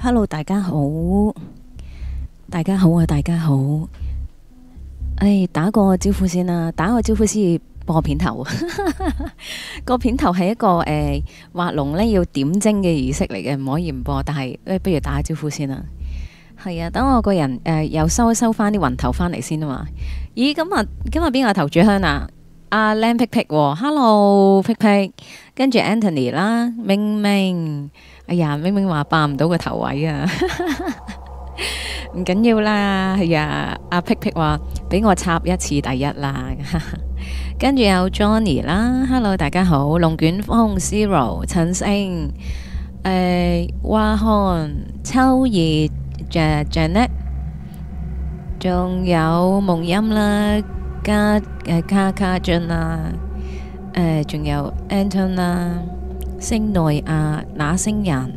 hello，大家好，大家好啊，大家好，哎，打個招呼先啊，打個招呼先，播片頭， 個片頭係一個誒畫龍呢要點睛嘅儀式嚟嘅，唔可以唔播，但係、欸、不如打個招呼先啊，係啊，等我個人誒、呃、又收一收翻啲雲頭翻嚟先啊嘛，咦，今日今日邊個頭主香啊？阿、啊、靚 Pick Pick、哦、Hello Pick Pick，跟住 Anthony 啦，明明。哎呀，明明話霸唔到個頭位啊，唔緊要啦。係、哎、呀，阿 picpic 話俾我插一次第一啦。 跟住有 Johnny 啦，Hello，大家好，龍捲風 Zero 陳星，誒、呃，Eva Hon 秋葉 Janette 仲有夢音啦，加誒卡卡俊啦，誒、呃，仲有 Anton 啦。星奈啊，那星人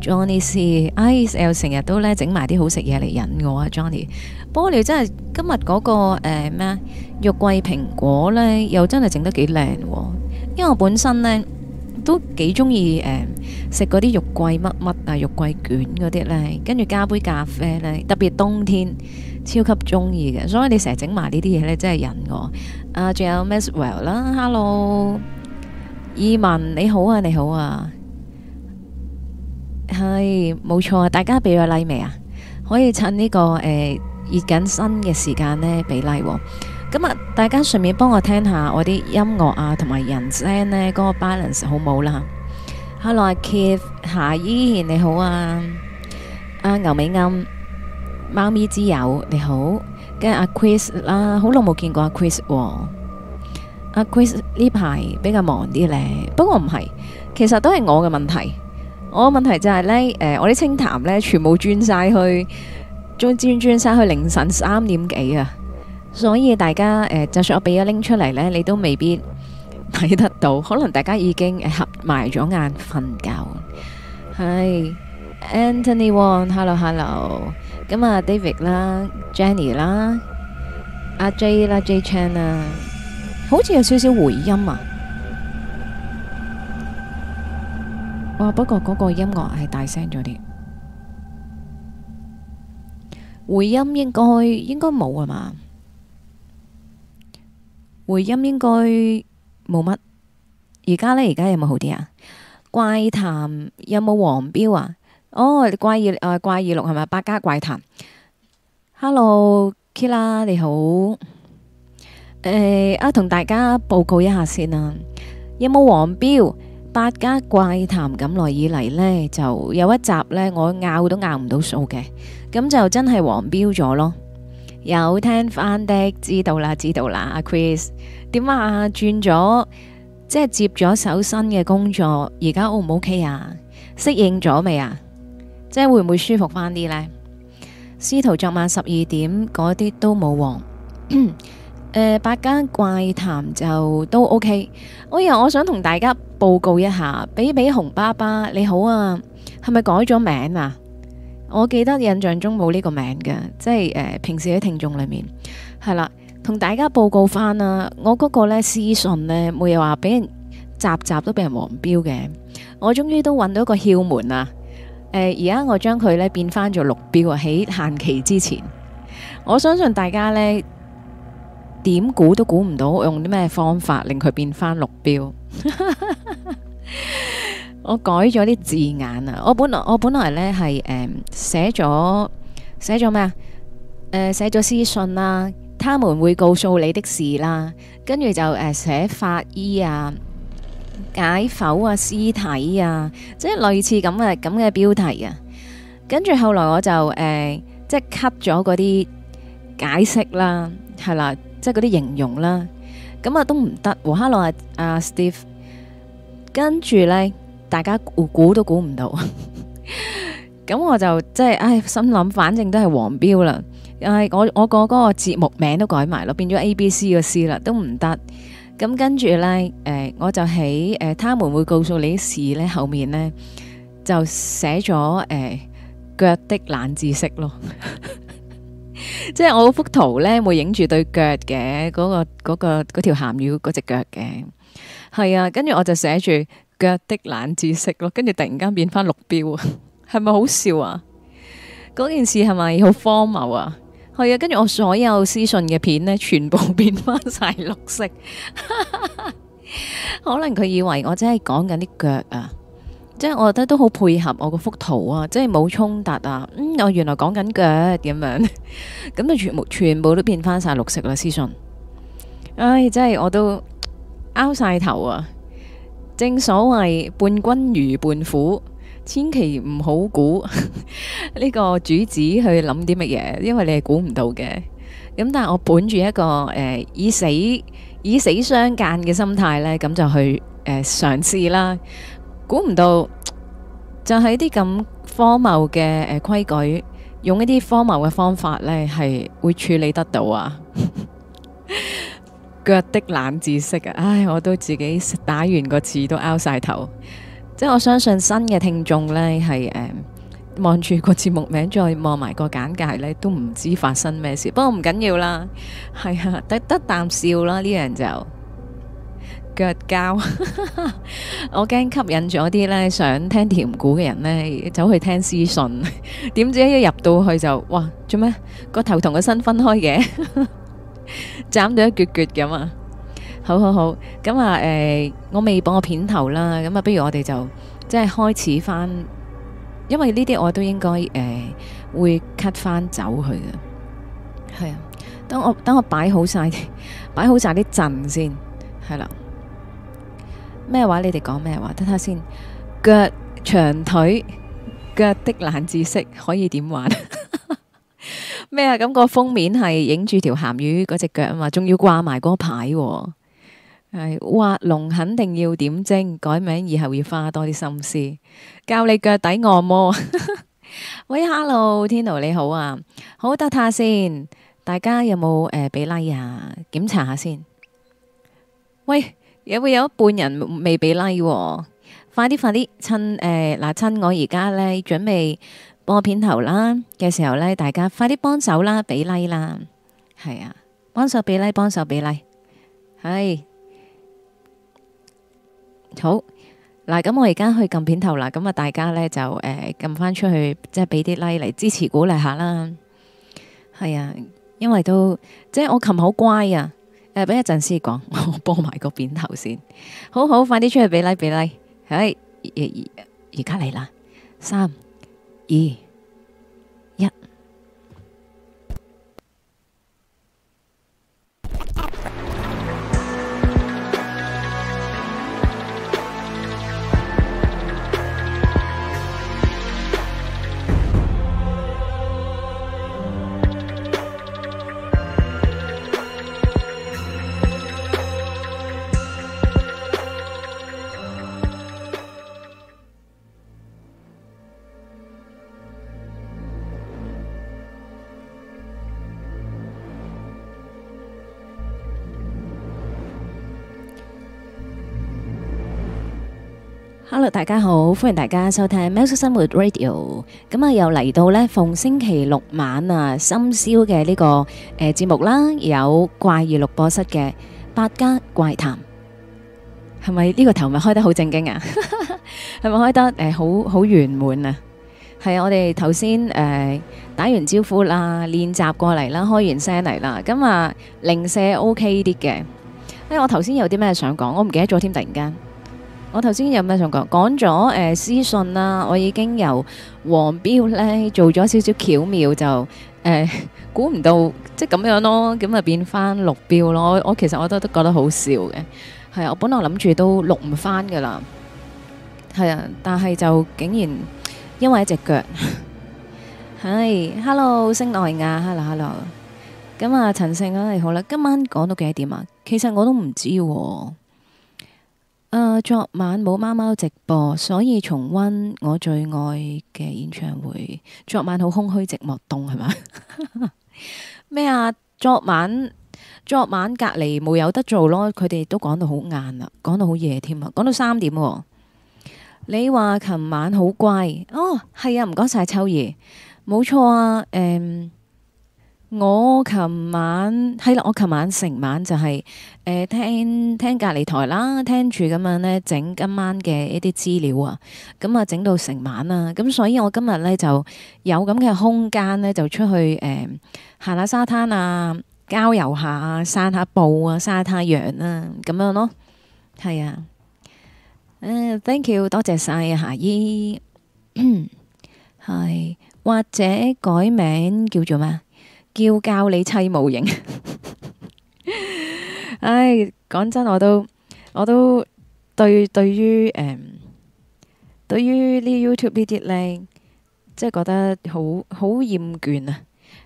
Johnny Sir 哎，又成日都咧整埋啲好食嘢嚟引我啊，Johnny。不過你真係今日嗰、那個誒咩、欸、玉桂蘋果咧，又真係整得幾靚。因為我本身咧都幾中意誒食嗰啲玉桂乜乜啊，玉桂卷嗰啲咧，跟住加杯咖啡咧，特別冬天超級中意嘅。所以你成日整埋呢啲嘢咧，真係引我啊。仲有 Miss Well 啦、啊、，Hello。意文，你好啊，你好啊，係冇錯啊！大家俾咗禮未啊？可以趁、這個呃、熱緊身呢個誒熱緊身嘅時間咧俾禮。咁啊、like 哦，大家順便幫我聽下我啲音樂啊，同埋人聲呢。嗰、那個 balance 好冇啦、啊。Hello，Keith 夏姨你好啊，阿牛美啱，貓咪之友你好，跟阿、啊、Chris 啦、啊，好耐 o n g 冇見過 Chris 喎、哦。阿 Chris 呢排比較忙啲呢，不過唔係，其實都係我嘅問題。我嘅問題就係呢，誒、呃，我啲清談呢全部轉晒去，再轉轉晒去凌晨三點幾啊！所以大家誒，就、呃、算我俾咗拎出嚟呢，你都未必睇得到，可能大家已經合埋咗眼瞓覺。係 Anthony Wong，Hello Hello，咁啊，David 啦，Jenny 啦，阿、啊、J 啦，J Chan 好似有少少回音啊！哇，不過嗰個音樂係大聲咗啲，回音應該應該冇啊嘛？回音應該冇乜。而家呢？而家有冇好啲啊？怪談有冇黃標啊？哦，怪異誒、呃，怪異錄係咪？百家怪談，Hello Kila，你好。誒、欸、啊，同大家報告一下先啦、啊，有冇黃標？《百家怪談》咁耐以嚟呢，就有一集呢，我拗都拗唔到數嘅，咁就真係黃標咗咯。有聽翻的知道啦，知道啦。阿 Chris 點啊？轉咗即係接咗手新嘅工作，而家 O 唔 O K 啊？適應咗未啊？即係會唔會舒服翻啲呢？司徒昨晚十二點嗰啲都冇黃。 誒，百、呃、家怪談就都 OK。我、哎、又我想同大家報告一下，比比熊爸爸你好啊，係咪改咗名啊？我記得印象中冇呢個名嘅，即係誒、呃，平時喺聽眾裏面係啦，同大家報告翻啦。我嗰個咧私信呢，每日話俾人集集都俾人黃標嘅，我終於都揾到一個竅門啦。誒、呃，而家我將佢咧變翻做綠標，喺限期之前，我相信大家呢。點估都估唔到，用啲咩方法令佢變返綠標？我改咗啲字眼啊！我本來我本來呢係誒寫咗寫咗咩啊？誒寫咗私訊啦，他們會告訴你的事啦。跟住就誒寫法醫啊、解剖啊、屍體啊，即係類似咁嘅咁嘅標題啊。跟住後來我就誒即係 cut 咗嗰啲解釋啦，係啦。即係嗰啲形容啦，咁啊都唔得。和 Hello 啊，阿 Steve，跟住咧，大家估都估唔到。咁我就即係唉，心諗反正都係黃標啦。唉，我我個嗰個節目名都改埋咯，變咗 A、B、C 個 C 啦，都唔得。咁跟住咧，誒，我就喺誒，他們會告訴你啲事咧，後面咧就寫咗誒腳的冷知識咯。即係我幅圖呢，會影住對腳嘅，嗰、嗰個嗰、嗰個嗰條鹹魚嗰隻腳嘅，係啊，跟住我就寫住腳的冷知識咯，跟住突然間變翻綠標啊，係咪好笑啊？嗰 件事係咪好荒謬啊？係啊，跟住我所有私信嘅片呢，全部變翻晒綠色， 可能佢以為我真係講緊啲腳啊。即係我覺得都好配合我個幅圖啊，即係冇衝突啊。嗯，我原來講緊腳點樣，咁 就全部全部都變翻晒綠色啦。私信，唉、哎，真係我都拗晒頭啊！正所謂伴君如伴虎，千祈唔好估呢個主子去諗啲乜嘢，因為你係估唔到嘅。咁但係我本住一個誒、呃、以死以死相間嘅心態呢，咁就去誒嘗試啦。估唔到就喺啲咁荒謬嘅，誒規矩，用一啲荒謬嘅方法呢，係會處理得到啊！ 腳的冷知識啊，唉，我都自己打完個字都拗晒頭。即係我相信新嘅聽眾呢，係誒望住個節目名再望埋個簡介呢，都唔知發生咩事。不過唔緊要啦，係啊，得得啖笑啦呢樣就。腳膠，我驚吸引住咗啲呢想聽甜故嘅人呢，走去聽屍訊，點知一入到去就哇，做咩個頭同個身分開嘅，斬到一撅撅咁啊！好好好，咁啊誒，我未綁個片頭啦，咁啊，不如我哋就即係開始翻，因為呢啲我都應該誒會 cut 翻走去嘅，係啊，等我等我擺好晒啲擺好晒啲陣先，係啦。咩話？你哋講咩話？得下先腳、腳長腿，腳的冷知識可以點玩？咩 啊？咁、個封面係影住條鹹魚嗰隻腳啊嘛，仲要掛埋嗰個牌。係畫龍肯定要點睛，改名以後要花多啲心思，教你腳底按摩。 喂 Hello 天喵你好啊，好，得下先。大家有冇誒俾 like 啊檢查下先？喂。有冇有一半人未俾 like？快啲，快啲，趁誒，呃、趁我而家呢準備播片頭啦嘅時候呢，大家快啲幫手啦，俾 like 啦，係啊，幫手俾 like，幫手俾 like，係，好嗱，咁我而家去撳片頭啦，咁啊，大家呢，就誒撳翻出去，即係俾啲 like 嚟支持鼓勵下啦，係啊，因為都即係我琴好乖啊。誒，俾一陣先講，我播埋個片頭先。好好，快啲出去俾禮俾禮。係，而而而家嚟啦，三、二。Hello，大家好，歡迎大家收睇《喵式生活 Radio》。咁啊，又嚟到咧逢星期六晚啊，深宵嘅呢個誒節目啦，有怪異錄播室嘅百家怪談。係咪呢個頭咪開得好正經啊？係 咪開得誒好好圓滿啊？係我哋頭先誒打完招呼啦，練習過嚟啦，開完聲嚟啦。咁啊，零舍 OK 啲嘅。哎，我頭先有啲咩想講，我唔記得咗添，突然間。我頭先有咩想講？講咗誒私信啦，我已經由黃標咧做咗少少巧妙就，就誒估唔到即係咁樣咯，咁啊變翻綠標咯。我其實我都都覺得好笑嘅，係啊，我本來諗住都錄唔翻噶啦，係啊，但係就竟然因為一隻腳，係 Hello 星奈亞，Hello Hello，咁啊陳勝啊你好啦，今晚講到幾多點啊？其實我都唔知喎。呃、昨晚冇貓貓直播，所以重温我最愛嘅演唱會。昨晚好空虛、寂寞、凍係咪？咩 啊？昨晚，昨晚隔籬冇有得做咯，佢哋都講到好晏啦，講到好夜添啊，講到三點喎。你話琴晚好乖哦，係啊，唔該晒，秋兒，冇錯啊，誒、嗯。我琴晚係啦，我琴晚成晚就係、是、誒、呃，聽聽隔籬台啦，聽住咁樣咧，整今晚嘅一啲資料啊，咁啊，整到成晚啦。咁所以我今日咧就有咁嘅空間咧，就出去誒，行、呃、下沙灘啊，郊遊下啊，散下步啊，曬下太陽啊。咁樣咯，係啊。uh, thank you，多謝晒啊，阿姨係 或者改名叫做咩？叫教你砌模型， 唉，講真我都我都對對於誒、呃、對於呢 YouTube 呢啲靚，即係覺得好好厭倦啊！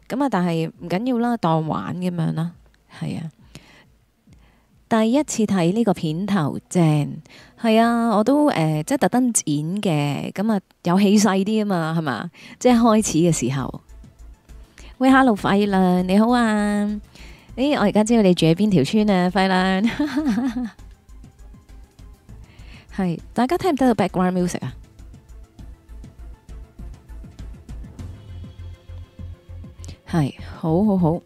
咁啊，但係唔緊要啦，當玩咁樣啦，係啊。第一次睇呢個片頭正，係啊，我都誒、呃、即係特登剪嘅，咁啊有氣勢啲啊嘛，係嘛，即係開始嘅時候。喂，Hello 費亮，Hello，你好啊！誒、哎，我而家知道你住喺邊條村啊，費亮。係， 大家聽唔聽到 background music 啊？係，好好好。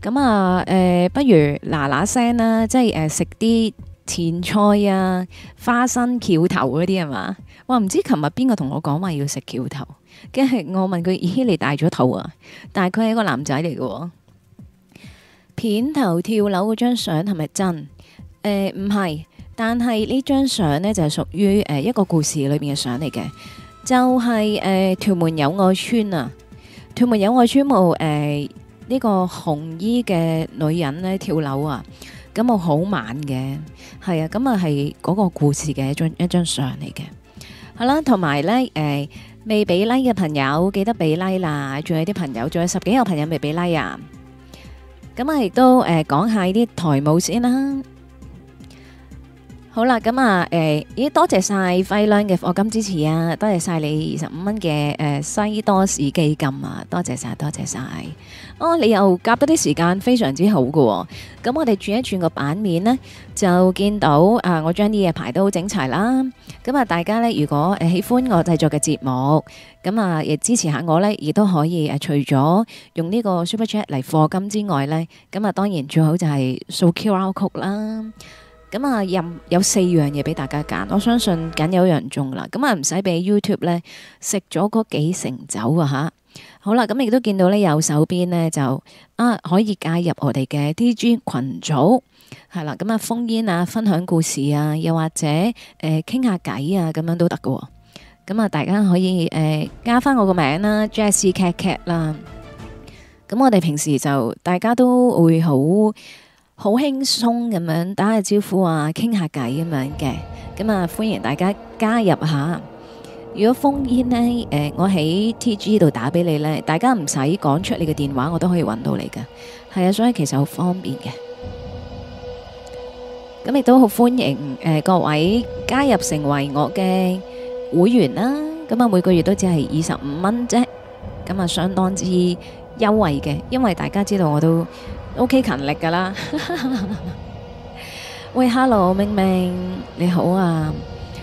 咁啊，誒、呃，不如嗱嗱聲啦，即係誒，食啲甜菜啊、花生、橋頭嗰啲係嘛？哇，唔知琴日邊個同我講話要食橋頭。跟住我問佢：咦，你大咗肚啊？但係佢係一個男仔嚟嘅。片頭跳樓嗰張相係咪真？誒、呃，唔係。但係呢張相呢，就係屬於誒、呃、一個故事裏面嘅相嚟嘅，就係、是、誒《屯、呃、門友愛村》啊，《屯門友愛村》冇誒呢個紅衣嘅女人咧跳樓啊，咁我好猛嘅，係啊，咁啊係嗰個故事嘅一張一張相嚟嘅。好啦，同埋呢。呃」誒。未俾 like 嘅朋友記得俾 like 啦！仲有啲朋友，仲有十幾個朋友未俾 like 啊！咁我亦都誒講、呃、下啲台務先啦～好啦，咁啊，誒，咦，多謝晒費亮嘅課金支持啊！多謝晒你二十五蚊嘅誒西多士基金啊！多謝晒，多謝晒。哦，你又夾咗啲時間，非常之好噶喎。咁我哋轉一轉個版面呢，就見到啊、呃，我將啲嘢排得好整齊啦。咁啊，大家呢，如果誒喜歡我製作嘅節目，咁啊亦支持下我呢，亦都可以誒除咗用呢個 Super Chat 嚟課金之外呢，咁啊當然最好就係 subscribe 曲啦。咁啊，任有四樣嘢俾大家揀，我相信梗有人中啦。咁啊，唔使俾 YouTube 咧，食咗嗰幾成酒啊！吓好啦，咁亦都見到呢，右手邊呢，就啊可以加入我哋嘅 TG 群組，係啦。咁啊，烽煙啊，分享故事啊，又或者誒傾下偈啊，咁樣都得㗎、哦。咁啊，大家可以誒、呃、加翻我個名啦，Jazz Cat Cat 啦。咁我哋平時就大家都會好。好輕鬆咁樣打下招呼啊，傾下偈咁樣嘅，咁啊歡迎大家加入下。如果封煙呢，誒、呃，我喺 T G 度打俾你呢，大家唔使講出你嘅電話，我都可以揾到你㗎。係啊，所以其實好方便嘅。咁亦都好歡迎各位、呃、加入成為我嘅會員啦。咁啊每個月都只係二十五蚊啫，咁啊相當之優惠嘅。因為大家知道我都。OK，勤力噶啦。喂，Hello，明明，你好啊。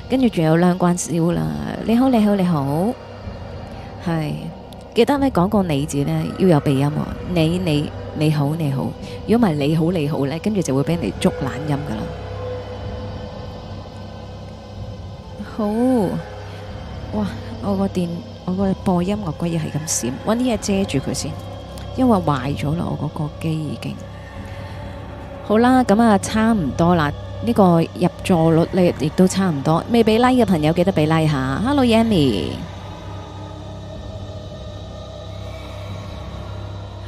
跟住仲有兩關燒啦。你好，你好，你好。係記得咧，講個你字咧，要有鼻音啊。你你你好你好，如果唔係你好你好咧，跟住就會俾人哋捉懶音噶啦。好，哇！我個電，我個播音樂，我鬼嘢係咁閃，搵啲嘢遮住佢先。因為壞咗啦，我嗰個機已經好啦，咁啊差唔多啦，呢個入座率咧亦都差唔多。未俾 like 嘅朋友記得俾 like 下。Hello，Yami，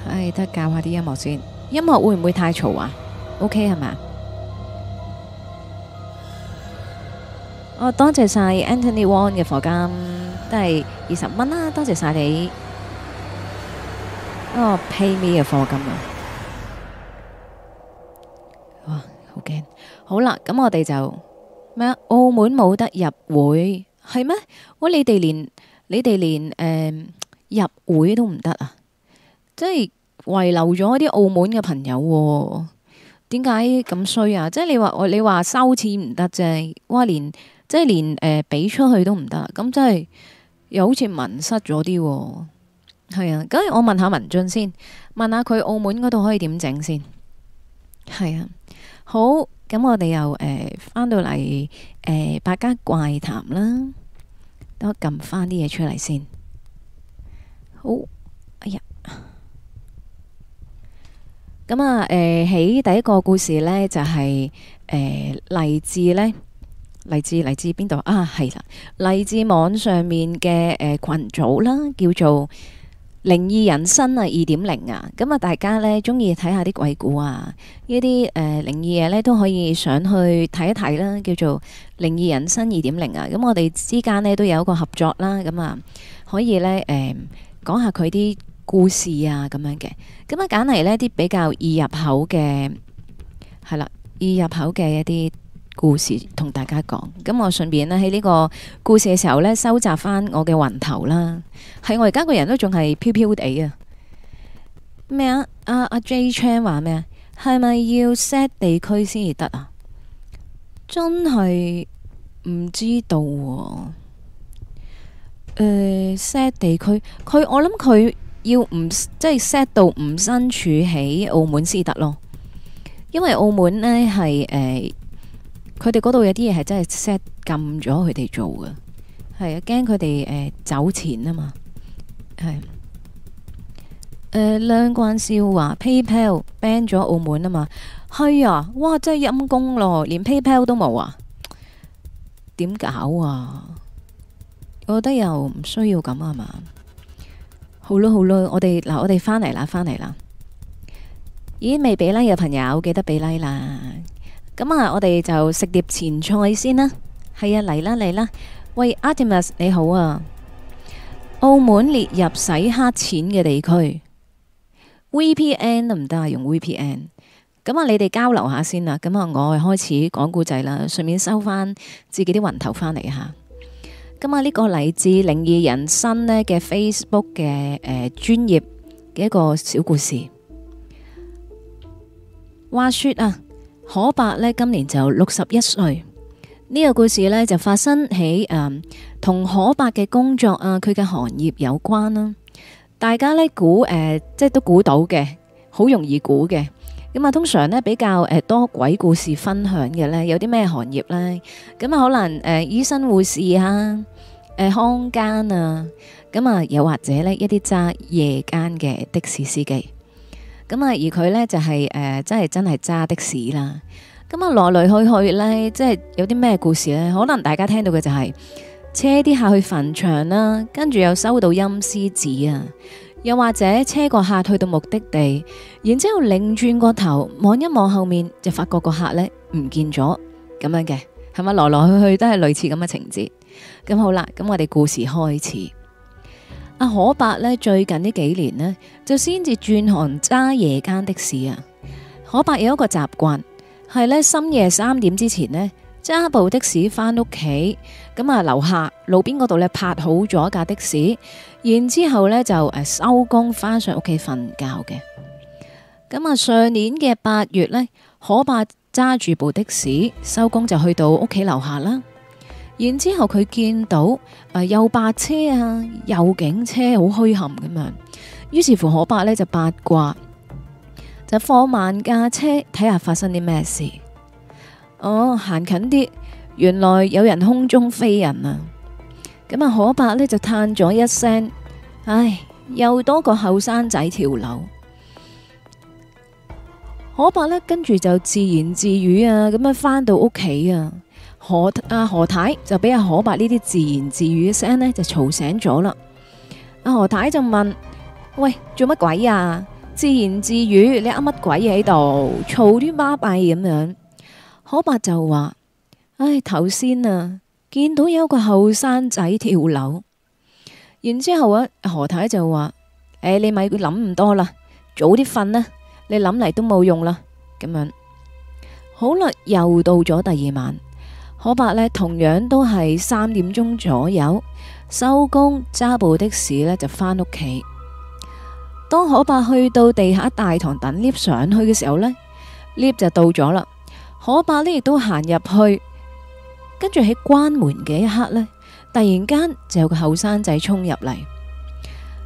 唉得教下啲音樂先，音樂會唔會太嘈啊？OK 係咪？哦，多謝晒 Anthony Wong 嘅課金，都係二十蚊啦，多謝晒你。哦、oh，嗰個 pay me 嘅貨金啊！哇，好驚！好啦，咁我哋就咩啊？澳門冇得入會係咩？哇！你哋連你哋連誒入會都唔得啊！即係遺留咗啲澳門嘅朋友，點解咁衰啊？即係你話我，你話收錢唔得啫？哇！連即係連誒俾出去都唔得，咁即係又好似迷失咗啲啊。係啊，咁我問一下文進先，問一下佢澳門嗰度可以點整先？係啊，好，咁我哋又誒翻、呃、到嚟誒百家怪談啦，等我撳翻啲嘢出嚟先。好，哎呀，咁啊，誒、呃，起第一個故事呢，就係誒嚟自咧，嚟自嚟自邊度啊？係啦、啊，嚟自網上面嘅誒、呃、群組啦，叫做靈異人生啊，二點零啊，咁啊，大家呢，中意睇下啲鬼故啊，呢啲誒靈異嘢呢，呃、都可以上去睇一睇啦，叫做靈異人生二點零啊，咁我哋之間呢，都有一個合作啦，咁啊可以呢誒講、呃、下佢啲故事啊咁樣嘅，咁啊揀嚟呢啲比較易入口嘅係啦，易入口嘅一啲故事同大家講，咁我順便呢喺呢個故事嘅時候呢收集翻我嘅雲頭啦。係我而家個人都仲係飄飄地啊。咩啊？阿阿 Jay Chan 話咩啊？係、呃、咪要 set 地區先至得啊？真係唔知道誒。set 地區，佢我諗佢要唔即係 set 到唔身處喺澳門先得咯，因為澳門呢係誒。呃佢哋嗰度有啲嘢係真係 set、呃呃、禁咗佢哋做噶，係啊，驚佢哋誒走錢啊嘛，係誒，梁關少話 PayPal ban 咗澳門啊嘛，係啊，哇，真係陰功咯，連 PayPal 都冇啊，點搞的啊？我覺得又唔需要咁啊嘛，好啦好了啦，我哋嗱我哋翻嚟啦翻嚟啦，咦未俾 like 嘅朋友記得俾 like、like、啦。咁啊，我哋就食碟前菜先啦。係啊，嚟啦嚟啦，喂 Artemis 你好啊！澳門列入洗黑錢嘅地區，VPN 得唔得啊？用 VPN？咁啊，你哋交流下先啦。咁啊，我開始講故仔啦，順便收翻自己啲雲頭翻嚟吓。咁啊，呢個嚟自靈異人生呢嘅 Facebook 嘅誒專、呃、業嘅一個小故事。話說啊～可伯咧今年就六十一歲，呢、這個故事呢，就發生喺同、呃、可伯嘅工作啊，佢嘅行業有關啦、啊。大家咧估、呃、即係都估到嘅，好容易估嘅。咁啊，通常呢，比較誒、呃、多鬼故事分享嘅呢，有啲咩行業呢？咁啊，可能誒、呃、醫生護士啊，誒、呃、看更啊，咁啊又或者呢，一啲揸夜間嘅的、的士司機。咁啊，而佢呢、就是，就係誒，真係真係揸的士啦。咁啊，來來去去呢，即係有啲咩故事呢？可能大家聽到嘅就係車啲客去墳場啦，跟住又收到陰司紙啊，又或者車個客去到目的地，然之後擰轉個頭望一望後面，就發覺個客呢唔見咗，咁樣嘅係咪？來來去去都係類似咁嘅情節。咁好啦，咁我哋故事開始。阿、啊、可伯呢，最近呢幾年呢，就先至轉行揸夜間的士啊。可伯有一個習慣，係呢深夜三點之前呢，揸部的士翻屋企，咁、嗯、啊樓下路邊嗰度呢，泊好咗架的士，然之後呢，就誒收工翻上屋企瞓覺嘅。咁、嗯、啊上年嘅八月呢，可伯揸住部的士收工就去到屋企樓下啦。然之後佢見到誒、呃，又白車啊，又警車，好虛冚咁樣。於是乎，可伯呢就八卦，就放慢架車睇下發生啲咩事。哦，行近啲，原來有人空中飛人啊！咁啊，可伯呢就嘆咗一聲，唉，又多個後生仔跳樓。可伯呢跟住就自言自語啊，咁啊，返到屋企啊。何阿、啊、何太就俾阿何伯呢啲自言自語嘅聲呢，就嘈醒咗啦。阿何太就問：喂，做乜鬼啊？自言自語，你噏乜鬼嘢喺度嘈啲巴閉咁樣？何伯就話：唉，頭先啊，見到有個後生仔跳樓。然之後啊，何太就話：誒、哎，你咪諗咁多啦，早啲瞓啦，你諗嚟都冇用啦。咁樣好啦，又到咗第二晚。可伯呢，同樣都係三點鐘左右收工，揸部的士呢就返屋企。當可伯去到地下大堂等 lift 上去嘅時候呢，lift 就到咗啦。可伯呢亦都行入去，跟住喺關門嘅一刻呢，突然間就有個後生仔衝入嚟。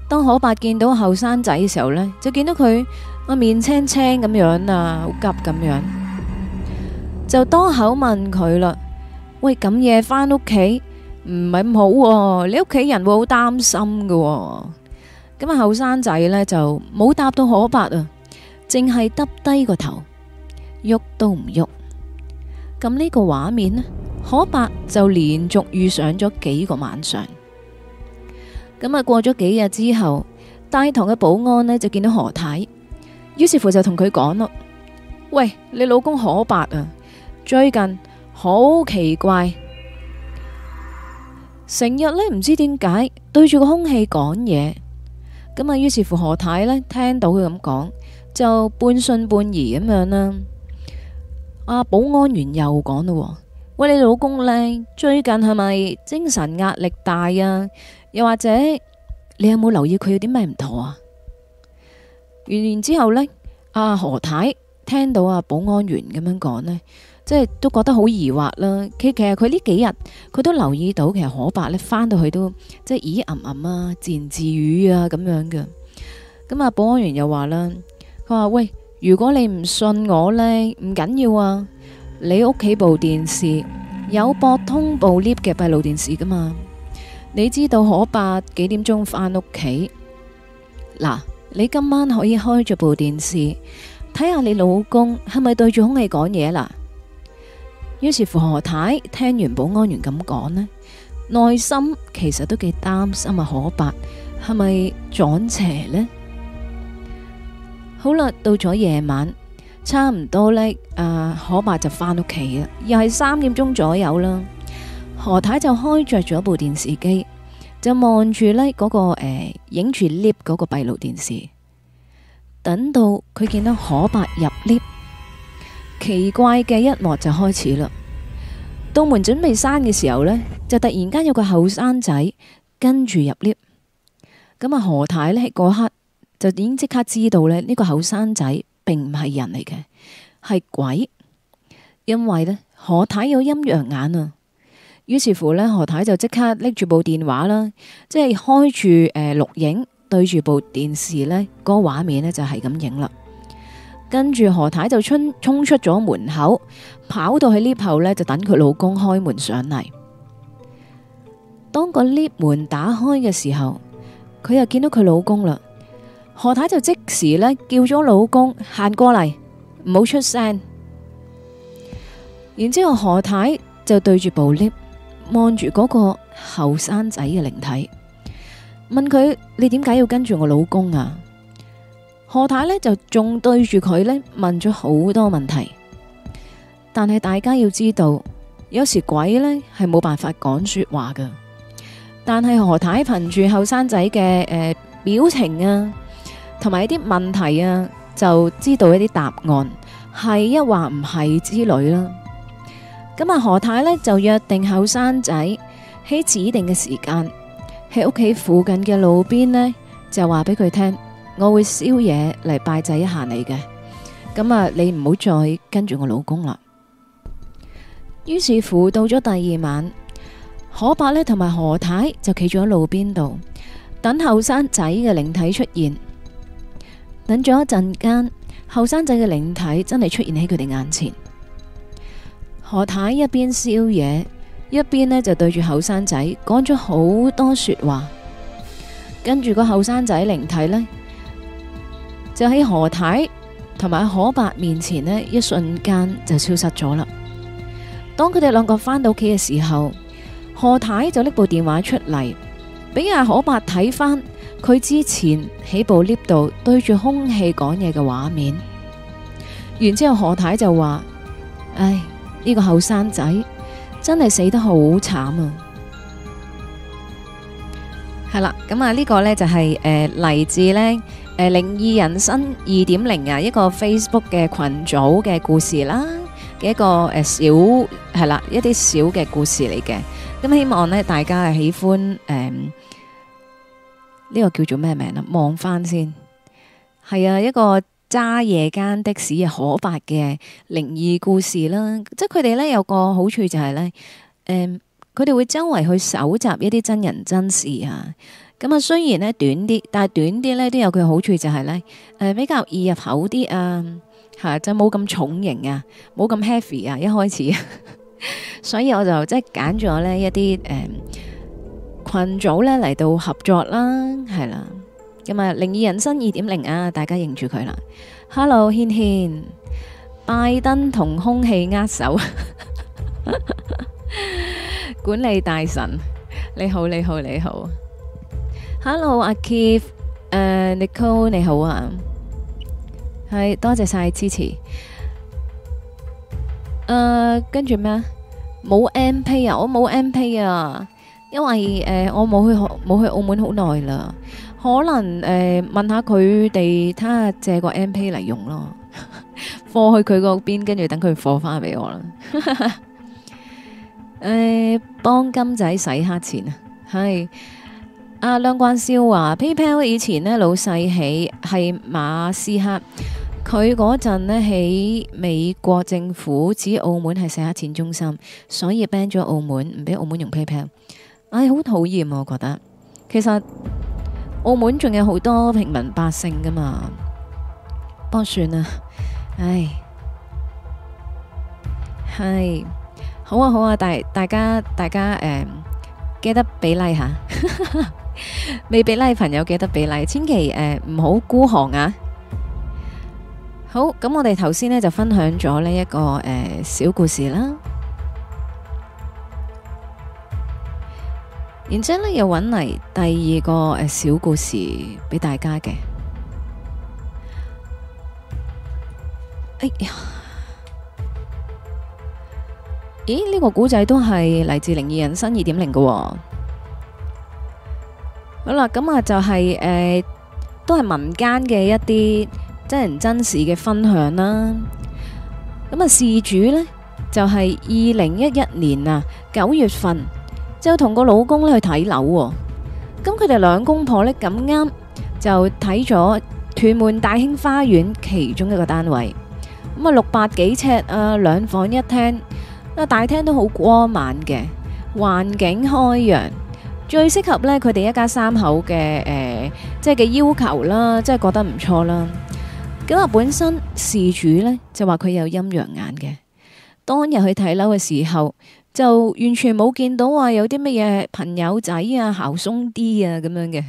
當可伯見到後生仔嘅時候呢，就見到佢個面青青咁樣啊，好急咁樣，就多口問佢啦。喂，咁夜返屋企唔係咁好，啊，你屋企人會好擔心噶，哦。咁啊，後生仔呢就冇答到可伯啊，淨係耷低個頭，喐都唔喐。咁呢個畫面呢，可伯就連續遇上咗幾個晚上。咁啊，過咗幾日之後，大堂嘅保安呢就見到何太，於是乎就同佢講咯，喂，你老公可伯啊，最近。好奇怪，成日呢唔知點解對住個空氣講嘢。咁啊，於是乎何太呢，聽到佢咁講，就半信半疑咁樣啦。阿保安員又講嘞：喂，你老公呢？最近係咪精神壓力大啊？又或者你有冇留意佢有啲咩唔妥啊？完完之後呢，阿何太聽到阿保安員咁樣講呢，即係都覺得好疑惑啦。佢其實佢呢幾日佢都留意到，其實可伯呢翻到去都即係咦？吟吟啊，自言自語啊，咁樣嘅咁啊。保安員又話啦：佢話喂，如果你唔信我呢，唔緊要啊。你屋企部電視有博通布 lift 嘅閉路電視噶嘛？你知道可伯幾點鐘翻屋企嗱？你今晚可以開著部電視睇下，看看你老公係咪對住空氣講嘢啦？於是乎，何太聽完保安員咁講呢，內心其實都幾擔心啊！可伯係咪撞邪呢？好啦，到咗夜晚，差唔多呢，啊，可伯就返屋企啦，又係三點鐘左右啦。何太就開着咗部電視機，就望住呢嗰個誒影住 lift 嗰個閉路電視，等到佢見到可伯入 lift。奇怪嘅一幕就開始啦。到門準備閂嘅時候呢，就突然間有個後生仔跟住入 lift。咁啊，何太呢，嗰刻就已經即刻知道呢，呢個後生仔並唔係人嚟嘅，係鬼。因為呢，何太有陰陽眼啊。於是乎呢，何太就即刻拎住部電話啦，即係開住誒錄影，對住部電視呢。個畫面呢，就係咁影啦。跟住何太就衝出咗門口，跑到去 lift 後呢就等佢老公開門上嚟。當個 lift 門打開嘅時候，佢又見到佢老公啦。何太就即時呢叫咗老公行過嚟，唔好出聲。然之後何太就對住部 lift，望住嗰個後生仔嘅靈體，問佢：你點解要跟住我老公啊？何太呢，就仲對住佢呢問咗好多問題，但係大家要知道，有時鬼呢係冇辦法講說話㗎。但係何太憑住後生仔嘅誒表情啊，同埋一啲問題啊，就知道一啲答案係一或唔係之類啦。咁啊，何太呢，就約定後生仔喺指定嘅時間喺屋企附近嘅路邊呢，就話俾佢聽。我會燒嘢嚟拜祭一下你嘅，咁啊，你唔好再跟住我老公啦。於是乎，到咗第二晚，何伯呢同埋何太就企咗喺路邊度等後生仔嘅靈體出現。等咗一陣間，後生仔嘅靈體真係出現喺佢哋眼前。何太一邊燒嘢，一邊呢就對住後生仔講咗好多說話，跟住個後生仔靈體呢，就喺何太同埋可伯面前呢一瞬間就消失咗啦。當佢哋兩個翻到屋企嘅時候，何太就拎部電話出嚟，俾阿可伯睇翻佢之前喺部 lift 度對住空氣講嘢嘅畫面。然之後何太就話：，唉、哎、呢、呢個後生仔真係死得好慘啊！係啦，咁、這、啊、個就係，呢個呢就係誒，嚟自呢。誒，靈異、呃、人生二點零啊，一個 Facebook 嘅群組嘅故事啦，一個誒、呃、小係啦，一啲小嘅故事嚟嘅。咁、嗯、希望呢大家係喜歡誒呢、呃這個叫做咩名啊？望返先，係啊，一個揸夜間的士嘅可發嘅靈異故事啦。即係佢哋呢有個好處就係呢，誒、呃，佢哋會周圍去搜集一啲真人真事啊。咁啊，雖然咧短啲，但係短啲咧都有佢好處，就係咧，誒比較易入口啲啊，吓就冇咁重型啊，冇咁 heavy 啊，一開始， 所以我就即係揀咗呢一啲誒群組咧嚟到合作啦，係啦，咁啊靈異人生二點零啊，大家認住佢啦，Hello，軒軒，拜登同空氣握手， 管理大神，你好你好你好。你好 Hello，阿 Keith，誒，Nicole 你好啊，係多謝晒支持。誒，跟住咩啊？冇 MP 啊，我冇 MP 啊，因為誒我冇去澳冇去澳門好耐啦，可能誒問下佢哋睇下借個 MP 嚟用咯，貨去佢嗰邊，跟住等佢貨翻俾我啦。誒，幫金仔洗黑錢啊，係。啊，梁冠少話、啊、PayPal 以前咧老細起係馬斯克，佢嗰陣咧喺美國政府指澳門係洗黑錢中心，所以 ban 咗澳門，唔俾澳門用 PayPal。唉、哎，好討厭啊，我覺得。其實澳門仲有好多平民百姓噶嘛，不過算啦，唉，唉，好啊好啊，大大家大家誒、嗯，記得俾 like 吓。 未俾禮，朋友記得俾禮、like，千祈唔好孤寒啊！好，咁我哋頭先呢就分享咗呢一個、呃、小故事啦，然之後呢又揾嚟第二個、呃、小故事俾大家嘅、哎。咦？呢個古仔都係嚟自《靈異人生二點零》噶。好啦，咁啊就係、是、誒、呃，都係民間嘅一啲真人真事嘅分享啦。咁啊，事主呢，就係二零一一年啊九月份就同個老公呢去睇樓，哦，咁佢哋兩公婆呢，咁啱就睇咗屯門大興花園其中一個單位，咁啊六百幾尺啊，兩房一廳啊，大廳都好光猛嘅，環境開揚。最適合呢，佢哋一家三口嘅，誒、呃，即係嘅要求啦，即係覺得唔錯啦。咁啊，本身事主呢，就話佢有陰陽眼嘅，當日去睇樓嘅時候就完全冇見到話有啲乜嘢朋友仔啊、孝松啲啊咁樣嘅，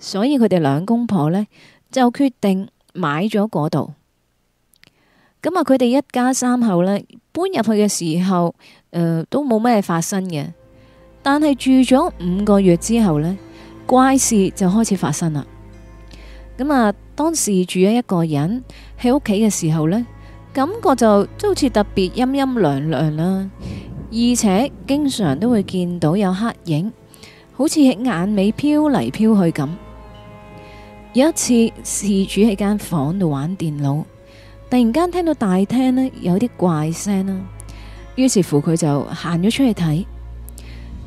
所以佢哋兩公婆呢，就決定買咗嗰度。咁啊，佢哋一家三口呢，搬入去嘅時候，呃、都冇咩發生嘅。但係住咗五個月之後呢，怪事就開始發生啦。咁啊，當時住咗一個人喺屋企嘅時候呢，感覺就都好似特別陰陰涼涼啦，而且經常都會見到有黑影，好似喺眼尾飄嚟飄去咁。有一次，事主喺間房度玩電腦，突然間聽到大廳呢有啲怪聲啦，於是乎佢就行咗出去睇。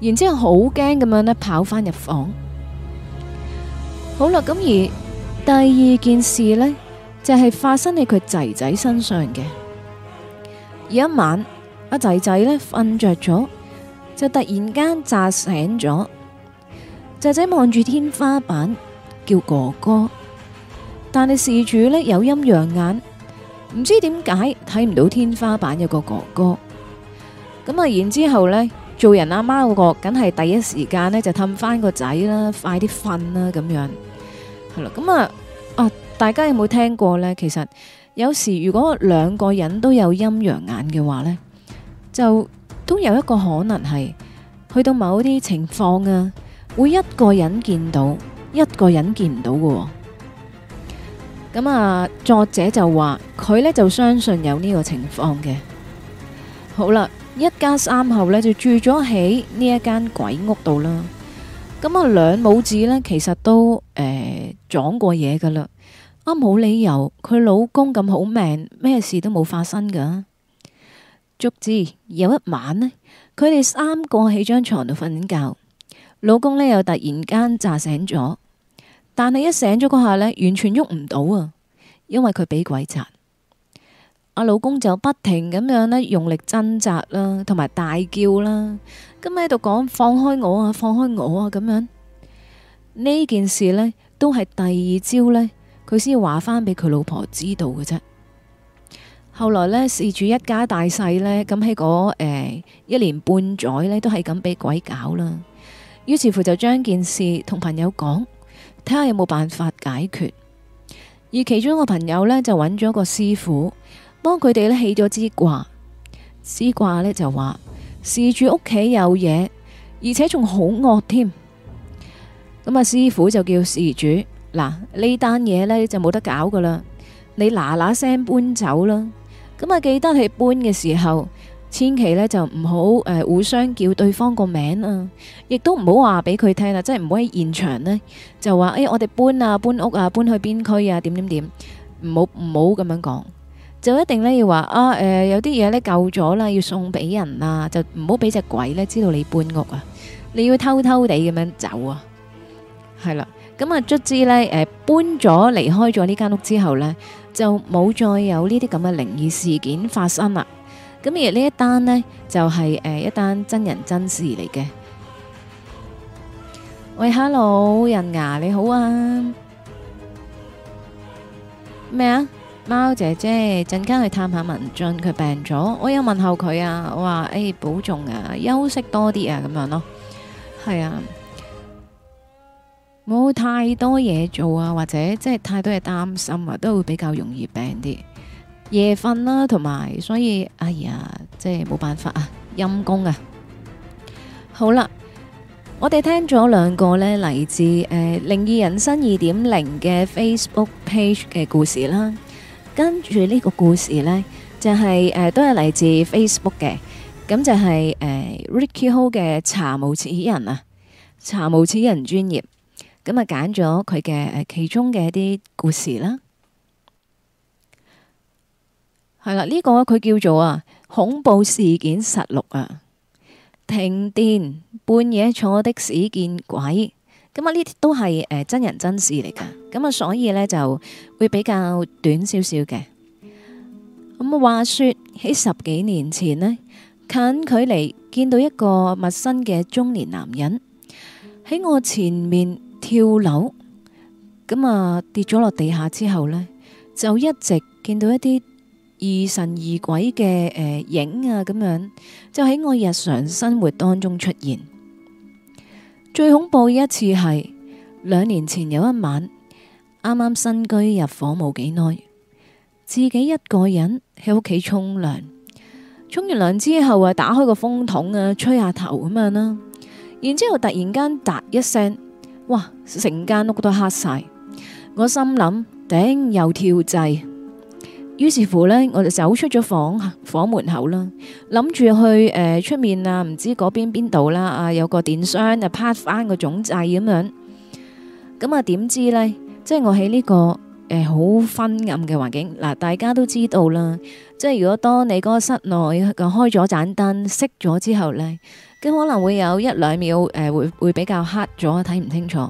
然之後很跑回房好驚咁樣呢，跑翻入房，好啦，咁而第二件事呢，就係、是、發生喺佢仔仔身上嘅。有一晚，阿仔仔呢瞓着咗，就突然間扎醒咗。仔仔望住天花板，叫哥哥，但係事主呢，有陰陽眼，唔知點解睇唔到天花板有個哥哥。咁啊，然之後呢。做人阿媽嗰個，梗係第一時間呢，就氹翻個仔啦，快啲瞓啦咁樣，係啦。咁啊，啊大家有冇聽過呢？其實有時如果兩個人都有陰陽眼嘅話呢，就都有一個可能係去到某啲情況啊，會一個人見到，一個人見唔到嘅喎。咁啊，作者就話佢呢就相信有呢個情況嘅。好啦。一家三口呢，就住咗喺呢一間鬼屋度啦。咁啊，兩母子呢，其實都誒撞、呃、過嘢噶啦。啊，冇理由佢老公咁好命，咩事都冇發生噶。總之有一晚呢，佢哋三個喺張床度瞓覺，老公呢又突然間炸醒咗，但係一醒咗嗰下呢，完全喐唔到啊，因為佢俾鬼砸。阿老公就不停咁樣咧，用力掙扎啦，同埋大叫啦，咁喺度講，放開我啊，放開我啊，咁樣呢件事呢，都係第二朝呢，佢先要話翻俾佢老婆知道嘅啫。後來呢，事主一家大細呢，咁喺嗰誒一年半載呢，都係咁俾鬼搞啦。於是乎就將件事同朋友講，睇下有冇辦法解決。而其中一個朋友呢，就揾咗個師傅。幫佢哋咧起咗支卦，支卦咧就話事主屋企有嘢，而且仲好惡添。咁啊，師傅就叫事主嗱，呢單嘢呢，就冇得搞噶啦，你嗱嗱聲搬走啦。咁啊，記得喺搬嘅時候，千祈呢，就唔好互相叫對方個名，哎，啊，亦都唔好話俾佢聽啊，即係唔好喺現場呢，就話誒我哋搬啊搬屋啊搬去邊區啊點點點，唔好唔好咁樣講。就一定咧要話啊，誒，有啲嘢咧夠咗啦，要送俾人啊，就唔好俾隻鬼咧知道你搬屋啊，你要偷偷地咁樣走啊，係啦，咁啊卒之咧，誒，搬咗離開咗呢間屋之後咧，就冇再有呢啲咁嘅靈異事件發生啦。咁而呢一單呢，就係、是、誒一單真人真事嚟嘅。喂，hello，人牙、啊、你好啊，咩啊？貓姐姐陣間去探下文進，佢病咗。我有問候佢啊，我話：誒、欸、保重啊，休息多啲啊，咁樣咯。係啊，冇太多嘢做啊，或者即係太多嘢擔心啊，都會比較容易病啲。夜瞓啦、啊，同埋所以哎呀，即係冇辦法啊，陰功啊。好啦，我哋聽咗兩個呢嚟自誒、呃《靈異人生二點零》嘅 Facebook page 嘅故事啦。跟住呢個故事呢，就係、是、誒、呃，都係嚟自 Facebook 嘅，咁、嗯、就係、是、誒、呃、Ricky Ho 嘅《查無此人》啊，《查無此人》專業，咁啊揀咗佢嘅其中嘅一啲故事啦。係、嗯、啦，呢、這個佢、啊、叫做啊恐怖事件實錄啊，停電半夜坐的士見鬼。咁啊，呢啲都係誒真人真事嚟噶，咁啊，所以咧就會比較短少少嘅。咁啊，話說喺十幾年前咧，近距離見到一個陌生嘅中年男人喺我前面跳樓，咁啊跌咗落地下之後咧，就一直見到一啲疑神疑鬼嘅誒影啊，咁樣就喺我日常生活當中出現。最恐怖嘅一次係兩年前有一晚，啱啱新居入伙冇幾耐，自己一個人喺屋企沖涼，沖完涼之後啊，打開個風筒啊，吹下頭咁樣啦，然之後突然間嗒一聲，哇，成間屋都黑晒，我心諗頂，又跳掣。於是乎呢，我就走出咗房房門口啦，諗住去誒出、呃、面啊，唔知嗰邊邊度啦啊，有個電箱就拍翻個總掣咁樣。咁啊點知呢？即係我喺呢、這個誒好昏暗嘅環境嗱、呃，大家都知道啦。即係如果當你嗰個室內開咗盞燈熄咗之後呢，咁可能會有一兩秒誒、呃、會會比較黑咗，睇唔清楚。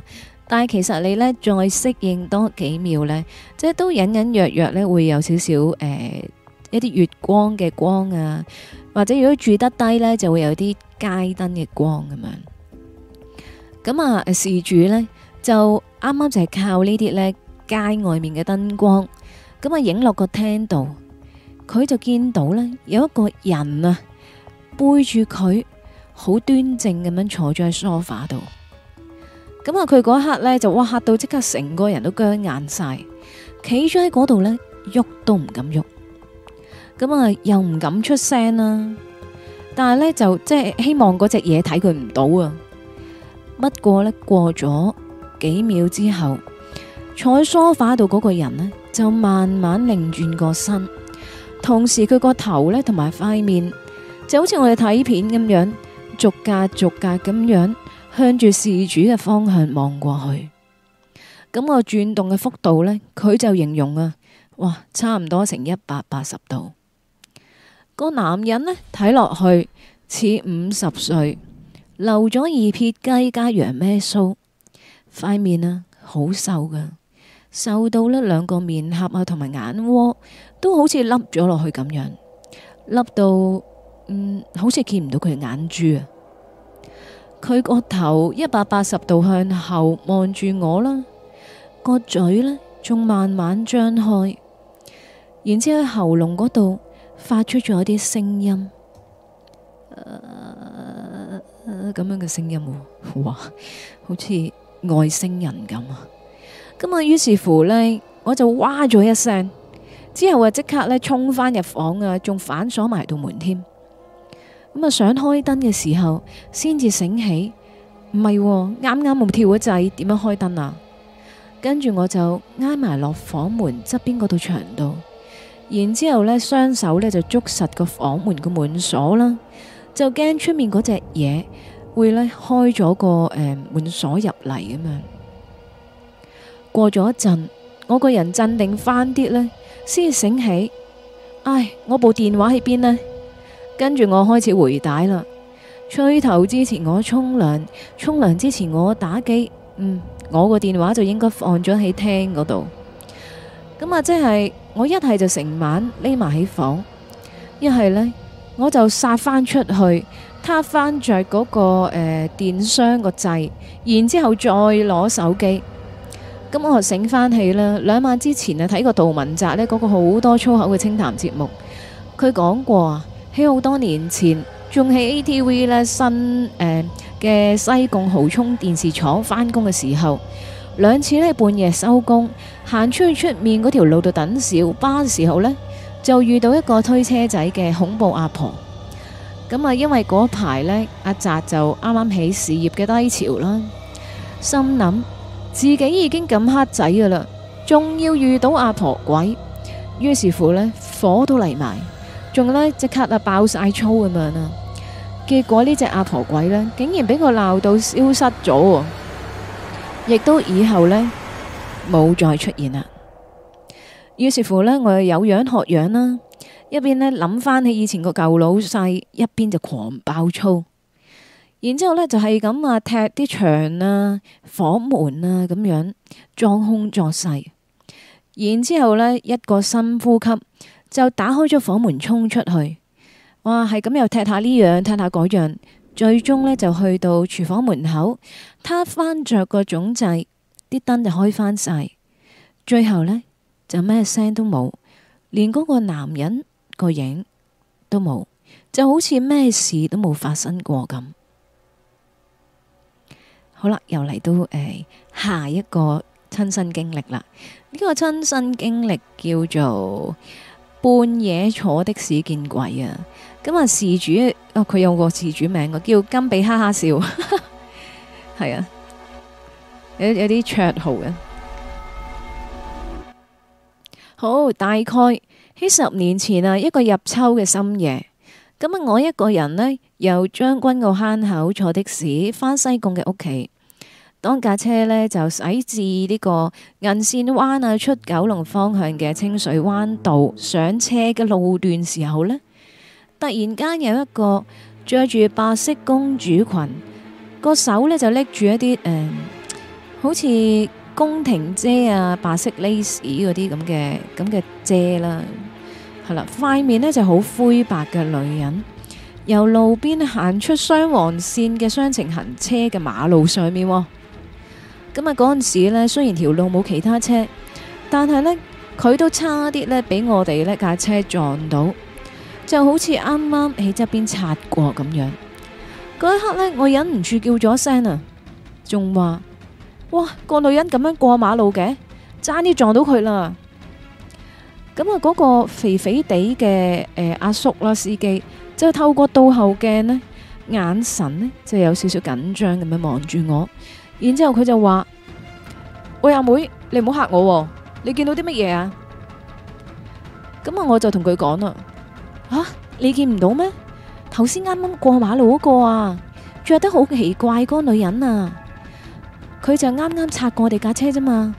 但係其實你咧再適應多幾秒咧，即係都隱隱約約咧會有少少誒一啲、呃、月光嘅光啊，或者如果住得低咧就會有啲街燈嘅光咁樣。咁啊，事主咧就啱啱就係靠呢啲咧街外面嘅燈光，咁啊影落個廳度，佢就見到咧有一個人啊背住佢，好端正咁樣坐咗喺梳化度。咁啊！佢嗰刻咧就哇嚇到，即刻成個人都僵硬晒，企咗喺嗰度咧，喐都唔敢喐。咁啊，又唔敢出聲啦。但係咧，就即係希望嗰隻嘢睇佢唔到啊。不過咧，過咗幾秒之後，坐喺梳化度嗰個人呢，就慢慢擰轉個身，同時佢個頭咧同埋塊面，就好似我哋睇片咁樣，逐格逐格咁樣。向住事主嘅方向望過去，咁我轉動嘅幅度呢，佢就形容啊，哇，差唔多成一百八十度。個男人呢，睇落去似五十歲，留咗二撇雞加羊咩鬚，塊面啊好瘦噶，瘦到呢兩個面頰啊同埋眼窩都好似凹咗落去咁樣，凹到嗯好似見唔到佢嘅眼珠啊。佢個頭一百八十度向後望住我啦，個嘴呢仲慢慢張開，然之後喉嚨嗰度發出咗啲聲音，咁、呃呃、樣嘅聲音喎，哇，好似外星人咁啊！咁啊，於是乎呢，我就哇咗一聲，之後啊，即刻呢衝翻入房啊，仲反鎖埋道門添。咁啊！想開燈嘅時候先至醒起，唔係啱啱冇跳咗掣，點樣開燈啊？跟住我就挨埋落房門側邊嗰度牆度，然之後呢雙手呢就捉實個房門個門鎖啦，就驚出面嗰隻嘢會呢開咗個誒門鎖入嚟咁樣。過咗一陣，我個人鎮定翻啲呢，先醒起。唉，我部電話喺邊呢？跟住我開始回帶啦，吹頭之前我沖涼，沖涼之前我打機，嗯，我個電話就應該放咗喺廳嗰度。咁、嗯、啊，即係我一係就成晚匿埋喺房，一係呢，我就殺翻出去，撻翻着嗰、那個誒、呃、電商個掣，然之後再攞手機。咁、嗯、我就醒翻起啦，兩晚之前啊睇過杜汶澤呢嗰、那個好多粗口嘅清談節目，佢講過。喺好多年前，仲喺 ATV 咧新誒嘅、呃、西貢蠔涌電視廠返工嘅時候，兩次咧半夜收工，行出去出面嗰條路度等小巴嘅時候呢，就遇到一個推車仔嘅恐怖阿婆。咁啊，因為嗰排呢，阿澤就啱啱起事業嘅低潮啦，心諗自己已經咁黑仔噶啦，仲要遇到阿婆鬼，於是乎呢，火都嚟埋。仲呢，即刻啊爆晒粗咁樣啊！結果呢隻阿婆鬼呢，竟然俾我鬧到消失咗，亦都以後呢冇再出現啦。於是乎呢，我又有樣學樣啦，一邊呢諗翻起以前個舊老細，一邊就狂爆粗。然之後咧就係咁啊踢啲牆啊、房門啊咁樣裝腔作勢。然之後咧一個深呼吸。就打開咗房門衝出去，哇！係咁又踢下呢樣，踢下嗰樣，最終呢，就去到廚房門口，他翻着個總掣，啲燈就開翻晒，最後呢，就咩聲都冇，連嗰個男人個影都冇，就好似咩事都冇發生過咁。好啦，又嚟到，呃，下一個親身經歷啦，呢個親身經歷叫做。半夜坐的士見鬼啊！咁啊事主，哦，佢有個事主名嘅，叫金鼻哈哈笑，啊，係啊，有啲綽號嘅。好，大概喺十年前啊，一個入秋嘅深夜，咁啊我一個人呢，由將軍澳坑口坐的士翻西貢嘅屋企。當架車呢，就駛至呢個銀線灣啊，出九龍方向嘅清水灣道上車嘅路段時候呢，突然間有一個着住白色公主裙個手呢，就拎住一啲、嗯、好似宮廷遮啊，白色 lace 嗰啲咁嘅咁嘅遮啦，係、嗯、啦，塊面呢就好灰白嘅女人，由路邊行出雙黃線嘅雙程行車嘅馬路上面、哦。咁啊，嗰陣時呢，雖然條路冇其他車，但係呢，佢都差啲呢俾我哋呢架車撞到，就好似啱啱喺側邊擦過咁樣。嗰一刻呢，我忍唔住叫咗聲啊，仲話：哇，個女人咁樣過馬路嘅，差啲撞到佢啦！咁啊，嗰個肥肥地嘅誒阿叔啦司機，就透過倒後鏡呢，眼神呢，就有少少緊張咁樣望住我。然之後佢就話：喂阿妹,妹，你唔好吓我，你見到啲乜嘢啊？咁啊，我就同佢講啦，吓你見唔到咩？頭先啱啱過馬路嗰個啊，着得好奇怪個女人啊，佢就啱啱擦過我哋架車啫嘛，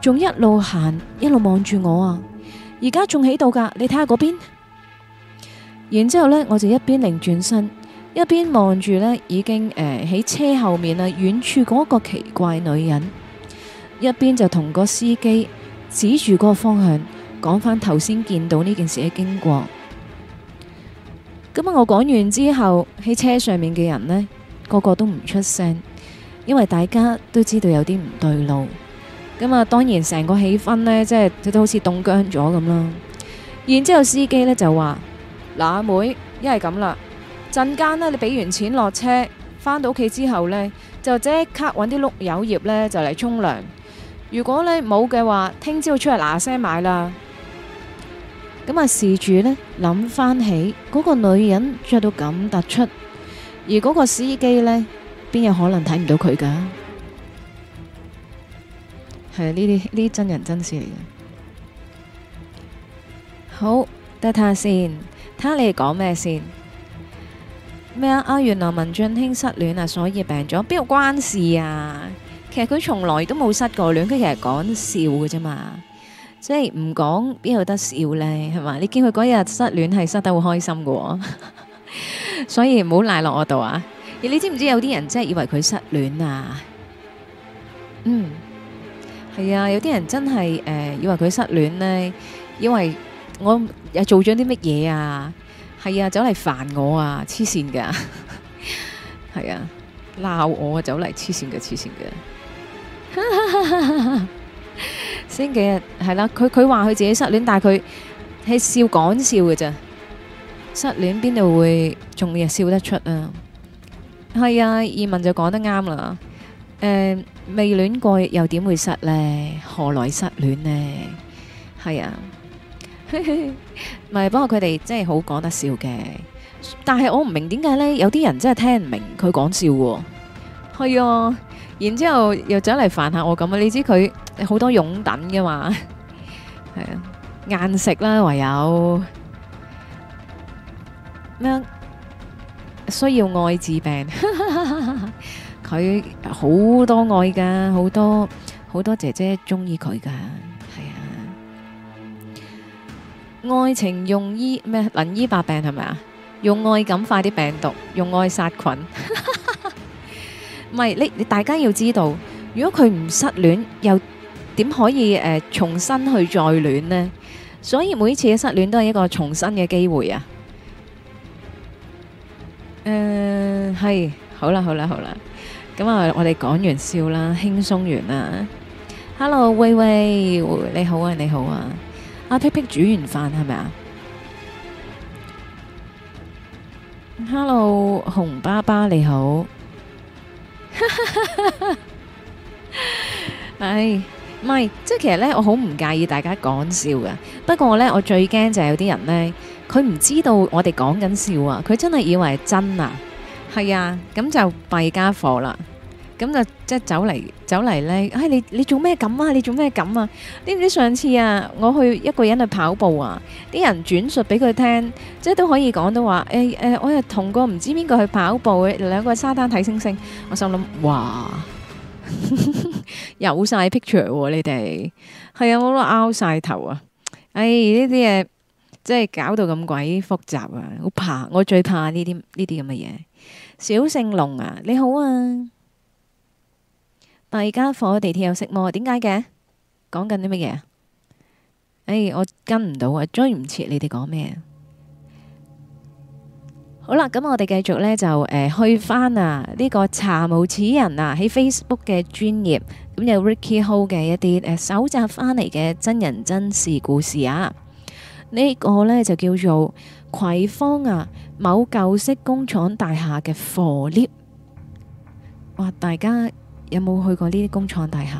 仲一路行一路望住我啊，而家仲喺度噶，你睇下嗰邊。然之後呢，我就一邊擰轉身。一邊望住呢，已經誒喺車後面啊，遠處嗰個奇怪女人，一邊就同個司機指住嗰個方向，講返頭先見到呢件事嘅經過。咁啊，我講完之後，喺車上面嘅人呢，個個都唔出聲，因為大家都知道有啲唔對路。咁啊，當然成個氣氛呢，即係都好似凍僵咗咁啦。然之後司機呢，就話：嗱，阿妹，一係咁啦。陣間呢，你俾完錢落車，返到屋企之後呢，就即刻揾啲碌柚葉呢，就嚟沖涼。如果你冇嘅話，聽朝出嚟嗱嗱聲買啦。咁啊，事主呢，諗翻起嗰個女人着到咁突出，而嗰個司機呢，邊有可能睇唔到佢㗎？係呢啲呢啲真人真事嚟嘅。好，得睇下先，睇下你哋講咩先？咩啊？啊，原來文俊卿失戀啊，所以病咗。邊度關事啊？其實佢從來都冇失過戀，佢其實講笑嘅啫嘛。即係唔講，邊有得笑咧？係嘛？你見佢嗰日失戀係失得好開心嘅，所以唔好賴落我度啊！而你知唔知有啲人真係以為佢失戀啊？嗯，係啊，有啲人真係誒以為佢失戀咧，以為我又做咗啲乜嘢啊？係啊，走嚟煩我啊，黐線噶，係啊，鬧我啊，走嚟黐線噶，黐線噶，先幾日係啦，佢佢話佢自己失戀，但係佢係笑講笑㗎咋，失戀邊度會仲又笑得出啊？係啊，葉文就講得啱啦，誒，未戀過又點會失呢？何來失戀呢？係啊。咪 不過佢哋真係好講得笑嘅，但係我唔明點解呢。有啲人真係聽唔明佢講笑喎。係啊。然之後又走嚟煩下我咁啊！你知佢好多勇躉㗎嘛？係啊，硬食啦，唯有咩需要愛治病。佢 好多愛噶，好多好多姐姐中意佢噶。愛情用醫咩？能醫百病係咪啊？用愛感化啲病毒，用愛殺菌。唔 係你，你大家要知道，如果佢唔失戀，又點可以誒、呃、重新去再戀呢？所以每次嘅失戀都係一個重新嘅機會啊！嗯、呃，係好啦，好啦，好啦，咁啊，我哋講完笑啦，輕鬆完啦。Hello，喂喂，你好啊，你好啊。阿 Tipik 煮完飯係咪啊？Hello，熊爸爸你好。哈哈哈！哎，唔係，即係其實呢，我好唔介意大家講笑噶。不過我呢，我最驚就係有啲人呢，佢唔知道我哋講緊笑啊，佢真係以為係真啊，係啊，咁就弊家伙啦。咁就即係走嚟，走嚟咧。唉、哎，你你做咩咁啊？你做咩咁啊？你唔知，知上次啊，我去一個人去跑步啊，啲人轉述俾佢聽，即係都可以講到話誒誒，我又同個唔知邊個去跑步嘅兩個沙灘睇星星。我心諗哇， 有晒 picture 你哋係啊，我都拗晒頭啊。唉、哎，呢啲嘢，即係搞到咁鬼複雜啊，好怕我最怕呢啲呢啲咁嘅嘢。小聖龍啊，你好啊！大家坐喺地鐵又食喎，點解嘅？講緊啲乜嘢？誒、哎，我跟唔到啊，追唔切你哋講咩？好啦，咁我哋繼續呢，就誒、呃、去翻啊呢、這個查無此人啊喺 Facebook 嘅專頁咁、嗯、有 Ricky Ho 嘅一啲誒搜集翻嚟嘅真人真事故事啊。呢、這個呢，就叫做葵芳啊，某舊式工廠大廈嘅貨 𨋢 哇，大家～有冇去過呢啲工廠大廈？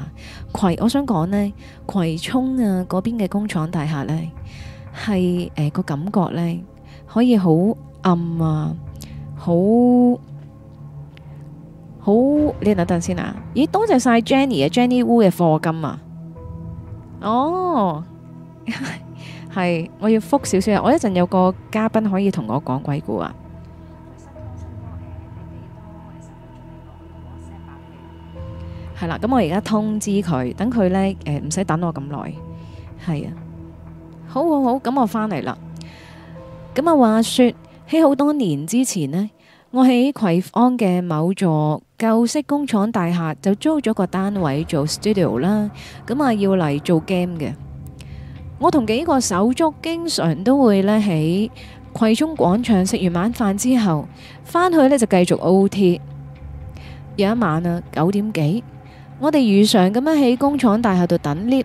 葵，我想講呢，葵涌啊嗰邊嘅工廠大廈呢，係誒個感覺呢，可以好暗啊，好，好，你等陣先啊！咦，多謝晒 Jenny 啊，Jenny Wu 嘅課金！啊！哦，係， 我要覆少少啊！我一陣有個嘉賓可以同我講鬼故啊！係啦，咁我而家通知佢，等佢呢，誒唔使等我咁耐，係啊，好好好，咁我返嚟啦。咁啊話說，喺好多年之前呢，我喺葵芳嘅某座舊式工廠大廈就租咗個單位做 studio 啦，咁啊要嚟做 game 嘅。我同幾個手足經常都會呢，喺葵涌廣場食完晚飯之後，返去呢，就繼續 OT。有一晚啊，九點幾。我哋如常咁樣喺工廠大廈度等 lift，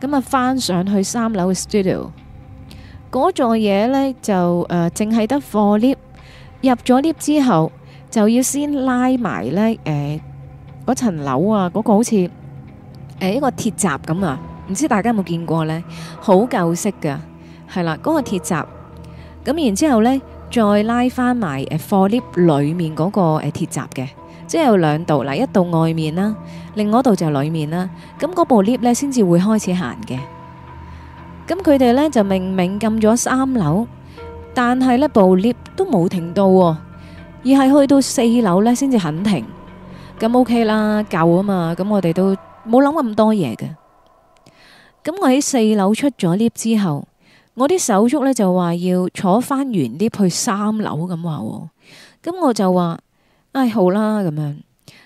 咁啊翻上去三樓嘅 studio，嗰座嘢呢就誒淨係得貨 lift，入咗 lift 之後就要先拉埋呢誒嗰層樓啊，嗰個好似誒一個鐵閘咁啊，唔知大家有冇見過呢，好舊式噶係啦，嗰個鐵閘，咁然之後呢再拉翻埋誒貨 lift 裏面嗰個誒鐵閘嘅。即係有兩道嗱，一道外面啦，另外一道就係裏面啦。咁嗰部 lift 咧，先至會開始行嘅。咁佢哋咧就明明撳咗三樓，但係咧部 lift 都冇停到，而係去到四樓咧先至肯停。咁 OK 啦，舊啊嘛。咁我哋都冇諗咁多嘢嘅。咁我喺四樓出咗 lift 之後，我啲手足咧就話要坐翻原 lift 去三樓咁話。咁我就話。唉，好啦，咁樣，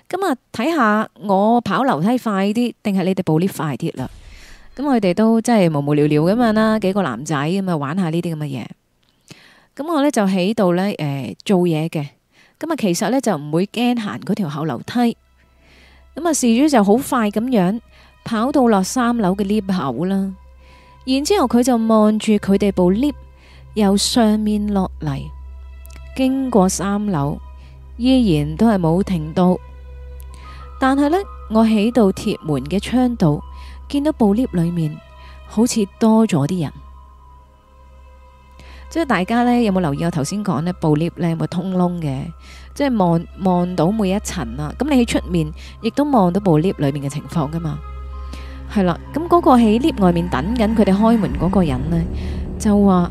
咁啊睇下我跑樓梯快啲，定係你哋部 lift 快啲啦？咁佢哋都真係無無聊聊咁樣啦，幾個男仔咁啊玩下呢啲咁嘅嘢。咁我呢就喺度呢誒做嘢嘅。咁啊，其實呢就唔會驚行嗰條後樓梯。咁啊，事主就好快咁樣跑到落三樓嘅 lift 口啦。然之後佢就望住佢哋部 lift 由上面落嚟，經過三樓。依然都係冇停到，但係咧，我喺度鐵門嘅窗度見到部 lift 裏面好似多咗啲人，即係大家咧有冇留意我頭先講咧？部 lift 咧會通窿嘅，即係望望到每一層啊。咁你喺出面亦都望到部 lift 裏面嘅情況噶嘛？係啦，咁嗰個喺 lift 外面等緊佢哋開門嗰個人咧，就話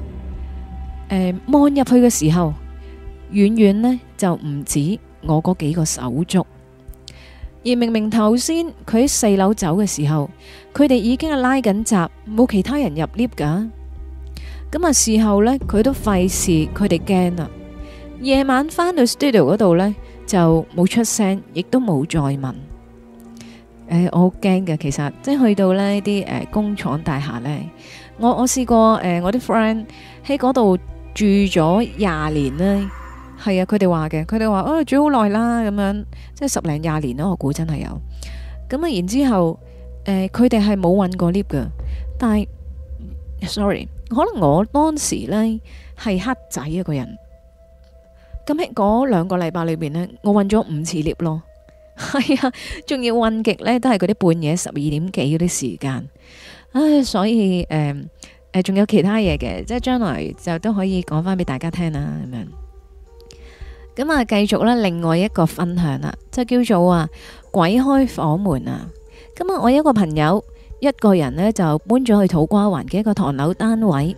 誒望入去嘅時候。遠遠咧就唔止我嗰幾個手足，而明明頭先佢喺四樓走嘅時候，佢哋已經係拉緊閘，冇其他人入 lift 噶。咁啊事後咧佢都費事，佢哋驚啦。夜晚翻到 studio 嗰度咧就冇出聲，亦都冇再問。誒，我好驚嘅，其實即係去到咧啲誒工廠大廈咧，我我試過誒我啲 friend 喺嗰度住咗廿年咧。係啊，佢哋話嘅，佢哋話哦，住好耐啦，咁樣即係十零廿年咯。我估真係有咁啊。那然之後誒，佢哋係冇搵過 lift 噶但係 sorry，可能我當時咧係黑仔一個人咁喺嗰兩個禮拜裏邊呢，我搵咗五次 lift 咯。係啊，仲要搵極咧，都係嗰啲半夜十二點幾嗰啲時間唉，所以誒誒，仲、呃呃、有其他嘢嘅，即係將來就都可以講翻俾大家聽啦。咁樣。咁啊，繼續咧，另外一個分享啦，就叫做啊，鬼開房門啊！咁啊，我有一個朋友，一個人咧就搬咗去土瓜灣嘅一個唐樓單位，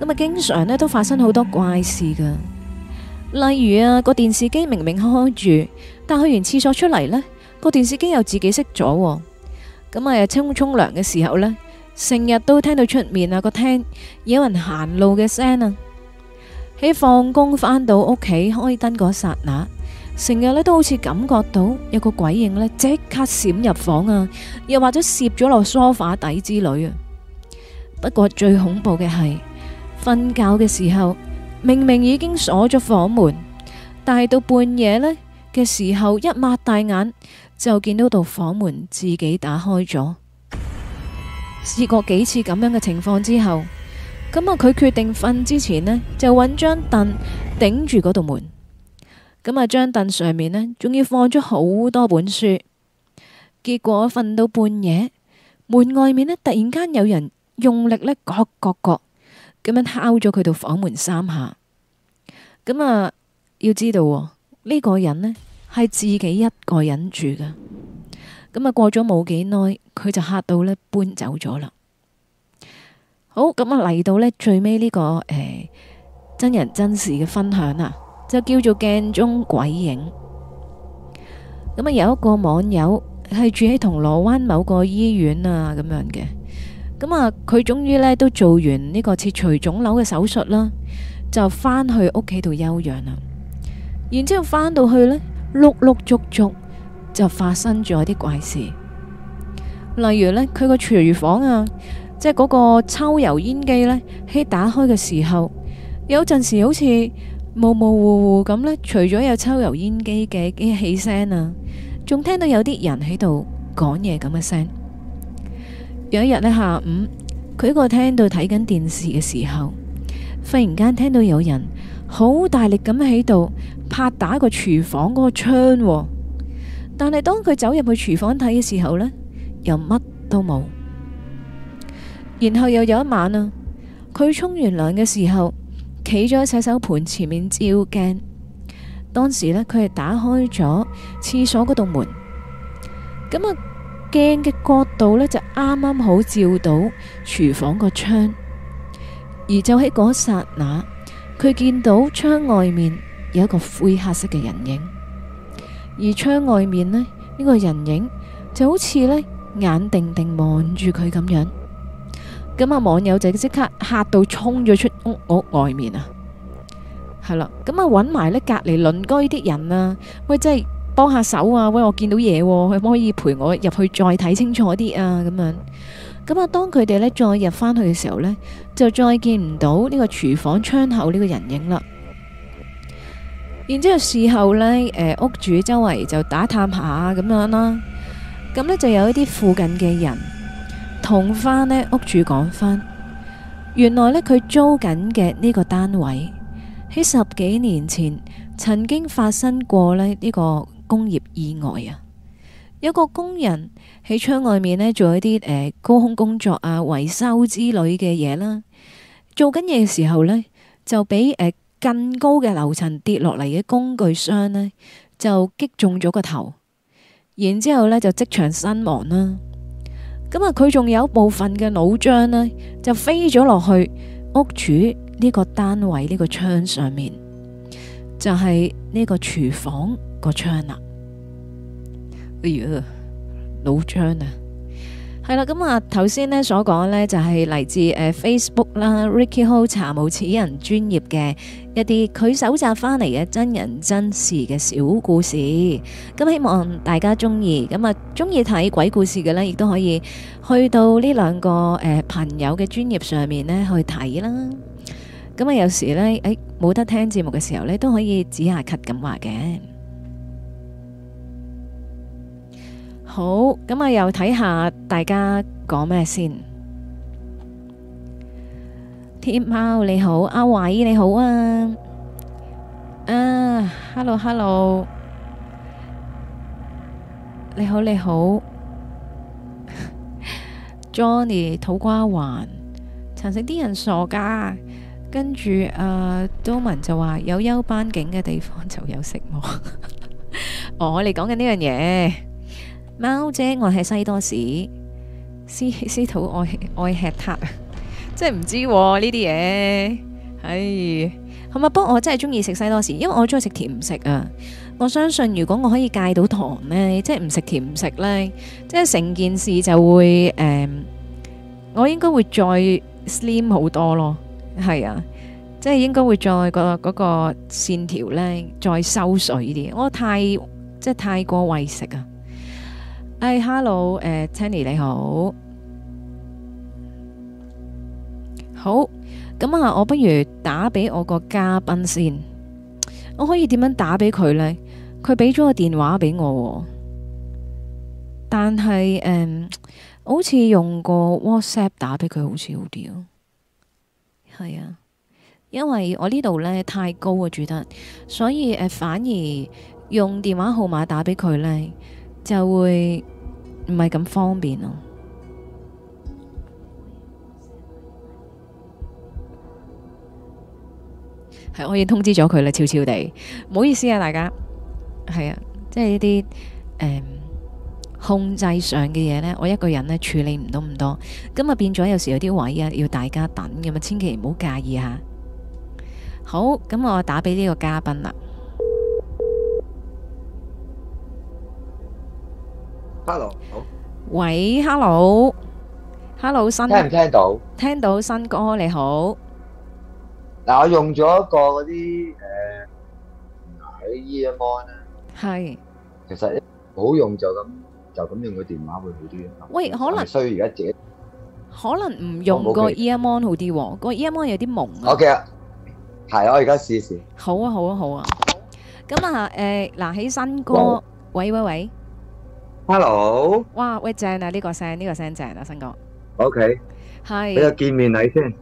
咁啊，經常咧都發生好多怪事噶，例如啊，個電視機明明開住，但去完廁所出嚟咧，個電視機又自己熄咗；咁啊，又沖沖涼嘅時候咧，成日都聽到出面啊個廳有人行路嘅聲啊。喺放工返到屋企開燈嗰剎那，成日咧都好似感覺到有個鬼影咧即刻閃入房啊，又或者攝咗落梳化底之類啊。不過最恐怖嘅係瞓覺嘅時候，明明已經鎖咗房門，但係到半夜呢嘅時候一擘大眼就見到度房門自己打開咗。試過幾次咁樣嘅情況之後。咁啊，佢決定瞓之前呢，就揾張凳頂住嗰度門。咁啊，張凳上面呢，仲要放咗好多本書。結果瞓到半夜，門外面呢，突然間有人用力呢，咯、咯、咯，咁樣敲咗佢度房門三下。咁啊，要知道呢、呢個人呢，係自己一個人住噶。咁啊，過咗冇幾耐，佢就嚇到呢，搬走咗啦。好，咁啊，嚟到呢，最尾呢、這個誒、欸、真人真事嘅分享啊，就叫做鏡中鬼影。咁啊，有一個網友係住喺銅鑼灣某個醫院啊咁樣嘅，咁啊，佢終於呢都做完呢個切除腫瘤嘅手術啦，就返去屋企度休養啦。然之後返到去呢，陸陸續續就發生咗啲怪事，例如呢，佢個廚房啊。即係嗰個抽油煙機呢，喺打開嘅時候，有陣時好似模模糊糊咁呢，除咗有抽油煙機嘅機器聲啊，仲聽到有啲人喺度講嘢咁嘅聲。有一日呢下午，佢個廳度睇緊電視嘅時候，忽然間聽到有人好大力咁喺度拍打個廚房嗰個窗，但係當佢走入去廚房睇嘅時候呢，又乜都冇。然後又有一晚啊，佢沖完涼嘅時候，企咗喺洗手盆前面照鏡。當時呢，佢係打開咗廁所嗰道門，咁啊鏡嘅角度呢，就啱啱好照到廚房個窗。而就喺嗰剎那，佢見到窗外面有一個灰黑色嘅人影，而窗外面呢，呢個人影就好似呢眼定定望住佢咁樣。咁啊，網友就即刻嚇到衝咗出屋屋外面啊。係啦，咁啊揾埋呢隔籬鄰居啲人啊，喂，即係幫下手啊！喂，我見到嘢，啊，可唔可以陪我入去再睇清楚啲啊？咁樣，咁啊，當佢哋呢再入返去嘅時候呢，就再見唔到呢個廚房窗口呢個人影啦。然之後事後呢，誒、呃，屋主周圍就打探下咁樣啦。咁呢，就有一啲附近嘅人。同返呢屋主講返，原來呢佢租緊嘅呢個單位喺十幾年前曾經發生過呢呢個工業意外啊！有個工人喺窗外面呢做一啲誒高空工作啊維修之類嘅嘢啦，做緊嘢嘅時候呢，就俾誒更高嘅樓層跌落嚟嘅工具箱呢，就擊中咗個頭，然之後呢就即場身亡啦。咁啊，佢仲有一部分嘅腦漿呢，就飛咗落去屋主呢個單位呢個窗上面，就係呢個廚房個窗啦。哎呀，腦漿啊！係啦，咁啊，頭先咧，所講咧，就係嚟自誒 Facebook 啦，Ricky Ho a 查無此人專頁嘅一啲，佢搜集翻嚟嘅真人真事嘅小故事，咁希望大家中意，咁啊中意睇鬼故事嘅咧，亦都可以去到呢兩個誒朋友嘅專頁上面咧去睇啦。咁啊有時咧，誒冇得聽節目嘅時候咧，都可以止下咳咁話嘅。好，咁啊！那又睇下大家講咩先。天貓你好，阿、啊、華姨你好啊啊，hello hello，你好你好，Johnny 土瓜環殘食啲人傻噶，跟住啊多 n 就話有休班景嘅地方就有食幕，我哋講緊呢樣嘢。貓姐愛食西多士，司司徒愛愛吃撻，即係唔知呢啲嘢。唉，係啊，不過我真係中意食西多士，因為我中意食甜食啊。我相信如果我可以戒到糖呢，即係唔食甜食呢，即係成件事就會誒、嗯，我應該會再 slim 好多咯。係啊，即係應該會再個嗰、嗰個線條呢再收水啲。我太即係太過餵食啊。哎、hey,，hello，誒、uh,，Tanny 你好，好，咁啊，我不如打俾我個嘉賓先，我可以點樣打俾佢呢？佢俾咗個電話俾我，但係誒，um, 好似用個 WhatsApp 打俾佢好似好啲咯，係 啊，因為我這裡呢度咧太高住得，所以誒反而用電話號碼打俾佢呢。就會唔係咁方便咯，係我已經通知咗佢啦，悄悄地。唔好意思啊，大家，係啊，即係呢啲控制上嘅嘢呢，我一個人呢處理唔到咁多，咁啊變咗有時有啲位啊要大家等咁啊，千祈唔好介意吓。好，咁我打俾呢個嘉賓啦。Hello，好。喂，Hello，Hello，新。聽唔聽到？聽到新歌，你好。嗱，我用咗一個嗰啲誒，喺 Earmon 啦。係。其實唔好用就咁，就咁用個電話會好啲。喂，可能需要而家自己。可能唔用個 Earmon 好啲，個 Earmon 有啲蒙。OK 啊，係我而家試試。好啊，好啊，好啊。咁啊，誒，嗱，起新歌，喂喂喂。Hello！哇，喂，正啊，呢個聲，呢個聲正啊，生哥。Okay。係。俾個見面禮先。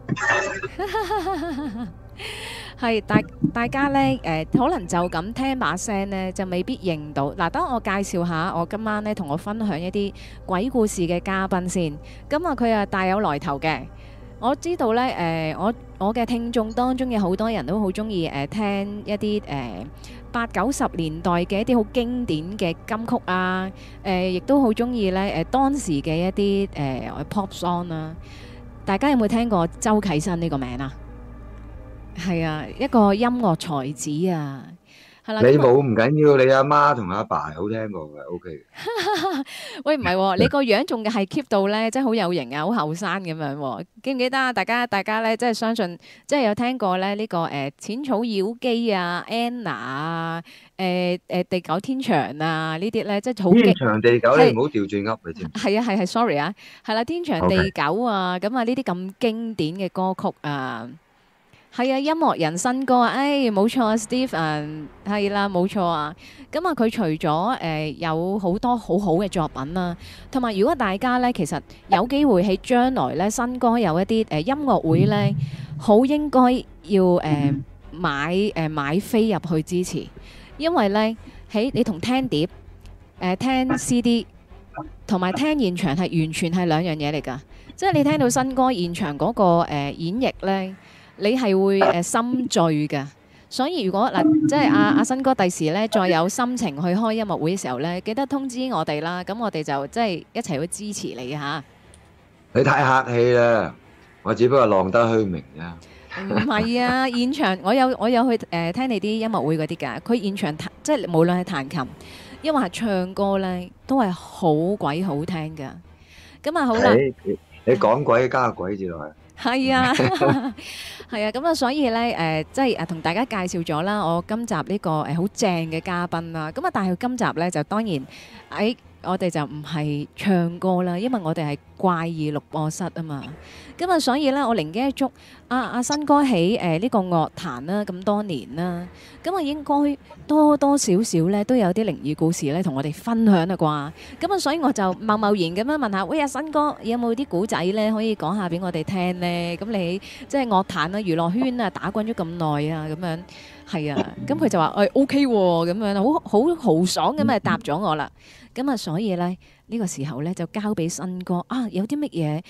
係大大家咧，誒，可能就咁聽把聲咧，就未必認到。嗱，等我介紹下，我今晚咧同我分享一啲鬼故事嘅嘉賓先。咁啊，佢啊大有來頭嘅。我知道咧，誒，我我嘅聽眾當中有好多人都好中意誒聽一啲誒。八九十年代嘅一啲好經典嘅金曲啊，誒、呃，亦都好鍾意呢。誒、呃，當時嘅一啲誒、呃、pop song 啦、啊。大家有冇聽過周啟生呢個名啊？係啊，一個音樂才子啊！啊、你冇唔緊要，你阿媽同阿爸好聽過嘅，O K 喂，唔係喎，你個樣仲係 keep 到咧， 真係好有型啊，好後生咁樣喎。記唔記得啊？大家大家咧，即係相信，即係有聽過咧呢、呢個誒、呃《淺草妖姬啊，Anna 啊，呃、地久天長》啊，呢啲咧，即係好經。天長地久，你唔好調轉噏佢先。係啊係呀 s o r r y 啊，係啦，天長地久啊，咁啊呢啲咁經典嘅歌曲啊。係啊，音樂人新歌啊，哎冇錯啊 Steven 係啦，冇錯啊。咁啊，佢、啊啊、除咗誒、呃、有很多很好多好好嘅作品啦、啊，同埋如果大家呢，其實有機會喺將來呢，新歌有一啲誒、呃、音樂會呢，好應該要誒、呃、買誒、呃、買飛入去支持，因為呢，喺你同聽碟誒、呃、聽 CD 同埋聽現場係完全係兩樣嘢嚟㗎，即、就、係、是、你聽到新歌現場嗰、那個、呃、演繹呢。你係會誒心醉嘅，所以如果嗱，即係阿阿生哥第時咧再有心情去開音樂會嘅時候咧，記得通知我哋啦，咁我哋就即係一齊去支持你吓。你太客氣啦，我只不過浪得虛名咋。唔係啊，現場我有我有去誒聽你啲音樂會嗰啲㗎，佢現場即係無論係彈琴，抑或係唱歌咧，都係好鬼好聽嘅。咁啊好啦，你講鬼加鬼字落去。係啊，係 啊，咁啊，所以咧，誒、呃，即係誒，同大家介紹咗啦，我今集呢個誒好正嘅嘉賓啦，咁啊，但係佢今集咧就當然喺，哎我哋就唔係唱歌啦，因為我哋係怪異錄播室啊嘛。咁啊，所以咧，我靈機一觸，阿阿新哥喺誒呢個樂壇啦咁多年啦，咁啊應該多多少少咧都有啲靈異故事咧，同我哋分享啊啩。咁啊，所以我就貿貿然咁樣問下，喂阿新哥，有冇啲古仔咧可以講下俾我哋聽咧？咁你即係樂壇啊、娛樂圈啊打滾咗咁耐啊，咁樣係啊。咁佢就話誒 OK 喎，咁樣好好豪爽咁啊答咗我啦。咁啊，所以咧呢個時候咧就交俾生哥啊，有啲乜嘢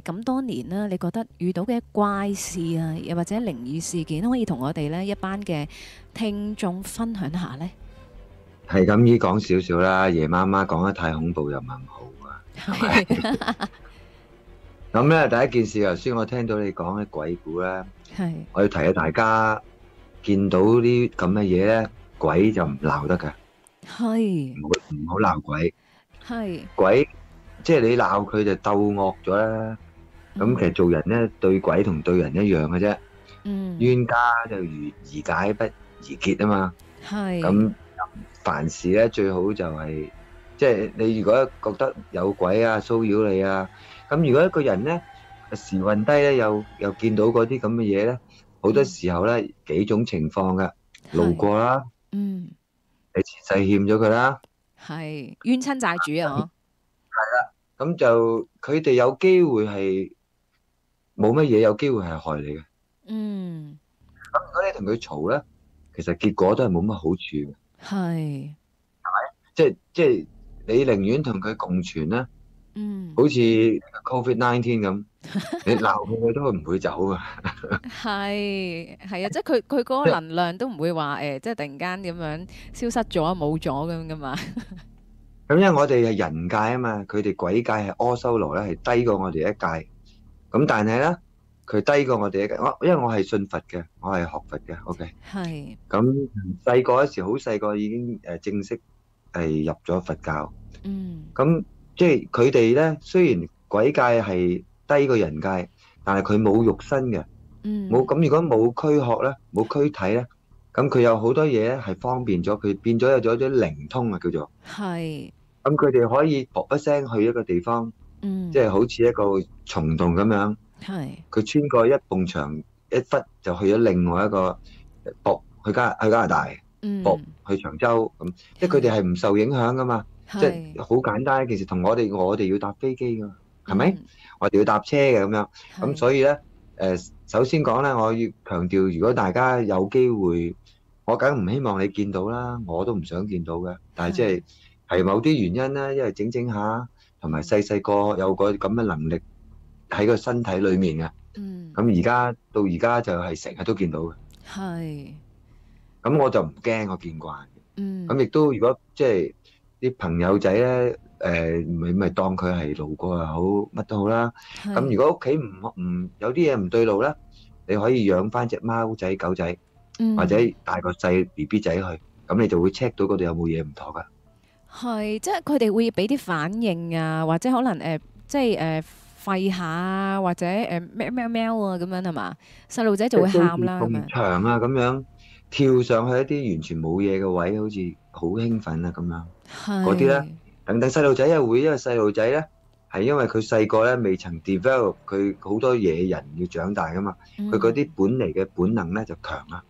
誒咁多年啦？你覺得遇到嘅怪事啊，又或者靈異事件，可以同我哋咧一班嘅聽眾分享下咧？係咁，要講少少啦，夜媽媽講得太恐怖又唔係唔好啊，係咪？咁咧第一件事，頭先我聽到你講嘅鬼故啦，係，我要提下大家見到啲咁嘅嘢咧，鬼就唔鬧得㗎。係唔好唔好鬧鬼。係鬼，即係你鬧佢就鬥惡咗啦。咁其實做人咧，對鬼同對人一樣嘅啫。嗯，冤家就如而解不宜結啊嘛。係咁，凡事咧最好就係，即係你如果覺得有鬼啊騷擾你啊，咁如果一個人咧時運低咧，又又見到嗰啲咁嘅嘢咧，好多時候咧幾種情況嘅路過啦。嗯。前世欠咗佢啦，係冤親債主啊，係啦，咁就佢哋有機會係冇乜嘢，有機會係害你嘅。嗯，咁如果你同佢嘈咧，其實結果都係冇乜好處嘅。係，即係即係你寧願同佢共存啦。嗯，好似 Covid Nineteen 咁，你鬧佢佢都唔會走噶係係啊，即係佢佢嗰個能量都唔會話誒，即係突然間咁樣消失咗，冇咗咁噶嘛。咁因為我哋係人界啊嘛，佢哋鬼界係阿修羅咧，係低過我哋一界，咁但係咧佢低過我哋一界。我因為我係信佛嘅，我係學佛嘅。OK。係。咁細個嗰時好細個已經誒正式係入咗佛教。嗯。咁。即係佢哋咧，雖然鬼界係低過人界，但係佢冇肉身嘅，冇咁。如果冇軀殼咧，冇軀體咧，咁佢有好多嘢係方便咗佢，變咗有咗啲靈通啊，叫做。係。咁佢哋可以嘭一聲去一個地方，即係好似一個蟲洞咁樣。係。佢穿過一埲牆一忽就去咗另外一個嘭去加去加拿大，嘭去長洲咁，即係佢哋係唔受影響㗎嘛。即係好簡單，其實同我哋我哋要搭飛機㗎，係咪？我哋要搭車嘅咁樣，咁所以咧，誒，首先講咧，我要強調，如果大家有機會，我梗唔希望你見到啦，我都唔想見到嘅。但係即係係某啲原因咧，因為整整下，同埋細細個有個咁嘅能力喺個身體裡面嘅，咁而家到而家就係成日都見到嘅。係。咁我就唔驚，我見慣。嗯。咁亦都如果即係。啲朋友仔咧，誒，咪咪當佢係路過又好，乜都好啦。咁如果屋企唔唔有啲嘢唔對路咧，你可以養翻隻貓仔、狗仔，或者帶個細 BB 仔去，咁你就會 check 到嗰度有冇嘢唔妥噶。係即係佢哋會俾啲反應啊，或者可能誒，即係誒吠下啊，或者誒喵喵喵啊咁樣係嘛？細路仔就會喊啦咁樣，長啊咁樣，跳上去一啲完全冇嘢嘅位，好似好興奮啊咁樣。嗰啲咧，等等細路仔係會，因為細路仔咧係因為佢細個咧未曾 develop 佢好多嘢，人要長大噶嘛，佢嗰啲本嚟嘅本能咧就強啦。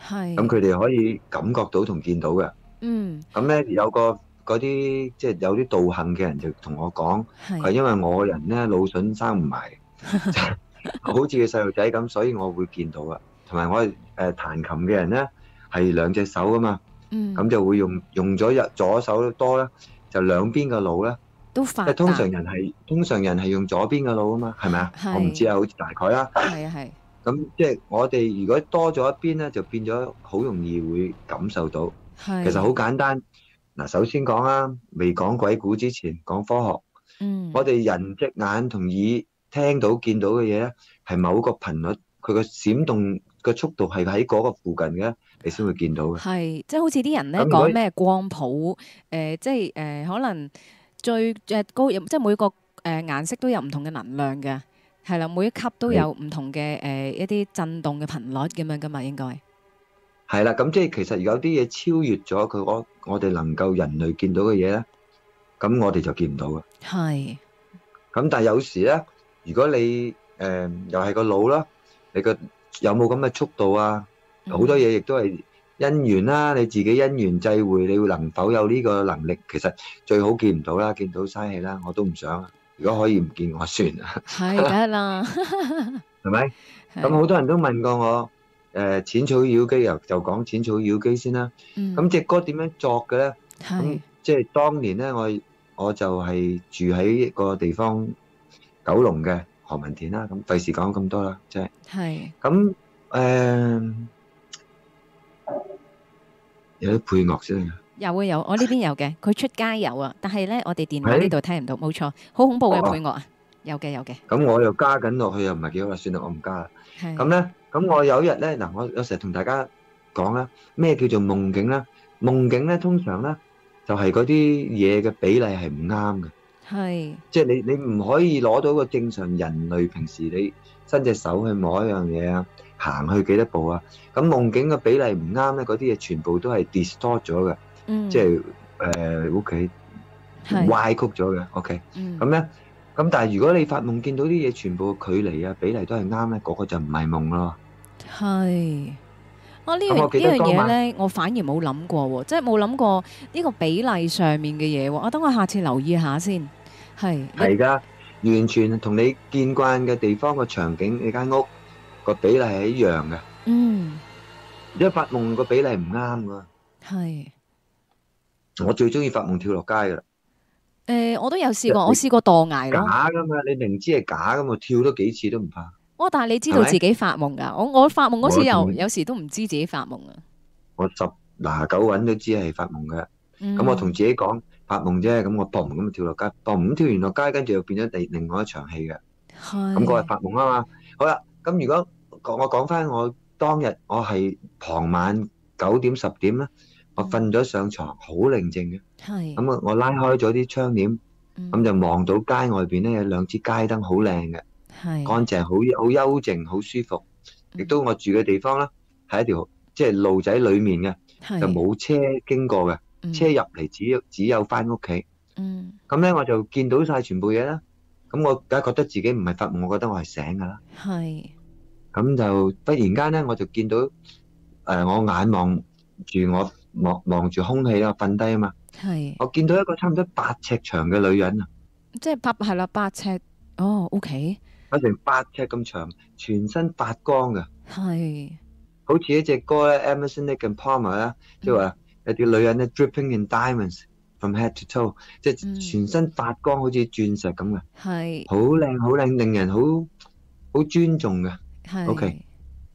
係。咁佢哋可以感覺到同見到嘅。嗯。咁咧有個嗰啲即係有啲道行嘅人就同我講，係因為我人咧腦筍生唔埋，好似個細路仔咁，所以我會見到啊。同埋我誒彈琴嘅人咧係兩隻手噶嘛。嗯，咁就會用用咗右左手多啦，就兩邊嘅腦啦。都快。通常人係通常人係用左邊嘅腦啊嘛，係咪啊？我唔知啊，好似大概啦。係啊係。咁即係我哋如果多咗一邊咧，就變咗好容易會感受到。係。其實好簡單，嗱，首先講啊，未講鬼故之前講科學。嗯。我哋人隻眼同耳聽到見到嘅嘢咧，係某個頻率佢個閃動，個速度係喺嗰個附近嘅，你先會見到嘅。係，即係好似啲人咧講咩光譜，誒，即係誒，可能最誒高，即係每個誒顏色都有唔同嘅能量嘅，係啦，每一級都有唔同嘅誒一啲震動嘅頻率咁樣噶嘛，應該係啦。咁即係其實如果有啲嘢超越咗佢我我哋能夠人類見到嘅嘢咧，咁我哋就見唔到嘅。係，咁但係有時咧，如果你誒又係個腦啦，你個。有冇咁嘅速度啊？好多嘢亦都係因緣啦，你自己因緣際會，你會能否有呢個能力？其實最好見唔到啦，見到嘥氣啦，我都唔想。如果可以唔見我算啦。係，梗係啦，係咪？咁好多人都問過我，誒《淺草妖姬》啊，就講《淺草妖姬》先啦。咁隻歌點樣作嘅咧？咁即係當年咧，我我就係住喺一個地方，九龍嘅。何文田啦，咁第時講咁多啦，即係。係。咁誒，有啲配樂先啊。有啊有，我呢邊有嘅，佢出街有啊，但係咧我哋電話呢度聽唔到，冇錯，好恐怖嘅配樂啊，有嘅有嘅。咁我又加緊落去又唔係幾好，算啦，我唔加啦。係。咁咧，咁我有一日咧嗱，我有成日同大家講啦，咩叫做夢境咧？夢境咧通常咧就係嗰啲嘢嘅比例係唔啱嘅。係，即係你你唔可以攞到個正常人類平時你伸隻手去摸一樣嘢啊，行去幾多步啊？咁夢境嘅比例唔啱咧，嗰啲嘢全部都係 distort 咗嘅，即係誒屋企歪曲咗嘅。OK，咁咧，咁但係如果你發夢見到啲嘢全部嘅距離啊比例都係啱咧，嗰個就唔係夢咯。係，我呢樣嘢咧，我反而冇諗過，即係冇諗過呢個比例上面嘅嘢。我等我下次留意下先。係，係而家完全同你見慣嘅地方個場景，你間屋個比例係一樣嘅。嗯，因為發夢個比例唔啱噶。係，我最中意發夢跳落街噶喇。誒，我都有試過，我試過墮崖咯。假噶嘛，你明知係假噶嘛，跳多幾次都唔怕。哦，但係你知道自己發夢㗎，我我發夢嗰時又有時都唔知自己發夢啊。我十拿九穩都知係發夢㗎，咁我同自己講。發夢啫，咁我砰咁跳落街，砰咁跳完落街，跟住又變咗第另外一場戲嘅。咁嗰日發夢啊嘛。好啦，咁如果我講翻我當日，我係傍晚九點十點咧，我瞓咗上牀，好寧靜嘅。係。咁我拉開咗啲窗簾，咁就望到街外邊咧有兩支街燈，好靚嘅，係。乾淨好，好幽靜，好舒服。亦都我住嘅地方咧，係一條即係路仔裏面嘅，就冇車經過嘅。車入嚟，只有只有翻屋企。嗯，咁咧我就見到晒全部嘢啦。咁我梗係覺得自己唔係發夢，我覺得我係醒噶啦。係。咁就忽然間咧，我就見到誒，我眼望住我望望住空氣啦，瞓低啊嘛。係。我見到一個差唔多八尺長嘅女人啊。即係八係啦，八尺。哦，OK。有成八尺咁長，全身發光嘅。係。好似一隻歌咧，Emerson, Lake and Palmer 啦，即係話。一啲女人咧，dripping in diamonds from head to toe，即係全身發光，好似鑽石咁嘅，係好靚好靚，令人好好尊重嘅，係 OK，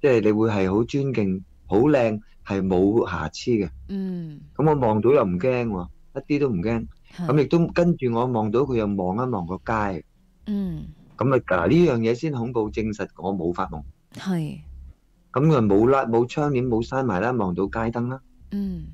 即係你會係好尊敬，好靚，係冇瑕疵嘅，嗯。咁我望到又唔驚喎，一啲都唔驚。咁亦都跟住我望到佢又望一望個街，嗯。咁啊嗱，呢樣嘢先恐怖，證實我冇發夢，係。咁佢冇拉冇窗簾冇閂埋啦，望到街燈啦，嗯。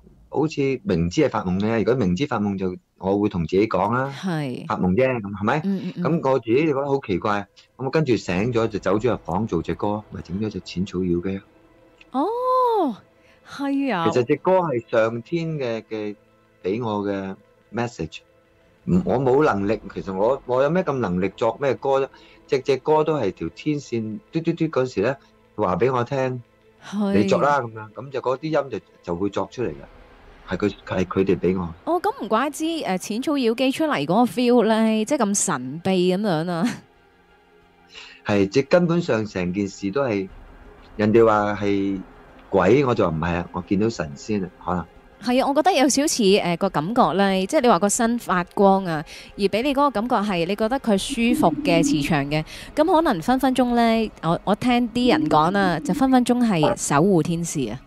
好似明知係發夢嘅，如果明知發夢就我會同自己講啦，發夢啫，咁係咪？咁我自己就覺得好奇怪，咁我跟住醒咗就走咗入房做隻歌，咪整咗隻淺草妖姬。哦，係啊。其實隻歌係上天嘅嘅俾我嘅 message，唔，我冇能力，其實我我有咩咁能力作咩歌啫？只隻歌都係條天線嘟嘟嘟嗰時咧話俾我聽，你作啦咁樣，咁就嗰啲音就就會作出嚟㗎。係佢，係佢哋俾我。哦，咁唔怪之誒，淺草妖姬出嚟嗰個 feel 咧，即係咁神秘咁樣啊。係即係根本上成件事都係人哋話係鬼，我就話唔係啊，我見到神仙啊，可能。係啊，我覺得有少少似誒個感覺咧，即係你話個身發光啊，而俾你嗰個感覺係你覺得佢舒服嘅磁場嘅，咁可能分分鐘咧，我我聽啲人講啊，就分分鐘係守護天使啊。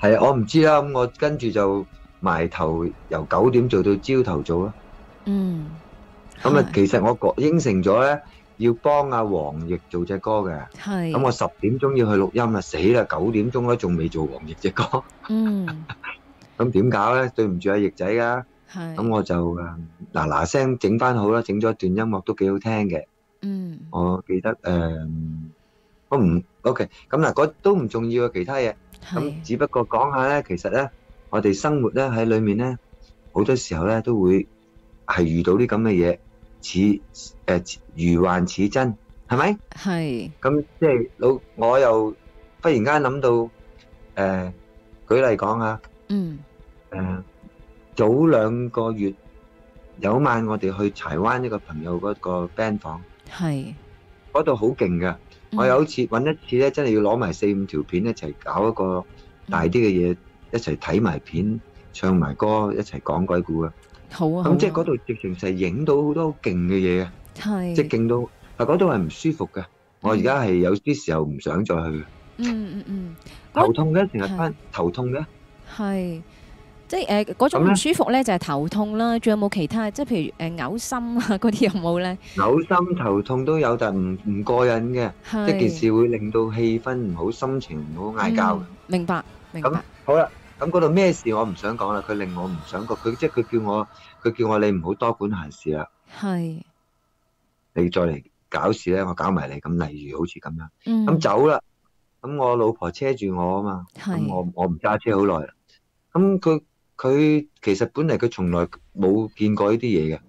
係啊，我唔知啦，咁我跟住就埋頭由九點做到朝頭早咯。嗯，咁啊，其實我應承咗咧，要幫阿黃奕做隻歌嘅。係。咁我十點鐘要去錄音啊，死啦！九點鐘咧仲未做黃奕隻歌。嗯。咁點搞咧？對唔住阿奕仔噶。係。咁我就嗱嗱聲整翻好啦，整咗一段音樂都幾好聽嘅。嗯。我記得誒，我唔 OK，咁嗱，嗰都唔重要啊，其他嘢。咁，只不過講下咧，其實咧，我哋生活咧喺裏面咧，好多時候咧都會係遇到啲咁嘅嘢，似誒如幻似真，係咪？係。咁即係老，我又忽然間諗到誒，舉例講下，嗯，誒早兩個月有晚，我哋去柴灣一個朋友嗰個 band 房，係嗰度好勁㗎。我有一次揾一次咧，次真係要攞埋四五條片一齊搞一個大啲嘅嘢，嗯、一齊睇埋片、唱埋歌、一齊講鬼故啊！好啊！咁即係嗰度直情就係影到好多勁嘅嘢啊！係是即係勁到，但嗰度係唔舒服嘅。是我而家係有啲時候唔想再去嗯。嗯嗯嗯，頭痛嘅，成日翻，頭痛嘅。係。即係誒，嗰種唔舒服咧就係頭痛啦，仲有冇其他？即係譬如誒嘔心啊，嗰啲有冇咧？嘔心頭痛都有，但係唔唔過癮嘅，即係件事會令到氣氛唔好，心情唔好，嗌交。明白，明白。咁好啦，咁嗰度咩事我唔想講啦，佢令我唔想講佢，即係佢叫我，佢叫我你唔好多管閒事啦。係。你再嚟搞事咧，我搞埋你。咁例如好似咁樣，咁走啦。咁我老婆車住我啊嘛，咁我我唔揸車好耐啦。咁佢。佢其實本嚟佢從來冇見過呢啲嘢嘅，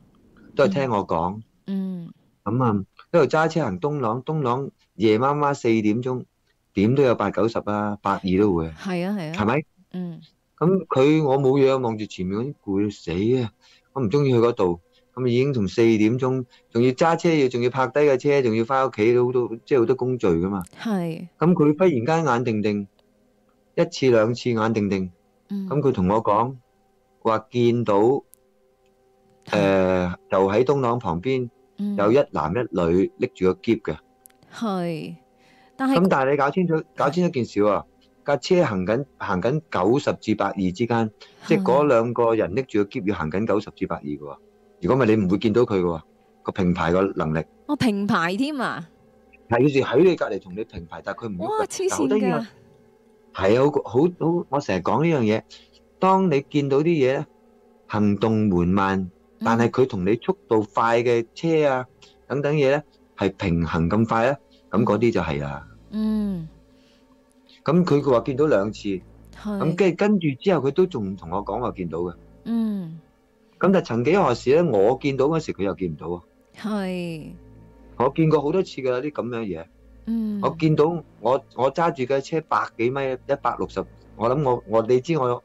都係聽我講。嗯。咁啊，一路揸車行東廊，東廊夜媽媽四點鐘，點都有八九十啊，八二都會。係啊，係啊。係咪？嗯。咁佢我冇樣望住前面嗰啲攰到死啊！我唔中意去嗰度，咁已經從四點鐘，仲要揸車，要仲要泊低架車，仲要返屋企，都好多即係好多工序噶嘛。係。咁佢忽然間眼定定，一次兩次眼定定，咁佢同我講話見到誒，就喺東朗旁邊有一男一女拎住個箧嘅。係，但係咁，但係你搞清楚，搞清楚件事啊！架車行緊行緊九十至百二之間，即係嗰兩個人拎住個箧要行緊九十至百二嘅。如果唔係你唔會見到佢嘅。個平排嘅能力，我平排添啊！係有時喺你隔籬同你平排，但係佢唔，哇黐綫噶。係啊，好好好，我成日講呢樣嘢。當你見到啲嘢咧，行動緩慢，但係佢同你速度快嘅車啊等等嘢咧，係平衡咁快啊，咁嗰啲就係啦。嗯。咁佢佢話見到兩次，咁跟跟住之後佢都仲同我講話見到嘅。嗯。咁但係曾幾何時咧，我見到嗰時佢又見唔到。係。我見過好多次噶啲咁樣嘢。嗯，我見到我我揸住架車百幾米，一百六十，我諗我我你知我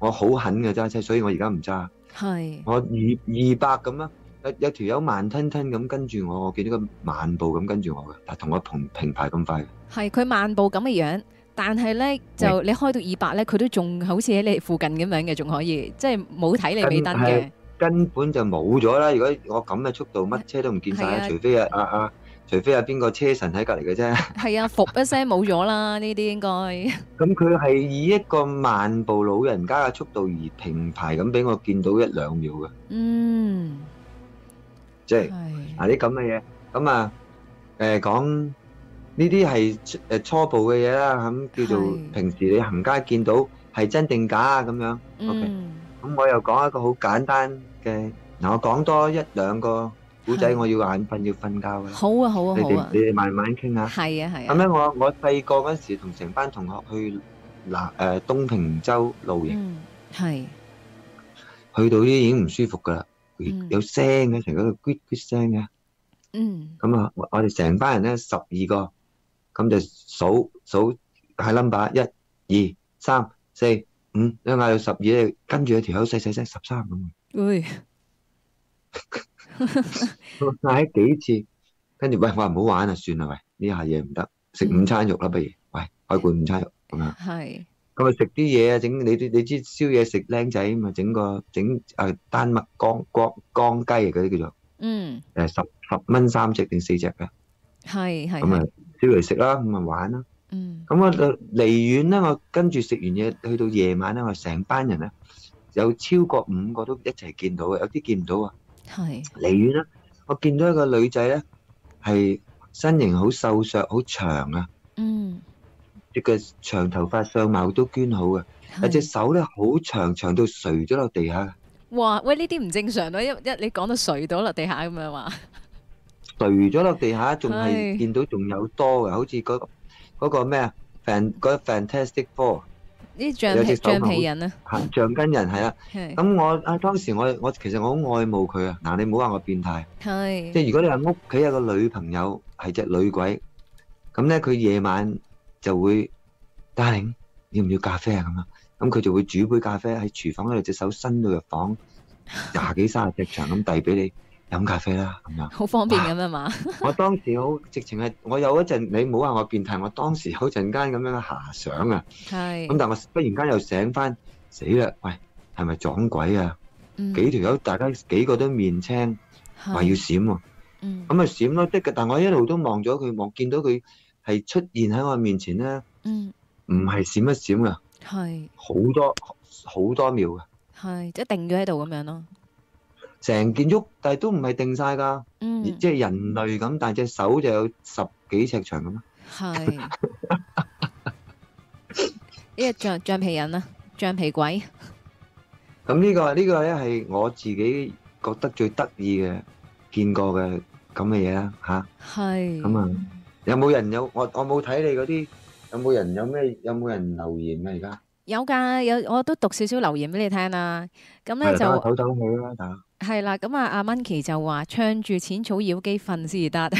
我好狠嘅揸車，所以我而家唔揸。係，我二二百咁樣，有有條友慢吞吞咁跟住我，我見到佢慢步咁跟住我嘅，同我平平排咁快。係，佢慢步咁嘅樣，但係咧就你開到二百咧，佢都仲好似喺你附近咁樣嘅，仲可以，即係冇睇你尾燈嘅，根本就冇咗啦。如果我咁嘅速度，乜車都唔見晒，除非啊啊啊。除非有邊個車神喺隔籬嘅啫，係啊，服一聲冇咗啦！呢啲應該咁佢係以一個慢步老人家嘅速度而平排咁俾我見到一兩秒嘅，嗯，即係嗱啲咁嘅嘢，咁啊誒講呢啲係誒初步嘅嘢啦，咁叫做平時你行街見到係真定假啊咁樣？OK，咁我又講一個好簡單嘅嗱，我講多一兩個。古仔我要眼瞓要瞓覺㗎喇，好啊好啊好啊，你哋你哋慢慢傾下。係啊係啊。咁咧我我細個嗰時同成班同學去嗱誒東平洲露營，係去到啲已經唔舒服噶啦，有聲嘅成個度嗰啲咕咕聲嘅。嗯。咁啊，我我哋成班人咧十二個，咁就數數睇 number，一、二、三、四、五，因為嗌到十二咧，跟住有條友細細聲十三咁。哎。嗌咗幾次，跟住喂，我話唔好玩啊，算啦，喂，呢下嘢唔得，食午餐肉啦，不如喂開罐午餐肉咁樣。係咁啊，食啲嘢啊，整你啲你知宵夜食靚仔啊嘛，整個整啊丹麥乾乾乾雞啊嗰啲叫做嗯誒十十蚊三隻定四隻㗎係係咁啊，燒嚟食啦，咁咪玩啦。嗯，咁我離遠咧，我跟住食完嘢去到夜晚咧，我成班人咧有超過五個都一齊見到嘅，有啲見唔到啊。係離遠啦，我見到一個女仔咧，係身形好瘦削，好長啊。嗯，隻腳長，頭髮相貌都娟好噶，啊隻手咧好長，長到垂咗落地下。哇喂，呢啲唔正常咯，一一你講到垂到落地下咁樣話，垂咗落地下，仲係見到仲有多嘅，好似嗰嗰個咩啊 fant 嗰 Fantastic Four。啲橡皮橡皮人啊，橡筋人係啦。咁我啊，當時我我其實我好愛慕佢啊。嗱，你唔好話我變態，即係如果你話屋企有個女朋友係隻女鬼，咁咧佢夜晚就會，Darling，要唔要咖啡啊咁啊？咁佢就會煮杯咖啡喺廚房嗰度，隻手伸到入房廿幾卅隻長咁遞俾你。飲咖啡啦，咁樣好方便咁啊嘛！我當時好，直情係我有一陣，你唔好話我變態。我當時好陣間咁樣遐想啊，係。咁但係我忽然間又醒翻，死啦！喂，係咪撞鬼啊？幾條友大家幾個都面青，話要閃喎。嗯。咁啊閃咯，的，但我一路都望咗佢望，見到佢係出現喺我面前咧。嗯。唔係閃一閃㗎，係好多好多秒㗎。係即係定咗喺度咁樣咯。成件喐，但係都唔係定曬噶，嗯，即係人類咁，但隻手就有十幾尺長咁啊，係呢個橡橡皮人啦，橡皮鬼。咁呢個呢個咧係我自己覺得最得意嘅見過嘅咁嘅嘢啦，嚇。係咁啊，有冇人有我我冇睇你嗰啲有冇人有咩有冇人留言啊？而家有噶有，我都讀少少留言俾你聽啦。咁咧就抖抖佢啦，打。係啦，咁啊阿 Monkey 就話唱住「淺草妖姬」瞓先至得，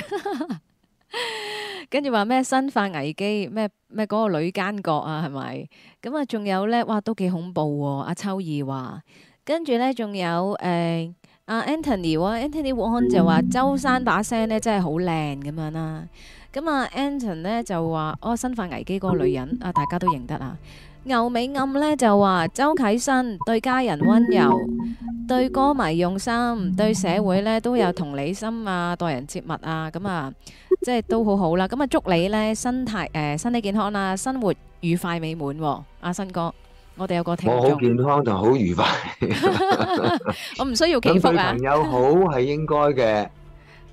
跟住話咩生化危機咩咩嗰個女奸角啊係咪？咁啊仲有咧，哇都幾恐怖喎、啊！阿秋兒話，跟住咧仲有誒阿、呃、Anthony 啊、哦、，Anthony Wong 就話 周生把聲咧真係好靚咁樣啦、啊。咁啊 Anthony 咧就話哦生化危機嗰個女人啊大家都認得啊。牛尾暗咧就話周啟生對家人温柔，對歌迷用心，對社會咧都有同理心啊，待人接物啊，咁啊，即係都好好啦。咁啊，祝你咧身體誒身體健康啦，生活愉快美滿。阿新哥，我哋有個聽眾，我好健康同好愉快，我唔需要祈福啊。咁對朋友好係應該嘅，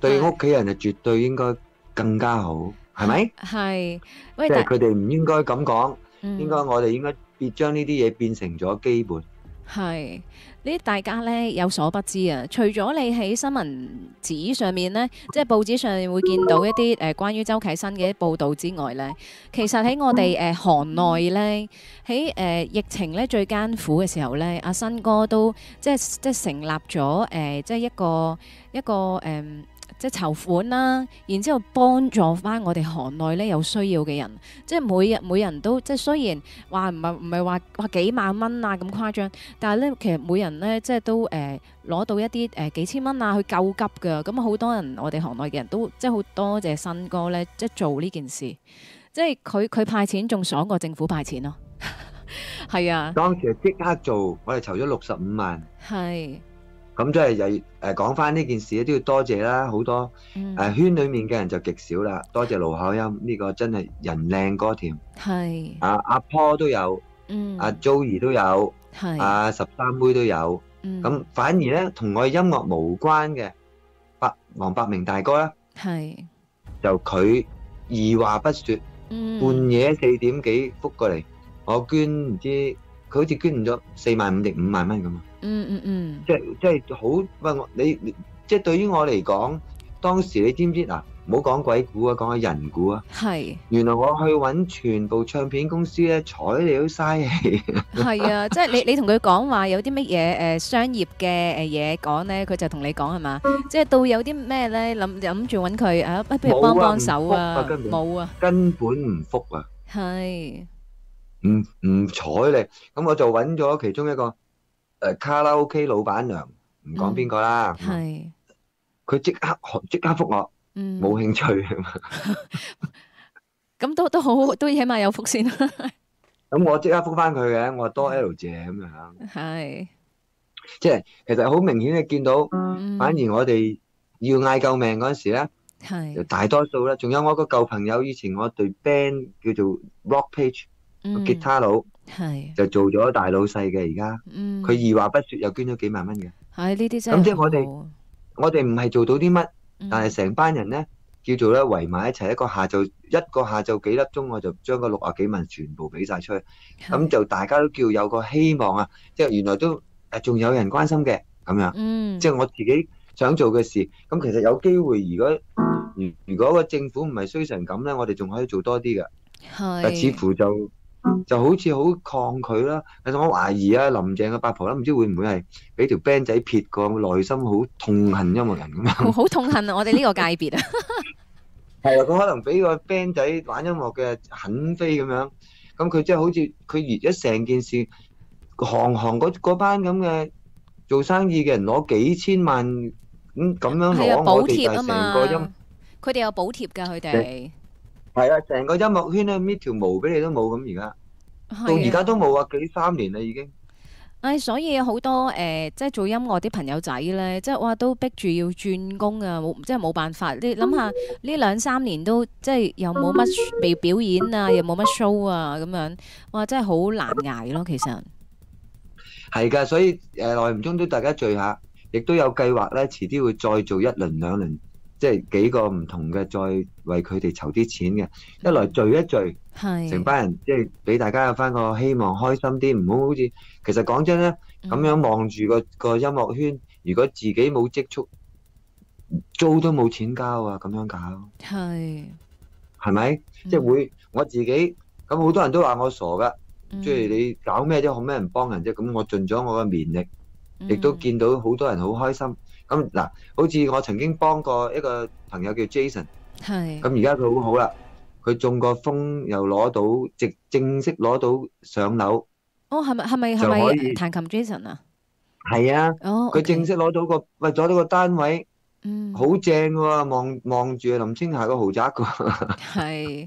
對屋企人就絕對應該更加好，係咪？係，即係佢哋唔應該咁講。應該我哋應該別將呢啲嘢變成咗基本係呢？大家呢有所不知啊，除咗你喺新聞紙上面呢，即係報紙上會見到一啲誒、呃、關於周啟生嘅報道之外呢，其實喺我哋誒行內呢，喺誒、呃、疫情呢最艱苦嘅時候呢，阿生哥都即係即係成立咗誒、呃，即係一個一個誒。呃即係籌款啦、啊，然之後幫助翻我哋行內咧有需要嘅人，即係每日每人都即係雖然話唔係唔係話話幾萬蚊啊咁誇張，但係咧其實每人咧即係都誒攞、呃、到一啲誒、呃、幾千蚊啊去救急㗎，咁、嗯、好多人我哋行內嘅人都即係好多謝新哥咧即係做呢件事，即係佢佢派錢仲爽過政府派錢咯，係啊！ 啊當時即刻做，我哋籌咗六十五萬。係。咁即係又誒講翻呢件事咧，都要多謝啦，好多誒圈裡面嘅人就極少啦，多謝盧巧音呢個真係人靚歌甜，係啊，阿坡都有，阿 Joey 都有，啊十三妹都有，咁反而咧同我音樂冇關嘅，百黃百鳴大哥咧，係就佢二話不説，半夜四點幾覆過嚟，我捐唔知佢好似捐唔咗四萬五定五萬蚊咁啊！嗯嗯嗯，即係即係好，唔係我你即係對於我嚟講，當時你知唔知嗱？唔好講鬼故啊，講下人故啊。係。原來我去搵全部唱片公司咧，睬你都嘥氣。係啊，即係你你同佢講話有啲乜嘢誒商業嘅誒嘢講咧，佢就同你講係嘛？即係到有啲咩咧諗諗住搵佢啊，不如幫幫手啊？冇啊，根本冇啊，根本唔覆啊。係。唔唔睬你，咁我就搵咗其中一個。誒，卡拉 OK 老闆娘唔，講邊個啦，佢即刻即刻覆我，冇興趣。咁都都好，都起碼有覆先。咁我即刻覆翻佢嘅，我話多 L 姐，咁樣。係，即係其實好明顯嘅，見到，反而我哋要嗌救命嗰陣時咧，大多數咧，仲有我一個舊朋友，以前我對 band 叫做 Rock Page，個吉他佬係就做咗大老細嘅而家，佢二話不說又捐咗幾萬蚊嘅。係呢啲真係咁即係我哋，我哋唔係做到啲乜，但係成班人咧叫做咧圍埋一齊，一個下晝一個下晝幾粒鐘，我就將個六啊幾萬全部俾晒出去，咁就大家都叫有個希望啊！即係原來都誒仲有人關心嘅咁樣，即係我自己想做嘅事。咁其實有機會，如果如果個政府唔係衰成咁咧，我哋仲可以做多啲嘅。係，但似乎就。就好似好抗拒啦，其實我懷疑啊，林鄭嘅八婆啦，唔知會唔會係俾條 band 仔撇過，內心好痛恨音樂人咁啊！好痛恨啊！我哋呢個界別啊，係啊，佢可能俾個 band 仔玩音樂嘅狠飛咁樣，咁佢即係好似佢而家成件事行行嗰嗰班咁嘅做生意嘅人攞幾千萬咁咁樣攞補貼啊嘛，我哋成個音，佢哋有補貼㗎，佢哋。係啊，成個音樂圈咧搣，條毛俾你都冇咁，而家，到而家都冇啊，幾三年啦已經。唉，所以好多誒，即、呃、係、即係、做音樂啲朋友仔咧，即係哇，都逼住要轉工啊，冇即係冇辦法。你諗下呢兩三年都即係、即係、又冇乜被表演啊，又冇乜 show 啊，咁樣哇，真係好難挨咯，其實。係噶，所以誒，耐唔中都大家聚一下，亦都有計劃咧，遲啲會再做一輪兩輪。即係幾個唔同嘅，再為佢哋籌啲錢嘅。一來聚一聚，係成班人，即係俾大家有翻個希望，開心啲。唔好好似其實講真咧，咁樣望住個個音樂圈，如果自己冇積蓄，租都冇錢交啊！咁樣搞係係咪？即係會我自己咁好多人都話我傻㗎，即係你搞咩啫，好咩人幫人啫。咁我盡咗我嘅綿力，亦都見到好多人好開心。咁嗱，好似我曾經幫過一個朋友叫 Jason，係咁而家佢好好啦，佢中過風又攞到，即正式攞到上樓。哦，係咪係咪係咪彈琴 Jason 啊？係啊，佢正式攞到個，喂，攞到個單位，嗯，好正喎，望望住林青霞個豪宅個。係，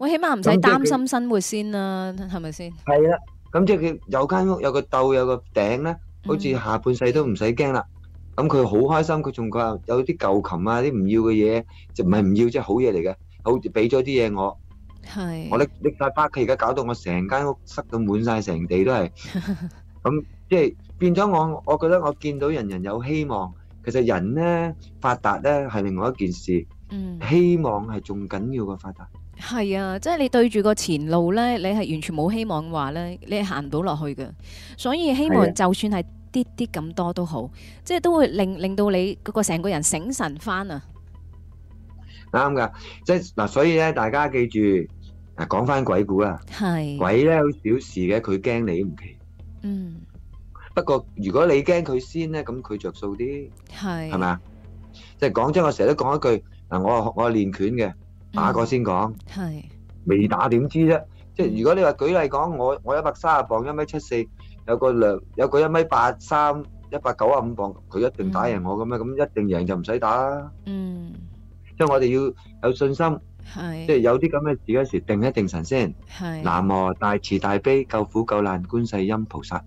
喂，起碼唔使擔心生活先啦，係咪先？係啊，咁即係佢有間屋，有個竇，有個頂咧，好似下半世都唔使驚啦。咁佢好開心，佢仲佢話有啲舊琴啊，啲唔要嘅嘢，就唔係唔要，即係好嘢嚟嘅，好似俾咗啲嘢我。係。我搦搦曬包，而家搞到我成間屋塞到滿曬，成地都係。咁即係變咗我，我覺得我見到人人有希望。其實人咧發達咧係另外一件事。嗯。希望係仲緊要過發達。係啊，即係你對住個前路咧，你係完全冇希望嘅話咧，你係行唔到落去嘅。所以希望就算係。啲啲咁多都好，即係都會令令到你嗰個成個人醒神翻啊。啱噶，即係嗱，所以咧，大家記住，講翻鬼故啊，係鬼咧好小事嘅，佢驚你唔奇。嗯。不過如果你驚佢先咧，咁佢着數啲。係。係咪啊？即係講真，我成日都講一句，嗱，我我練拳嘅，打過先講。係。未打點知啫？即係如果你話舉例講，我我一百三十磅，一米七四。有個兩有個一米八三，一百九啊五磅，佢一定打贏我嘅咩？咁一定贏就唔使打啦。嗯，即係我哋要有信心，即係有啲咁嘅事嗰時定一定神先。係南無大慈大悲救苦救難觀世音菩薩。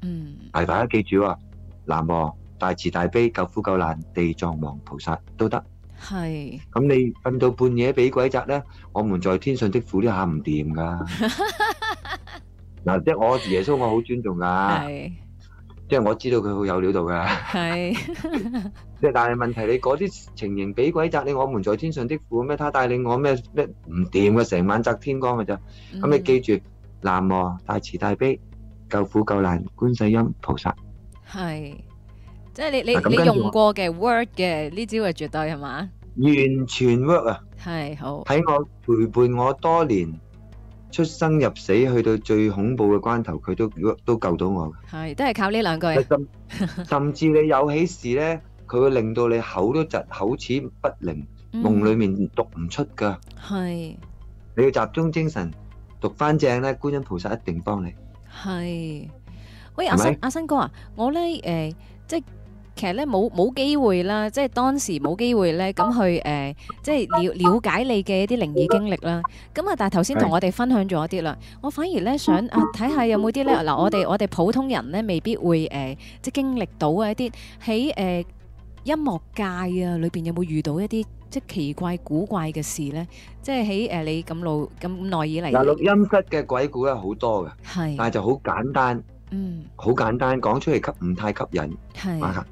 嗯，係大家記住啊，南無大慈大悲救苦救難地藏王菩薩都得。係咁你瞓到半夜俾鬼責咧，我們在天上的父都下唔掂噶。嗱，即係我耶穌，我好尊重噶，即係我知道佢好有料到噶，即係但係問題，你嗰啲情形，俾鬼責你，我們在天上的父咩，他帶領我咩咩唔掂嘅，成晚責天光嘅啫。咁你記住南無大慈大悲救苦救難觀世音菩薩，係即係你你你用過嘅 work 嘅呢招係絕對係嘛？完全 work 啊，係好喺我陪伴我多年。出生入死，去到最恐怖嘅關頭，佢都都救到我。係，都係靠呢兩句。甚至你有喜事呢，佢會令到你口都窒，口齒不靈，夢裏面讀唔出噶。係，你要集中精神讀翻正呢，觀音菩薩一定幫你。係，喂，阿生阿生哥啊，我呢誒，即係。其實咧冇冇機會啦，即係當時冇機會咧，咁去誒、呃，即係了了解你嘅一啲靈異經歷啦。咁啊，但係頭先同我哋分享咗啲啦，的我反而咧想啊，睇下有冇啲咧嗱，我哋我哋普通人咧未必會誒、呃，即係經歷到啊一啲喺誒音樂界啊裏邊，有冇遇到一啲即係奇怪古怪嘅事咧？即係喺誒你咁老咁耐以嚟，嗱錄音室嘅鬼故咧好多嘅，係的，但係就好簡單，嗯，好簡單講出嚟吸唔太吸引，係的。啊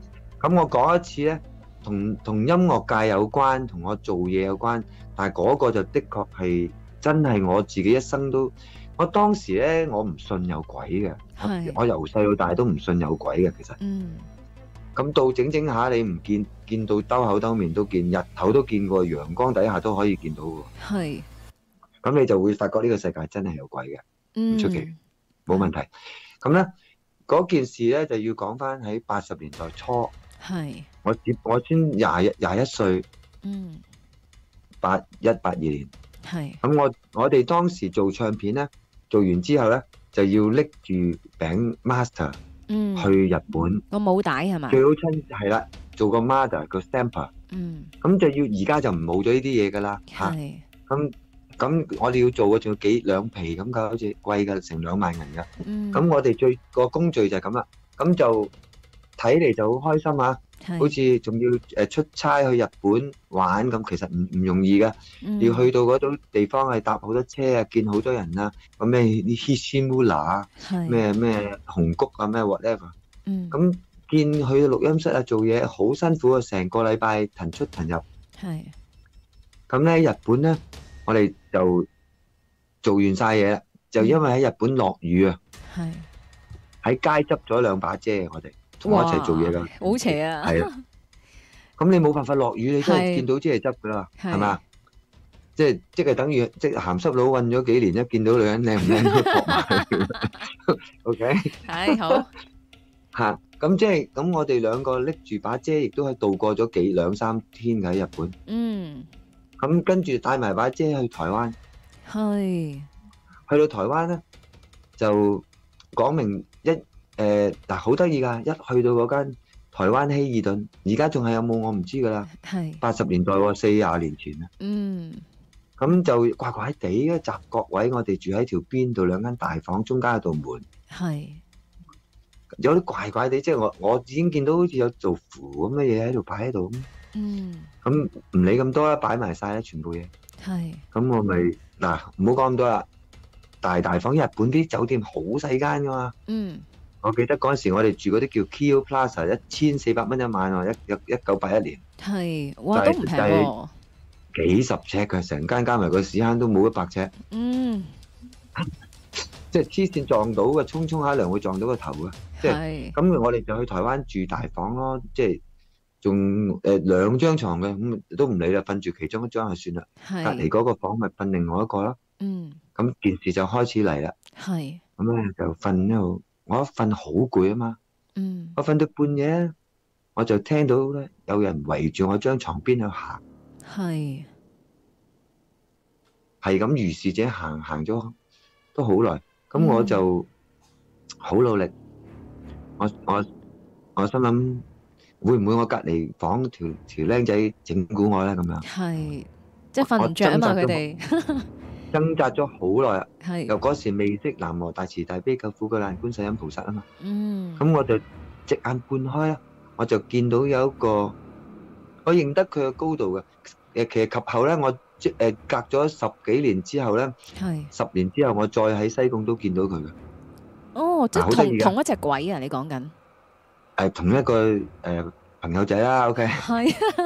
咁我講一次呢，同同音樂界有關，同我做嘢有關。但係嗰個就的確係真係我自己一生都，我當時呢我唔信有鬼嘅，我由細到大都唔信有鬼嘅。其實，咁到整整下，你唔見見到兜口兜面都見，日頭都見過，陽光底下都可以見到嘅。係，咁你就會發覺呢個世界真係有鬼嘅，唔出奇，冇問題。咁呢嗰件事呢就要講返喺八十年代初。係，我接我先廿一廿一歲，嗯，八一八二年，係，咁我我哋當時做唱片咧，做完之後咧就要拎住餅 master，嗯，去日本，個母帶係嘛，最好親係啦，做個 mother 個 stamper，嗯，咁就要而家就冇咗呢啲嘢噶啦，係，咁咁我哋要做嘅仲有幾兩皮咁嘅，好似貴噶成兩萬銀噶，嗯，咁我哋最個工序就係咁啦，咁就。睇嚟就好開心啊！好似仲要誒出差去日本玩咁，其實唔唔容易㗎。要去到嗰度地方係搭好多車啊，見好多人啊。個咩啲 hitsumula 啊，咩咩紅谷啊，咩 whatever。咁見去錄音室啊，做嘢好辛苦啊，成個禮拜騰出騰入。係。咁咧，日本咧，我哋就做完晒嘢啦。就因為喺日本落雨啊，喺街執咗兩把遮，我哋。都一齊做嘢噶，好邪啊！係啊，咁你冇辦法落雨，你都見到即係執噶啦，係咪啊？即係即係等於即係咸濕佬混咗幾年，一見到女人靚唔靚都搏埋去。O K，係好吓，咁即係咁，我哋兩個拎住把遮，亦都係度過咗幾兩三天嘅喺日本。嗯，咁跟住帶埋把遮去台灣，去去到台灣咧，就講明。誒嗱，好得意㗎！一去到嗰間台灣希爾頓，而家仲係有冇我唔知㗎啦。係八十年代我四廿年前啊。嗯。咁就怪怪地嘅雜角位，我哋住喺條邊度兩間大房中間有道門。係是。有啲怪怪地，即係我我已經見到好似有做符咁嘅嘢喺度擺喺度。嗯。咁唔理咁多啦，擺埋晒啦，全部嘢。係是。咁我咪嗱，唔好講咁多啦。大大房，日本啲酒店好細間㗎嘛。嗯。我記得嗰時我哋住嗰啲叫 Kiu Plus 一千四百蚊一晚喎，啊，一一九八一年。係，哇都唔平，啊、幾十尺，佢成間加埋個屎坑都冇一百尺。嗯。即係黐線，撞到嘅，沖沖下涼會撞到個頭嘅。係，即係。咁是我哋就去台灣住大房咯，即係仲誒兩張床嘅，咁都唔理啦，瞓住其中一張就算啦。隔籬嗰個房咪瞓另外一個咯。嗯。咁件事就開始嚟啦。係是。咁咧就瞓喺度。我一瞓好攰啊嘛，我瞓到半夜，我就聽到咧有人圍住我張床邊度行，係，係咁如是者行行咗都好耐，咁我就好努力，我我我心諗會唔會我隔離房條條僆仔整蠱我咧咁樣，係，即瞓唔著啊嘛佢哋。掙扎咗好耐啊，又嗰時未識南無大慈大悲救苦救難觀世音菩薩啊嘛，咁我就隻眼半開啦，我就見到有一個，我認得佢嘅高度嘅，誒其實及後咧，我即誒隔咗十幾年之後咧，十年之後我再喺西貢都見到佢嘅，哦即同同一隻鬼啊你講緊，係同一個誒朋友仔啦，OK，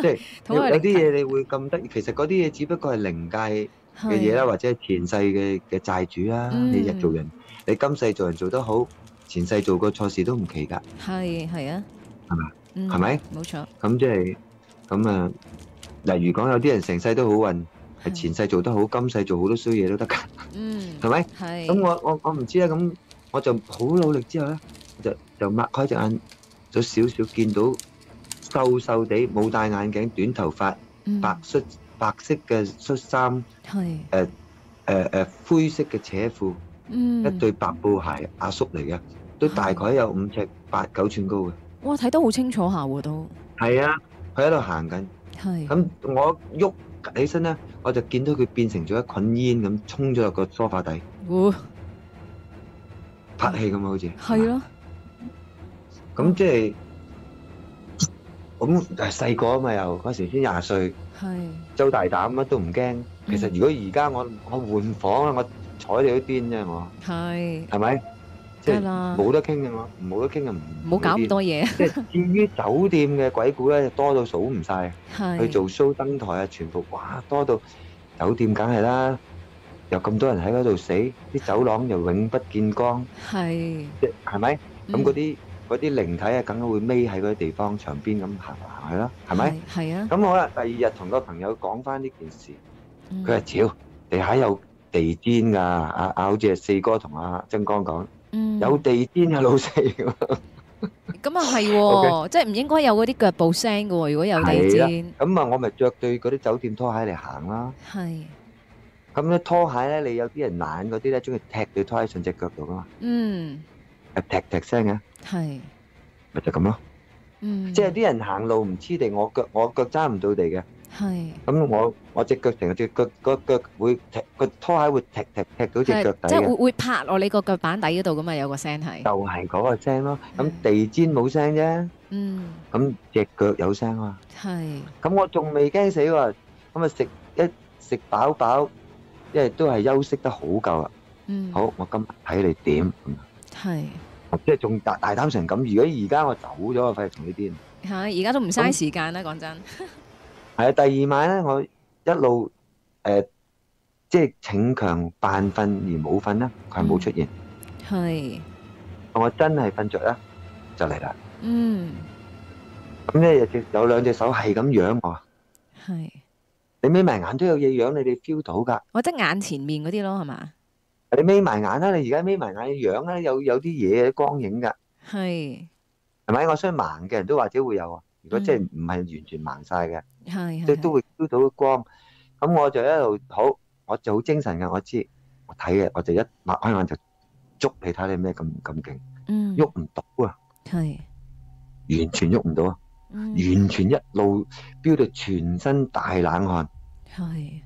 即有有啲嘢你會咁得意，其實嗰啲嘢只不過係靈界。嘅嘢啦，或者係前世嘅嘅債主啊，你日做人，你今世做人做得好，前世做過錯事都唔奇噶。係係啊，係嘛？係咪？冇錯。咁即係咁啊！例如講，有啲人成世都好運，係前世做得好，今世做好多衰嘢都得噶。嗯，係咪？係。咁我我我唔知啦，咁我就好努力之後咧，就就擘開隻眼，咗少少見到瘦瘦地冇戴眼鏡、短頭髮、白恤。白色嘅恤衫，係誒誒誒灰色嘅扯褲，嗯，一對白布鞋，阿叔嚟嘅，都大概有五尺八九寸高嘅。哇，睇得好清楚下喎都。係啊，佢喺度行緊。係。咁我喐起身咧，我就見到佢變成咗一捆煙咁，衝咗入個梳化底。喎，拍戲咁啊，好似。係咯。咁即係，咁但係細個啊嘛，又嗰時先廿歲。係。周大膽乜都唔驚，其實如果而家我我換房啊，我坐喺度都癲啫我。係係咪？即係冇得傾嘅嘛，冇得傾就唔。唔好搞咁多嘢。即係至於酒店嘅鬼故咧，多到數唔晒。係去做 show 登台啊，全部哇多到酒店梗係啦，又咁多人喺嗰度死，啲走廊又永不見光。係。即係係咪？咁嗰啲。嗰啲靈體啊，梗係會孭喺嗰啲地方牆邊咁行行去咯，係咪？係啊。咁我咧第二日同個朋友講返呢件事，佢話：，屌，地下有地氈㗎，啊啊，好似阿四哥同阿曾光講，有地氈啊，老四。咁啊係喎，即係唔應該有嗰啲腳步聲㗎喎。如果有地氈，咁啊，我咪著對嗰啲酒店拖鞋嚟行啦。係。咁咧拖鞋咧，你有啲人懶嗰啲咧，中意踢對拖鞋上隻腳度㗎嘛？嗯。係踢踢聲嘅，係咪就咁咯？嗯，即係啲人行路唔黐地，我腳我腳揸唔到地嘅，係咁我我隻腳成隻腳個腳會踢個拖鞋會踢踢踢到隻腳底，即係會會拍落你個腳板底嗰度噶嘛？有個聲係，就係嗰個聲咯。咁地氈冇聲啫，嗯，咁隻腳有聲啊，係咁我仲未驚死喎，咁啊食一食飽飽，因為都係休息得好夠啦，嗯，好，我今日睇你點咁。係，即係仲大大膽成咁。如果而家我走咗，我費事同你癲。吓，而家都唔嘥時間啦，講真。係啊，第二晚咧，我一路誒，即係逞強扮瞓而冇瞓啦，佢係冇出現。係，我真係瞓着啦，就嚟啦。嗯，咁咧有隻，有兩隻手係咁樣我。係，你眯埋眼都有嘢樣，你哋 feel 到噶。我即係眼前面嗰啲咯，係嘛？你眯埋眼啦，你而家眯埋眼嘅樣咧，有有啲嘢光影噶。係，係咪？我想盲嘅人都或者會有啊。如果即係唔係完全盲晒嘅，即係都會瞄到光。咁我就一路好，我就好精神噶。我知，我睇嘅，我就一擘開眼就捉你睇你咩咁咁勁。嗯。喐唔到啊。係。完全喐唔到啊！完全一路飆到全身大冷汗。係。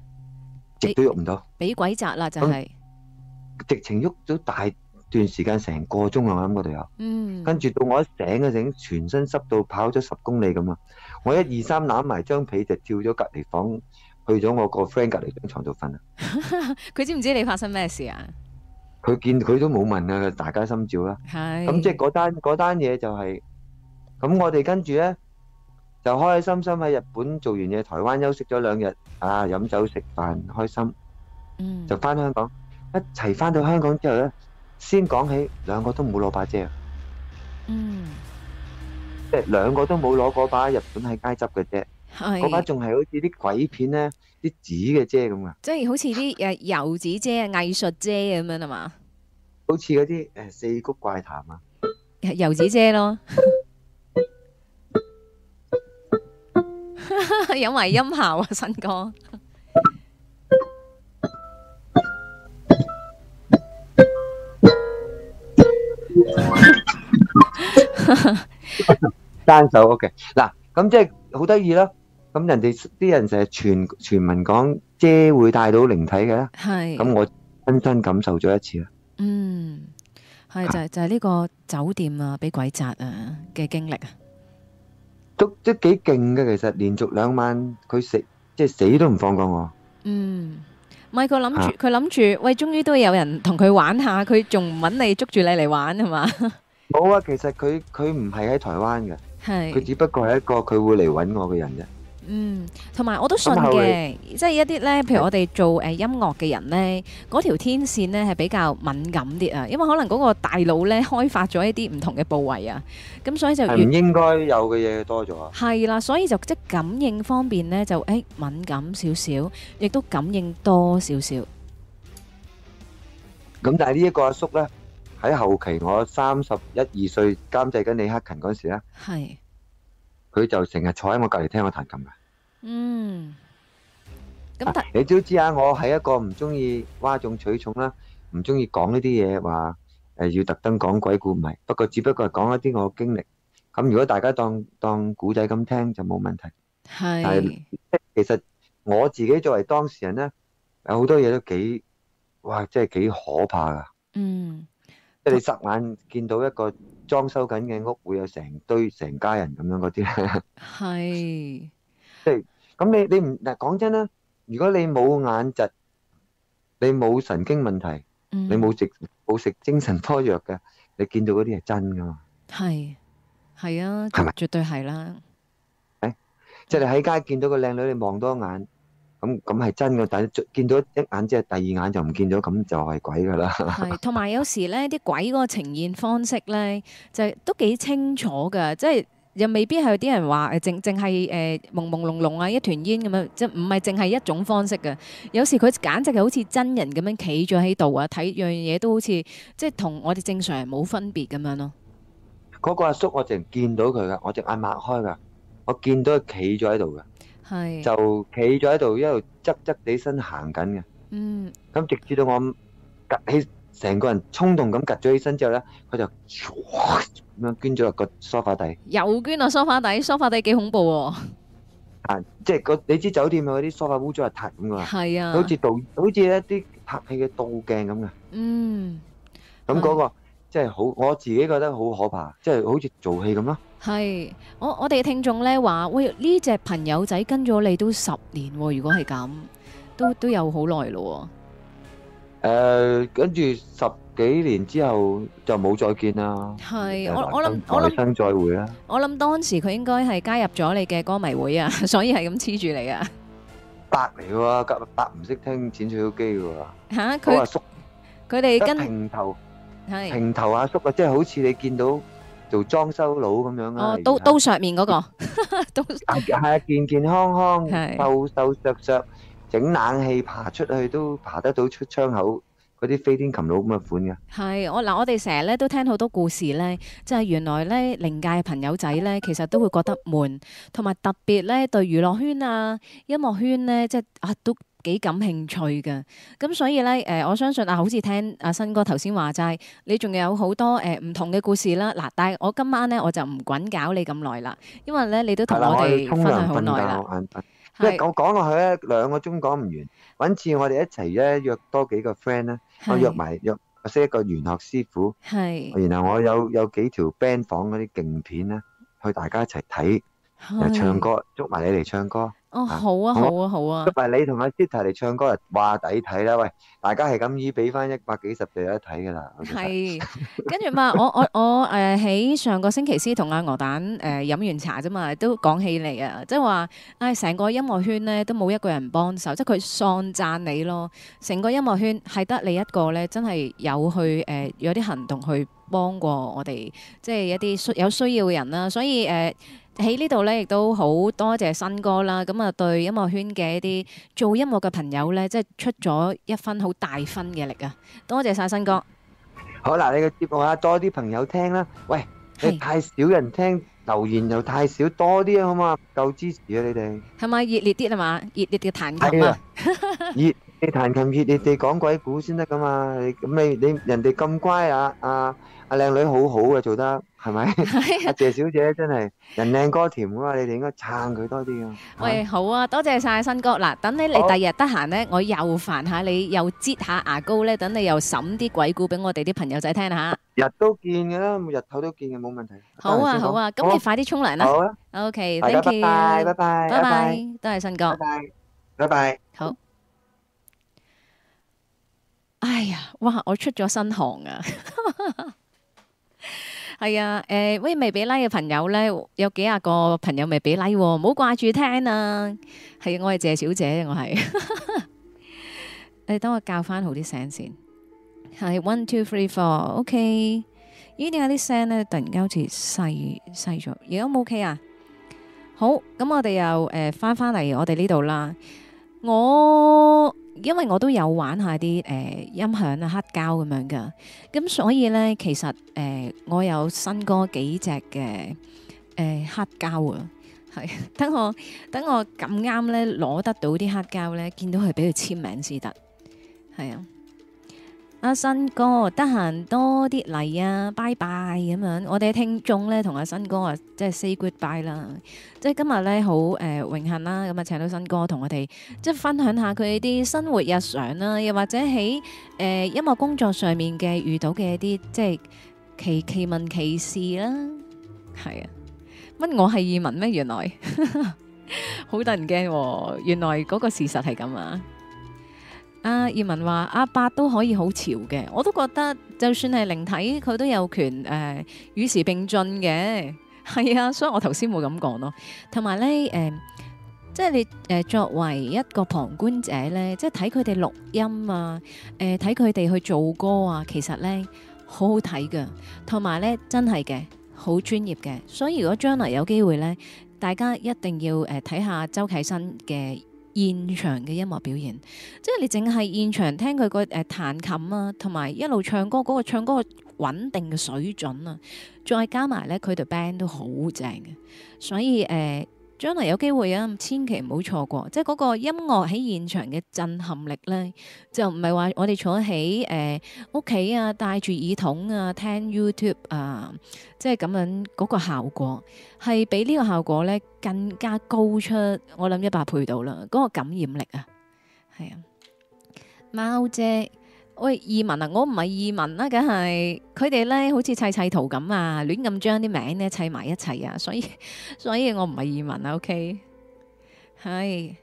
直都喐唔到。俾鬼壓啦！就係。直情喐咗大段時間，成個鐘啊！我諗嗰度有，跟住到我一醒嘅陣，全身濕到跑咗十公里咁啊！我一二三攬埋張被就跳咗隔離房，去咗我個 friend 隔離張牀度瞓啊！佢知唔知你發生咩事啊？佢見佢都冇問啦，大家心照啦。係咁，即係嗰單嗰單嘢就係咁。我哋跟住咧就開開心心喺日本做完嘢，台灣休息咗兩日啊，飲酒食飯開心，嗯，就返香港。一齊翻到香港之後咧，先講起兩個都冇攞把遮，嗯，即係兩個都冇攞嗰把日本喺街執嘅遮，嗰把仲係好似啲鬼片咧，啲紙嘅遮咁啊，即係好似啲誒油紙遮、藝術遮咁樣啊嘛，好似嗰啲誒四谷怪談啊，油紙遮咯，有埋音效啊，新哥。單手 OK 嗱，咁即係好得意囉。咁人哋啲人成日傳，傳聞講姐，會帶到靈體嘅，係咁我親身感受咗一次啊。嗯，係就係就係呢個酒店啊，俾鬼扎啊嘅經歷啊，都都幾勁嘅。其實連續兩晚佢食即係死都唔放過我。嗯。唔係佢諗住，佢諗住，喂，終於都會有人同佢玩下，佢仲唔揾你捉住你嚟玩係嘛？冇啊，其實佢佢唔係喺台灣嘅，佢是只不過係一個佢會嚟揾我嘅人啫。嗯，同埋我都信嘅，即係一啲咧，譬如我哋做誒音樂嘅人咧，嗰條天線咧係比較敏感啲啊，因為可能嗰個大腦咧開發咗一啲唔同嘅部位啊，咁所以就唔應該有嘅嘢多咗啊，係啦，所以就即係感應方面咧就誒敏感少少，亦都感應多少少。咁但係呢一個阿叔咧喺後期我三十一二歲監製緊李克勤嗰陣時咧，係。佢就成日坐喺我隔籬聽我彈琴嘅。嗯，咁但你都知啊，我係一個唔中意嘩眾取寵啦，唔中意講呢啲嘢話，誒要特登講鬼故唔係，不過只不過係講一啲我經歷。咁如果大家當當古仔咁聽就冇問題。係，其實我自己作為當事人咧，有好多嘢都幾，哇，真係幾可怕噶。嗯，即係你霎眼見到一個。裝修緊嘅屋會有成堆成家人咁樣嗰啲。係即係咁，你你唔嗱，講真啦，如果你冇眼疾，你冇神經問題，嗯，你冇食冇食精神科藥嘅，你見到嗰啲係真噶嘛？係係啊，係咪絕對係啦？誒，即係你喺街見到個靚女，你望多眼。咁咁係真嘅，但係見到一眼之後，第二眼就唔見咗，咁就係鬼噶啦。 係，同埋有時咧，啲鬼嗰個呈現方式咧，就都幾清楚嘅，即係又未必係有啲人話誒，淨淨係誒朦朦朧朧啊，一團煙咁樣，即唔係淨係一種方式嘅。有時佢簡直係好似真人咁樣企咗喺度啊，睇樣嘢都好似即係同我哋正常人冇分別咁樣咯。嗰個阿叔我，我淨見到佢噶，我隻眼擘開噶，我見到佢企咗喺度噶。係就企咗喺度，一路側側地身行緊嘅。嗯。咁直至到我夾起成個人衝動咁夾咗起身之後咧，佢就咁樣捐咗落個梳化底。又捐落梳化底，梳化底幾恐怖喎！啊，即係個你知酒店咪啲梳化污糟邋遢，咁噶？係啊。好似導好似一啲拍戲嘅倒鏡咁嘅。嗯。咁嗰個即係，嗯，好，我自己覺得好可怕，即係好似做戲咁咯。係我我哋嘅聽眾咧話，喂，呢隻朋友仔跟咗你都十年，如果係咁，都都有好耐咯。誒，跟住十幾年之後就冇再見啦。係我我諗我諗來生再會啊！我諗當時佢應該係加入咗你嘅歌迷會啊，所以係咁黐住你啊。伯嚟嘅喎，夾得伯唔識聽剪彩機嘅喎。吓，佢阿叔佢哋跟平頭係平頭阿叔啊，即係好似你見到。做裝修佬咁樣啊！哦，都都上面嗰個，係啊，健健康康，瘦瘦削削，整冷氣爬出去都爬得到出窗口嗰啲飛天蠄蟧咁嘅款嘅。係我嗱，我哋成日咧都聽好多故事咧，即係原來咧靈界朋友仔咧，其實都會覺得悶，同埋特別咧對娛樂圈啊、音樂圈咧，即係啊都。幾感興趣噶，咁所以咧，誒，我相信啊，好似聽阿新哥頭先話齋，你仲有好多誒唔同嘅故事啦。嗱，但係我今晚咧，我就唔滾搞你咁耐啦，因為咧你都同我哋分享好耐啦。係，我講落去咧兩個鐘講唔完，搵次我哋一齊咧約多幾個 friend 咧，我約埋約識一個玄學師傅，係，然後我有有幾條 band 房嗰啲勁片咧，去大家一齊睇，又唱歌，捉埋你嚟唱歌。哦，好啊，啊好啊，好啊，好啊！唔係你同阿 Sita 嚟唱歌，哇，抵睇啦！喂，大家係咁意俾翻一百幾十就有得睇噶啦。係是， 跟住嘛，我我我誒喺、呃、上個星期先同阿鵝蛋誒、呃、飲完茶啫嘛，都講起嚟啊，即係話，唉、哎，成個音樂圈咧都冇一個人幫手，即係佢喪贊你咯。成個音樂圈係得你一個咧，真係有去誒、呃、有啲行動去幫過我哋，即、就、係、是、一啲需有需要嘅人啦。所以誒。呃喺呢度咧，亦都好多謝新哥啦！咁啊，對音樂圈嘅一啲做音樂嘅朋友咧，即係出咗一分好大分嘅力啊！多謝晒生哥。好啦，你嘅節目啊，多啲朋友聽啦。喂，你太少人聽，留言又太少，多啲啊，好嘛？夠支持啊，你哋。係咪熱烈啲啊？嘛，熱烈嘅彈琴啊。熱你彈琴熱熱地講鬼故先得噶嘛？咁你你，人哋咁乖啊，啊阿靚女好好嘅做得係咪？阿謝小姐真係人靚歌甜噶嘛？你哋應該撐佢多啲啊！喂，好啊，多謝晒新哥。嗱，等你你第日得閒咧，我又煩下你，又擠下牙膏咧，等你又審啲鬼故俾我哋啲朋友仔聽下。日都見噶啦，日頭都見嘅冇問題。好啊好啊，咁你快啲沖涼啦。好。O K，thank you。拜拜拜拜，多謝新哥。拜拜。好。哎呀，哇！我出咗新行啊，係 啊，誒，喂，未俾 like 嘅朋友呢，有幾廿個朋友未俾禮、like 啊，唔好掛住聽啊，係、啊、我係謝小姐，我係， 你等我教翻好啲聲先，係 one two three four，ok，、okay、咦，點解啲聲呢？突然間好似細細咗，而家唔 ok 啊，好，咁我哋又誒翻翻嚟我哋呢度啦。我因為我都有玩下啲誒音響啊、黑膠咁樣噶，咁所以呢，其實誒、呃、我有新歌幾隻嘅誒黑膠啊，係等我等我咁啱呢，攞得到啲黑膠呢，見到佢俾佢簽名先得，係啊。阿新哥，得閒多啲嚟啊，拜拜，咁樣，我哋聽眾咧同阿新哥啊，即係 say goodbye 啦。即係今日咧好誒榮幸啦，咁啊請到新哥同我哋即係分享下佢啲生活日常啦，又或者喺誒、呃、音樂工作上面嘅遇到嘅一啲即係奇奇聞奇事啦。係啊。乜我係移民咩？原來好得人驚喎，原來嗰個事實係咁啊！阿葉文話：阿伯、啊、都可以好潮嘅，我都覺得，就算係靈體，佢都有權誒與、呃、時並進嘅，係啊，所以我頭先冇咁講咯。同埋咧即係你作為一個旁觀者咧，即係睇佢哋錄音啊，睇佢哋去做歌啊，其實咧好好睇㗎。同埋咧真係嘅好專業嘅，所以如果將來有機會咧，大家一定要睇下周啟生嘅現場嘅音樂表現，即係你淨係現場聽佢個誒彈琴啊，同埋一路唱歌嗰個唱歌個穩定嘅水準啊，再加埋呢，佢對 band 都好正嘅，所以誒。呃將來有機會啊，千祈唔好錯過，即係嗰個音樂喺現場嘅震撼力呢，就唔係話我哋坐喺誒屋企啊，戴住耳筒啊聽 YouTube 啊，即係咁樣嗰個效果，係比呢個效果呢更加高出我諗一百倍到啦，嗰個感染力啊，係啊，貓姐。喂，移民啊，我唔係移民啦，梗係佢哋咧，好似砌砌圖咁啊，亂咁將啲名咧砌埋一齊啊，所以所以我唔係移民啊，OK？係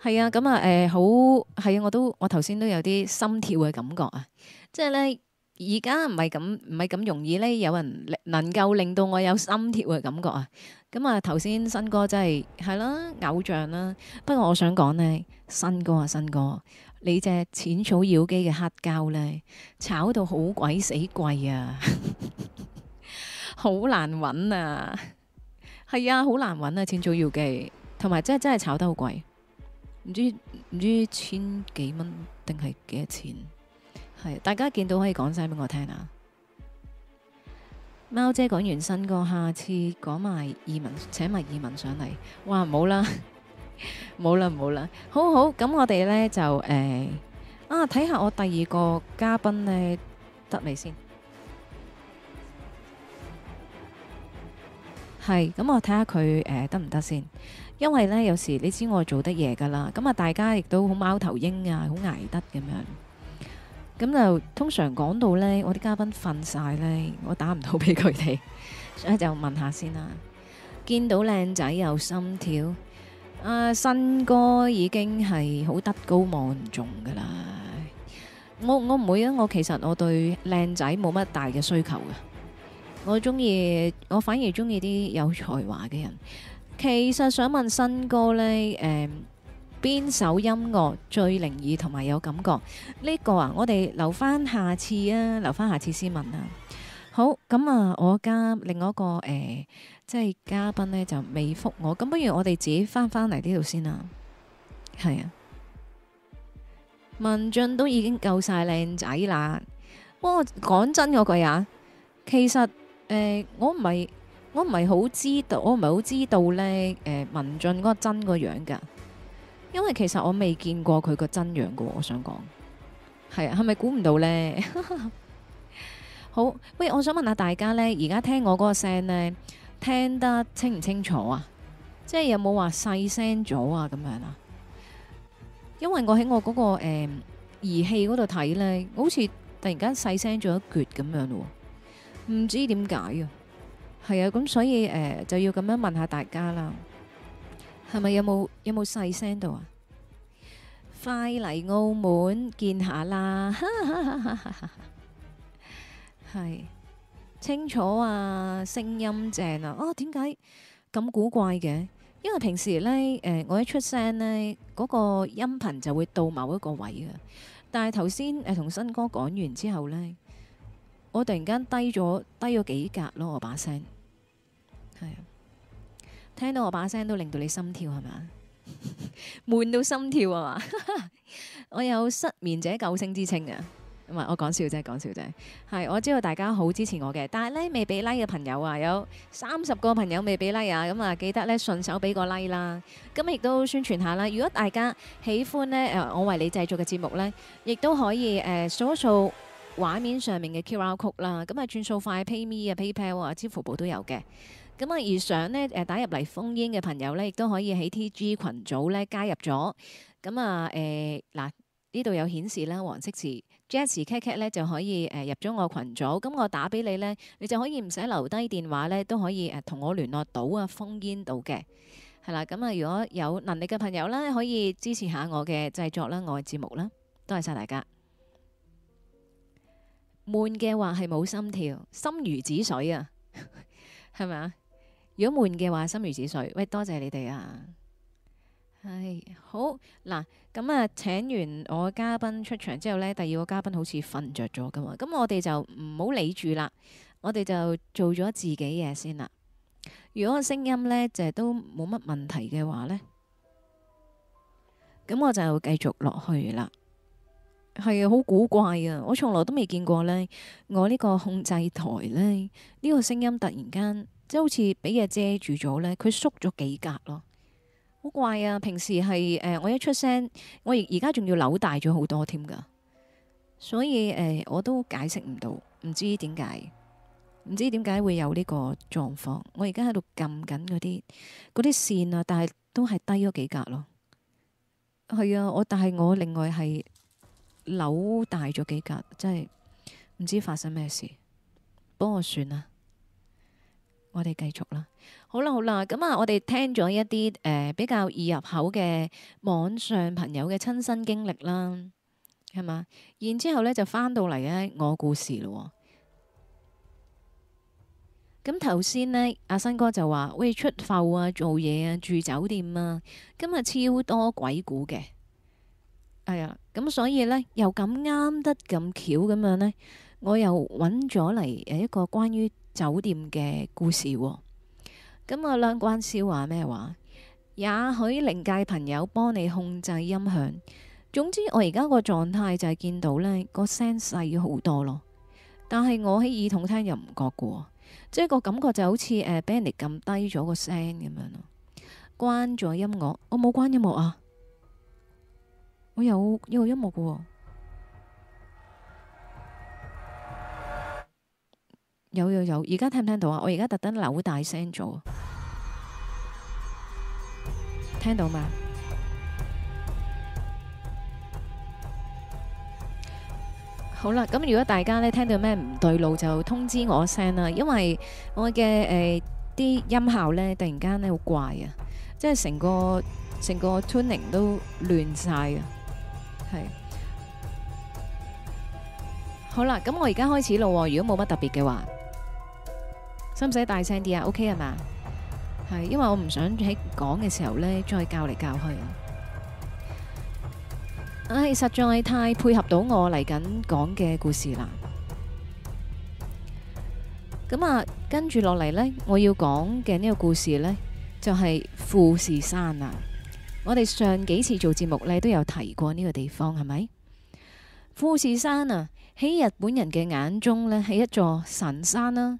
係啊，咁、OK？啊，誒、呃，好係啊，我都我頭先都有啲心跳嘅感覺啊，即係咧，而家唔係咁唔係咁容易咧，有人能夠令到我有心跳嘅感覺啊，咁啊，頭先新歌真係係啦，偶像啦、啊，不過我想講呢，新歌啊，新歌、啊。你隻淺草妖姬嘅黑膠呢，炒到好鬼死貴啊，好 難揾找啊！係 啊，好難揾啊！淺草妖姬，同埋真係真係炒得好貴，唔知唔知千幾蚊定係幾多，多錢？係、啊，大家見到可以講晒俾我聽啊！貓姐講完新歌，下次講埋移民，請埋移民上嚟。哇，唔好啦～冇啦冇啦，好好咁我哋呢就誒啊睇下我第二個嘉賓呢得未先？係咁我睇下佢誒得唔得先，因為呢有時你知我做得夜㗎啦，咁啊大家亦都好貓頭鷹啊，好捱得咁樣，咁就通常講到呢我啲嘉賓瞓晒呢，我打唔到俾佢哋，所以就問下先啦，見到靚仔又心跳。啊，uh, 生哥已經係好德高望重噶啦！我我唔會啊，我其實我對靚仔冇乜大嘅需求噶，我中意我反而中意啲有才華嘅人。其實想問生哥呢，誒、呃，邊首音樂最靈異同埋有感覺？呢、呢個啊，我哋留翻下次啊，留翻下次先問啊。好，咁啊，我加另外一個誒、呃，即係嘉賓呢，就未覆我，咁不如我哋自己翻返嚟呢度先啦，係啊。文進都已經夠晒靚仔啦，不過講真嗰句啊，其實誒、呃、我唔係我唔係好知道，我唔係好知道呢，誒、呃、文進嗰個真個樣㗎，因為其實我未見過佢個真樣嘅，我想講，係啊，係咪估唔到呢？ 好，喂，我想問下大家呢，而家聽我嗰個聲呢，聽得清唔清楚啊？即係有冇話細聲咗啊？咁樣啊？因為我喺我嗰個誒儀器嗰度睇呢，好似突然間細聲咗一厥咁樣咯，唔知點解啊？係啊，咁所以誒就要咁樣問下大家啦，係咪有冇有冇細聲到啊？快嚟澳門見下啦！係清楚啊，聲音正啊，哦，點解咁古怪嘅？因為平時咧，誒，我一出聲咧，嗰個音頻就會到某一個位噶。但係頭先誒，同新哥講完之後咧，我突然間低咗低咗幾格咯，我把聲係啊，聽到我把聲都令到你心跳係咪啊，悶到心跳啊嘛，我有失眠者救星之稱啊！唔係我講笑啫，講笑啫係。我知道大家好支持我嘅，但係咧未俾 like 嘅朋友啊，有三十個朋友未俾 like 啊，咁啊記得咧順手俾個 like 啦。咁亦都宣傳下啦。如果大家喜歡咧誒，我為你製作嘅節目咧，亦都可以誒、呃、掃一掃畫面上面嘅 QR Code 啦。咁啊轉數快 PayMe 啊 PayPal 啊，支付寶都有嘅。咁啊而上呢，誒打入嚟封英嘅朋友咧，亦都可以喺 TG 群組咧加入咗。咁啊誒嗱呢度有顯示啦黃色字。Jazzy Cat Cat 咧就可以誒入咗我群組，咁我打俾你呢，你就可以唔使留低電話呢，都可以誒同我聯絡到啊，烽煙到嘅，係啦。咁啊，如果有能力嘅朋友咧，可以支持下我嘅製作啦，我嘅節目啦，多謝晒大家。悶嘅話係冇心跳，心如止水啊，係咪啊？如果悶嘅話，心如止水。喂，多謝你哋啊。係好嗱。咁啊，請完我嘉賓出場之後呢，第二個嘉賓好似瞓着咗㗎嘛，咁我哋就唔好理住啦，我哋就做咗自己嘢先啦。如果個聲音呢，就都冇乜問題嘅話呢，咁我就繼續落去啦。係啊，好古怪啊！我從來都未見過呢，我呢個控制台呢，呢個聲音突然間，即係好似俾嘢遮住咗呢，佢縮咗幾格咯。好怪啊！平時係誒、呃，我一出聲，我而家仲要扭大咗好多添噶，所以誒、呃，我都解釋唔到，唔知點解，唔知點解會有呢個狀況。我而家喺度撳緊嗰啲嗰啲線啊，但係都係低咗幾格咯。係啊，我但係我另外係扭大咗幾格，真係唔知發生咩事，幫我算啊！我哋繼續啦。好啦，好啦，咁啊，我哋聽咗一啲誒比較易入口嘅網上朋友嘅親身經歷啦，係嘛？然之後咧就翻到嚟咧我故事咯、哦。咁頭先呢，阿新哥就話，喂，出埠啊，做嘢啊，住酒店啊，今日超多鬼故嘅。係、哎、啊，咁所以咧又咁啱得咁巧咁樣咧，我又揾咗嚟誒一個關於酒店嘅故事，哦，咁啊，兩關少話咩話？也許靈界朋友幫你控制音響。總之，我而家個狀態就係見到呢個聲細咗好多咯。但係我喺耳筒聽又唔覺嘅，即係個感覺就好似誒俾人哋撳低咗個聲咁樣咯。關咗音樂，我冇關音樂啊，我有一個音樂嘅。有有有，而家聽唔聽到啊？我而家特登扭大聲咗，聽到嘛？好啦，咁如果大家呢聽到咩唔對路，就通知我聲啦。因為我嘅誒啲音效呢，突然間呢好怪啊，即係成個成個 tuning 都亂晒啊。係好啦，咁我而家開始咯。如果冇乜特別嘅話。使唔使大聲啲啊？OK 係嘛，係因為我唔想喺講嘅時候呢再教嚟教去啊。唉、哎，實在太配合到我嚟緊講嘅故事啦。咁啊，跟住落嚟呢，我要講嘅呢個故事呢，就係、是、富士山啊。我哋上幾次做節目呢都有提過呢個地方係咪？富士山啊，喺日本人嘅眼中呢，係一座神山啦、啊。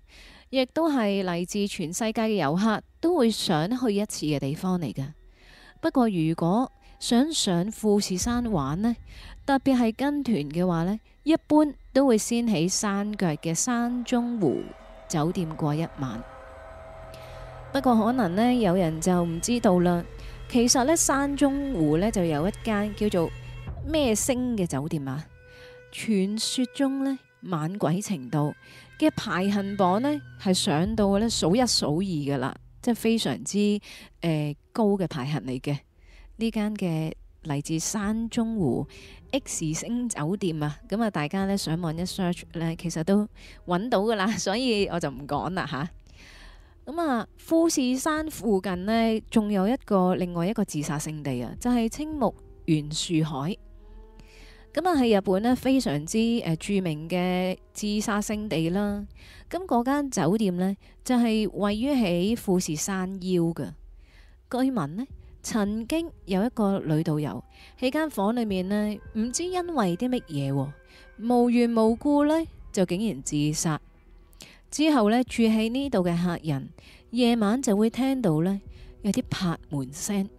亦都係嚟自全世界嘅遊客都會想去一次嘅地方嚟㗎。不過如果想上富士山玩呢，特別係跟團嘅話呢，一般都會先喺山腳嘅山中湖酒店過一晚。不過可能呢，有人就唔知道啦。其實呢，山中湖呢就有一間叫做咩星嘅酒店啊。傳說中呢，猛鬼程度，嘅排行榜呢，係上到嘅咧，數一數二嘅啦，即係非常之誒、呃、高嘅排行嚟嘅。呢間嘅嚟自山中湖 X 星酒店啊，咁啊大家呢，上網一 search 呢，其實都揾到嘅啦，所以我就唔講啦吓，咁啊，富士山附近呢，仲有一個另外一個自殺聖地啊，就係、是、青木原樹海。咁啊，係日本咧，非常之誒著名嘅自殺聖地啦。咁嗰間酒店呢，就係位於喺富士山腰嘅，據聞咧，曾經有一個女導遊喺間房間裏面呢，唔知因為啲乜嘢無緣無故呢，就竟然自殺。之後呢，住喺呢度嘅客人夜晚就會聽到呢，有啲拍門聲，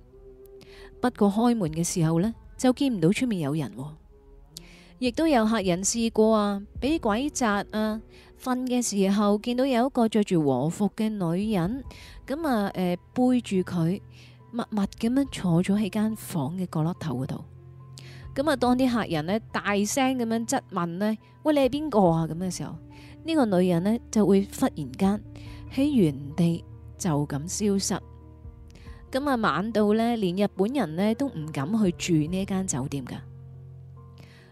不過開門嘅時候呢，就見唔到出面有人。亦都有客人試過啊，俾鬼扎啊！瞓嘅時候見到有一個着住和服嘅女人，咁啊誒、呃、背住佢，默默咁樣坐咗喺間房嘅角落頭嗰度。咁啊，當啲客人呢，大聲咁樣質問呢，喂，你係邊個啊？咁嘅時候，呢、呢個女人呢就會忽然間喺原地就咁消失。咁啊，晚到呢，連日本人呢都唔敢去住呢間酒店㗎。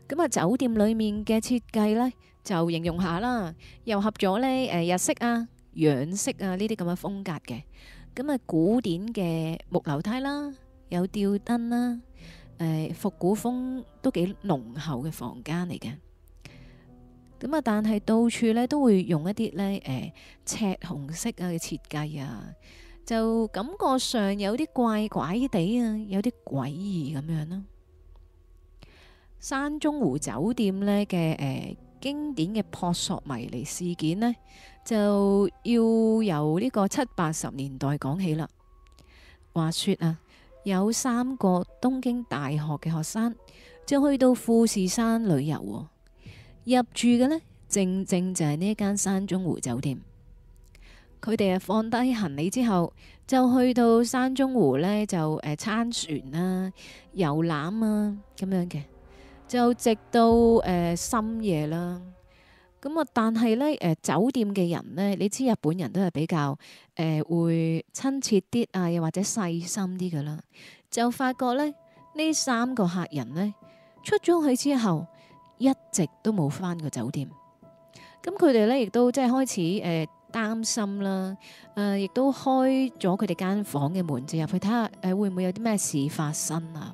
咁啊，酒店裏面嘅設計呢，就形容下啦，又合咗呢誒日式啊、洋式啊呢啲咁嘅風格嘅，咁啊古典嘅木樓梯啦，有吊燈啦，誒、呃、復古風都幾濃厚嘅房間嚟嘅。咁啊，但係到處呢，都會用一啲呢誒、呃、赤紅色啊嘅設計啊，就感覺上有啲怪怪地啊，有啲詭異咁樣咯。山中湖酒店呢嘅誒經典嘅撲朔迷離事件呢，就要由呢個七八十年代講起啦。話説啊，有三個東京大學嘅學生就去到富士山旅遊，哦，入住嘅呢，正正就係呢間山中湖酒店。佢哋啊放低行李之後，就去到山中湖呢，就誒撐、呃、船啊、遊覽啊咁樣嘅。就直到誒、呃、深夜啦，咁啊，但係咧誒酒店嘅人咧，你知日本人都係比較誒、呃、會親切啲啊，又或者細心啲嘅啦，就發覺咧呢三個客人咧出咗去之後，一直都冇翻過酒店。咁佢哋咧亦都即係開始誒、呃、擔心啦，誒、呃、亦都開咗佢哋間房嘅門，就入去睇下誒會唔會有啲咩事發生啊？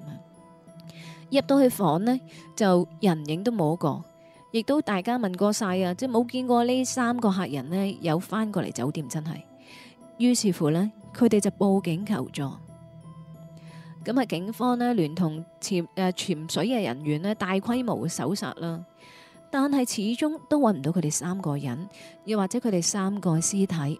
入到去房呢，就人影都冇一個，亦都大家問過晒啊，即係冇見過呢三個客人呢，有翻過嚟酒店，真係。於是乎呢，佢哋就報警求助。咁啊，警方呢，聯同潛誒潛水嘅人員呢，大規模搜查啦。但係始終都揾唔到佢哋三個人，又或者佢哋三個屍體，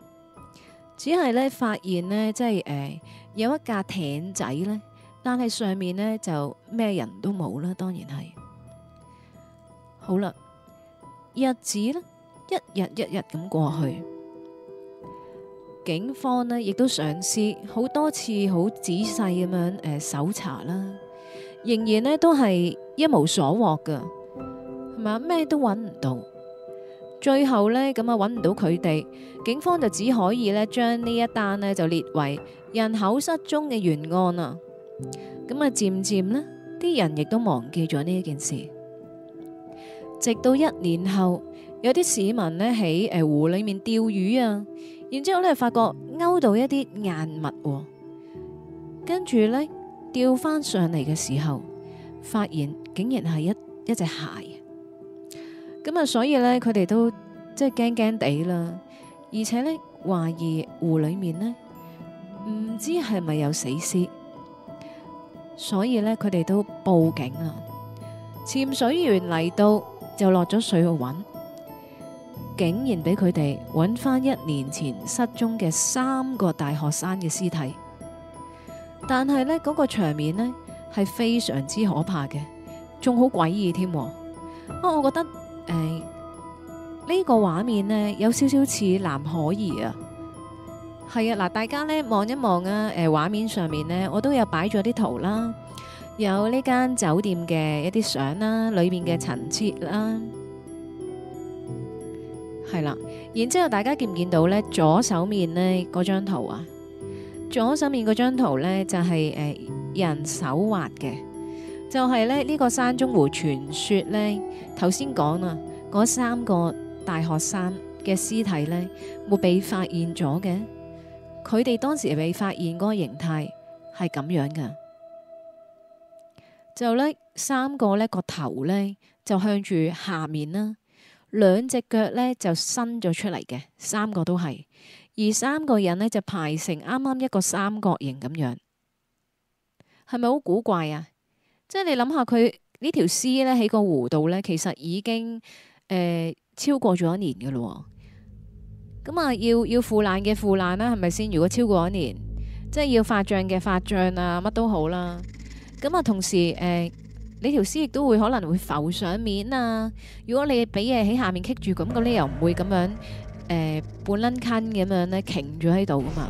只係呢，發現呢，即係誒、呃、有一架艇仔呢。但係上面呢，就咩人都冇啦，當然係好啦。日子呢一日一日咁過去，警方呢，亦都嘗試好多次，好仔細咁樣誒搜查啦，仍然呢，都係一無所獲噶，係咪？咩都揾唔到。最後呢，咁啊揾唔到佢哋，警方就只可以呢，將呢一單呢，就列為人口失蹤嘅懸案啊。咁啊，漸漸呢，啲人亦都忘記咗呢一件事。直到一年後，有啲市民呢喺誒湖裏面釣魚啊，然之後呢，發覺勾到一啲硬物，跟住呢，釣翻上嚟嘅時候，發現竟然係一一隻鞋。咁啊，所以呢，佢哋都即係驚驚地啦，而且呢，懷疑湖裏面呢，唔知係咪有死屍。所以咧，佢哋都報警啦。潛水員嚟到就落咗水去揾，竟然俾佢哋揾翻一年前失蹤嘅三個大學生嘅屍體。但係咧，嗰個場面咧係非常之可怕嘅，仲好詭異添。啊，我覺得誒呢、欸這個畫面咧有少少似藍可兒啊。係啊，嗱，大家咧望一望啊，誒、呃、畫面上面咧，我都有擺咗啲圖啦，有呢間酒店嘅一啲相啦，裏面嘅陳設啦，係啦。然之後大家見唔見到咧？左手面咧嗰張圖啊，左手面嗰張圖咧就係、是、誒、呃、人手畫嘅，就係、是、咧呢、這個山中湖傳說咧。頭先講啊，嗰三個大學生嘅屍體咧，冇被發現咗嘅。佢哋當時被發現嗰個形態係咁樣嘅，就呢三個呢個頭呢，就向住下面啦，兩隻腳呢，就伸咗出嚟嘅，三個都係，而三個人呢，就排成啱啱一個三角形咁樣，係咪好古怪啊？即係你諗下佢呢條屍呢喺個湖度呢，其實已經、呃、超過咗一年嘅咯喎。咁啊，要要腐爛嘅腐爛啦，係咪先？如果超過一年，即係要發脹嘅發脹啊，乜都好啦。咁啊，同時誒、呃，你條絲亦都會可能會浮上面啊。如果你俾嘢喺下面棘住咁，咁你又唔會咁樣誒，半、呃、捻坑咁樣咧，擎住喺度噶嘛？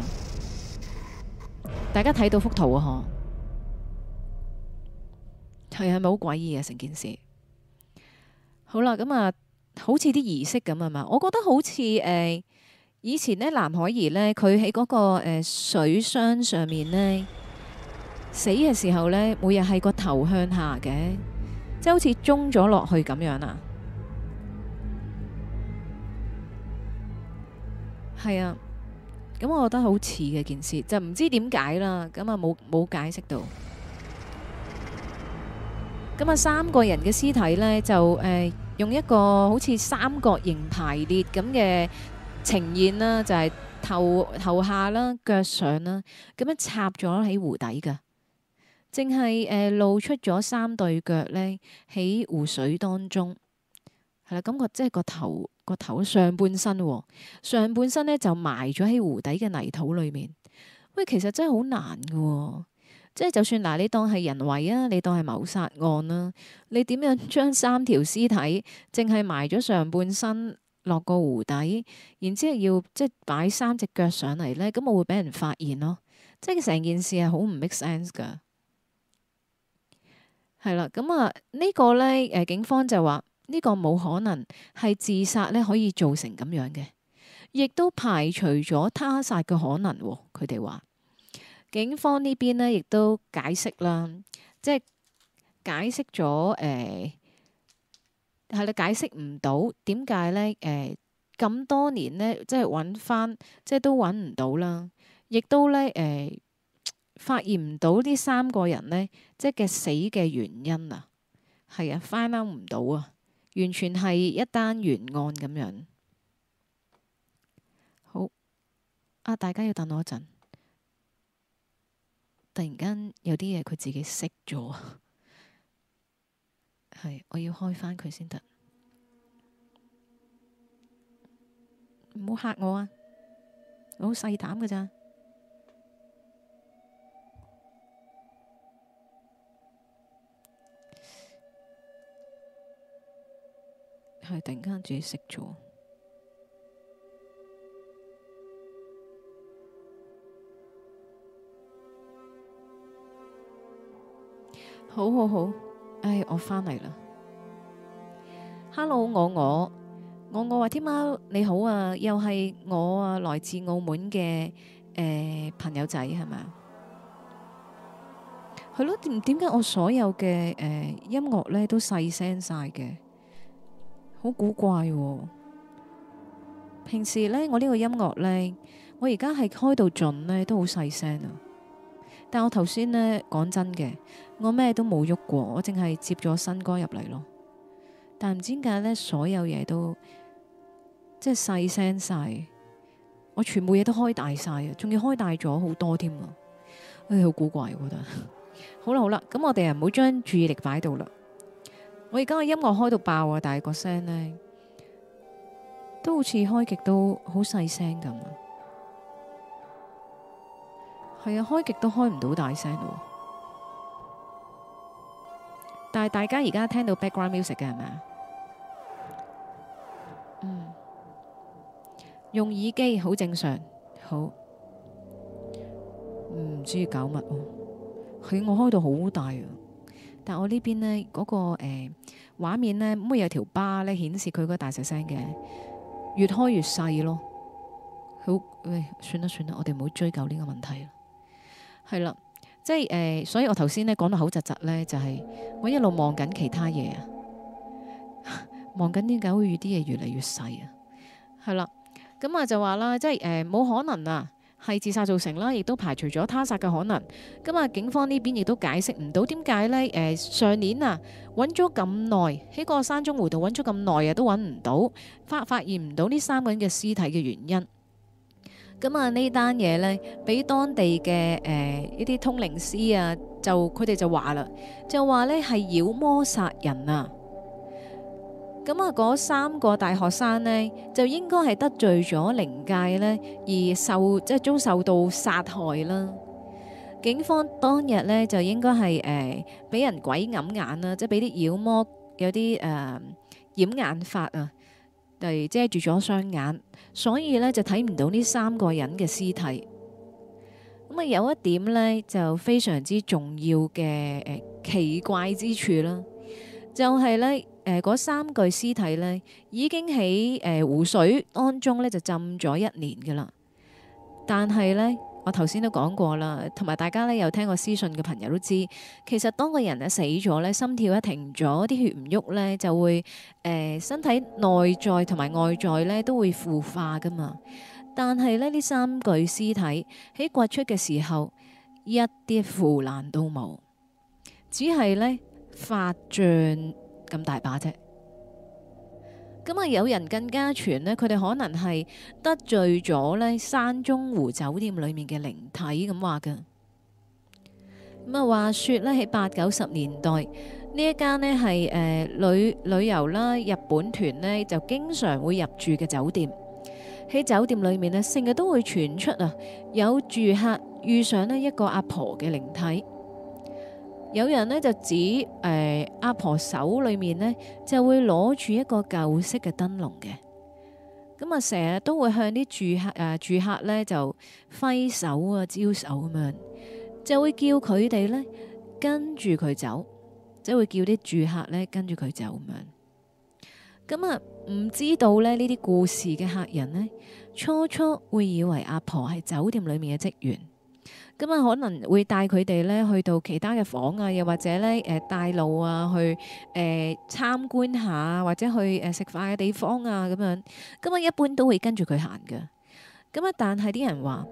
大家睇到幅圖啊，嗬，係係咪好詭異啊？成件事，好啦，咁啊，好似啲儀式咁啊嘛。我覺得好似誒。呃以前咧，藍可兒咧，佢喺嗰個誒水箱上面咧死嘅時候咧，每日係個頭向下嘅，即係好似中咗落去咁樣啊。係啊，咁我覺得好似嘅件事，就唔知點解啦。咁啊，冇冇解釋到。咁啊，三個人嘅屍體咧，就誒用一個好似三角形排列咁嘅。呈現啦，就係頭頭下啦，腳上啦，咁樣插咗喺湖底㗎，淨係誒露出咗三對腳咧喺湖水當中，係啦，咁個即係個頭個頭上半身，上半身咧就埋咗喺湖底嘅泥土裏面。喂，其實真係好難㗎，即係就算嗱，你當係人為啊，你當係謀殺案啦，你點樣將三條屍體淨係埋咗上半身？落個湖底，然之後要即係擺三隻腳上嚟咧，咁我會俾人發現咯。即係成件事係好唔 make sense 㗎，係啦。咁啊，呢、呢個呢，誒、呃、警方就話呢、呢個冇可能係自殺呢，可以造成咁樣嘅，亦都排除咗他殺嘅可能，哦。佢哋話警方邊呢邊呢亦都解釋啦，即係解釋咗誒。呃係啦，解釋唔到點解咧？誒咁、呃、多年咧，即係揾翻，即係都揾唔到啦。亦都咧誒、呃，發現唔到呢三個人咧，即係嘅死嘅原因啊。係啊，find out 唔到啊，完全係一單懸案咁樣。好啊，大家要等我一陣。突然間有啲嘢佢自己識咗。係，我要開返佢先得，唔好吓我啊！我好細膽㗎咋，係突然間自己熄咗，好好好。唉，我返嚟啦！Hello，我我我我話天貓你好啊，又係我啊，來自澳門嘅誒、呃、朋友仔係咪？係咯，點點解我所有嘅誒音樂咧都細聲晒嘅？好古怪啊。平時咧，我呢個音樂咧，我而家係開到盡咧，都好細聲啊。但我頭先呢講真嘅，我咩都冇喐過，我淨係接咗新歌入嚟咯。但唔知點解呢，所有嘢都即係細聲晒，我全部嘢都開大晒啊，仲要開大咗、哎、 好多添啊！唉，好古怪，那我覺得。好啦好啦，咁我哋啊唔好將注意力擺喺度啦。我而家嘅音樂開到爆啊，但係個聲呢，都好似開極都好細聲咁。係啊，開極都開唔到大聲喎。但係大家而家聽到 background music 嘅係咪啊？嗯，用耳機好正常。好，唔知搞乜。佢我開到好大啊，但我呢邊呢嗰個誒畫面呢，咪有條巴呢顯示佢個大細聲嘅，越開越細咯。好，喂，算啦算啦，我哋唔好追究呢個問題係啦，即係誒、呃，所以我頭先咧講到好窒窒咧，就係、是、我一路望緊其他嘢啊，望緊點解會啲嘢越嚟越細啊，係啦，咁啊就話啦，即係誒冇可能啊，係自殺造成啦，亦都排除咗他殺嘅可能。咁啊，警方呢邊亦都解釋唔到點解呢。誒、呃、上年啊，揾咗咁耐喺個山中湖度揾咗咁耐啊，都揾唔到，發發現唔到呢三個人嘅屍體嘅原因。咁啊，呢單嘢呢，俾當地嘅誒一啲通靈師啊，就佢哋就話啦，就話呢係妖魔殺人啊！咁啊，嗰三個大學生呢，就應該係得罪咗靈界呢，而受即係遭受到殺害啦。警方當日呢，就應該係誒俾人鬼揞眼啦，即係俾啲妖魔有啲誒掩眼法啊！遮住咗雙眼，所以咧就睇唔到呢三個人嘅屍體。咁啊，有一點呢，就非常之重要嘅奇怪之處啦，就係呢嗰三具屍體呢已經喺誒湖水安中咧就浸咗一年㗎喇，但係呢。我頭先都講過啦，同埋大家咧有聽過屍訊嘅朋友都知，其實當個人咧死咗咧，心跳一停咗，啲血唔喐呢，就會誒、呃、身體內在同埋外在呢都會腐化噶嘛。但係呢，呢三具屍體喺掘出嘅時候，一啲腐爛都冇，只係呢發脹咁大把啫。咁啊！有人更加傳呢，佢哋可能係得罪咗呢山中湖酒店裏面嘅靈體咁話嘅。咁啊，話說呢喺八九十年代呢一間呢係誒旅旅遊啦，日本團呢就經常會入住嘅酒店，喺酒店裏面呢，成日都會傳出啊有住客遇上呢一個阿婆嘅靈體。有人呢，就指，誒、呃、阿婆，婆手裏面呢，就會攞住一個舊式嘅燈籠嘅，咁啊成日都會向啲住客誒、呃、住客呢就揮手啊招手咁樣，就會叫佢哋呢，跟住佢走，即係會叫啲住客呢，跟住佢走咁樣。咁啊唔知道呢呢啲故事嘅客人呢，初初會以為阿婆係酒店裏面嘅職員。咁啊，可能會帶佢哋呢去到其他嘅房啊，又或者呢誒帶路啊，去誒參觀下，或者去誒食飯嘅地方啊咁樣。咁啊，一般都會跟住佢行嘅。咁啊，但係啲人話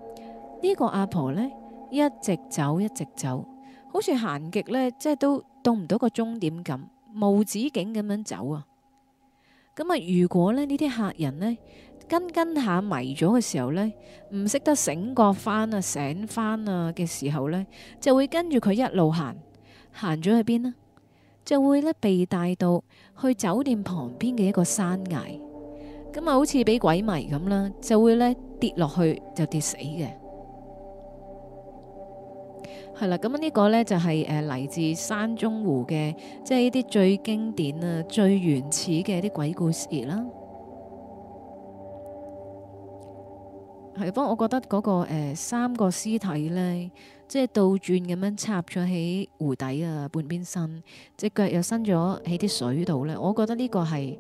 呢個阿婆呢，一直走一直走，好似行極呢，即係都到唔到個終點咁，無止境咁樣走啊。咁啊，如果咧呢啲客人呢，跟跟下迷咗嘅時候呢，唔識得醒覺翻啊，醒翻啊嘅時候呢，就會跟住佢一路行，行咗去邊呢？就會呢，被帶到去酒店旁邊嘅一個山崖，咁啊好似俾鬼迷咁啦，就會呢跌落去就跌死嘅。係啦，咁呢個呢，就係誒嚟自山中湖嘅，即係一啲最經典啊、最原始嘅啲鬼故事啦。係，不過我覺得嗰、那個、呃、三個屍體呢，即係倒轉咁樣插咗喺湖底啊，半邊身隻腳又伸咗喺啲水度呢。我覺得呢個係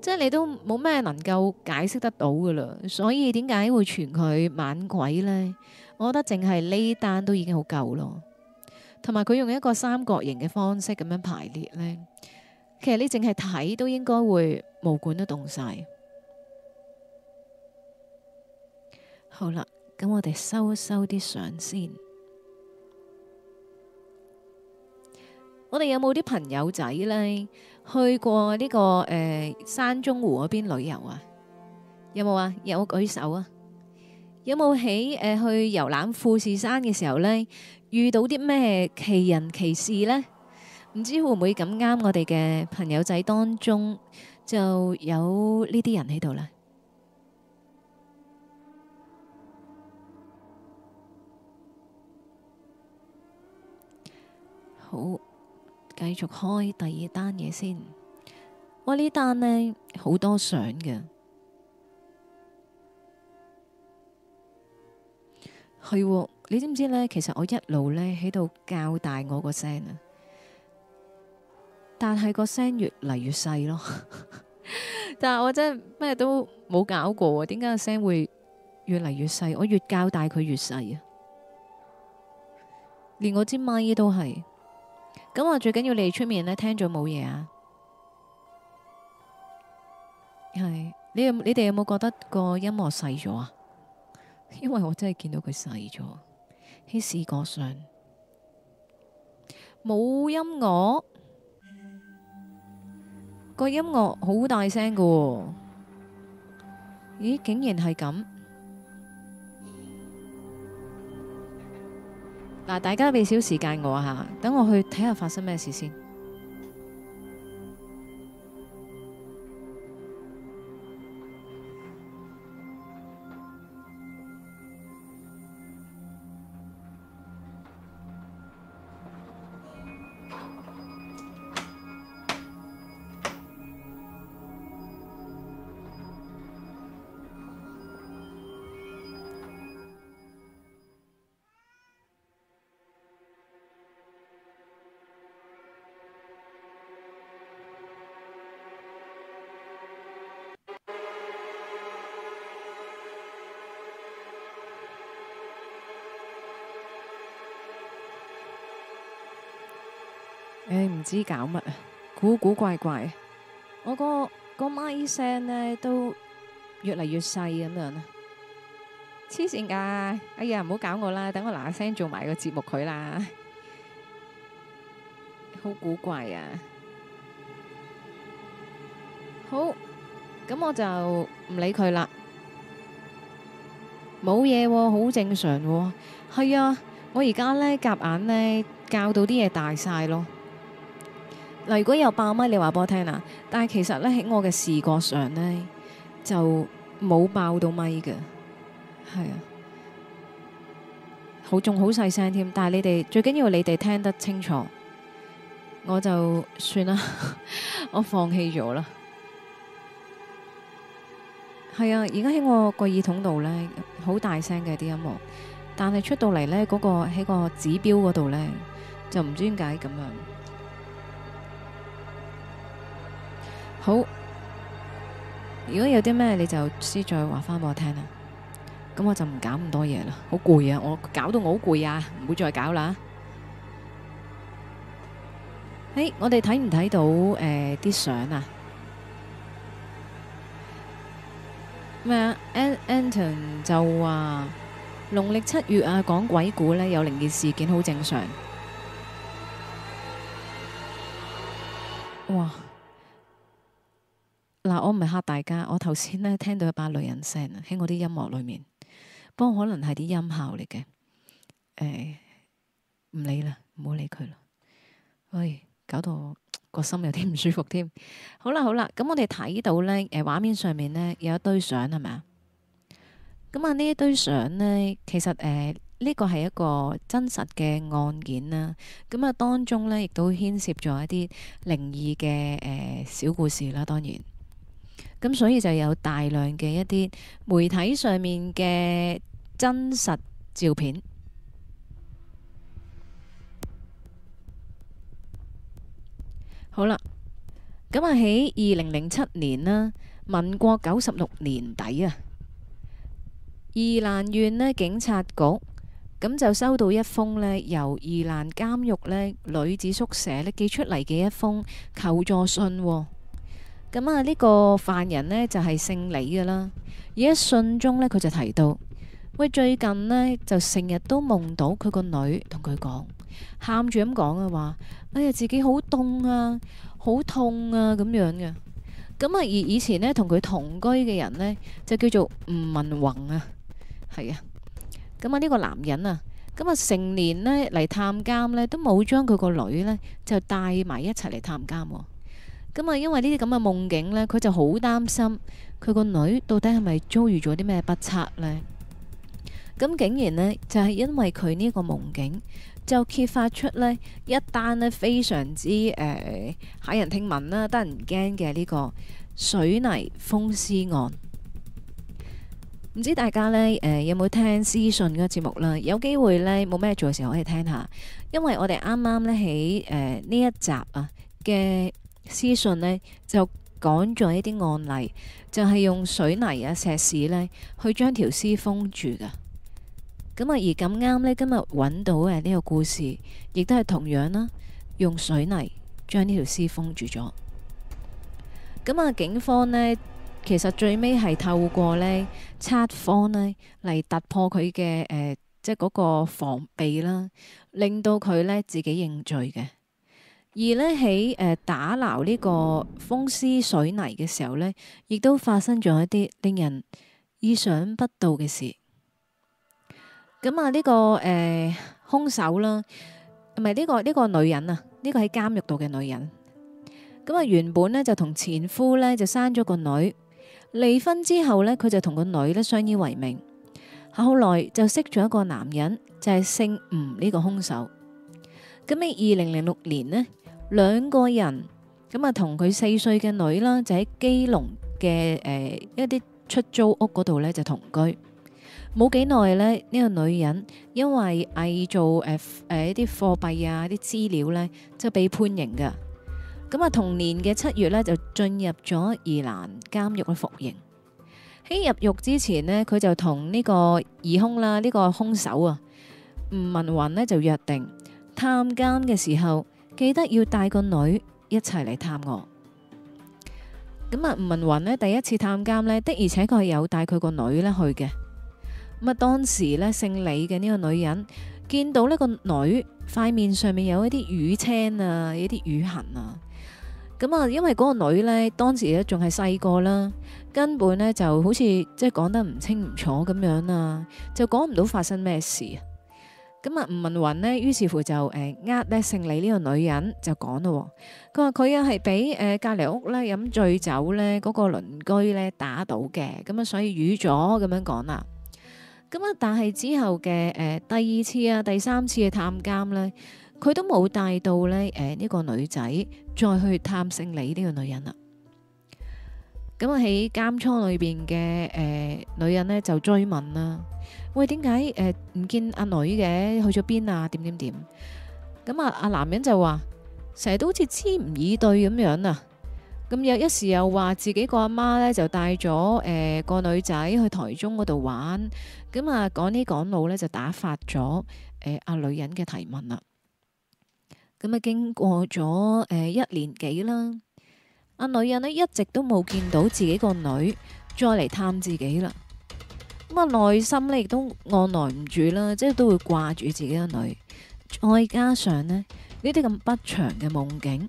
即係你都冇咩能夠解釋得到噶啦。所以點解會傳佢猛鬼呢？我覺得淨係呢單都已經好夠咯。同埋佢用一個三角形嘅方式咁樣排列呢，其實你淨係睇都應該會毛管都凍晒。好啦，咁我哋收一收啲相先。我哋有冇啲朋友仔呢？去過呢、呢個誒、呃、山中湖嗰邊旅遊啊？有冇啊？有，冇舉手啊？有冇喺誒去遊覽富士山嘅時候呢？遇到啲咩奇人奇事呢？唔知會唔會咁啱我哋嘅朋友仔當中就有在呢啲人喺度咧？好，繼續開第二單嘢先。我呢單呢，好多相嘅，係你知唔知呢？其實我一路呢，喺度教大我個聲啊，但係個聲越嚟越細咯。但係我真係咩都冇搞過，點解個聲會越嚟越細？我越教大佢越細啊，連我支咪都係。咁我最緊要你出面呢，聽咗冇嘢啊？係你，你有你哋有冇覺得個音樂細咗啊？因為我真係見到佢細咗，喺視覺上冇音樂，個音樂好大聲噶，啊，咦竟然係咁？嗱，大家畀少時間我下，等我去睇下發生咩事先。唔知搞乜啊？古古怪怪，我個個麥聲咧都越嚟越細咁樣啦。黐線噶！哎呀，唔好搞我啦，等我嗱嗱聲做埋個節目佢啦。好古怪啊！好，咁我就唔理佢啦。冇嘢，好正常。係啊，我而家咧夾硬咧教到啲嘢大晒咯。如果有爆咪，你話俾我聽啦。但係其實咧，喺我嘅視覺上咧，就冇爆到咪嘅，係啊，好仲好細聲添。但係你哋最緊要你哋聽得清楚，我就算啦，我放棄咗啦。係啊，而家喺我個耳筒度咧，好大聲嘅啲音樂，但係出到嚟咧，嗰個喺個指標嗰度咧，就唔知點解咁樣。好，如果有啲咩你就私再話翻畀我聽啦，咁我就唔搞咁多嘢啦，好攰啊，我搞到我好攰啊，唔好再搞啦。誒，我哋睇唔睇到誒啲相啊？咩啊？Anton 就話農曆七月啊，講鬼故呢有靈異事件，好正常。哇！嗱，我唔係嚇大家。我頭先咧聽到一把女人聲喺我啲音樂裏面，不過可能係啲音效嚟嘅。誒、哎，唔理啦，唔好理佢啦。喂、哎，搞到個心有啲唔舒服添。好啦，好啦，咁我哋睇到呢誒畫面上面呢，有一堆相係咪啊？咁啊，呢一堆相呢，其實誒呢、呃呢個係一個真實嘅案件啦。咁啊，當中呢，亦都牽涉咗一啲靈異嘅誒小故事啦。當然。咁所以就有大量嘅一啲媒體上面嘅真實照片。好啦，咁啊，喺二零零七年啦，民國九十六年底啊，宜蘭縣呢警察局咁就收到一封呢由宜蘭監獄呢女子宿舍呢寄出嚟嘅一封求助信。咁啊，呢個犯人呢就係、是、姓李㗎啦。而一信中呢，佢就提到：喂，最近呢，就成日都夢到佢個女同佢講，喊住咁講啊，話：哎呀，自己好凍啊，好痛啊，咁、啊、樣嘅。咁啊，而以前呢，同佢同居嘅人呢，就叫做吳文宏啊，係啊。咁啊，呢個男人啊，咁啊成年呢嚟探監呢，都冇將佢個女呢，就帶埋一齊嚟探監喎。咁啊，因為呢啲咁嘅夢境呢，佢就好擔心佢個女到底係咪遭遇咗啲咩不測呢？咁竟然呢，就係、是、因為佢呢個夢境，就揭發出呢一單呢非常之誒，駭人聽聞啦，得人驚嘅呢個水泥封屍案。唔知大家呢，誒、呃、有冇聽屍訊個節目啦？有機會呢，冇咩做嘅時候可以聽下，因為我哋啱啱呢喺誒呢一集啊嘅。私信呢就講咗一啲案例，就係、是、用水泥啊、石屎呢去將條屍封住㗎。咁啊，而咁啱呢，今日揾到嘅呢個故事，亦都係同樣啦，用水泥將呢條屍封住咗。咁啊，警方呢，其實最尾係透過呢測謊呢嚟突破佢嘅誒，即係嗰個防備啦，令到佢呢自己認罪嘅。而呢喺誒打撈呢個風絲水泥嘅時候呢，亦都發生咗一啲令人意想不到嘅事。咁啊呢個誒兇、呃、手啦，唔係呢個呢、呢個女人啊，呢、呢個喺監獄度嘅女人。咁啊原本呢就同前夫呢就生咗個女，離婚之後呢，佢就同個女呢相依為命，後來就識咗一個男人，就係、係、姓吳呢個兇手。咁喺二零零六年呢。兩個人咁啊，同佢四歲嘅女啦，就喺基隆嘅誒、呃、一啲出租屋嗰度呢，就同居冇幾耐呢，呢、這個女人因為偽造誒誒一啲貨幣啊，啲資料呢，即係被判刑嘅。咁啊，同年嘅七月呢，就進入咗宜蘭監獄去服刑。喺入獄之前呢，佢就同呢個疑兇啦，呢、這個兇手啊，吳文雲呢，就約定探監嘅時候，記得要帶個女一齊嚟探我。咁啊，吳文雲呢，第一次探監呢，的而且確係有帶佢個女呢去嘅。咁啊，當時呢，姓李嘅呢個女人見到呢個女塊面上面有一啲瘀青啊，一啲瘀痕啊。咁啊，因為嗰個女呢當時咧仲係細個啦，根本呢就好似即係講得唔清唔楚咁樣啊，就講唔到發生咩事。咁啊，吳文雲呢，於是乎就誒，呃咧，姓李呢個女人就講咯、哦，佢話佢又係俾誒隔籬屋咧飲醉酒咧，嗰、嗰個鄰居咧打到嘅，咁啊所以瘀咗咁樣講啦。咁啊，但係之後嘅誒、呃、第二次啊，第三次嘅探監咧，佢都冇帶到咧誒呢、呃呢個女仔再去探姓李呢個女人啦。咁喺監倉裏邊嘅誒女人呢，就追問啦，喂，點解誒唔見阿女嘅去咗邊啊？點點點咁啊？阿男人就話成日都好似支吾以對咁樣啊。咁有一時又話自己個阿媽呢，就帶咗誒個女仔去台中嗰度玩，咁啊講呢講路呢，就打發咗誒阿女人嘅提問啦。咁啊經過咗誒、呃、一年幾啦。阿女人咧一直都冇見到自己個女再嚟探自己啦，咁啊內心咧亦都按耐唔住啦，即係都會掛住自己個女，再加上咧呢啲咁不祥嘅夢境，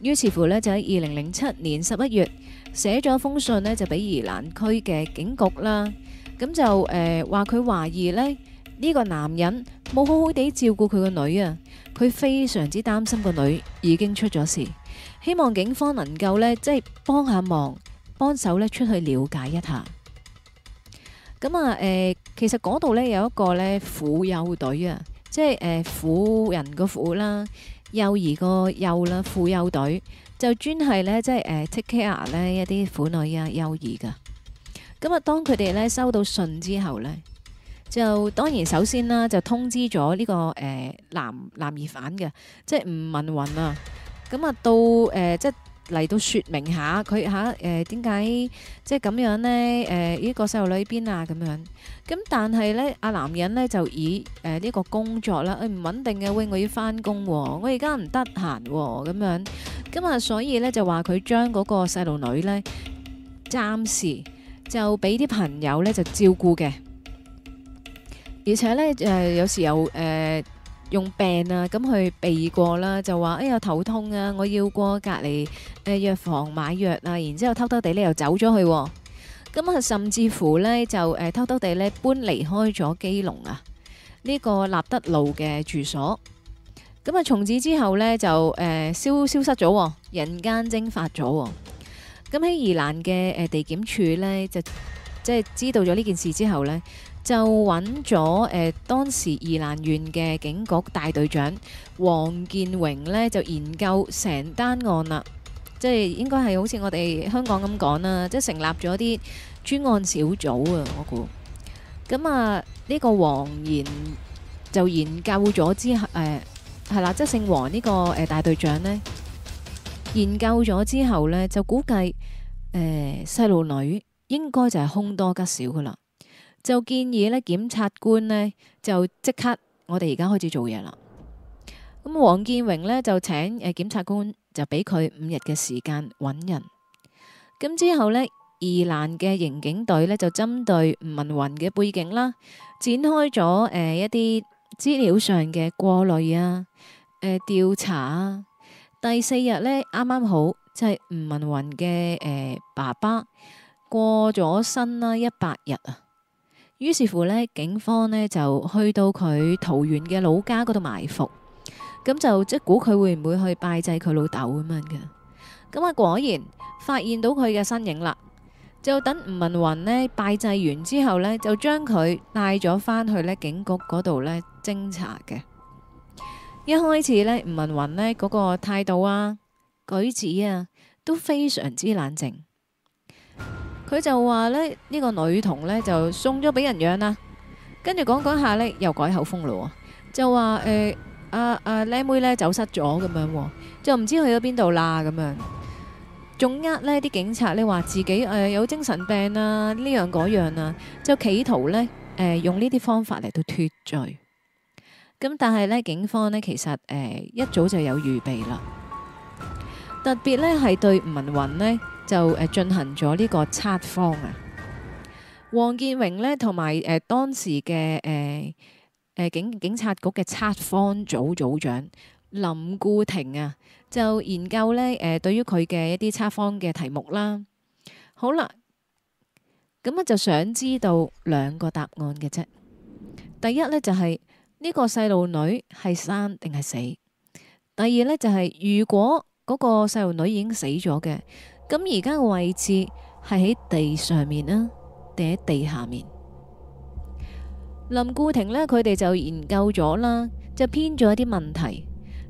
於是乎呢，就喺二零零七年十一月寫咗封信呢就俾宜蘭區嘅警局啦，咁就誒話佢懷疑咧呢呢個男人冇好好地照顧佢個女啊，佢非常之擔心個女已經出咗事。希望警方能夠咧，即係幫下忙，幫手咧出去了解一下。咁啊，誒，其實嗰度咧有一個咧婦幼隊啊，即係誒婦人個婦啦，幼兒個幼啦，婦幼隊就專係咧，即係誒 take care 咧一啲婦女啊、幼兒噶。咁啊，當佢哋咧收到信之後咧，就當然首先啦，就通知咗呢個誒男男嫌犯嘅，即係吳文雲啊。咁啊，到誒即係嚟到說明下佢嚇誒點解即係咁樣咧？誒呢個細路女邊啊咁樣。咁但係咧，阿男人咧就以誒呢個工作啦，唔穩定嘅，喂，我要翻工，我而家唔得閒咁樣。咁啊，所以咧就話佢將嗰個細路女咧暫時就俾啲朋友咧就照顧嘅，而且咧誒有時有誒。用病啊咁去避過啦，就話哎呀頭痛啊，我要過隔離誒藥房買藥啊，然之後偷偷地咧又走咗去，咁啊甚至乎呢，就誒偷偷地咧搬離開咗基隆啊呢、這個立德路嘅住所，咁啊從此之後呢，就誒消消失咗，人間蒸發咗，咁喺宜蘭嘅誒地檢署呢，就即係知道咗呢件事之後呢。就揾咗誒當時宜蘭縣嘅警局大隊長黃建榮呢，就研究成單案啦，即係應該係好似我哋香港咁講啦，即係成立咗啲專案小組啊，我估。咁啊，呢個黃言就研究咗之後，誒係啦，即係姓黃呢個誒大隊長呢，研究咗之後呢，就估計誒細路女應該就係凶多吉少噶啦。就建議咧，檢察官呢，就即刻，我哋而家開始做嘢啦。咁黃建榮呢，就請誒檢察官就俾佢五日嘅時間揾人。咁之後呢，宜蘭嘅刑警隊呢，就針對吳文雲嘅背景啦，展開咗誒、呃、一啲資料上嘅過濾啊、誒、呃、調查啊。第四日呢，啱啱好即係吳文雲嘅、呃、爸爸過咗身啦，一百日啊。於是乎呢，警方呢就去到佢桃園嘅老家嗰度埋伏，咁就即係估佢會唔會去拜祭佢老豆咁樣嘅。咁啊果然發現到佢嘅身影啦，就等吳文雲呢拜祭完之後呢，就將佢帶咗返去呢警局嗰度呢偵查嘅。一開始呢，吳文雲呢嗰個態度啊、舉止啊都非常之冷靜。佢就話咧呢、呢個女童呢，就送咗俾人養啦，跟住講講下呢，又改口風咯，就話誒阿阿靚妹呢，走失咗咁樣，就唔知去咗邊度啦咁樣，仲呃呢啲警察咧話自己誒、呃、有精神病啊呢樣嗰樣啊，就企圖呢，誒、呃、用呢啲方法嚟到脫罪，咁但係呢，警方呢，其實誒、呃、一早就有預備啦，特別呢係對吳文雲呢。就誒進行咗呢個測謊啊。黃建榮呢，同埋誒當時嘅誒誒警警察局嘅測謊組組長林顧庭啊，就研究呢誒、呃、對於佢嘅一啲測謊嘅題目啦。好啦，咁咧就想知道兩個答案嘅啫。第一呢，就係、是、呢、這個細路女係生定係死。第二呢，就係、是、如果嗰個細路女已經死咗嘅。咁而家嘅位置係喺地上面啊，定喺地下面？林顧廷咧，佢哋就研究咗啦，就編咗一啲問題，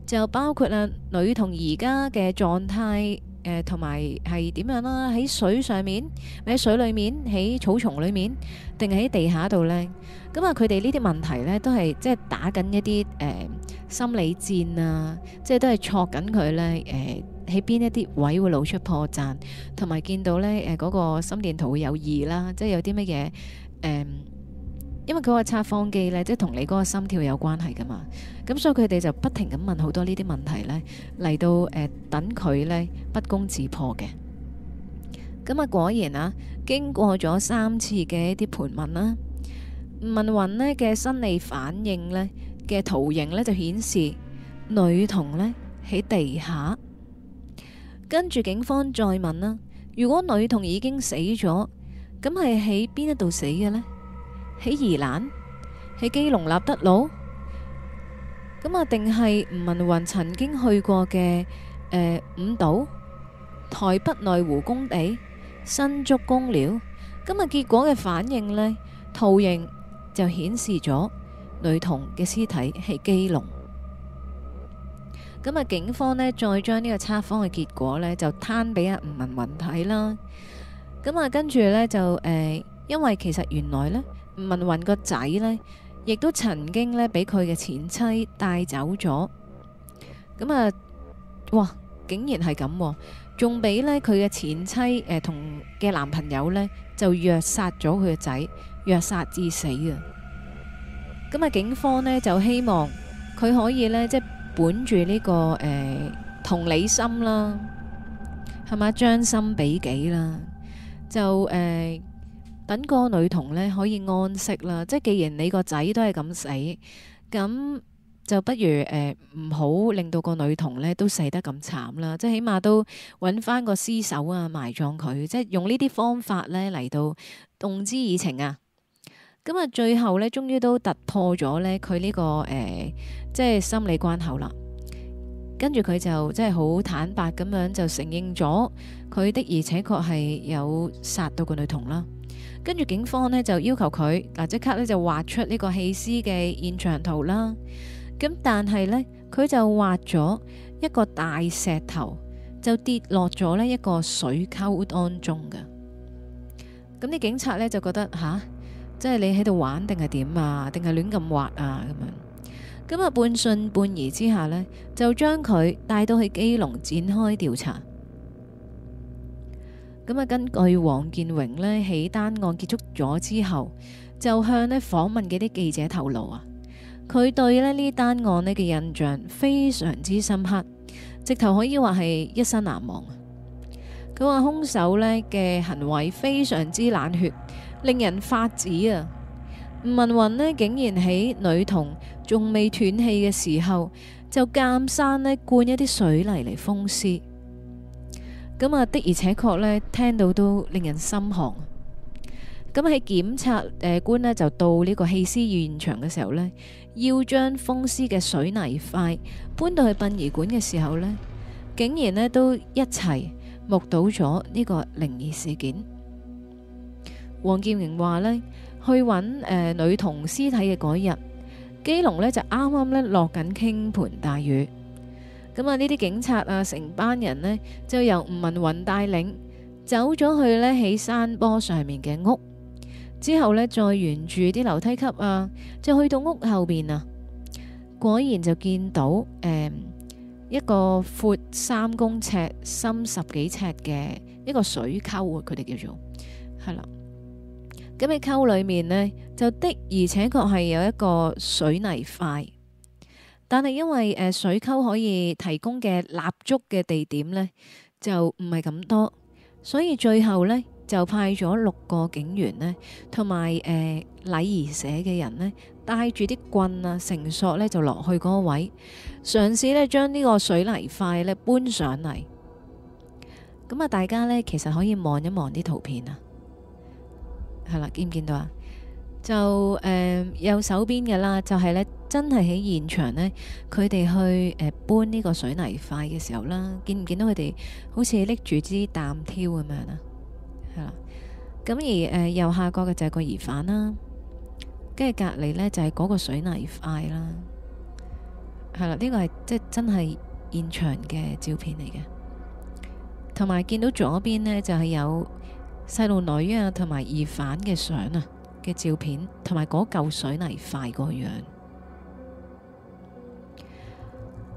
就包括啦女同而家嘅狀態，誒同埋係點樣啦？喺水上面，喺水裡面，喺草叢裡面，定係喺地下度咧？咁啊，佢哋呢啲問題咧，都係即係打緊一啲誒心理戰啊，即係都係戳緊佢咧誒。喺邊一啲位會露出破綻，同埋見到呢誒嗰、那個心電圖會有異啦，即係有啲乜嘢誒？因為佢個測謊機呢，即係同你嗰個心跳有關係噶嘛。咁所以佢哋就不停咁問好多呢啲問題呢，嚟到誒、呃、等佢呢不攻自破嘅。咁啊，果然啊，經過咗三次嘅一啲盤問啦、啊，文雲呢嘅心理反應呢，嘅圖形呢，就顯示女童呢喺地下。跟住警方再問啦，如果女童已經死咗，咁係喺邊一度死嘅呢？喺宜蘭，喺基隆立德路，咁啊定係吳文雲曾經去過嘅誒五島、台北內湖工地、新竹工寮？咁啊結果嘅反應呢，圖形就顯示咗女童嘅屍體係基隆。咁啊，警方呢再將呢個測謊嘅結果呢，就攤俾阿吳文雲睇啦。咁啊，跟住呢，就誒、呃，因為其實原來呢，吳文雲個仔呢，亦都曾經呢俾佢嘅前妻帶走咗。咁啊，哇，竟然係咁、啊，仲俾呢佢嘅前妻誒同嘅男朋友呢，就虐殺咗佢嘅仔，虐殺至死啊！咁啊，警方呢，就希望佢可以呢，即本住呢、這個誒、呃、同理心啦，係咪將心比己啦，就誒、呃、等個女童呢可以安息啦。即係既然你個仔都係咁死，咁就不如誒唔好令到個女童呢都死得咁慘啦。即係起碼都揾翻個屍首啊，埋葬佢。即係用呢啲方法呢嚟到動之以情啊！咁啊，最後咧，終於都突破咗咧、這個，佢呢個誒，即係心理關口啦。跟住佢就即係好坦白咁樣就承認咗，佢的而且確係有殺到個女童啦。跟住警方呢，就要求佢嗱即刻咧就畫出呢個棄屍嘅現場圖啦。咁但係呢，佢就畫咗一個大石頭就跌落咗呢一個水溝當中嘅。咁啲警察呢，就覺得：「吓！」即係你喺度玩定係點啊？定係亂咁畫啊？咁樣咁啊，半信半疑之下呢，就將佢帶到去基隆展開調查。咁啊，根據黃建榮呢，起單案結束咗之後，就向呢訪問嘅啲記者透露啊，佢對呢呢單案呢嘅印象非常之深刻，直頭可以話係一生難忘。佢話凶手呢嘅行為非常之冷血。令人髮指啊！吳文雲咧，竟然喺女童仲未斷氣嘅時候，就監生，咧灌一啲水泥嚟封屍。咁啊，的而且確咧，聽到都令人心寒。咁喺檢察誒、官咧，就到呢個棄屍現場嘅時候呢，要將封屍嘅水泥塊搬到去殯儀館嘅時候呢，竟然咧都一齊目睹咗呢個靈異事件。黃建明話呢，去揾誒、呃、女童屍體嘅嗰日，基隆呢就啱啱呢落緊傾盆大雨。咁啊，呢啲警察啊，成班人呢，就由吳文雲帶領走咗去呢喺山坡上面嘅屋之後呢，再沿住啲樓梯級啊，就去到屋後邊啊。果然就見到誒、呃、一個闊三公尺、深十幾尺嘅一個水溝啊，佢哋叫做係啦。咁喺溝裏面呢，就的而且確係有一個水泥塊，但係因為誒水溝可以提供嘅立足嘅地點呢，就唔係咁多，所以最後呢，就派咗六個警員呢，同埋誒禮儀社嘅人呢，帶住啲棍啊、繩索呢，就落去嗰個位，嘗試呢將呢個水泥塊呢搬上嚟。咁啊，大家呢，其實可以望一望啲圖片啊。係啦，見唔見到啊？就誒、呃，右手邊嘅啦，就係呢，真係喺現場呢。佢哋去誒搬呢個水泥塊嘅時候啦，見唔見到佢哋好似拎住支擔挑咁樣啊？係啦，咁而誒右下角嘅就係個疑犯啦，跟住隔籬呢就係嗰個水泥塊啦，係啦，呢、這個係即係真係現場嘅照片嚟嘅，同埋見到左邊呢，就係有。細路女啊，同埋疑犯嘅相啊嘅照片，同埋嗰嚿水泥塊個樣。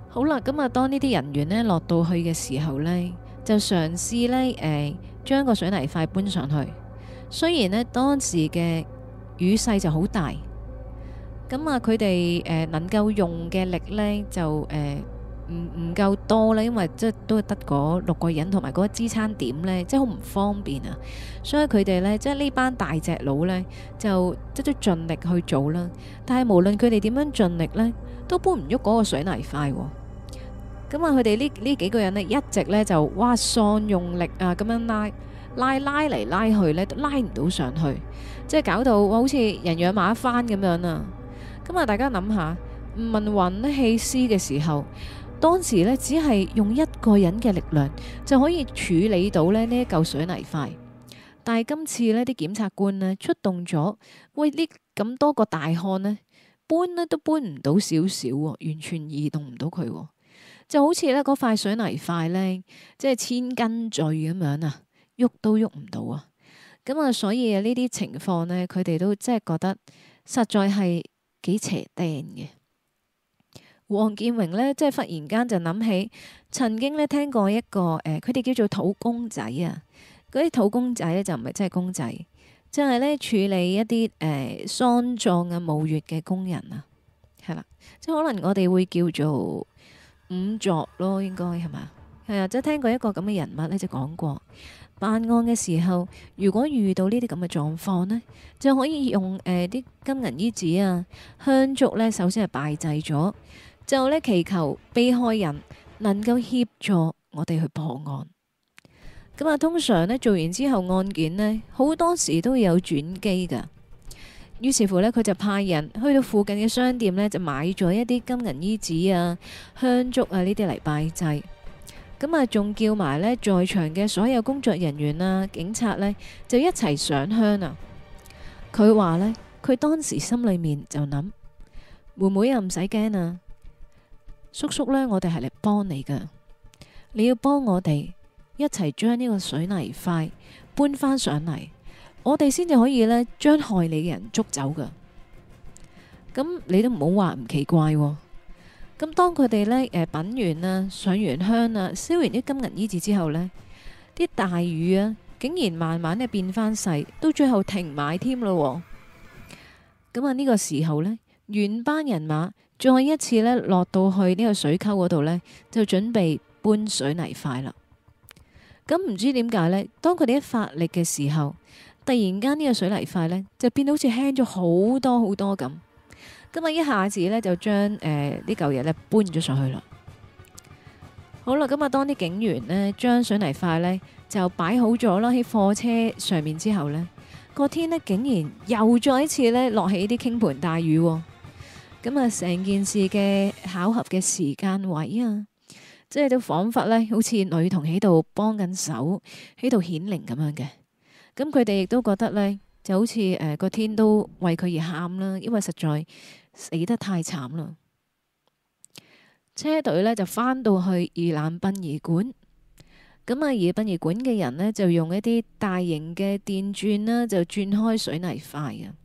好啦，咁啊，當呢啲人員呢落到去嘅時候呢，就嘗試呢，誒，將個水泥塊搬上去。雖然呢當時嘅雨勢就好大，咁啊，佢哋誒能夠用嘅力呢就誒。唔唔夠多咧，因為即係都係得嗰六個人同埋嗰個支撐點咧，即係好唔方便啊！所以佢哋咧，即係呢班大隻佬咧，就即係盡力去做啦。但係無論佢哋點樣盡力咧，都搬唔喐嗰個水泥塊喎。咁啊，佢哋呢呢幾個人咧，一直咧就哇喪用力啊，咁樣拉拉拉嚟拉去咧，都拉唔到上去，即係搞到好似人仰馬翻咁樣啊！咁啊，大家諗下，吳文雲棄屍嘅時候。當時咧，只係用一個人嘅力量就可以處理到咧呢一嚿水泥塊。但係今次呢啲檢察官咧出動咗，喂呢咁多個大漢呢，搬咧都搬唔到少少喎，完全移動唔到佢喎，就好似咧嗰塊水泥塊呢，即係千斤墜咁樣啊，喐都喐唔到啊。咁、嗯、啊，所以呢啲情況呢，佢哋都即係覺得實在係幾邪掟嘅。黃建榮呢，即係忽然間就諗起，曾經呢，聽過一個誒，佢、呃、哋叫做土公仔啊。嗰啲土公仔呢，就唔係真係公仔，即、就、係、是、呢處理一啲誒喪葬嘅、墓、呃、穴嘅工人啊，係啦、啊，即係可能我哋會叫做仵作咯，應該係嘛係啊。即係聽過一個咁嘅人物呢，就講過辦案嘅時候，如果遇到呢啲咁嘅狀況呢，就可以用誒啲、呃、金銀衣紙啊香燭呢，首先係拜祭咗。就呢祈求被害人能夠協助我哋去破案。咁啊，通常呢做完之後，案件呢好多時都有轉機噶。於是乎呢，佢就派人去到附近嘅商店呢，就買咗一啲金銀衣紙啊、香燭啊呢啲嚟拜祭。咁啊，仲叫埋呢在場嘅所有工作人員啊、警察呢，就一齊上香啊。佢話呢，佢當時心裏面就諗：妹妹又唔使驚啊！叔叔呢，我哋係嚟幫你嘅。你要幫我哋一齊將呢個水泥塊搬翻上嚟，我哋先至可以咧將害你嘅人捉走嘅。咁你都唔好話唔奇怪。哦。咁當佢哋呢，誒、呃、品完啦，上完香啦，燒完啲金銀衣紙之後呢，啲大雨啊，竟然慢慢咧變翻細，到最後停埋添啦。咁啊，呢個時候呢，原班人馬。再一次呢落到去呢個水溝嗰度呢就準備搬水泥塊啦。咁唔知點解呢？當佢哋一發力嘅時候，突然間呢個水泥塊呢就變到好似輕咗好多好多咁。咁啊，一下子呢，就將誒、呃這個、呢嚿嘢呢，搬咗上去啦。好啦，咁啊，當啲警員呢將水泥塊呢就擺好咗啦，喺貨車上面之後呢，個天呢竟然又再一次呢落起啲傾盆大雨。咁啊，成件事嘅巧合嘅時間位啊，即係都彷彿呢，好似女童喺度幫緊手，喺度顯靈咁樣嘅。咁佢哋亦都覺得呢，就好似誒個天都為佢而喊啦，因為實在死得太慘啦。車隊呢就翻到去宜蘭殯儀館，咁啊宜蘭殯儀館嘅人呢，就用一啲大型嘅電鑽啦，就鑽開水泥塊啊。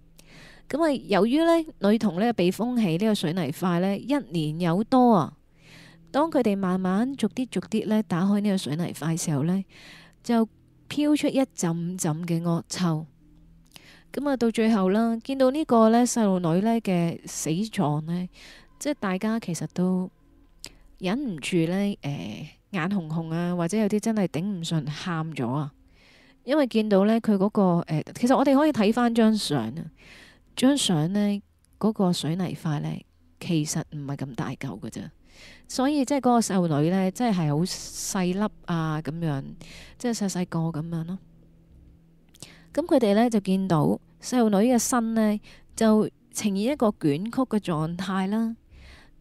咁啊，由於咧女童咧被封起呢個水泥塊咧一年有多啊。當佢哋慢慢逐啲逐啲咧打開呢個水泥塊時候呢，就飄出一陣陣嘅惡臭。咁啊，到最後啦，見到呢個咧細路女咧嘅死狀呢，即係大家其實都忍唔住呢誒、呃、眼紅紅啊，或者有啲真係頂唔順，喊咗啊。因為見到呢佢嗰個、呃、其實我哋可以睇翻張相啊。張相呢，嗰個水泥塊呢，其實唔係咁大嚿嘅咋，所以即係嗰個細路女呢，即係係好細粒啊咁樣，即係細細個咁樣咯。咁佢哋呢，就見到細路女嘅身呢，就呈現一個卷曲嘅狀態啦，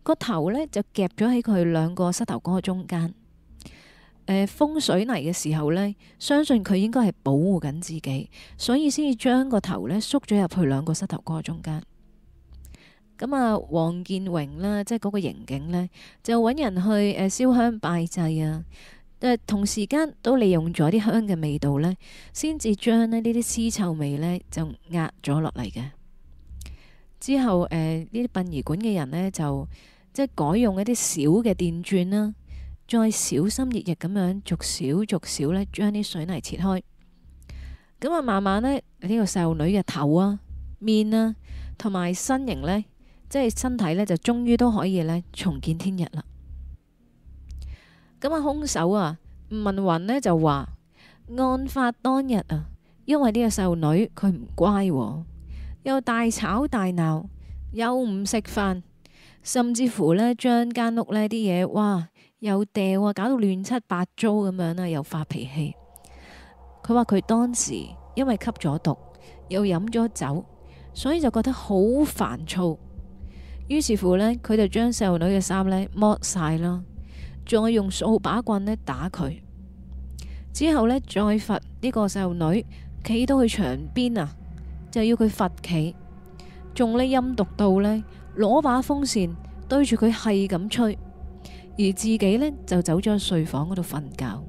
個頭呢，就夾咗喺佢兩個膝頭哥中間。誒，封水泥嘅時候呢，相信佢應該係保護緊自己，所以先至將個頭呢縮咗入去兩個膝頭哥中間。咁啊，黃建榮啦，即係嗰個刑警呢，就揾人去誒燒香拜祭啊，誒同時間都利用咗啲香嘅味道呢，先至將呢呢啲屍臭味呢就壓咗落嚟嘅。之後誒，呢啲殯儀館嘅人呢，就即係改用一啲小嘅電鑽啦。再小心翼翼咁樣，逐少逐少咧，將啲水泥切開。咁啊，慢慢呢，呢個細路女嘅頭啊、面啊，同埋身形呢，即係身體呢，就終於都可以呢重見天日啦。咁啊，凶手啊，文云呢就話案發當日啊，因為呢個細路女佢唔乖、哦，又大吵大鬧，又唔食飯，甚至乎呢將間屋呢啲嘢哇～又掉啊，搞到亂七八糟咁樣啦，又發脾氣。佢話佢當時因為吸咗毒，又飲咗酒，所以就覺得好煩躁。於是乎呢，佢就將細路女嘅衫呢剝晒啦，仲用掃把棍呢打佢。之後呢，再罰呢個細路女企到去牆邊啊，就要佢罰企，仲呢，陰毒到呢，攞把風扇對住佢係咁吹。而自己呢，就走咗去了睡房嗰度瞓覺，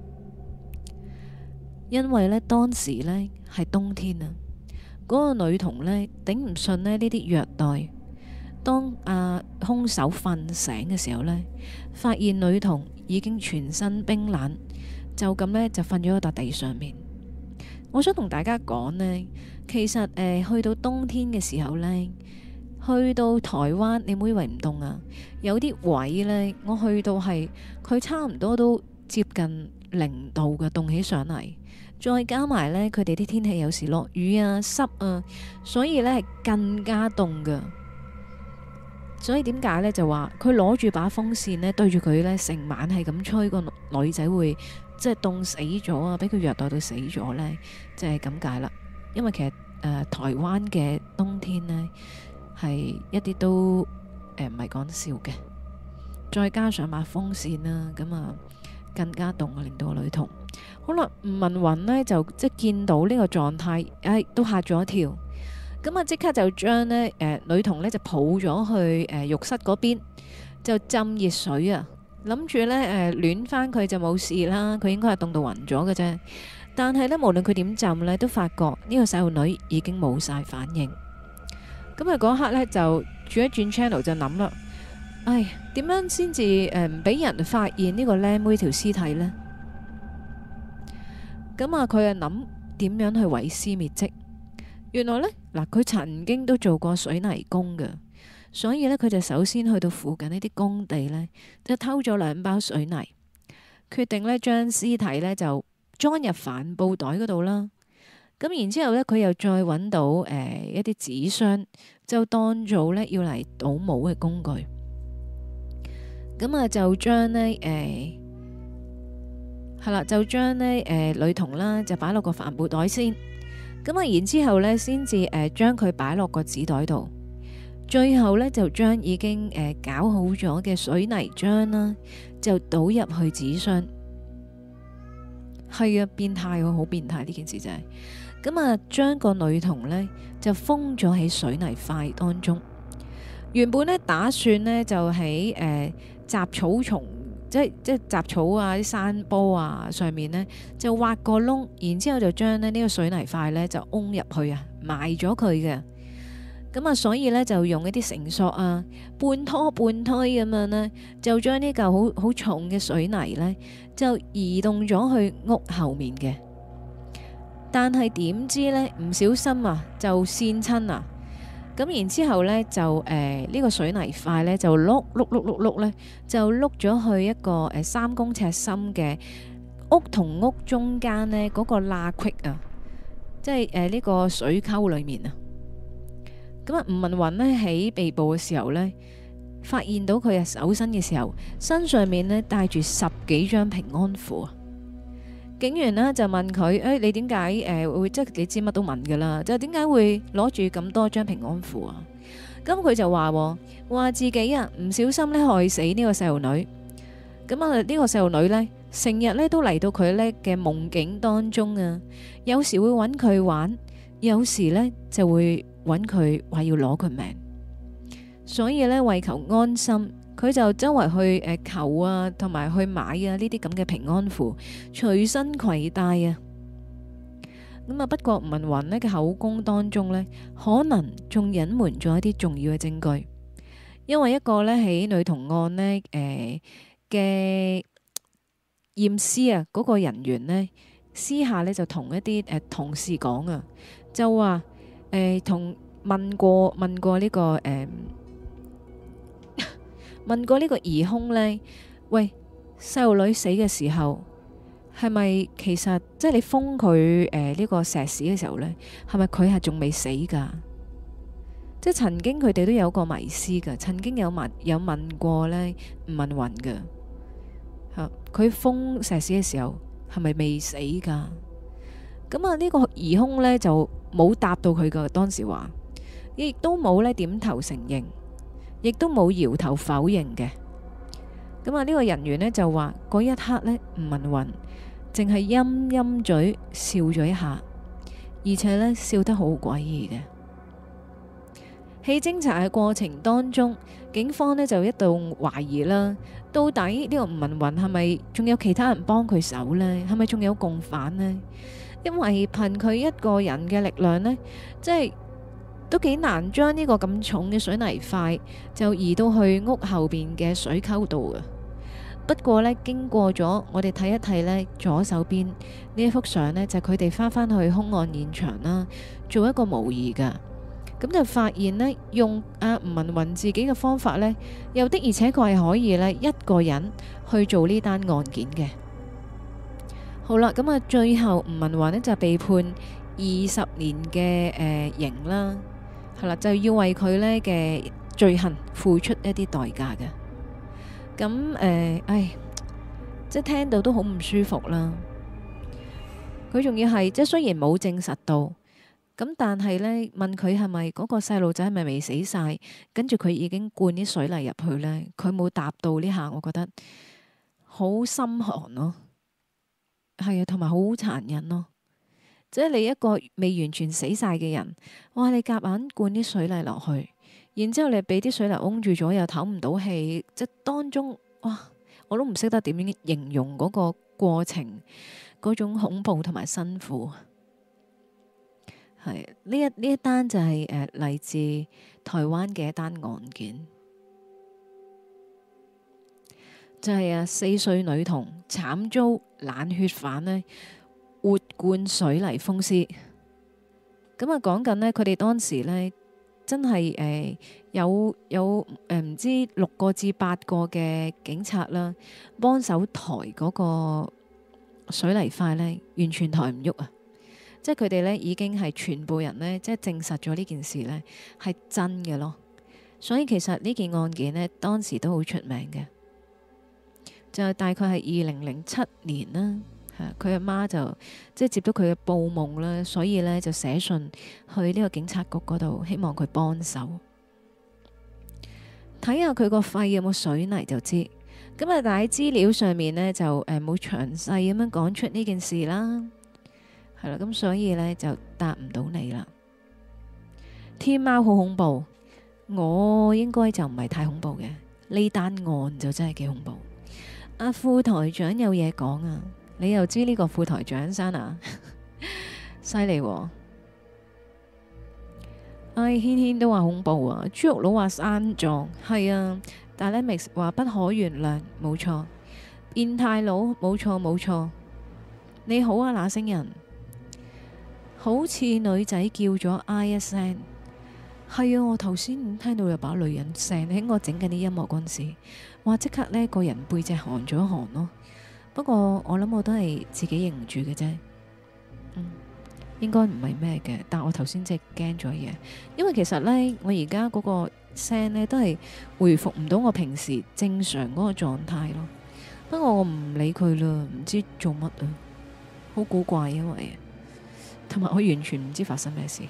因為呢，當時呢，係冬天啊，嗰、那個女童呢，頂唔順咧呢啲虐待。當啊凶手瞓醒嘅時候呢，發現女童已經全身冰冷，就咁呢，就瞓咗喺笪地上面。我想同大家講呢，其實、呃、去到冬天嘅時候呢。去到台灣，你唔以為唔凍啊？有啲位呢，我去到係佢差唔多都接近零度嘅凍起上嚟，再加埋呢，佢哋啲天氣有時落雨啊、濕啊，所以呢係更加凍噶。所以點解呢？就話佢攞住把風扇呢對住佢呢，成晚係咁吹，個女仔會即係、就是、凍死咗啊！俾佢虐待到死咗呢，即係咁解啦。因為其實、呃、台灣嘅冬天呢。係一啲都唔係講笑嘅，再加上抹風扇啦，咁啊更加凍啊，令到個女童。好啦，吳文雲呢就即係見到呢個狀態，唉、哎，都嚇咗一跳，咁啊即刻就將呢誒、呃、女童呢就抱咗去浴、呃、室嗰邊，就浸熱水啊，諗住呢，誒、呃、暖翻佢就冇事啦，佢應該係凍到暈咗嘅啫。但係呢，無論佢點浸呢，都發覺呢個細路女已經冇晒反應。咁啊！嗰刻呢，就轉一轉 channel 就諗啦，唉、哎，點樣先至誒唔俾人發現呢個靚妹條屍體呢？咁啊，佢啊諗點樣去毀屍滅跡？原來呢，嗱，佢曾經都做過水泥工嘅，所以呢，佢就首先去到附近呢啲工地呢，就偷咗兩包水泥，決定呢，將屍體呢就裝入帆布袋嗰度啦。咁然之後咧，佢又再揾到誒一啲紙箱，就當做咧要嚟倒模嘅工具。咁啊、哎，就將呢，誒係啦，就將呢誒女童啦，就擺落個帆布袋先。咁啊，然之後咧，先至誒將佢擺落個紙袋度。最後咧，就將已經誒攪好咗嘅水泥漿啦，就倒入去紙箱。係啊，變態喎，好變態呢件事就係、是。咁啊，將個女童呢就封咗喺水泥塊當中。原本咧打算呢就喺誒、呃、雜草叢，即係即係雜草啊、啲山坡啊上面呢，就挖個窿，然之後就將咧呢個水泥塊呢就掹入去啊，埋咗佢嘅。咁啊，所以呢就用一啲繩索啊，半拖半推咁樣呢，就將呢嚿好好重嘅水泥呢，就移動咗去屋後面嘅。但係點知咧？唔小心啊，就跣親啊！咁然之後咧，就誒呢個水泥塊咧，就碌碌碌碌碌咧，就碌咗去一個誒三公尺深嘅屋同屋中間咧嗰個罅隙啊！即係誒呢個水溝裏面啊！咁啊，吳文雲咧喺被捕嘅時候咧，發現到佢嘅手身嘅時候，身上面咧帶住十幾張平安符。警員呢就問佢：誒、哎、你點解，誒會即係幾支乜都問噶啦？就點、是、解，會攞住咁多張平安符啊？咁佢就話、哦，話自己啊唔小心咧害死個個呢個細路女。咁啊呢個細路女咧成日咧都嚟到佢咧嘅夢境當中啊，有時會揾佢玩，有時咧就會揾佢話要攞佢命。所以咧為求安心，佢就周圍去誒求啊，同埋去買啊，呢啲咁嘅平安符隨身攜帶啊。咁啊，不過吳文雲咧嘅口供當中咧，可能仲隱瞞咗一啲重要嘅證據，因為一個咧喺女童案咧誒嘅驗屍啊，嗰個人員咧私下咧就同一啲誒同事講啊，就話誒同問過問過呢個誒。問過呢個疑兇呢，喂，細路女死嘅時候係咪其實即係你封佢誒呢個石屎嘅時候呢？係咪佢係仲未死噶？即係曾經佢哋都有個迷思噶，曾經有問有問過呢，問雲噶，佢封石屎嘅時候係咪未死噶？咁啊呢個疑兇呢，就冇答到佢噶，當時話亦都冇呢點頭承認。亦都冇搖頭否認嘅，咁啊呢個人員呢就話嗰一刻呢吳文雲淨係陰陰嘴笑咗一下，而且呢笑得好詭異嘅。喺偵查嘅過程當中，警方呢就一度懷疑啦，到底呢個吳文雲係咪仲有其他人幫佢手呢？係咪仲有共犯呢？因為憑佢一個人嘅力量呢，即係。都幾難將呢個咁重嘅水泥塊就移到去屋後邊嘅水溝度嘅。不過咧，經過咗我哋睇一睇咧，左手邊呢一幅相呢就佢哋返返去兇案現場啦，做一個模擬噶。咁就發現呢，用阿、啊、吳文雲自己嘅方法呢，又的而且確係可以呢一個人去做呢單案件嘅。好啦，咁、嗯、啊，最後吳文雲咧就被判二十年嘅誒、呃、刑啦。係啦，就要為佢呢嘅罪行付出一啲代價嘅。咁誒、呃，唉，即係聽到都好唔舒服啦。佢仲要係即係雖然冇證實到，咁但係呢，問佢係咪嗰個細路仔係咪未死晒，跟住佢已經灌啲水泥入去呢，佢冇答到呢下，我覺得好心寒咯，係啊，同埋好殘忍咯。即係你一個未完全死晒嘅人，哇！你夾硬灌啲水泥落去，然之後你俾啲水泥擁住咗，又唞唔到氣，即係當中哇！我都唔識得點形容嗰個過程，嗰種恐怖同埋辛苦。係呢一呢一單就係誒嚟自台灣嘅一單案件，就係、是、啊四歲女童慘遭冷血犯咧。活灌水泥封屍，咁啊講緊呢，佢哋當時呢，真係誒、呃、有有誒唔、呃、知六個至八個嘅警察啦，幫手抬嗰個水泥塊呢，完全抬唔喐啊！即係佢哋呢已經係全部人呢，即係證實咗呢件事呢係真嘅咯。所以其實呢件案件呢，當時都好出名嘅，就大概係二零零七年啦。佢阿媽就即係接到佢嘅報夢啦，所以呢就寫信去呢個警察局嗰度，希望佢幫手睇下佢個肺有冇水泥就知。咁啊，但喺資料上面呢，就誒冇詳細咁樣講出呢件事啦。係啦，咁所以呢就答唔到你啦。天貓好恐怖，我應該就唔係太恐怖嘅。呢單案就真係幾恐怖。阿副台長有嘢講啊。你又知呢個副台長生 啊、哎，犀利！唉，軒軒都話恐怖啊，豬肉佬話山狀係啊，但係咧 mix 話不可原諒，冇錯，變態佬，冇錯冇錯。你好啊，那星人，好似女仔叫咗唉一聲，係啊，我頭先聽到有把女人聲喺我整緊啲音樂嗰陣時，話即刻呢個人背脊寒咗寒咯。不過我諗我都係自己認唔住嘅啫，嗯，應該唔係咩嘅。但我頭先即係驚咗嘢，因為其實呢，我而家嗰個聲呢，都係回復唔到我平時正常嗰個狀態咯。不過我唔理佢啦，唔知做乜啊？好古怪，因為同埋我完全唔知發生咩事。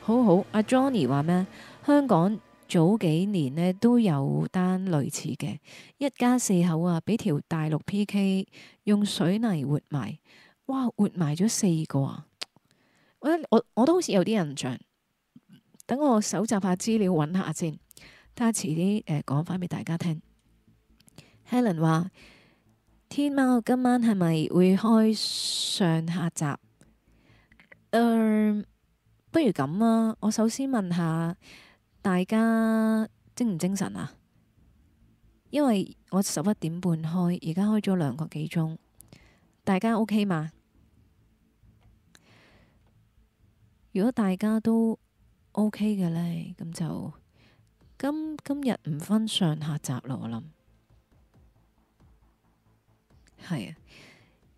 好好，阿 Johnny 話咩？香港。早幾年咧都有單類似嘅，一家四口啊，俾條大六 P K 用水泥活埋，哇，活埋咗四個啊！我我我都好似有啲印象，等我搜集一下資料，揾下先，等下遲啲誒講翻俾大家聽。Helen 話：天貓今晚係咪會開上下集？嗯、呃，不如咁啊，我首先問一下。大家精唔精神啊？因為我十一點半開，而家開咗兩個幾鐘，大家 OK 嗎？如果大家都 OK 嘅呢，咁就今今日唔分上下集咯，我諗係啊，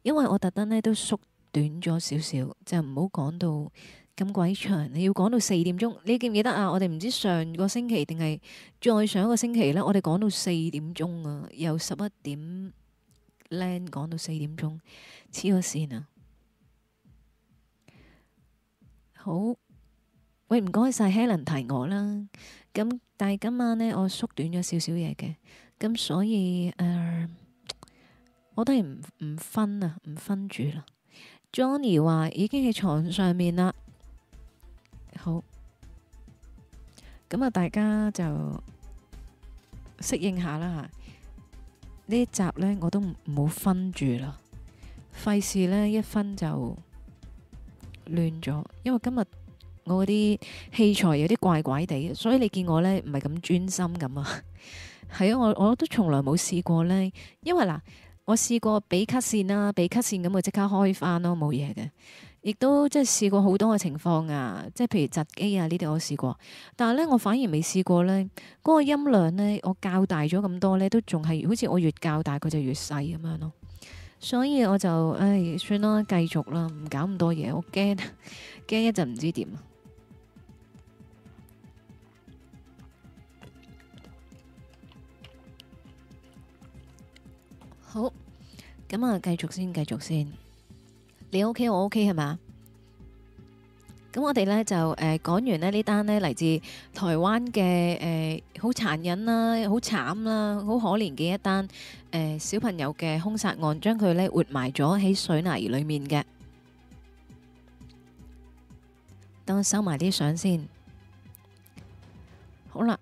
因為我特登呢都縮短咗少少，就唔好講到，咁鬼長，你要講到四點鐘？你記唔記得啊？我哋唔知上個星期定係再上一個星期咧，我哋講到四點鐘啊，由十一點零講到四點鐘，黐咗線啊！好，喂，唔該晒 Helen 提我啦。咁但係今晚咧，我縮短咗少少嘢嘅。咁所以誒、呃，我都係唔唔瞓啊，唔瞓住啦。Johnny 話已經喺床上面啦。好，咁啊，大家就適應下啦吓。呢集呢，我都唔好分住啦，費事呢，一分就亂咗。因為今日我嗰啲器材有啲怪怪地，所以你見我呢，唔係咁專心咁啊。係 啊，我我都從來冇試過呢，因為嗱，我試過俾 cut 線啦，俾 cut 線咁就即刻開翻咯，冇嘢嘅。亦都即係試過好多嘅情況啊，即係譬如窒機啊呢啲我試過，但係咧我反而未試過咧，嗰個音量咧我較大咗咁多咧，都仲係好似我越較大佢就越細咁樣咯，所以我就唉算啦，繼續啦，唔搞咁多嘢，我驚驚一陣唔知點好，咁啊，繼續先，繼續先。你 OK，我 OK 係嘛？咁我哋咧就誒講完咧呢單咧嚟自台灣嘅誒好殘忍啦，好慘啦，好可憐嘅一單誒小朋友嘅兇殺案，將佢咧活埋咗喺水泥裏面嘅。等我收埋啲相先。好啦，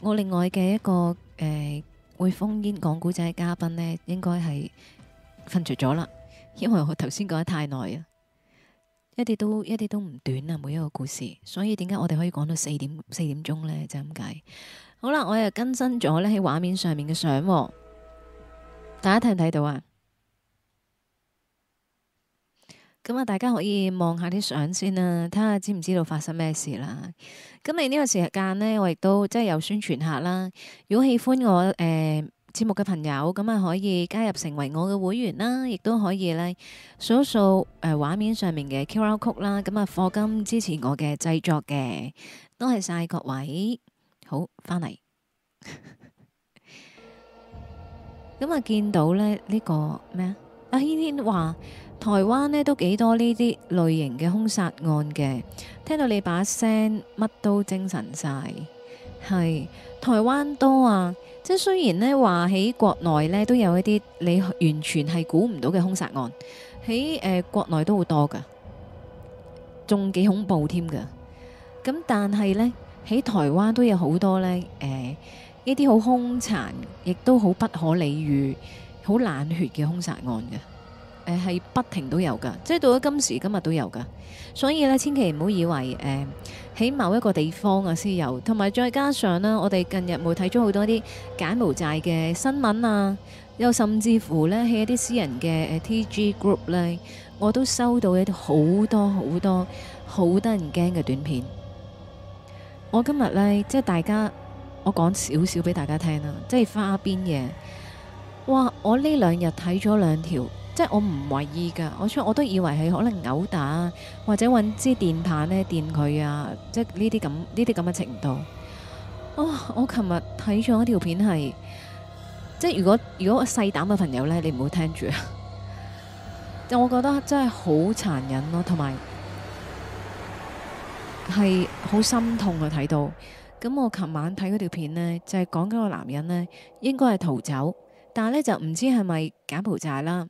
我另外嘅一個誒會烽煙講古仔嘅嘉賓咧，應該係瞓着咗啦。因為我頭先講得太耐啊，一啲都一啲都唔短啊，每一個故事。所以點解我哋可以講到四點四點鐘呢？就咁解。好啦，我又更新咗咧喺畫面上面嘅相，大家睇唔睇到啊？咁啊，大家可以望下啲相先啦，睇下知唔知道發生咩事啦。咁你呢個時間呢，我亦都即係有宣傳下啦。如果喜歡我誒，呃節目嘅朋友，咁啊，可以加入成為我嘅會員啦，亦都可以呢掃一掃誒畫面上面嘅 QR 曲啦，咁啊課金支持我嘅製作嘅，多謝晒各位，好翻嚟。咁啊 見到咧、這、呢個咩啊？阿軒軒話台灣呢都幾多呢啲類型嘅凶殺案嘅，聽到你把聲乜都精神晒，係。台灣多啊，即係雖然呢話喺國內呢都有一啲你完全係估唔到嘅兇殺案，喺誒國內都好多㗎，仲幾恐怖添㗎。咁但係呢，喺台灣都有好多呢誒呢啲好兇殘，亦都好不可理喻、好冷血嘅兇殺案嘅。誒係不停都有㗎，即係到咗今時今日都有㗎，所以呢，千祈唔好以為誒喺某一個地方啊先有，同埋再加上呢，我哋近日冇睇咗好多啲柬埔寨嘅新聞啊，又甚至乎呢，喺一啲私人嘅、呃、TG Group 呢，我都收到一啲好多好多好得人驚嘅短片。我今日呢，即係大家，我講少少俾大家聽啦，即係花邊嘢。哇！我呢兩日睇咗兩條。即係我唔懷疑噶，我出我都以為係可能毆打或者揾支電棒呢電佢啊，即係呢啲咁呢啲咁嘅程度。哦，oh，我琴日睇咗一條片係，即係如果如果我細膽嘅朋友呢，你唔好聽住啊。就 我覺得真係好殘忍咯，同埋係好心痛啊！睇到咁，我琴晚睇嗰條片呢，就係講緊個男人呢，應該係逃走，但係呢就唔知係咪柬埔寨啦。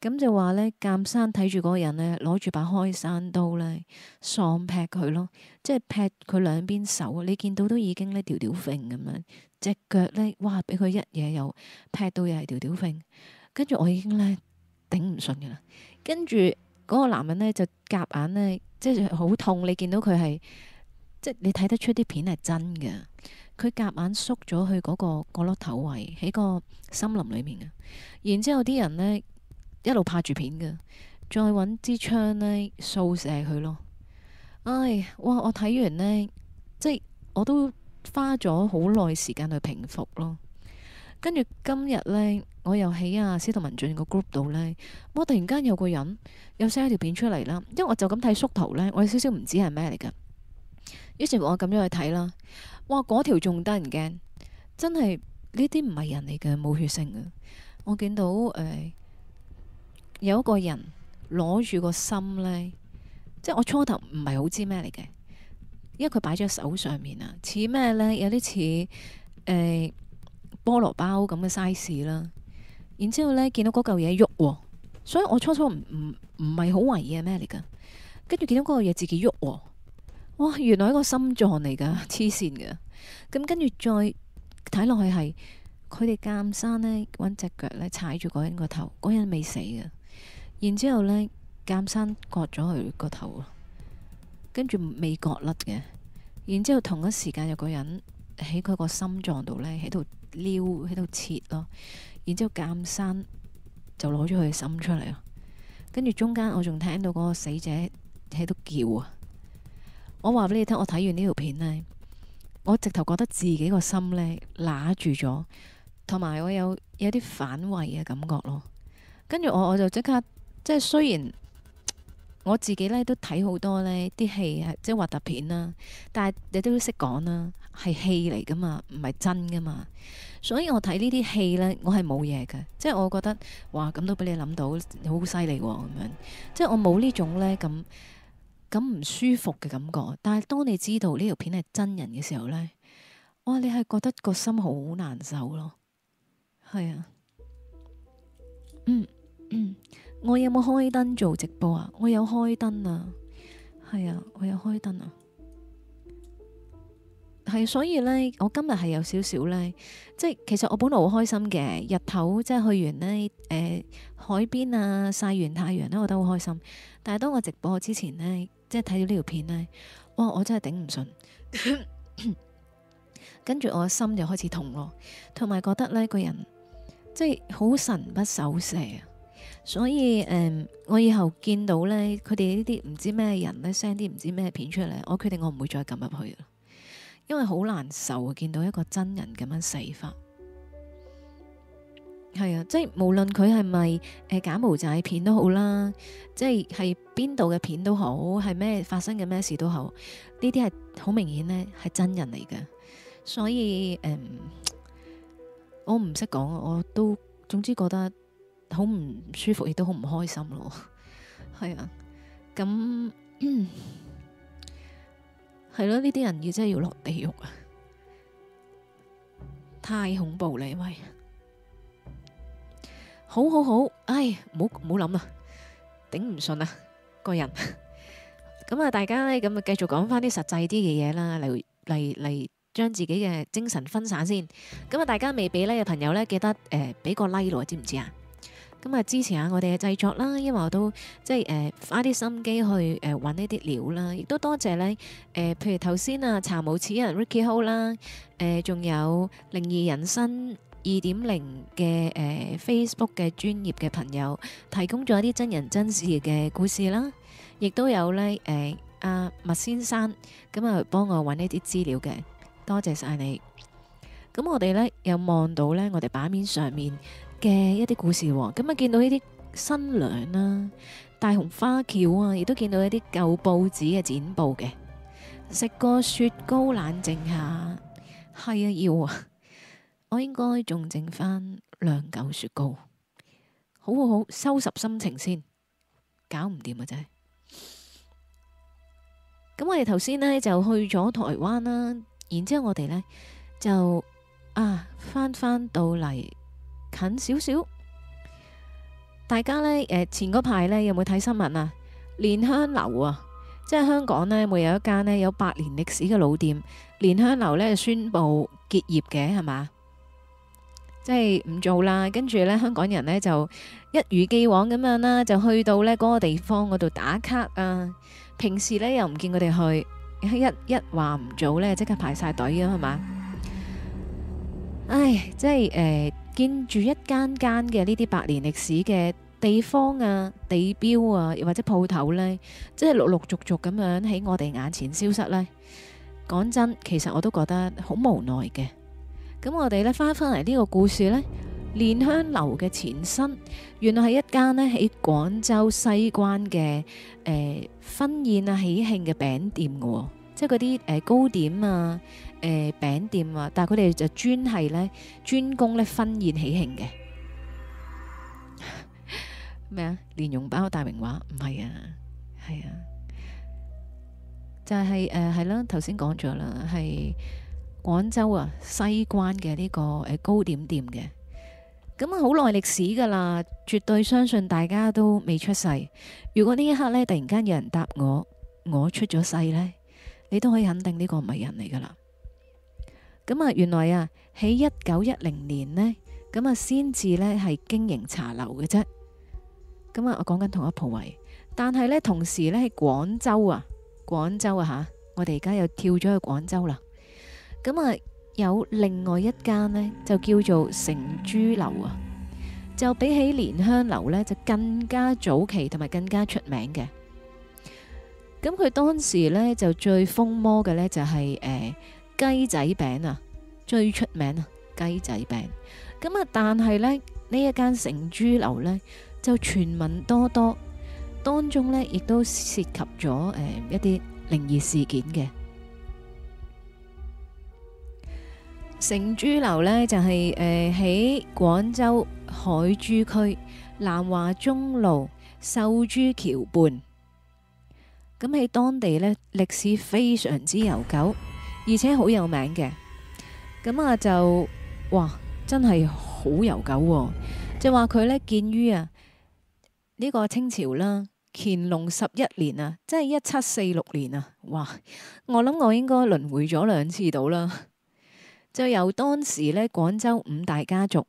咁就話咧，監生睇住嗰個人咧，攞住把開山刀咧，喪劈佢咯，即係劈佢兩邊手。你見到都已經咧屌屌揈咁樣，隻腳咧，哇！俾佢一嘢又劈到又係屌屌揈。跟住我已經咧頂唔順㗎喇。跟住嗰個男人咧就夾硬咧，即係好痛。你見到佢係，即係你睇得出啲片係真㗎。佢夾硬縮咗去嗰、那個角落、那個、頭位喺個森林裏面嘅。然之後啲人咧。一路拍住片嘅，再揾支槍呢掃射佢咯。唉，哇！我睇完呢，即係我都花咗好耐時間去平復咯。跟住今日呢，我又喺阿司徒文進個 group 度呢，我突然間有個人又 send 咗條片出嚟啦。因為我就咁睇縮圖呢，我有少少唔知係咩嚟嘅。於是乎，我咁樣去睇啦。哇！嗰條仲得人驚，真係呢啲唔係人嚟嘅，冇血腥嘅。我見到誒。哎有一個人攞住個心咧，即係我初頭唔係好知咩嚟嘅，因為佢擺咗喺手上面啊，似咩咧？有啲似誒菠蘿包咁嘅 size 啦。然之後咧，見到嗰嚿嘢喐，所以我初初唔唔唔係好懷疑係咩嚟嘅。跟住見到嗰個嘢自己喐、哦，哇！原來係個心臟嚟噶，黐綫嘅。咁跟住再睇落去係佢哋監生咧搵隻腳咧踩住嗰人個頭，嗰人未死嘅。然之後呢，鑑山割咗佢個頭，跟住未割甩嘅。然之後同一時間，有個人喺佢個心臟度呢，喺度撩，喺度切咯。然之後鑑山就攞咗佢心出嚟咯。跟住中間，我仲聽到嗰個死者喺度叫啊！我話俾你聽，我睇完呢條片呢，我直頭覺得自己個心呢，乸住咗，同埋我有有啲反胃嘅感覺咯。跟住我我就即刻。即係雖然我自己咧都睇好多呢啲戲啊，即係核突片啦，但係你都識講啦，係戲嚟噶嘛，唔係真噶嘛。所以我睇呢啲戲呢，我係冇嘢噶。即係我覺得哇，咁都俾你諗到好犀利咁樣，即係我冇呢種呢咁咁唔舒服嘅感覺。但係當你知道呢條片係真人嘅時候呢，哇，你係覺得個心好難受咯，係啊，嗯嗯。我有冇開燈做直播啊？我有開燈啊，係啊，我有開燈啊，係、啊、所以呢，我今日係有少少呢，即係其實我本來好開心嘅，日頭即係去完呢，誒、呃、海邊啊曬完太陽咧、啊，我都好開心。但係當我直播之前呢，即係睇到呢條片呢，哇！我真係頂唔順，跟 住我心就開始痛咯，同埋覺得呢個人即係好神不守舍啊。所以誒、嗯，我以後見到咧，佢哋呢啲唔知咩人咧 send 啲唔知咩片出嚟，我決定我唔會再撳入去啦，因為好難受啊！見到一個真人咁樣死法，係啊，即係無論佢係咪誒假毛仔片都好啦，即係係邊度嘅片都好，係咩發生嘅咩事都好，呢啲係好明顯咧係真人嚟嘅，所以誒、嗯，我唔識講，我都總之覺得。好唔舒服，亦都好唔開心咯，係啊，咁係咯，呢啲人要真係要落地獄啊，太恐怖啦，喂，好好好，哎，唔好唔好諗啦，頂唔順啊，個人，咁啊，大家呢咁啊，繼續講翻啲實際啲嘅嘢啦。嚟嚟嚟，將自己嘅精神分散先，咁啊，大家未俾呢嘅朋友呢，記得誒俾個 like 咯，知唔知啊？咁啊，支持下我哋嘅製作啦，因為我都即係誒花啲心機去誒揾呢啲料啦，亦都多謝咧誒，譬如頭先啊查無此人 Ricky Ho 啦，誒仲有靈異人生二點零嘅誒 Facebook 嘅專業嘅朋友提供咗一啲真人真事嘅故事啦，亦都有咧誒阿麥先生咁啊，幫我揾呢啲資料嘅，多謝晒你。咁我哋咧有望到咧，我哋版面上面。嘅一啲故事喎，咁啊見到呢啲新娘啦、啊、大紅花轎啊，亦都見到一啲舊報紙嘅剪報嘅。食個雪糕冷靜下，係啊要啊，我應該仲剩翻兩嚿雪糕。好好好，收拾心情先，搞唔掂啊真係。咁我哋頭先呢就去咗台灣啦，然之後我哋呢就啊翻翻到嚟。近少少，大家呢，誒，前嗰排呢有冇睇新聞啊？蓮香樓啊，即係香港呢，會有一間呢有百年歷史嘅老店，蓮香樓呢就宣布結業嘅係嘛，即係唔做啦。跟住呢，香港人呢就一如既往咁樣啦，就去到呢嗰個地方嗰度打卡啊。平時呢又唔見佢哋去，一一話唔做呢，即刻排晒隊咁係嘛。唉，即係誒。呃見住一間間嘅呢啲百年歷史嘅地方啊、地標啊，或者鋪頭呢，即係陸陸續續咁樣喺我哋眼前消失呢。講真，其實我都覺得好無奈嘅。咁我哋呢翻返嚟呢個故事呢，蓮香樓嘅前身原來係一間呢喺廣州西關嘅誒婚宴啊喜慶嘅餅店嘅，即係嗰啲誒糕點啊。誒，餅、呃、店啊，但係佢哋就專係咧，專攻咧婚宴喜慶嘅咩啊？蓮 蓉包大明話唔係啊，係啊，就係誒係啦。頭先講咗啦，係廣、啊、州啊西關嘅呢、這個誒糕、呃、點店嘅。咁好耐歷史噶啦，絕對相信大家都未出世。如果呢一刻呢突然間有人答我，我出咗世呢，你都可以肯定呢個唔係人嚟噶啦。咁啊，原來啊，喺一九一零年呢，咁啊先至呢係經營茶樓嘅啫。咁啊，我講緊同一鋪位，但係呢同時呢喺廣州啊，廣州啊吓，我哋而家又跳咗去廣州啦。咁啊，有另外一間呢就叫做成珠樓啊，就比起蓮香樓呢就更加早期同埋更加出名嘅。咁佢當時呢就最風魔嘅呢就係誒。雞仔餅啊，最出名啊，雞仔餅咁啊。但係呢，呢一間成珠樓呢，就傳聞多多，當中呢，亦都涉及咗誒、呃、一啲靈異事件嘅。成珠樓呢，就係誒喺廣州海珠區南華中路秀珠橋畔。咁喺當地呢，歷史非常之悠久。而且好有名嘅，咁啊就哇，真係好悠久、哦、就話佢咧建於啊呢個清朝啦，乾隆十一年啊，即係一七四六年啊，哇！我諗我應該輪回咗兩次到啦，就由當時咧廣州五大家族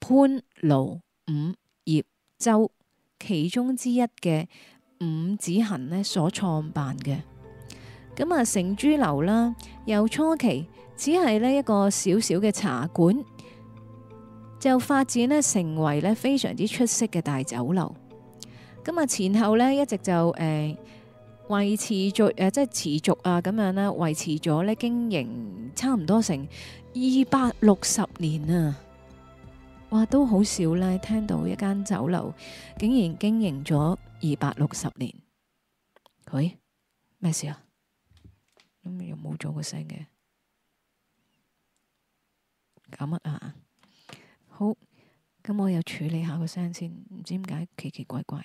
潘、盧、伍、葉、周其中之一嘅伍子衡咧所創辦嘅。咁啊，成珠樓啦，由初期只係呢一個小小嘅茶館，就發展呢成為呢非常之出色嘅大酒樓。咁啊，前後呢一直就誒維、呃、持續誒、呃、即係持續啊咁樣啦，維持咗呢經營差唔多成二百六十年啊！哇，都好少啦，聽到一間酒樓竟然經營咗二百六十年，佢、哎、咩事啊？咁又冇咗個聲嘅，搞乜啊？好，咁我又處理下個聲先，唔知點解奇奇怪怪。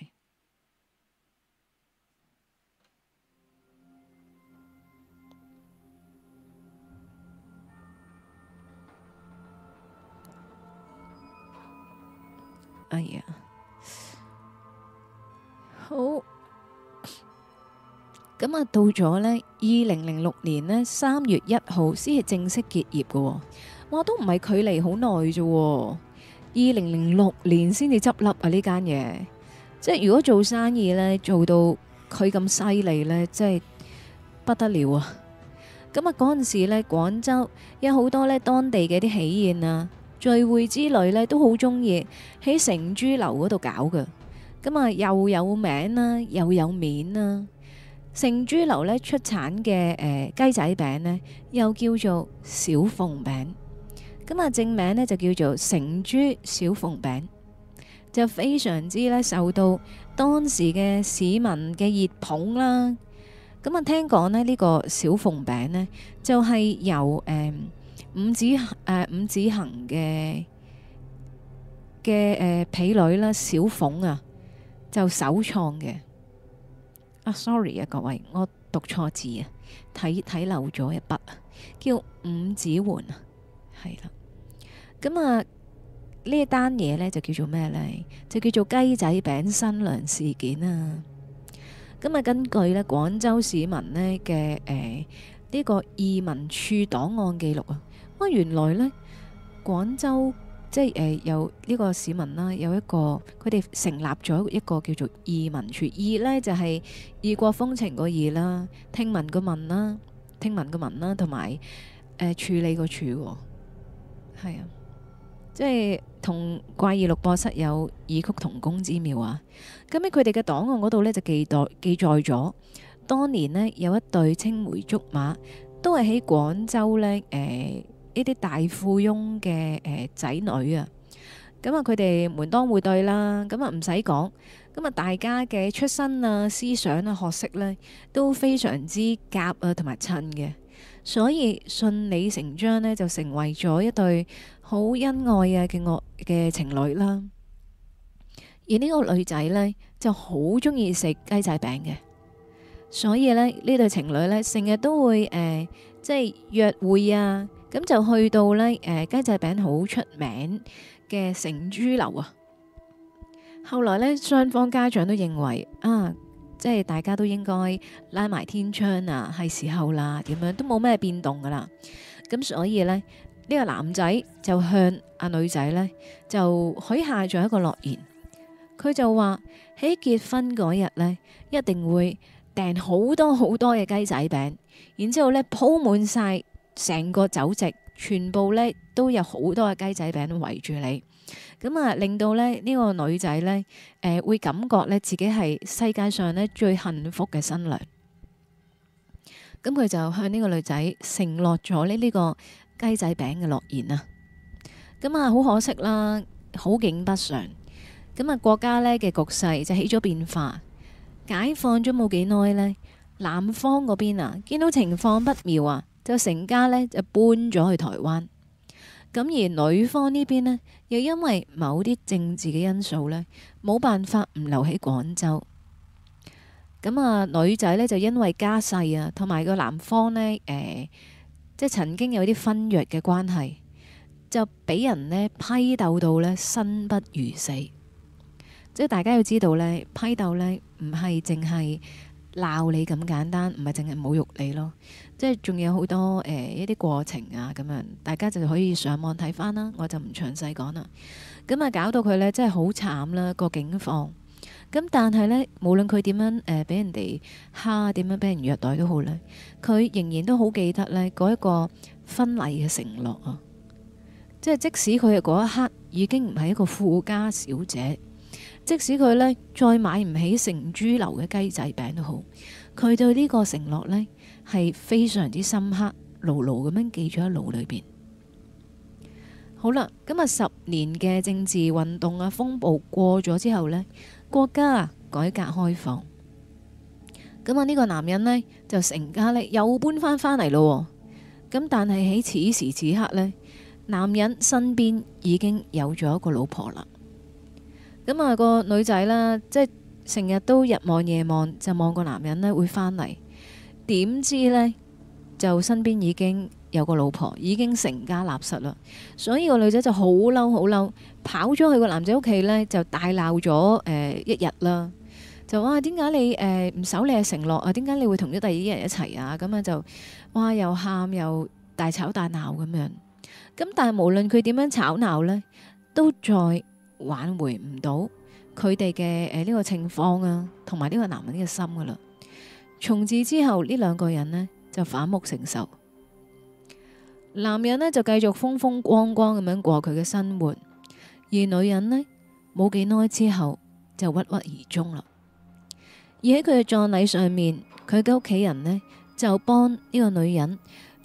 哎呀，好。咁啊，到咗呢，二零零六年呢，三月一號先係正式結業噶哇都唔係距離好耐啫。二零零六年先至執笠啊呢間嘢，即係如果做生意呢，做到佢咁犀利呢，真係不得了啊！咁啊嗰陣時呢，廣州有好多呢當地嘅啲喜宴啊、聚會之類呢，都好中意喺成珠樓嗰度搞噶。咁啊又有名啦，又有面啦。成珠樓咧出產嘅誒雞仔餅咧，又叫做小鳳餅，咁啊正名呢就叫做成珠小鳳餅，就非常之咧受到當時嘅市民嘅熱捧啦。咁啊聽講咧呢個小鳳餅呢，就係由誒伍子誒伍子衡嘅嘅誒婢女啦小鳳啊，就首創嘅。啊，sorry 啊，各位，我讀錯字啊，睇睇漏咗一筆，叫五指環啊，係啦。咁啊，呢單嘢呢就叫做咩呢？就叫做雞仔餅新娘事件啊。咁啊，根據呢廣州市民呢嘅誒呢個移民處檔案記錄啊，原來呢廣州。即係誒、呃、有呢個市民啦，有一個佢哋成立咗一,一個叫做異民處，異呢就係、是、異國風情個異啦，聽聞個聞啦，聽聞個聞啦，同埋誒處理個處喎，係啊，即係同怪異錄播室有異曲同工之妙啊！咁喺佢哋嘅檔案嗰度呢，就記載記載咗，當年呢，有一對青梅竹馬都係喺廣州呢。誒、呃。呢啲大富翁嘅誒仔女啊，咁啊佢哋門當戶對啦，咁啊唔使講，咁啊、嗯、大家嘅出身啊、思想啊、學識呢、啊、都非常之夾啊同埋親嘅，所以順理成章呢就成為咗一對好恩愛啊嘅愛嘅情侶啦。而呢個女仔呢就好中意食雞仔餅嘅，所以呢，呢對情侶呢成日都會誒、呃、即係約會啊。咁就去到呢誒雞仔餅好出名嘅成珠樓啊！後來呢，雙方家長都認為啊，即係大家都應該拉埋天窗啊，係時候啦，點樣都冇咩變動噶啦。咁所以呢，呢、這個男仔就向阿女仔呢，就許下咗一個諾言，佢就話喺結婚嗰日呢，一定會訂好多好多嘅雞仔餅，然之後呢，鋪滿曬。成個酒席，全部咧都有好多嘅雞仔餅圍住你，咁啊，令到咧呢、這個女仔咧，誒、呃、會感覺咧自己係世界上咧最幸福嘅新娘。咁佢就向呢個女仔承諾咗咧呢、這個雞仔餅嘅諾言啊。咁啊，好可惜啦，好景不常。咁啊，國家咧嘅局勢就起咗變化，解放咗冇幾耐咧，南方嗰邊啊，見到情況不妙啊。就成家咧，就搬咗去台灣。咁而女方呢邊呢，又因為某啲政治嘅因素呢，冇辦法唔留喺廣州。咁啊，女仔呢，就因為家世啊，同埋個男方呢，誒、呃，即係曾經有啲婚約嘅關係，就俾人呢批鬥到呢，生不如死。即係大家要知道呢，批鬥呢唔係淨係鬧你咁簡單，唔係淨係侮辱你咯。即係仲有好多誒、呃、一啲過程啊咁樣，大家就可以上網睇翻啦。我就唔詳細講啦。咁、嗯、啊搞到佢呢，真係好慘啦個警方。咁、嗯、但係呢，無論佢點樣誒俾、呃、人哋蝦，點樣俾人虐待都好咧，佢仍然都好記得呢嗰一個婚禮嘅承諾啊！即係即使佢嗰一刻已經唔係一個富家小姐，即使佢呢再買唔起成豬樓嘅雞仔餅都好，佢對呢個承諾呢，係非常之深刻，牢牢咁樣記咗喺腦裏邊。好啦，咁啊十年嘅政治運動啊，風暴過咗之後呢，國家啊改革開放。咁啊呢個男人呢就成家咧，又搬翻翻嚟咯。咁但係喺此時此刻呢，男人身邊已經有咗一個老婆啦。咁、那、啊個女仔啦，即係成日都日望夜望，就望個男人呢會翻嚟。點知呢？就身邊已經有個老婆，已經成家立室啦。所以個女仔就好嬲，好嬲，跑咗去個男仔屋企呢，就大鬧咗誒一日啦。就話點解你誒唔、呃、守你嘅承諾啊？點解你會同咗第二人一齊啊？咁樣就哇又喊又大吵大鬧咁樣。咁但係無論佢點樣吵鬧呢，都再挽回唔到佢哋嘅誒呢個情況啊，同埋呢個男人嘅心噶啦。從此之後，呢兩個人呢就反目成仇。男人呢就繼續風風光光咁樣過佢嘅生活，而女人呢，冇幾耐之後就鬱鬱而終啦。而喺佢嘅葬禮上面，佢嘅屋企人呢，就幫呢個女人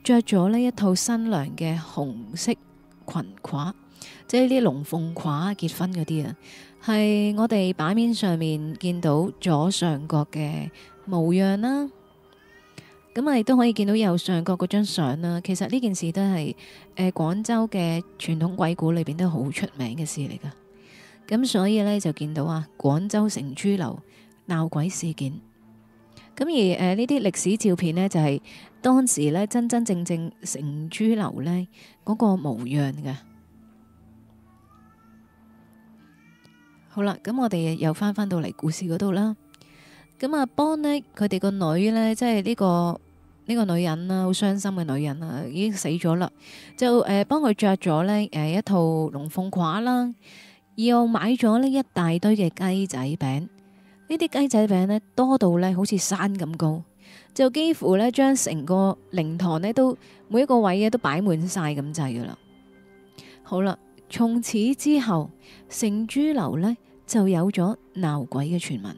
着咗呢一套新娘嘅紅色裙褂，即係啲龍鳳褂結婚嗰啲啊。係我哋版面上面見到左上角嘅模樣啦，咁我哋都可以見到右上角嗰張相啦。其實呢件事都係誒廣州嘅傳統鬼故裏邊都好出名嘅事嚟㗎。咁所以呢，就見到啊廣州成珠樓鬧鬼事件。咁而誒呢啲歷史照片呢，就係、是、當時呢真真正正成珠樓呢嗰、那個模樣嘅。好啦，咁我哋又返返到嚟故事嗰度啦。咁啊，幫呢，佢哋個女呢，即係呢、呢個呢、呢個女人啦，好傷心嘅女人啦，已經死咗啦，就誒、呃、幫佢着咗呢、呃、一套龍鳳褂啦，又買咗呢一大堆嘅雞仔餅，呢啲雞仔餅呢，多到呢好似山咁高，就幾乎呢將成個靈堂呢，都每一個位啊都擺滿晒咁滯噶啦。好啦，從此之後，成珠樓呢，就有咗鬧鬼嘅傳聞。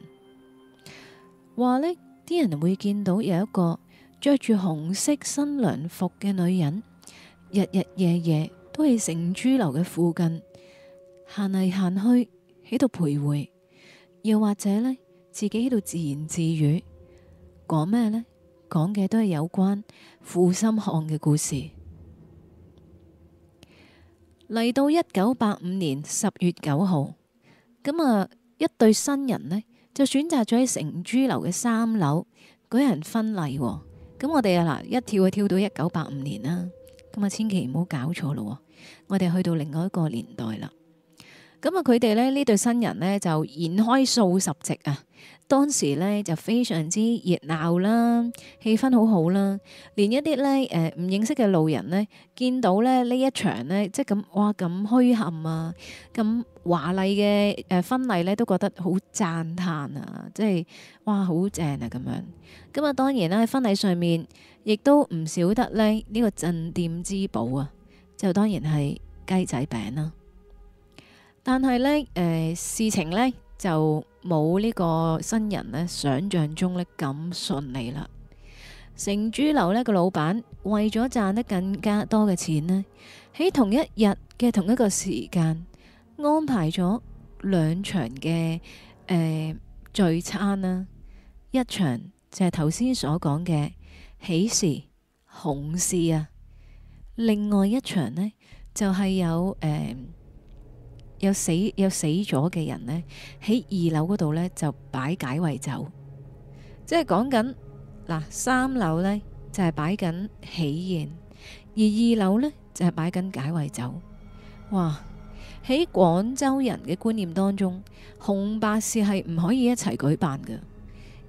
話呢啲人會見到有一個着住紅色新娘服嘅女人，日日夜夜都喺成珠樓嘅附近行嚟行去，喺度徘徊，又或者呢，自己喺度自言自語，講咩呢？講嘅都係有關負心漢嘅故事。嚟到一九八五年十月九號，咁啊，一對新人呢。就選擇咗喺成珠樓嘅三樓舉行婚禮，咁，我哋啊，嗱一跳啊，跳到一九八五年啦，咁啊千祈唔好搞錯咯。我哋去到另外一個年代啦，咁啊佢哋咧呢對新人呢，就筵開數十席啊。當時咧就非常之熱鬧啦，氣氛好好啦，連一啲咧誒唔認識嘅路人咧，見到咧呢一場咧，即係咁哇咁虛冚啊，咁華麗嘅誒、呃、婚禮咧，都覺得好讚嘆啊，即係哇好正啊咁樣。咁啊，當然啦，喺婚禮上面亦都唔少得咧呢、呢個鎮店之寶啊，就當然係雞仔餅啦、啊。但係咧誒事情咧。就冇呢個新人呢，想象中呢咁順利啦。成珠樓呢個老闆為咗賺得更加多嘅錢呢，喺同一日嘅同一個時間安排咗兩場嘅誒、呃、聚餐啦、啊。一場就係頭先所講嘅喜事、紅事啊。另外一場呢就係、是、有誒。呃有死有死咗嘅人呢，喺二樓嗰度呢，就擺解穢酒，即係講緊嗱，三樓呢，就係擺緊喜宴，而二樓呢，就係擺緊解穢酒。哇！喺廣州人嘅觀念當中，紅白事係唔可以一齊舉辦噶，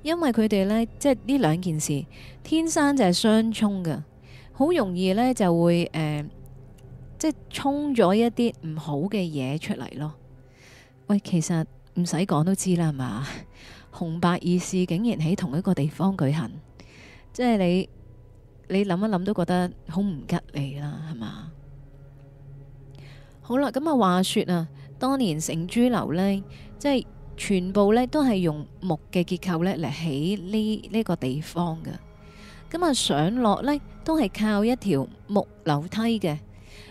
因為佢哋呢，即係呢兩件事天生就係相衝噶，好容易呢，就會誒。呃即係衝咗一啲唔好嘅嘢出嚟咯。喂，其實唔使講都知啦，係嘛，紅白二事竟然喺同一個地方舉行，即係你你諗一諗都覺得好唔吉利啦，係嘛。好啦，咁啊，話說啊，當年成珠樓呢，即係全部呢都係用木嘅結構呢嚟起呢呢、呢個地方嘅。咁啊，上落呢都係靠一條木樓梯嘅。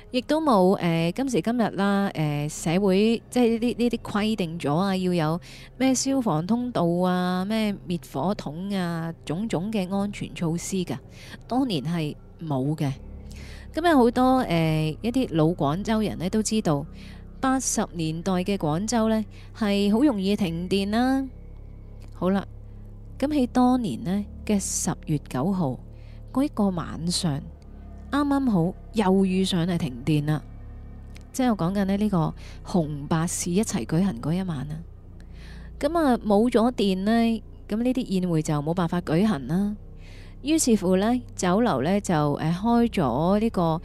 亦都冇誒，今時今日啦，誒、呃、社會即係呢啲呢啲規定咗啊，要有咩消防通道啊，咩滅火筒啊，種種嘅安全措施㗎，當年係冇嘅。咁有好多誒、呃、一啲老廣州人呢都知道，八十年代嘅廣州呢係好容易停電啦。好啦，咁喺當年呢嘅十月九號，嗰一個晚上。啱啱好又遇上係停電啦，即係我講緊呢呢個紅白事一齊舉行嗰一晚啊，咁啊冇咗電呢，咁呢啲宴會就冇辦法舉行啦。於是乎呢，酒樓呢就誒、呃、開咗呢個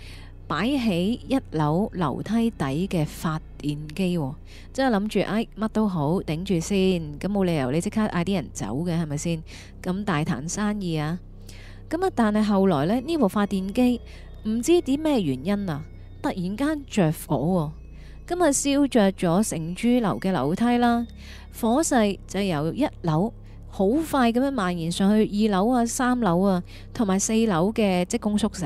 擺喺一樓樓梯底嘅發電機，嗯、即係諗住哎乜都好頂住先，咁冇理由你即刻嗌啲人走嘅係咪先？咁大談生意啊！咁啊！但係後來呢，呢部發電機唔知點咩原因啊，突然間着火，啊，咁咪燒着咗成株樓嘅樓梯啦，火勢就由一樓好快咁樣蔓延上去二樓啊，三樓啊，同埋四樓嘅職工宿舍。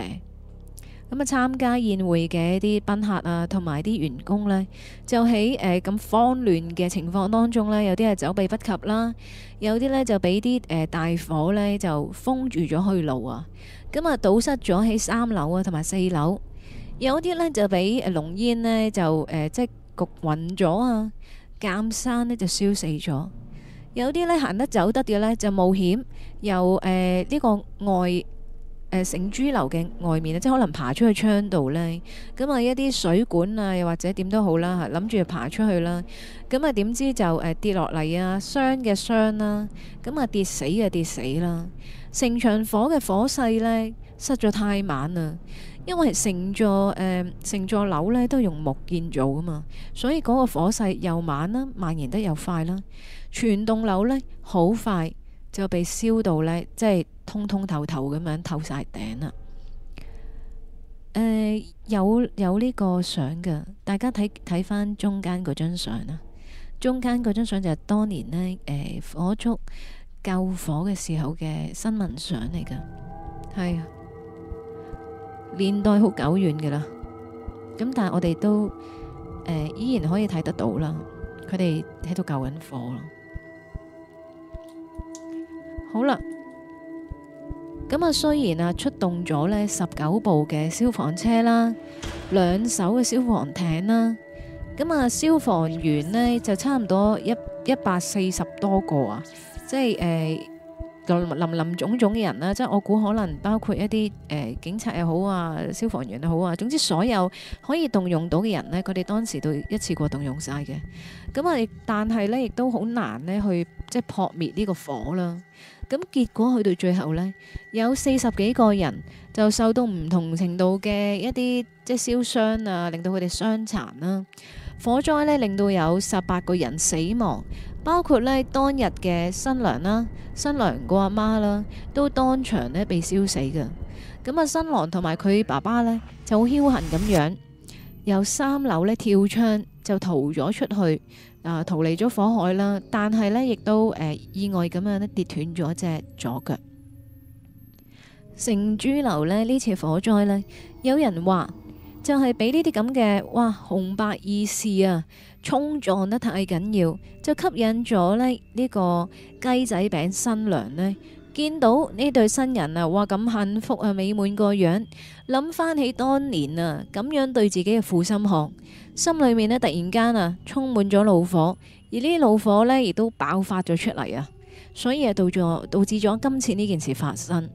咁啊、嗯，參加宴會嘅一啲賓客啊，同埋啲員工呢，就喺誒咁慌亂嘅情況當中呢，有啲係走避不及啦，有啲呢就俾啲誒大火呢就封住咗去路啊，咁啊堵塞咗喺三樓啊同埋四樓，有啲呢就俾誒濃煙呢就誒、呃、即焗暈咗啊，鑑生呢就燒死咗，有啲呢行得走得嘅呢就冒險，有誒呢個外。誒，成株、呃、樓嘅外面咧，即係可能爬出去窗度呢。咁啊一啲水管啊，又或者點都好啦吓，諗住爬出去啦，咁啊點知就誒跌落嚟啊，傷嘅傷啦，咁啊跌死嘅跌死啦，成場火嘅火勢呢，實在太猛啦，因為成座誒成、呃、座樓呢都用木建造噶嘛，所以嗰個火勢又猛啦，蔓延得又快啦，全棟樓呢，好快就被燒到呢，即係。通通透透咁樣透晒頂啦，誒有有呢個相噶，大家睇睇，翻中間嗰張相啦，中間嗰張相就係當年呢誒火燭救火嘅時候嘅新聞相嚟噶，係啊，年代好久遠噶啦，咁但係我哋都誒依然可以睇得到啦，佢哋喺度救緊火咯，好啦。咁啊，雖然啊，出動咗呢十九部嘅消防車啦，兩艘嘅消防艇啦，咁啊，消防員呢就差唔多一一百四十多個啊，即係誒林林種種嘅人啦，即係我估可能包括一啲誒警察又好啊，消防員又好啊，總之所有可以動用到嘅人呢，佢哋當時都一次過動用晒嘅。咁啊，但係呢亦都好難呢去即係撲滅呢個火啦。咁結果去到最後呢，有四十幾個人就受到唔同程度嘅一啲即係燒傷啊，令到佢哋傷殘啦、啊。火災呢，令到有十八個人死亡，包括呢當日嘅新娘啦、新娘個阿媽啦，都當場呢被燒死嘅。咁啊，新郎同埋佢爸爸呢，就好僥倖咁樣，由三樓呢跳窗就逃咗出去。啊！逃離咗火海啦，但係呢亦都誒、呃、意外咁樣呢跌斷咗隻左腳。成珠樓呢呢次火災呢，有人話就係俾呢啲咁嘅哇紅白二事啊衝撞得太緊要，就吸引咗呢呢、呢個雞仔餅新娘呢。見到呢對新人啊哇咁幸福啊美滿個樣，諗翻起當年啊咁樣對自己嘅負心漢。心裏面咧，突然間啊，充滿咗怒火，而呢啲怒火呢亦都爆發咗出嚟啊，所以啊，導致導致咗今次呢件事發生。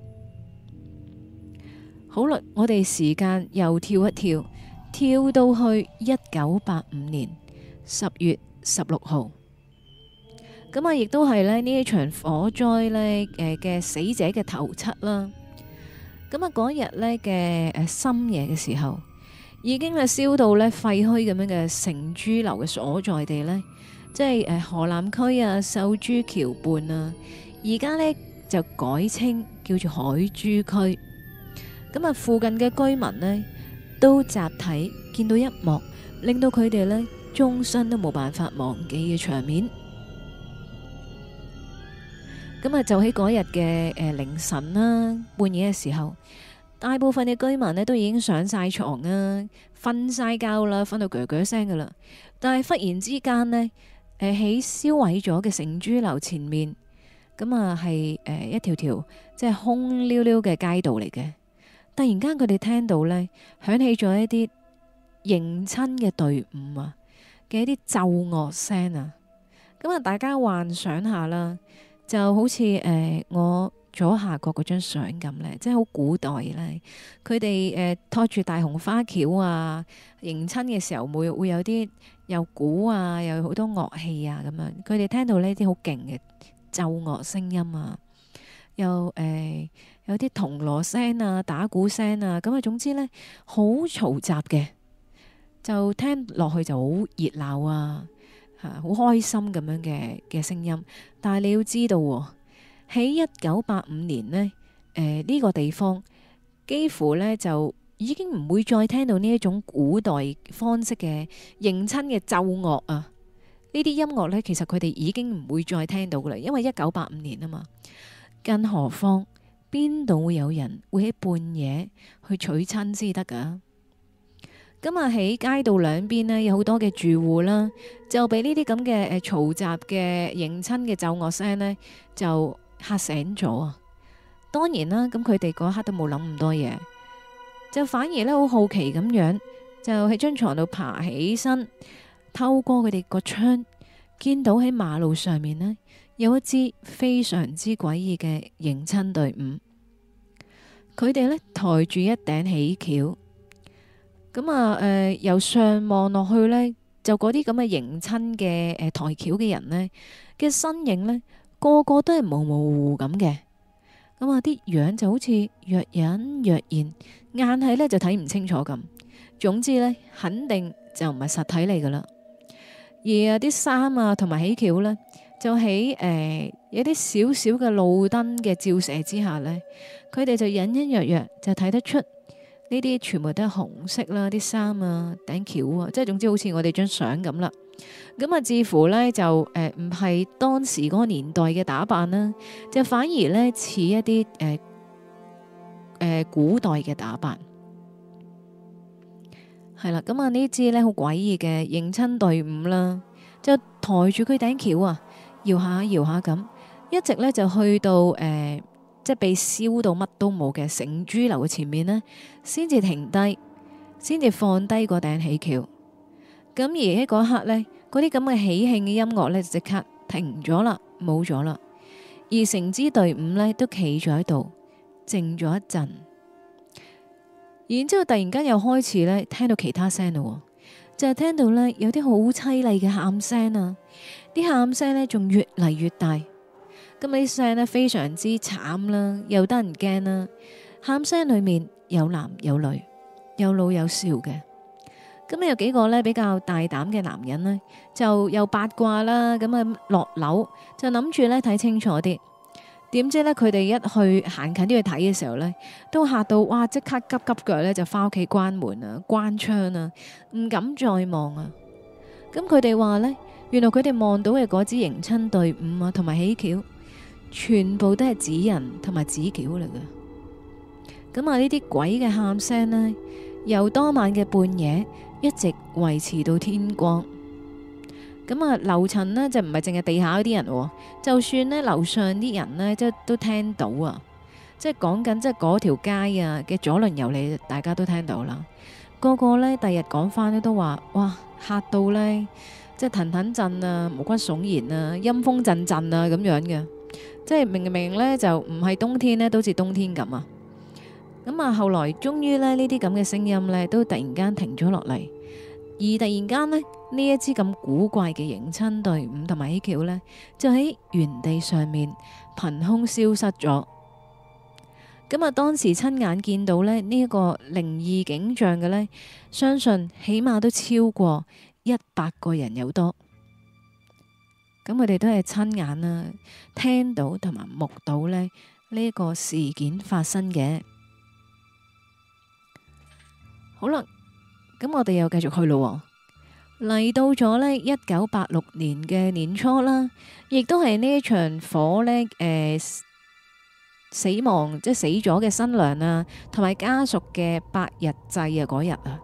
好啦，我哋時間又跳一跳，跳到去一九八五年十月十六號，咁啊，亦都係咧呢一場火災咧嘅死者嘅頭七啦。咁啊，嗰日咧嘅深夜嘅時候。已經係燒到呢廢墟咁樣嘅成珠樓嘅所在地呢，即係誒河南區啊秀珠橋畔啊，而家呢，就改稱叫做海珠區。咁啊，附近嘅居民呢，都集體見到一幕，令到佢哋呢，終身都冇辦法忘記嘅場面。咁啊，就喺嗰日嘅誒凌晨啦，半夜嘅時候。大部分嘅居民呢，都已經上晒床啊，瞓晒覺啦，瞓到噅噅聲噶啦。但係忽然之間呢，誒喺燒毀咗嘅成珠樓前面，咁啊係誒一條條即係空溜溜嘅街道嚟嘅。突然間佢哋聽到呢，響起咗一啲迎親嘅隊伍啊嘅一啲奏樂聲啊。咁、嗯、啊，大家幻想下啦，就好似誒、呃、我。左下角嗰張相咁咧，即係好古代咧。佢哋誒拖住大紅花轎啊，迎親嘅時候會會有啲又鼓啊，又有好多樂器啊咁樣。佢哋聽到呢啲好勁嘅奏樂聲音啊，又誒、呃、有啲銅鑼聲啊、打鼓聲啊，咁啊總之咧好嘈雜嘅，就聽落去就好熱鬧啊，嚇好開心咁樣嘅嘅聲音。但係你要知道喎、啊。喺一九八五年呢，誒、呃、呢、呢個地方幾乎呢就已經唔會再聽到呢一種古代方式嘅迎親嘅奏樂啊！呢啲音樂呢，其實佢哋已經唔會再聽到噶啦，因為一九八五年啊嘛，更何況邊度會有人會喺半夜去娶親先得噶？咁啊，喺街道兩邊呢，有好多嘅住戶啦，就俾呢啲咁嘅嘈雜嘅迎親嘅奏樂聲呢。就～吓醒咗啊！當然啦，咁佢哋嗰刻都冇諗咁多嘢，就反而呢，好好奇咁樣，就喺張床度爬起身，透過佢哋個窗，見到喺馬路上面呢有一支非常之詭異嘅迎親隊伍。佢哋呢抬住一頂起轎，咁啊誒、呃、由上望落去呢，就嗰啲咁嘅迎親嘅誒抬轎嘅人呢，嘅身影呢。個個都係模模糊糊咁嘅，咁啊啲樣就好似若隱若現，眼係呢就睇唔清楚咁。總之呢，肯定就唔係實體嚟噶啦。而啊啲山啊同埋起橋呢，就喺誒、呃、有啲少少嘅路燈嘅照射之下呢，佢哋就隱隱約約就睇得出。呢啲全部都係紅色啦，啲衫啊、頂橋啊，即係總之好似我哋張相咁啦。咁啊，似乎咧就誒唔係當時嗰個年代嘅打扮啦，就反而咧似一啲誒誒古代嘅打扮。係啦，咁啊呢支似咧好詭異嘅迎親隊伍啦，就抬住佢頂橋啊，搖下搖下咁，一直咧就去到誒。呃即係被燒到乜都冇嘅城珠樓嘅前面呢，先至停低，先至放低個頂喜轎。咁而喺嗰刻呢，嗰啲咁嘅喜慶嘅音樂咧，即刻停咗啦，冇咗啦。而成支隊伍呢，都企咗喺度，靜咗一陣。然之後突然間又開始呢，聽到其他聲啦，就係聽到呢，有啲好凄厲嘅喊聲啊！啲喊聲呢，仲越嚟越大。咁啲聲呢，非常之慘啦，又得人驚啦！喊聲裏面有男有女，有老有少嘅。咁呢，有幾個呢比較大膽嘅男人呢，就又八卦啦。咁啊，落樓就諗住呢睇清楚啲。點知呢，佢哋一去行近啲去睇嘅時候呢，都嚇到哇！即刻急急腳呢，就翻屋企關門啊、關窗啊，唔敢再望啊。咁佢哋話呢，原來佢哋望到嘅嗰支迎親隊伍啊，同埋喜轎。全部都係紙人同埋紙轎嚟嘅。咁啊，呢啲鬼嘅喊聲呢，由當晚嘅半夜一直維持到天光。咁啊，樓層呢，就唔係淨係地下嗰啲人，哦，就算呢樓上啲人呢，即係都聽到啊，即係講緊即係嗰條街啊嘅左鄰右里，大家都聽到啦。個個呢，第日講翻咧都話哇，吓到呢，即係騰騰震啊，毛骨悚然啊，陰風陣陣啊，咁樣嘅。即係明明呢就唔係冬天呢都似冬天咁啊！咁啊，後來終於呢，呢啲咁嘅聲音呢都突然間停咗落嚟，而突然間呢，呢一支咁古怪嘅迎親隊伍同埋喜轎呢，就喺原地上面憑空消失咗。咁啊，當時親眼見到呢，呢一個靈異景象嘅呢，相信起碼都超過一百個人有多。咁佢哋都係親眼啦，聽到同埋目睹咧呢個事件發生嘅。好啦，咁我哋又繼續去咯，嚟到咗呢一九八六年嘅年初啦，亦都係呢一場火呢誒、呃，死亡即係死咗嘅新娘啦，同埋家屬嘅百日祭啊嗰日啊。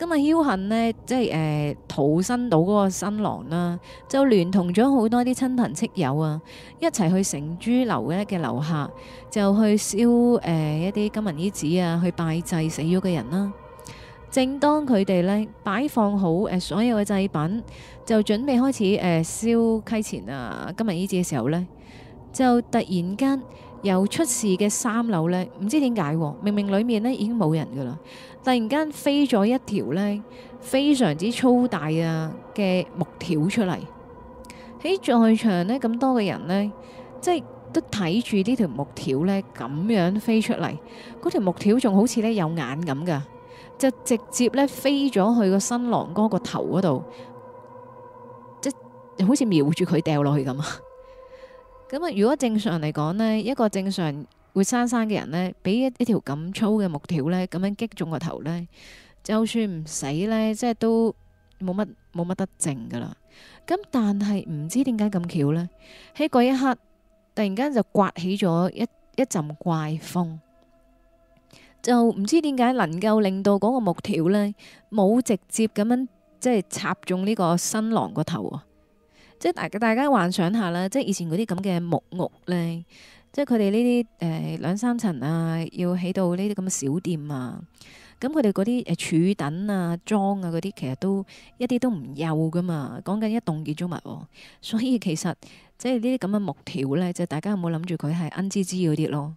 今日僥倖呢，即係誒逃生到嗰個新郎啦，啊，就聯同咗好多啲親朋戚友啊，一齊去成珠樓咧嘅樓下，就去燒誒、呃、一啲金銀衣紙啊，去拜祭死咗嘅人啦，啊。正當佢哋呢，擺放好誒、呃、所有嘅祭品，就準備開始誒、呃、燒溪錢啊，金銀衣紙嘅時候呢，就突然間，由出事嘅三樓呢，唔知點解，明明裏面呢已經冇人噶啦，突然間飛咗一條呢非常之粗大啊嘅木條出嚟，喺在，在場呢咁多嘅人呢，即係都睇住呢條木條呢咁樣飛出嚟，嗰條木條仲好似呢有眼咁噶，就直接呢飛咗去個新郎哥個頭嗰度，即係好似瞄住佢掉落去咁啊！咁啊！如果正常嚟講咧，一個正常活生生嘅人咧，俾一一條咁粗嘅木條咧，咁樣擊中個頭咧，就算唔死咧，即係都冇乜冇乜得靜㗎喇。咁但係唔知點解咁巧咧，喺嗰一刻突然間就刮起咗一一陣怪風，就唔知點解能夠令到嗰個木條咧冇直接咁樣即係插中呢個新郎個頭啊！即係大個大家幻想下啦，即係以前嗰啲咁嘅木屋咧，即係佢哋呢啲誒兩三層啊，要起到呢啲咁嘅小店啊，咁佢哋嗰啲誒柱等啊、裝啊嗰啲，其實都一啲都唔幼噶嘛。講緊一棟建築物，所以其實即係呢啲咁嘅木條咧，即大家有冇諗住佢係奀滋滋嗰啲咯？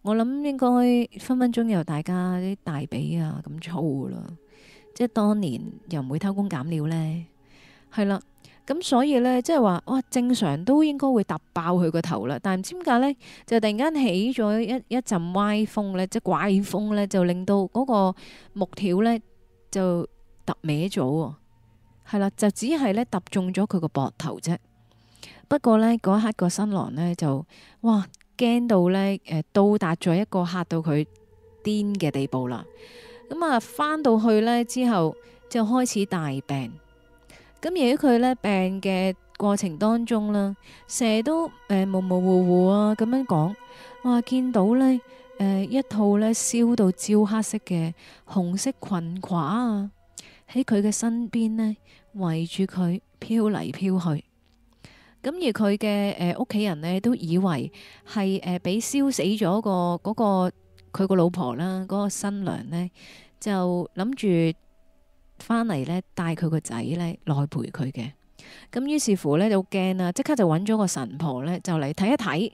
我諗應該分分鐘由大家啲大髀啊咁粗啦，即係當年又唔會偷工減料咧，係啦。咁所以呢，即係話哇，正常都應該會揼爆佢個頭啦，但係唔知點解呢，就突然間起咗一一陣歪風呢，即係怪風呢，就令到嗰個木條呢就揼歪咗喎，係啦，就只係呢揼中咗佢個膊頭啫。不過呢，嗰一刻個新郎呢，就哇驚到呢，誒，到達咗一個嚇到佢癲嘅地步啦。咁啊，返到去呢之後就開始大病。咁而喺佢咧病嘅過程當中啦，成日都誒、呃、模模糊糊啊咁樣講，話見到咧誒、呃、一套咧燒到焦黑色嘅紅色裙褂啊，喺佢嘅身邊咧圍住佢飄嚟飄去。咁而佢嘅誒屋企人咧都以為係誒俾燒死咗，嗰個，嗰個佢個老婆啦，嗰，嗰個新娘咧就諗住。翻嚟呢，帶佢個仔呢來陪佢嘅。咁於是乎呢，就好驚啦，即刻就揾咗個神婆呢，就嚟睇一睇，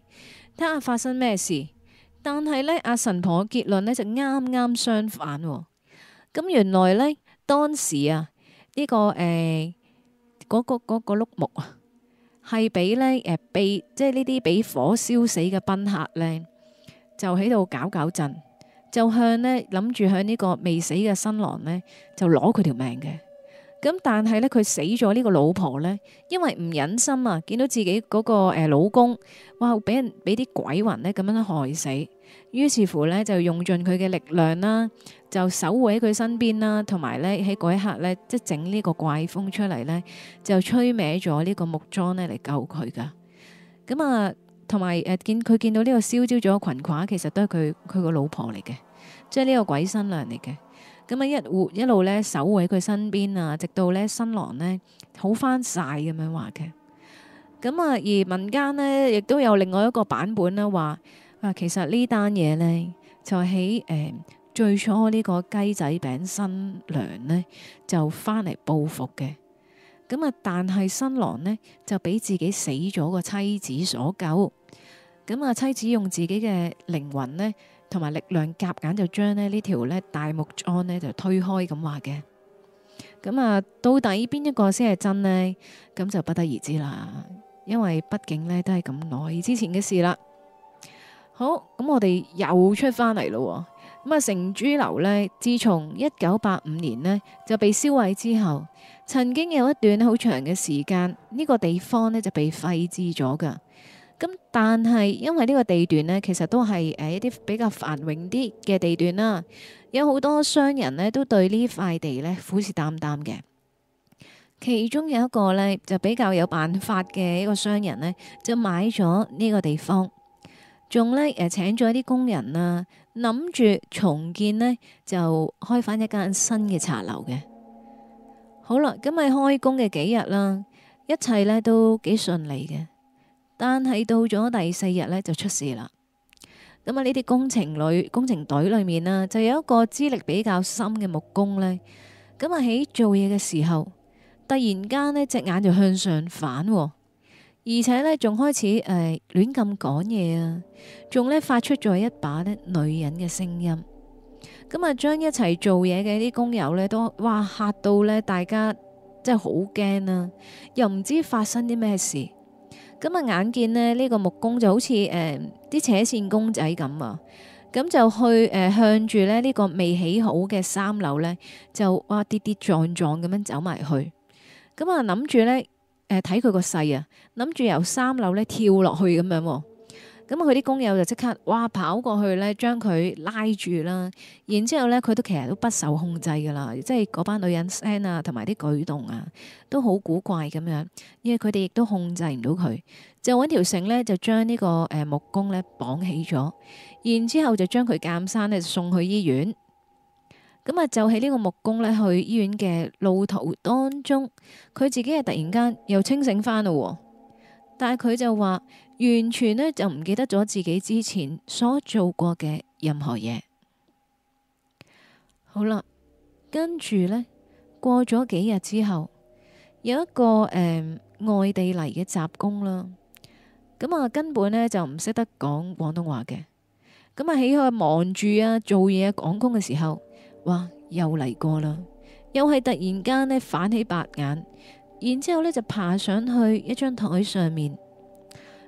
睇下發生咩事。但係呢，阿神婆嘅結論呢就啱啱相反。咁原來呢，當時啊呢個誒嗰個嗰個碌木啊係俾呢誒被即係呢啲俾火燒死嘅賓客呢，就喺度搞搞震。就向咧，諗住向呢個未死嘅新郎咧，就攞佢條命嘅。咁但係咧，佢死咗呢個老婆咧，因為唔忍心啊，見到自己嗰、那個、呃、老公，哇俾人俾啲鬼魂咧咁樣害死，於是乎咧就用盡佢嘅力量啦，就守護喺佢身邊啦，同埋咧喺嗰一刻咧，即係整呢個怪風出嚟咧，就吹歪咗呢個木樁咧嚟救佢噶。咁啊～同埋誒見佢見到呢個燒焦咗嘅裙褂，其實都係佢佢個老婆嚟嘅，即係呢個鬼新娘嚟嘅。咁啊，一護一路咧守喺佢身邊啊，直到咧新郎咧好翻晒咁樣話嘅。咁啊，而民間呢亦都有另外一個版本咧話啊，其實呢單嘢呢，就喺誒、呃、最初呢個雞仔餅新娘呢，就翻嚟報復嘅。咁啊！但係新郎呢，就俾自己死咗個妻子所救。咁啊，妻子用自己嘅靈魂呢，同埋力量夾硬就將咧呢條咧大木樁呢，就推開咁話嘅。咁啊，到底邊一個先係真的呢？咁就不得而知啦。因為畢竟呢，都係咁耐之前嘅事啦。好，咁我哋又出返嚟咯。咁啊，成珠樓咧，自從一九八五年咧就被燒毀之後，曾經有一段好長嘅時間呢個地方咧就被廢置咗噶。咁但係因為呢個地段咧，其實都係誒一啲比較繁榮啲嘅地段啦，有好多商人咧都對呢塊地咧虎視眈眈嘅。其中有一個呢，就比較有辦法嘅一個商人呢，就買咗呢個地方，仲呢，誒請咗一啲工人啊。諗住重建呢，就開返一間新嘅茶樓嘅。好啦，咁啊開工嘅幾日啦，一切呢都幾順利嘅。但係到咗第四日呢，就出事啦。咁啊呢啲工程裏工程隊裏面呢就有一個資歷比較深嘅木工呢。咁啊喺做嘢嘅時候，突然間呢隻眼就向上反哦。而且呢，仲開始誒、呃、亂咁講嘢啊！仲呢發出咗一把咧女人嘅聲音，咁、嗯、啊，將一齊做嘢嘅啲工友呢，都哇嚇到呢，大家真係好驚啊，又唔知發生啲咩事，咁、嗯、啊，眼見咧呢、呢個木工就好似誒啲扯線公仔咁啊，咁、嗯、就去誒、呃、向住咧呢、呢個未起好嘅三樓呢，就哇跌跌撞撞咁樣走埋去，咁啊諗住呢。睇佢個勢啊，諗住由三樓咧跳落去咁樣，咁啊，佢啲工友就即刻哇跑過去咧，將佢拉住啦。然之後咧，佢都其實都不受控制噶啦，即係嗰班女人聲啊，同埋啲舉動啊，都好古怪咁樣，因為佢哋亦都控制唔到佢，就搵條繩咧就將呢個誒木工咧綁起咗，然之後就將佢監生咧送去醫院。咁啊，就喺呢個木工呢去醫院嘅路途當中，佢自己係突然間又清醒翻啦。但係佢就話完全呢就唔記得咗自己之前所做過嘅任何嘢。好啦，跟住呢過咗幾日之後，有一個誒、呃、外地嚟嘅雜工啦，咁啊根本呢就唔識得講廣東話嘅。咁啊，喺佢忙住啊做嘢，講工嘅時候。哇！又嚟過啦，又係突然間呢反起白眼，然之後呢就爬上去一張台上面。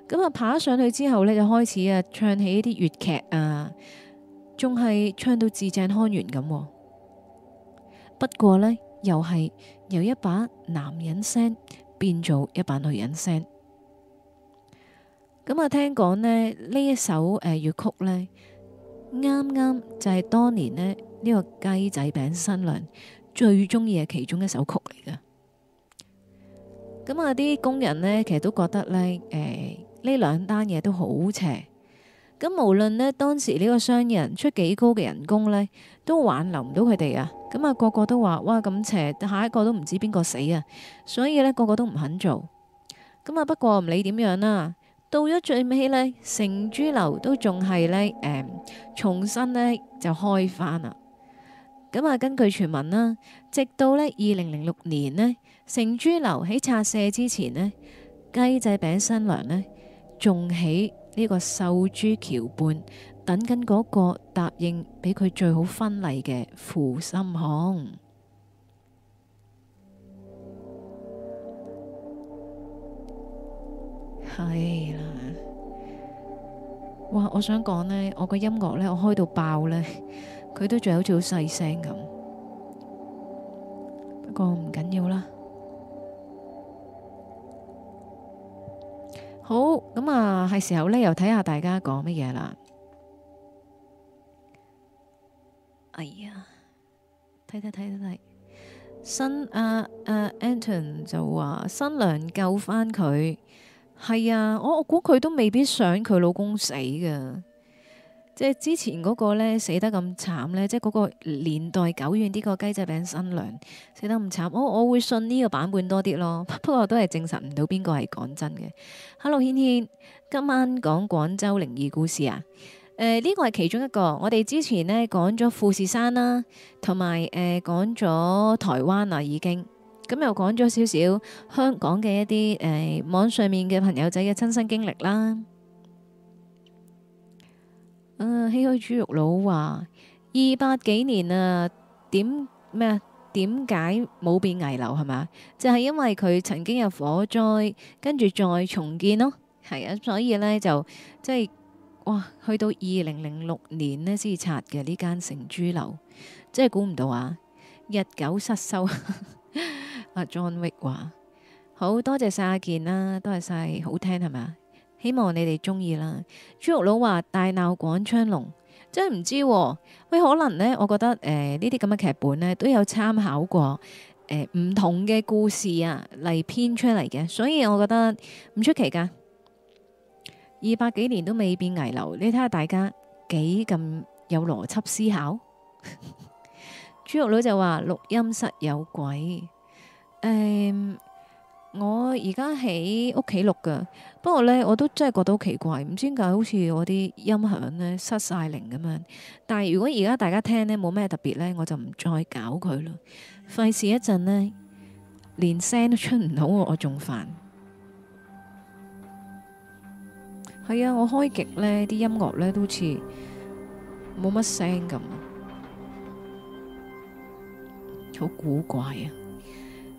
咁啊，爬上去之後呢，就開始啊唱起一啲粵劇啊，仲係唱到《字正腔圓》咁、啊。不過呢，又係由一把男人聲變做一把女人聲。咁啊，聽講呢，呢一首誒粵、呃、曲呢，啱啱就係當年呢，呢個雞仔餅新娘最中意嘅其中一首曲嚟㗎。咁啊，啲工人呢，其實都覺得呢，誒、呃，呢兩單嘢都好邪。咁無論呢當時呢個商人出幾高嘅人工呢，都挽留唔到佢哋啊。咁啊，個個都話哇咁邪，下一個都唔知邊個死啊。所以呢，個個都唔肯做。咁啊，不過唔理點樣啦，到咗最尾呢，成珠樓都仲係呢，誒、嗯，重新呢就開返啦。咁啊，根據傳聞啦，直到呢二零零六年呢，成珠樓喺拆卸之前呢，雞仔餅新娘呢仲喺呢個壽珠橋畔等緊嗰個答應俾佢最好婚禮嘅負心漢。係啦，哇！我想講呢，我個音樂呢，我開到爆呢。佢都仲好似好細聲咁，不過唔緊要緊啦。好，咁啊，係時候呢又睇下大家講乜嘢啦。哎呀，睇睇睇睇睇，新阿、uh, uh, Anton 就話新娘救翻佢，係啊，我我估佢都未必想佢老公死噶。即係之前嗰個咧死得咁慘咧，即係嗰個年代久遠啲個雞仔餅新娘死得咁慘，我我會信呢個版本多啲咯。不過我都係證實唔到邊個係講真嘅。Hello，軒軒，今晚講廣州靈異故事啊。誒、呃，呢個係其中一個。我哋之前呢講咗富士山啦、啊，同埋誒講咗台灣啦、啊、已經。咁又講咗少少香港嘅一啲誒、呃、網上面嘅朋友仔嘅親身經歷啦。誒唏噓，豬肉佬話：二百幾年啊，點咩啊？點解冇變危樓係咪啊？就係、是、因為佢曾經有火災，跟住再重建咯。係啊，所以呢，就即係哇，去到二零零六年呢，先拆嘅呢間成豬樓，即係估唔到啊！日久失修，阿 John Wick 話：好多謝晒阿健啦，多謝晒，好聽係咪啊？希望你哋中意啦。豬肉佬話，大鬧廣昌隆，真係唔知，喎，佢可能呢，我覺得誒呢啲咁嘅劇本呢，都有參考過誒、唔同嘅故事啊嚟編出嚟嘅，所以我覺得唔出奇噶。二百幾年都未變危樓，你睇下大家幾咁有邏輯思考。豬 肉佬就話錄音室有鬼，嗯我而家喺屋企錄噶不過呢，我都真係覺得好奇怪，唔知點解好似我啲音響呢，失晒靈咁樣。但係如果而家大家聽呢，冇咩特別呢，我就唔再搞佢啦，費事一陣呢，連聲都出唔到，我仲煩。係啊，我開極呢啲音樂呢，都好似冇乜聲咁，好古怪啊！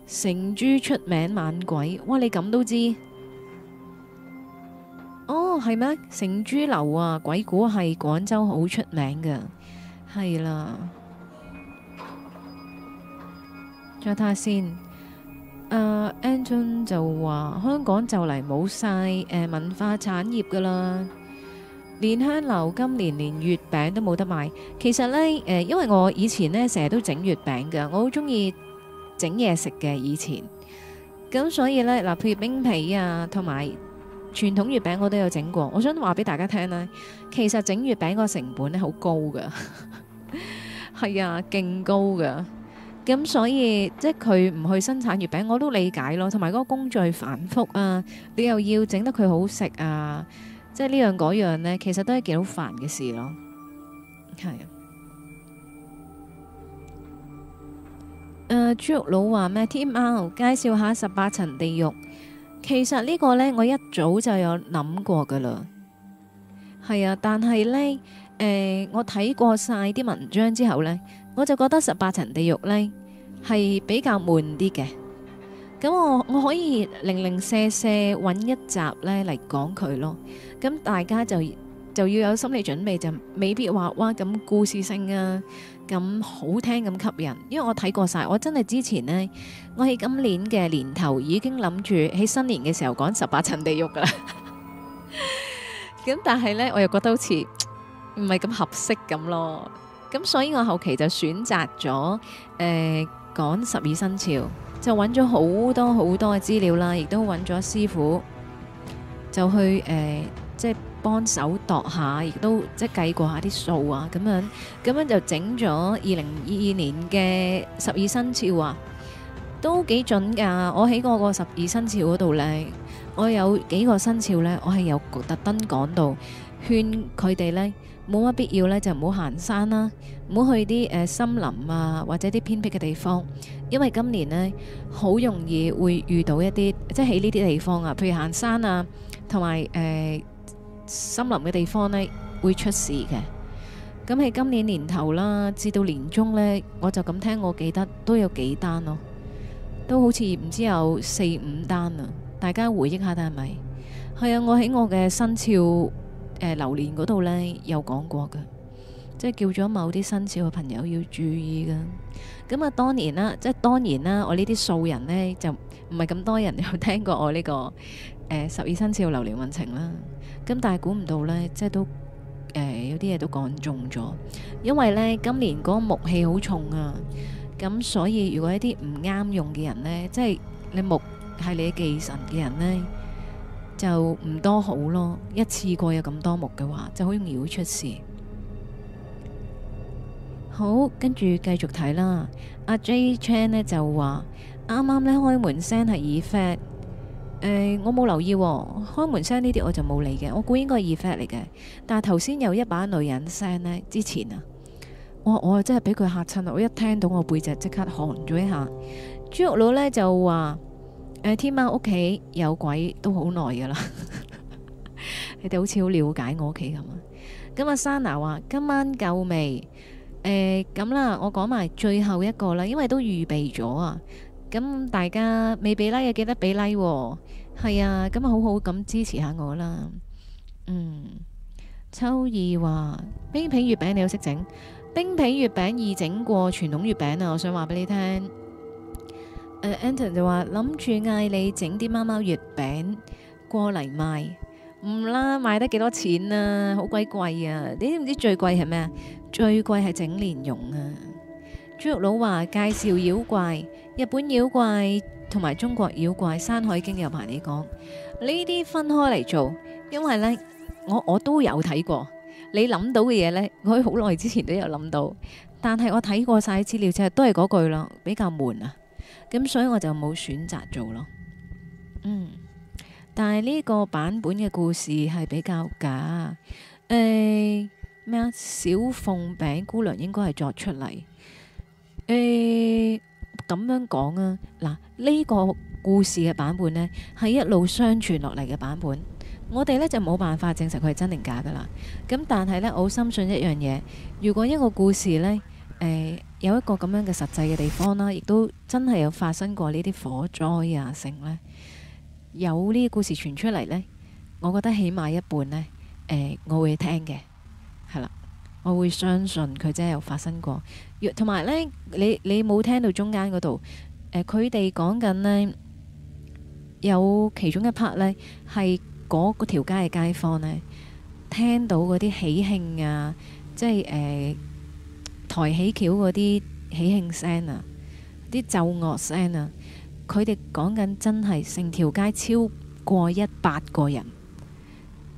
成珠出名猛鬼，哇！你咁都知？哦，係咩？成珠樓啊，鬼故係廣州好出名嘅，係啦。再睇下先。誒，Anton 就話香港就嚟冇曬誒文化產業噶啦。蓮香樓今年連月餅都冇得賣。其實咧，誒，因為我以前咧成日都整月餅嘅，我好中意。整嘢食嘅以前，咁所以呢，嗱，譬如冰皮啊，同埋傳統月餅我都有整過。我想話俾大家聽呢，其實整月餅個成本呢好高㗎，係 啊，勁高㗎。咁所以即係佢唔去生產月餅，我都理解咯。同埋嗰個工序繁複啊，你又要整得佢好食啊，即係呢樣嗰樣呢，其實都係一件好煩嘅事咯。係啊。誒，豬肉佬話咩？天喵，介紹下十八層地獄。其實呢個咧，我一早就有諗過噶啦。係啊，但係咧，誒，我睇過晒啲文章之後咧，我就覺得十八層地獄咧係比較悶啲嘅。咁我我可以零零舍舍揾一集咧嚟講佢咯。咁大家就就要有心理準備，就未必話哇咁故事性啊。咁好聽咁吸引，因為我睇過晒，我真係之前呢，我喺今年嘅年頭已經諗住喺新年嘅時候講十八層地獄噶啦，咁 但係呢，我又覺得好似唔係咁合適咁咯。咁所以我後期就選擇咗誒講十二生肖，就揾咗好多好多嘅資料啦，亦都揾咗師傅就去誒、呃、即係。幫手度下，亦都即係計過下啲數啊，咁樣咁樣就整咗二零二二年嘅十二生肖啊，都幾準㗎。我喺嗰個十二生肖嗰度呢，我有幾個生肖呢，我係有特登講到勸佢哋呢，冇乜必要呢，就唔好行山啦、啊，唔好去啲誒、呃、森林啊或者啲偏僻嘅地方，因為今年呢，好容易會遇到一啲即係喺呢啲地方啊，譬如行山啊，同埋誒，呃森林嘅地方呢，會出事嘅。咁喺今年年頭啦，至到年中呢，我就咁聽，我記得都有幾單咯，都好似唔知有四五單啊！大家回憶下睇係咪？係啊，我喺我嘅生肖誒流年嗰度呢，有講過㗎，即係叫咗某啲生肖嘅朋友要注意㗎。咁啊，當然啦，即係當然啦，我呢啲素人呢就唔係咁多人有聽過我呢個。誒，十二生肖流年運程啦，咁但係估唔到咧，即係都誒有啲嘢都講中咗。因為咧今年嗰個木氣好重啊，咁所以如果一啲唔啱用嘅人咧，即係你木係你嘅忌神嘅人咧，就唔多好咯。一次過有咁多木嘅話，就好容易會出事。好，跟住繼續睇啦。阿 J Chan 咧就話啱啱咧開門聲係 effect。誒，我冇留意、哦、開門聲呢啲，我就冇理嘅。我估應該 effect 嚟嘅。但係頭先有一把女人聲呢。之前啊，我我真係俾佢嚇親啊！我一聽到我背脊即刻寒咗一下。豬肉佬呢就話：誒、呃，天喵屋企有鬼都 好耐㗎啦。你哋好似好了解我屋企咁啊。咁阿莎娜話：今晚夠未？誒，咁啦，我講埋最後一個啦，因為都預備咗啊。咁大家未俾 like 嘅記得俾 like 喎，係啊，咁啊好好咁支持下我啦。嗯，秋意話冰皮月餅你都識整，冰皮月餅易整過傳統月餅啊，我想話俾你聽。誒、uh, Anton 就話諗住嗌你整啲貓貓月餅過嚟賣，唔啦賣得幾多錢啊？好鬼貴,貴啊！你知唔知最貴係咩啊？最貴係整蓮蓉啊！老話介紹妖怪，日本妖怪同埋中國妖怪《山海經》有排你講，呢啲分開嚟做，因為呢，我我都有睇過。你諗到嘅嘢呢，我好耐之前都有諗到，但係我睇過晒資料，即係都係嗰句囉，比較悶啊。咁所以我就冇選擇做咯。嗯，但係呢個版本嘅故事係比較假，誒咩啊？小鳳餅姑娘應該係作出嚟。誒，咁樣講啊，嗱、這、呢個故事嘅版本呢，係一路相傳落嚟嘅版本。我哋呢就冇辦法證實佢係真定假噶啦。咁但係呢，我好深信一樣嘢，如果一個故事呢，誒、呃、有一個咁樣嘅實際嘅地方啦，亦都真係有發生過呢啲火災啊，成呢，有呢啲故事傳出嚟呢，我覺得起碼一半呢，誒、呃、我會聽嘅，係啦，我會相信佢真係有發生過。同埋咧，你你冇聽到中間嗰度，誒佢哋講緊咧，有其中一 part 咧，係嗰個條街嘅街坊咧，聽到嗰啲喜慶啊，即係誒抬喜轎嗰啲喜慶聲啊，啲奏樂聲啊，佢哋講緊真係成條街超過一百個人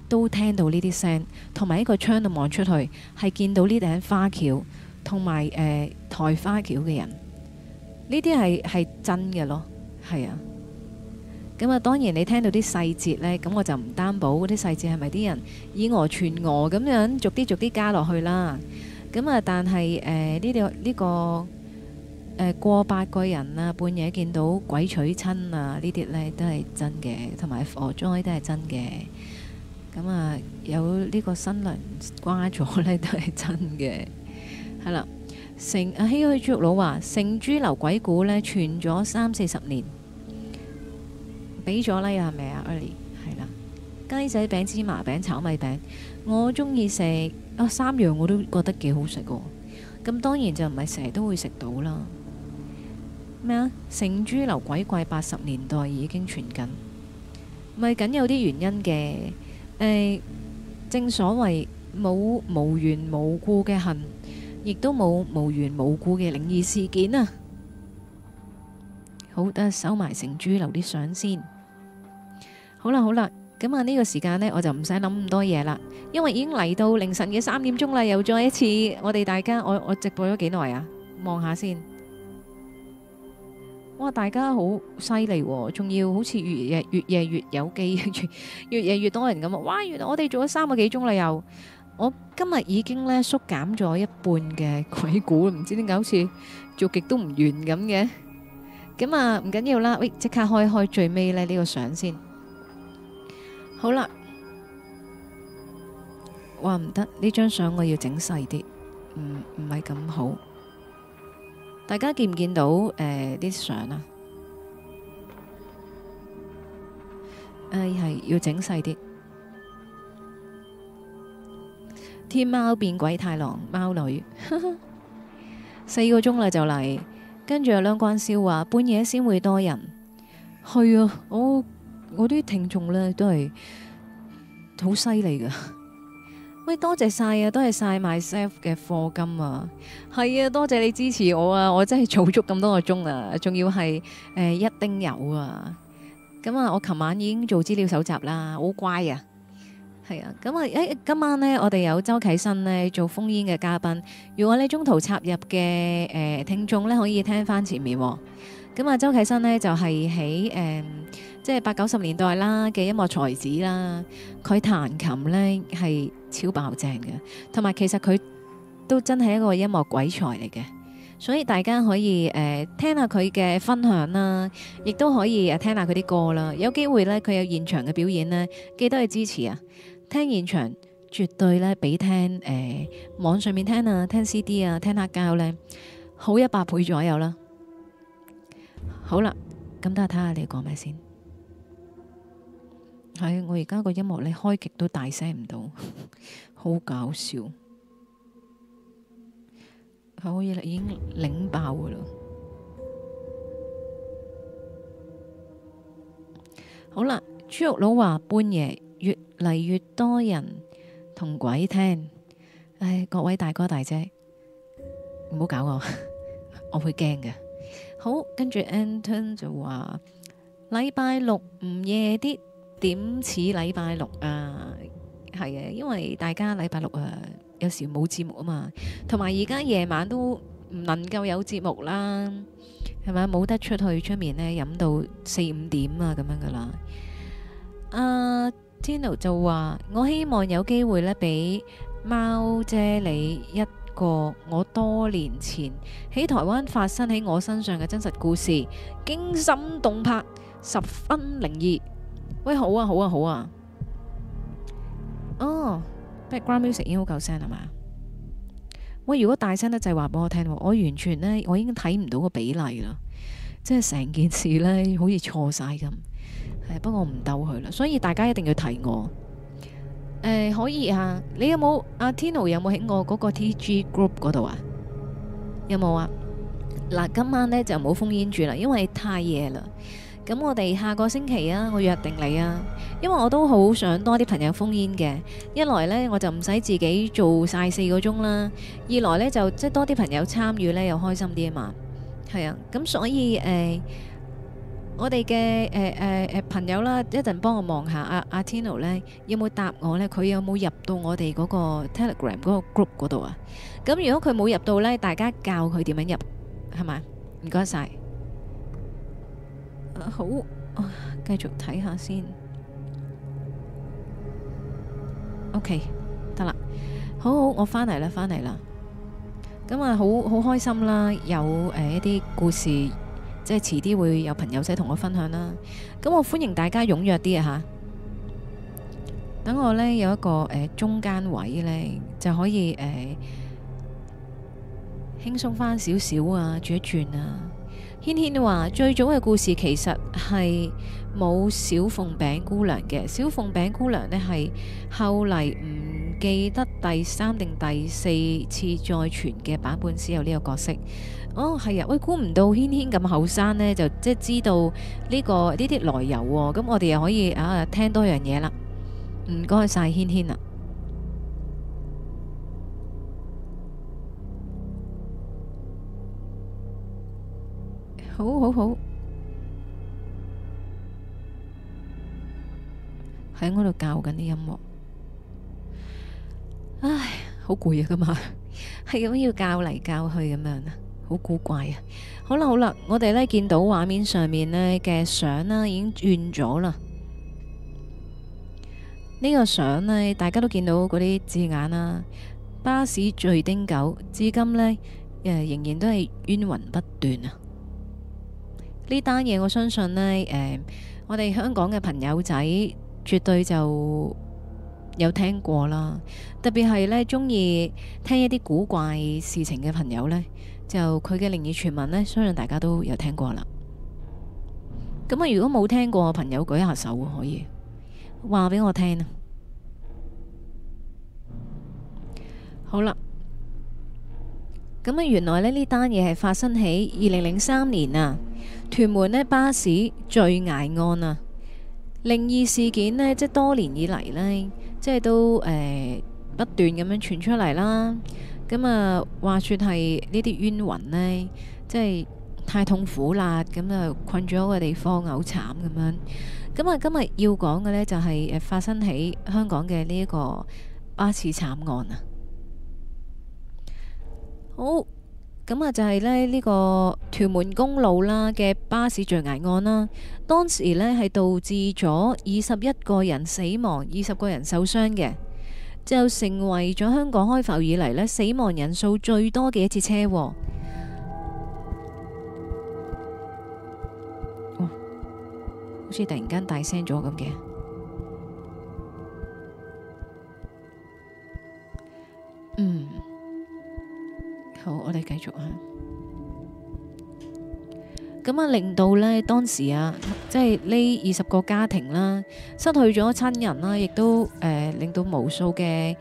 都聽到呢啲聲，同埋喺個窗度望出去係見到呢頂花轎。同埋，誒，抬、呃、花轎嘅人，呢啲係係真嘅咯係啊。咁啊，當然你聽到啲細節呢，咁我就唔擔保嗰啲細節係咪啲人以訛傳訛咁樣逐啲逐啲加落去啦。咁啊，但係誒呢個呢個誒過八個人啊，半夜見到鬼娶親啊，呢啲呢都係真嘅，同埋火災都係真嘅。咁啊，有呢個新娘瓜咗呢，都係真嘅。係啦，成阿希去豬肉佬話，成豬流鬼故呢，傳咗三四十年，俾咗啦，係咪啊？Ali 係啦，雞仔餅、芝麻餅、炒米餅，我中意食啊三樣，我都覺得幾好食噶。咁當然就唔係成日都會食到啦。咩啊？成豬流鬼怪八十年代已經傳緊，咪緊有啲原因嘅。誒、呃，正所謂冇無緣無無故嘅恨。亦都冇無緣無故嘅靈異事件啊！好，得收埋成珠留啲相先。好啦，好啦，咁啊呢個時間呢，我就唔使諗咁多嘢啦，因為已經嚟到凌晨嘅三點鐘啦，又再一次，我哋大家，我我直播咗幾耐啊？望下先。哇，大家好犀利，仲要好似越夜越夜越有機，越越夜越多人咁啊！哇，原來我哋做咗三個幾鐘啦，又。我今日已經呢縮減咗一半嘅鬼故，唔知點解好似做極都唔完咁嘅。咁啊，唔緊要啦，喂，即刻開開最尾呢呢個相先。好啦，哇，唔得，呢張相我要整細啲，唔唔係咁好。大家見唔見到誒啲相啊？誒，係要整細啲。天貓變鬼太郎，貓女 四個鐘啦就嚟，跟住有兩關笑話，半夜先會多人。係啊，我我啲聽眾咧都係好犀利噶。喂，多謝晒啊，多謝晒 myself 嘅課金啊。係啊，多謝你支持我啊，我真係做足咁多個鐘、欸、啊，仲要係誒一丁有啊。咁啊，我琴晚已經做資料搜集啦，好乖啊。係啊，咁啊、嗯，誒今晚呢，我哋有周啟生呢做烽煙嘅嘉賓。如果你中途插入嘅誒、呃、聽眾呢，可以聽翻前面喎。咁、嗯、啊，周啟生呢，就係喺誒即係八九十年代啦嘅音樂才子啦。佢彈琴呢係超爆正嘅，同埋其實佢都真係一個音樂鬼才嚟嘅。所以大家可以誒、呃、聽下佢嘅分享啦，亦都可以誒聽下佢啲歌啦。有機會呢，佢有現場嘅表演呢，記得去支持啊！聽現場絕對咧，比聽誒、呃、網上面聽啊，聽 C D 啊，聽黑膠咧好一百倍左右啦。好啦，咁等下睇下你講咩先。係、哎、我而家個音樂咧開極都大聲唔到，好搞笑。好嘢啦，已經擰爆噶啦。好啦，豬肉佬話半夜，越嚟越多人同鬼聽，唉！各位大哥大姐，唔好搞我，我會驚嘅。好，跟住 Anton 就話：禮拜六唔夜啲點似禮拜六啊？係啊，因為大家禮拜六啊，有時冇節目啊嘛，同埋而家夜晚都唔能夠有節目啦，係咪？冇得出去出面呢，飲到四五點啊，咁樣噶啦，啊！Tino 就話：我希望有機會咧，俾貓姐你一個我多年前喺台灣發生喺我身上嘅真實故事，驚心動魄，十分靈異。喂，好啊，好啊，好啊。哦、oh,，background music 已經好夠聲啦嘛？喂，如果大聲得滯就話俾我聽，我完全呢，我已經睇唔到個比例啦，即係成件事呢，好似錯晒咁。不過我唔鬥佢啦，所以大家一定要睇我。呃、可以啊？你有冇阿 Tino 有冇喺我嗰個 TG group 嗰度啊？有冇啊？嗱，今晚呢就冇封煙住啦，因為太夜啦。咁我哋下個星期啊，我約定你啊，因為我都好想多啲朋友封煙嘅。一來呢，我就唔使自己做晒四個鐘啦；二來呢，就即係多啲朋友參與呢，又開心啲啊嘛。係啊，咁所以誒。呃我哋嘅誒誒誒朋友啦，一陣幫我望下阿阿 Tino 咧有冇答我咧？佢有冇入到我哋嗰個 Telegram 嗰個 group 嗰度啊？咁如果佢冇入到咧，大家教佢點樣入係咪？唔該晒。好，繼續睇下先。OK，得啦，好好，我翻嚟啦，翻嚟啦。咁啊，好好開心啦，有誒一啲故事。即係遲啲會有朋友仔同我分享啦，咁我歡迎大家踊躍啲啊吓，等我呢，有一個誒、呃、中間位呢，就可以誒輕鬆翻少少啊，轉、呃、一轉啊。軒軒都話最早嘅故事其實係冇小鳳餅姑娘嘅，小鳳餅姑娘呢，係後嚟唔。記得第三定第四次再傳嘅版本先有呢個角色。哦，係啊，喂，估唔到軒軒咁後生呢，就即係知道呢個呢啲來由喎。咁我哋又可以啊聽多樣嘢啦。唔該曬軒軒啊！好好好，喺嗰度教緊啲音樂。唉，好攰啊，咁啊，係咁要教嚟教去咁樣，好古怪啊！好啦好啦，我哋呢見到畫面上面呢嘅相啦，已經轉咗啦。呢、呢個相呢，大家都見到嗰啲字眼啦，巴士墜汀九，至今呢，呃、仍然都係冤魂不斷啊！呢單嘢，我相信呢，呃、我哋香港嘅朋友仔絕對就。有聽過啦，特別係咧中意聽一啲古怪事情嘅朋友呢，就佢嘅靈異傳聞呢，相信大家都有聽過啦。咁啊，如果冇聽過嘅朋友舉，舉下手可以話俾我聽啊。好啦，咁啊，原來咧呢單嘢係發生喺二零零三年啊，屯門咧巴士墜崖案啊，靈異事件呢，即係多年以嚟呢。即係都誒、欸、不斷咁樣傳出嚟啦，咁啊話説係呢啲冤魂呢，即係太痛苦啦，咁啊困住喺個地方，好慘咁樣。咁啊今日要講嘅呢，就係、是、誒發生喺香港嘅呢一個巴士慘案啊！好。咁啊，就係咧呢個屯門公路啦嘅巴士墜崖案啦，當時呢係導致咗二十一個人死亡，二十個人受傷嘅，就成為咗香港開埠以嚟咧死亡人數最多嘅一次車禍。哇！好似突然間大聲咗咁嘅，嗯。好，我哋繼續啊。咁啊，令到呢當時啊，即係呢二十個家庭啦，失去咗親人啦，亦都誒令到無數嘅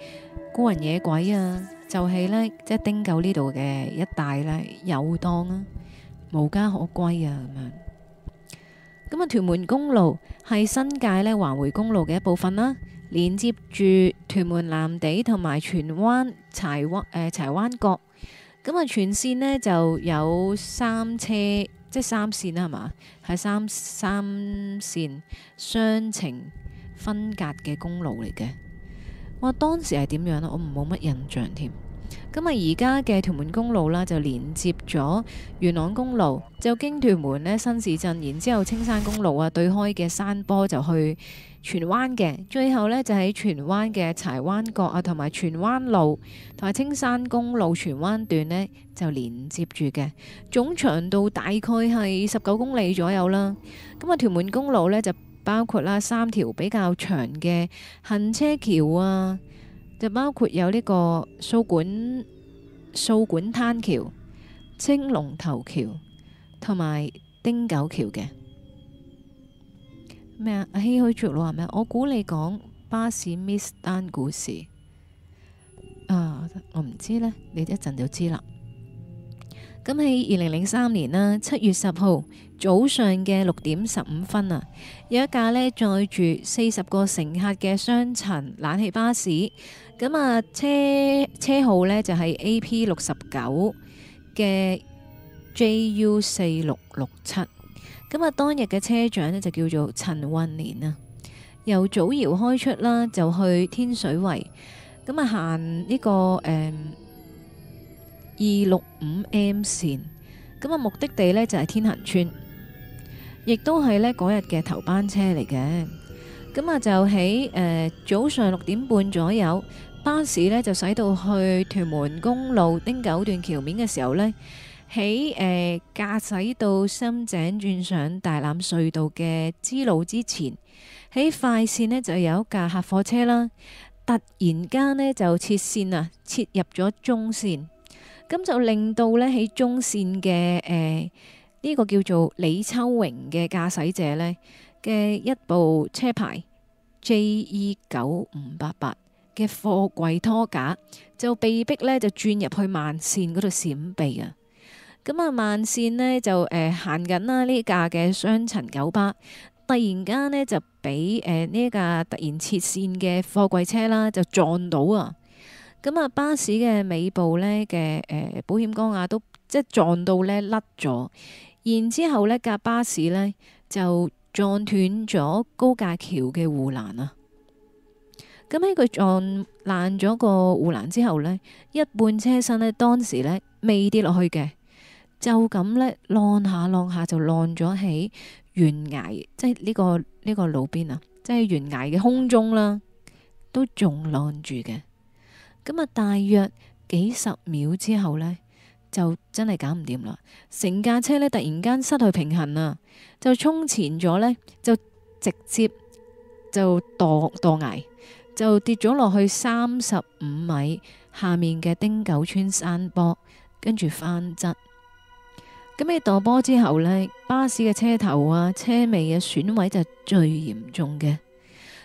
孤魂野鬼啊，就係呢即係丁九呢度嘅一帶呢遊蕩啊，無家可歸啊咁樣。咁啊，屯門公路係新界呢環回公路嘅一部分啦，連接住屯門藍地同埋荃灣柴灣誒柴灣角。咁啊，全線呢就有三車，即係三線啦，係嘛，係三三線雙程分隔嘅公路嚟嘅。我當時係點樣咧？我唔冇乜印象添。咁啊，而家嘅屯門公路啦，就連接咗元朗公路，就經屯門呢新市鎮，然之後青山公路啊對開嘅山坡就去。荃灣嘅最後呢，就喺荃灣嘅柴灣角啊，同埋荃灣路同埋青山公路荃灣段呢，就連接住嘅，總長度大概係十九公里左右啦。咁、嗯、啊，屯門公路呢，就包括啦三條比較長嘅行車橋啊，就包括有呢個掃管掃管灘橋、青龍頭橋同埋丁九橋嘅。咩啊？唏噓著老係咩？我估你講巴士 Miss 單故事啊！我唔知呢，你一陣就知啦。咁喺二零零三年啦，七月十號早上嘅六點十五分啊，有一架呢載住四十個乘客嘅雙層冷氣巴士，咁啊車車號呢就係 AP 六十九嘅 JU 四六六七。咁啊，當日嘅車長咧就叫做陳運年啦，由祖堯開出啦，就去天水圍。咁啊，行呢個誒二六五 M 線，咁啊，目的地咧就係天恆邨，亦都係咧嗰日嘅頭班車嚟嘅。咁啊，就喺誒早上六點半左右，巴士咧就駛到去屯門公路汀九段橋面嘅時候咧。喺誒、呃、駕駛到深井轉上大欖隧道嘅支路之前，喺快線呢就有一架客貨車啦。突然間呢就切線啊，切入咗中線，咁就令到呢喺中線嘅誒呢個叫做李秋榮嘅駕駛者呢嘅一部車牌 J E 九五八八嘅貨櫃拖架就被逼呢就轉入去慢線嗰度閃避啊！咁啊，慢線呢就誒行緊啦。呢架嘅雙層九巴，突然間呢，就俾誒呢架突然切線嘅貨櫃車啦，就撞到啊。咁啊，巴士嘅尾部呢嘅誒保險桿啊，都即係撞到呢甩咗。然之後呢架巴士呢，就撞斷咗高架橋嘅護欄啊。咁喺佢撞爛咗個護欄之後呢，一半車身呢，當時呢未跌落去嘅。就咁呢，浪下浪下就浪咗喺懸崖，即係呢個呢、呢個路邊啊，即係懸崖嘅空中啦，都仲浪住嘅。咁啊，大約幾十秒之後呢，就真係搞唔掂啦。成架車呢，突然間失去平衡啊，就衝前咗呢，就直接就墮墮崖，就跌咗落去三十五米下面嘅丁九村山坡，跟住翻側。咁你墮波之後呢，巴士嘅車頭啊、車尾嘅損毀就最嚴重嘅，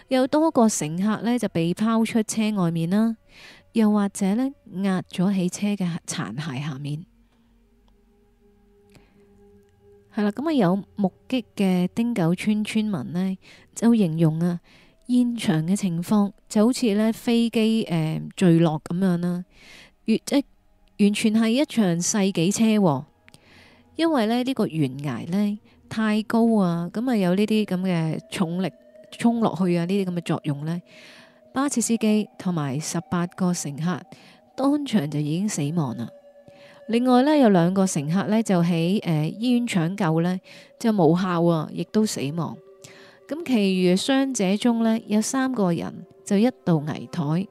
有多個乘客呢，就被拋出車外面啦，又或者呢壓咗喺車嘅殘骸下面。係啦，咁啊有目擊嘅汀九村村民呢，就形容啊現場嘅情況就好似呢飛機誒墜落咁樣啦，呃，完即完全係一場世紀車禍。因為呢呢個懸崖呢太高啊，咁啊有呢啲咁嘅重力衝落去啊，呢啲咁嘅作用呢，巴士司機同埋十八個乘客當場就已經死亡啦。另外呢，有兩個乘客呢就喺誒醫院搶救呢，就無效啊，亦都死亡。咁其餘傷者中呢，有三個人就一度危殆，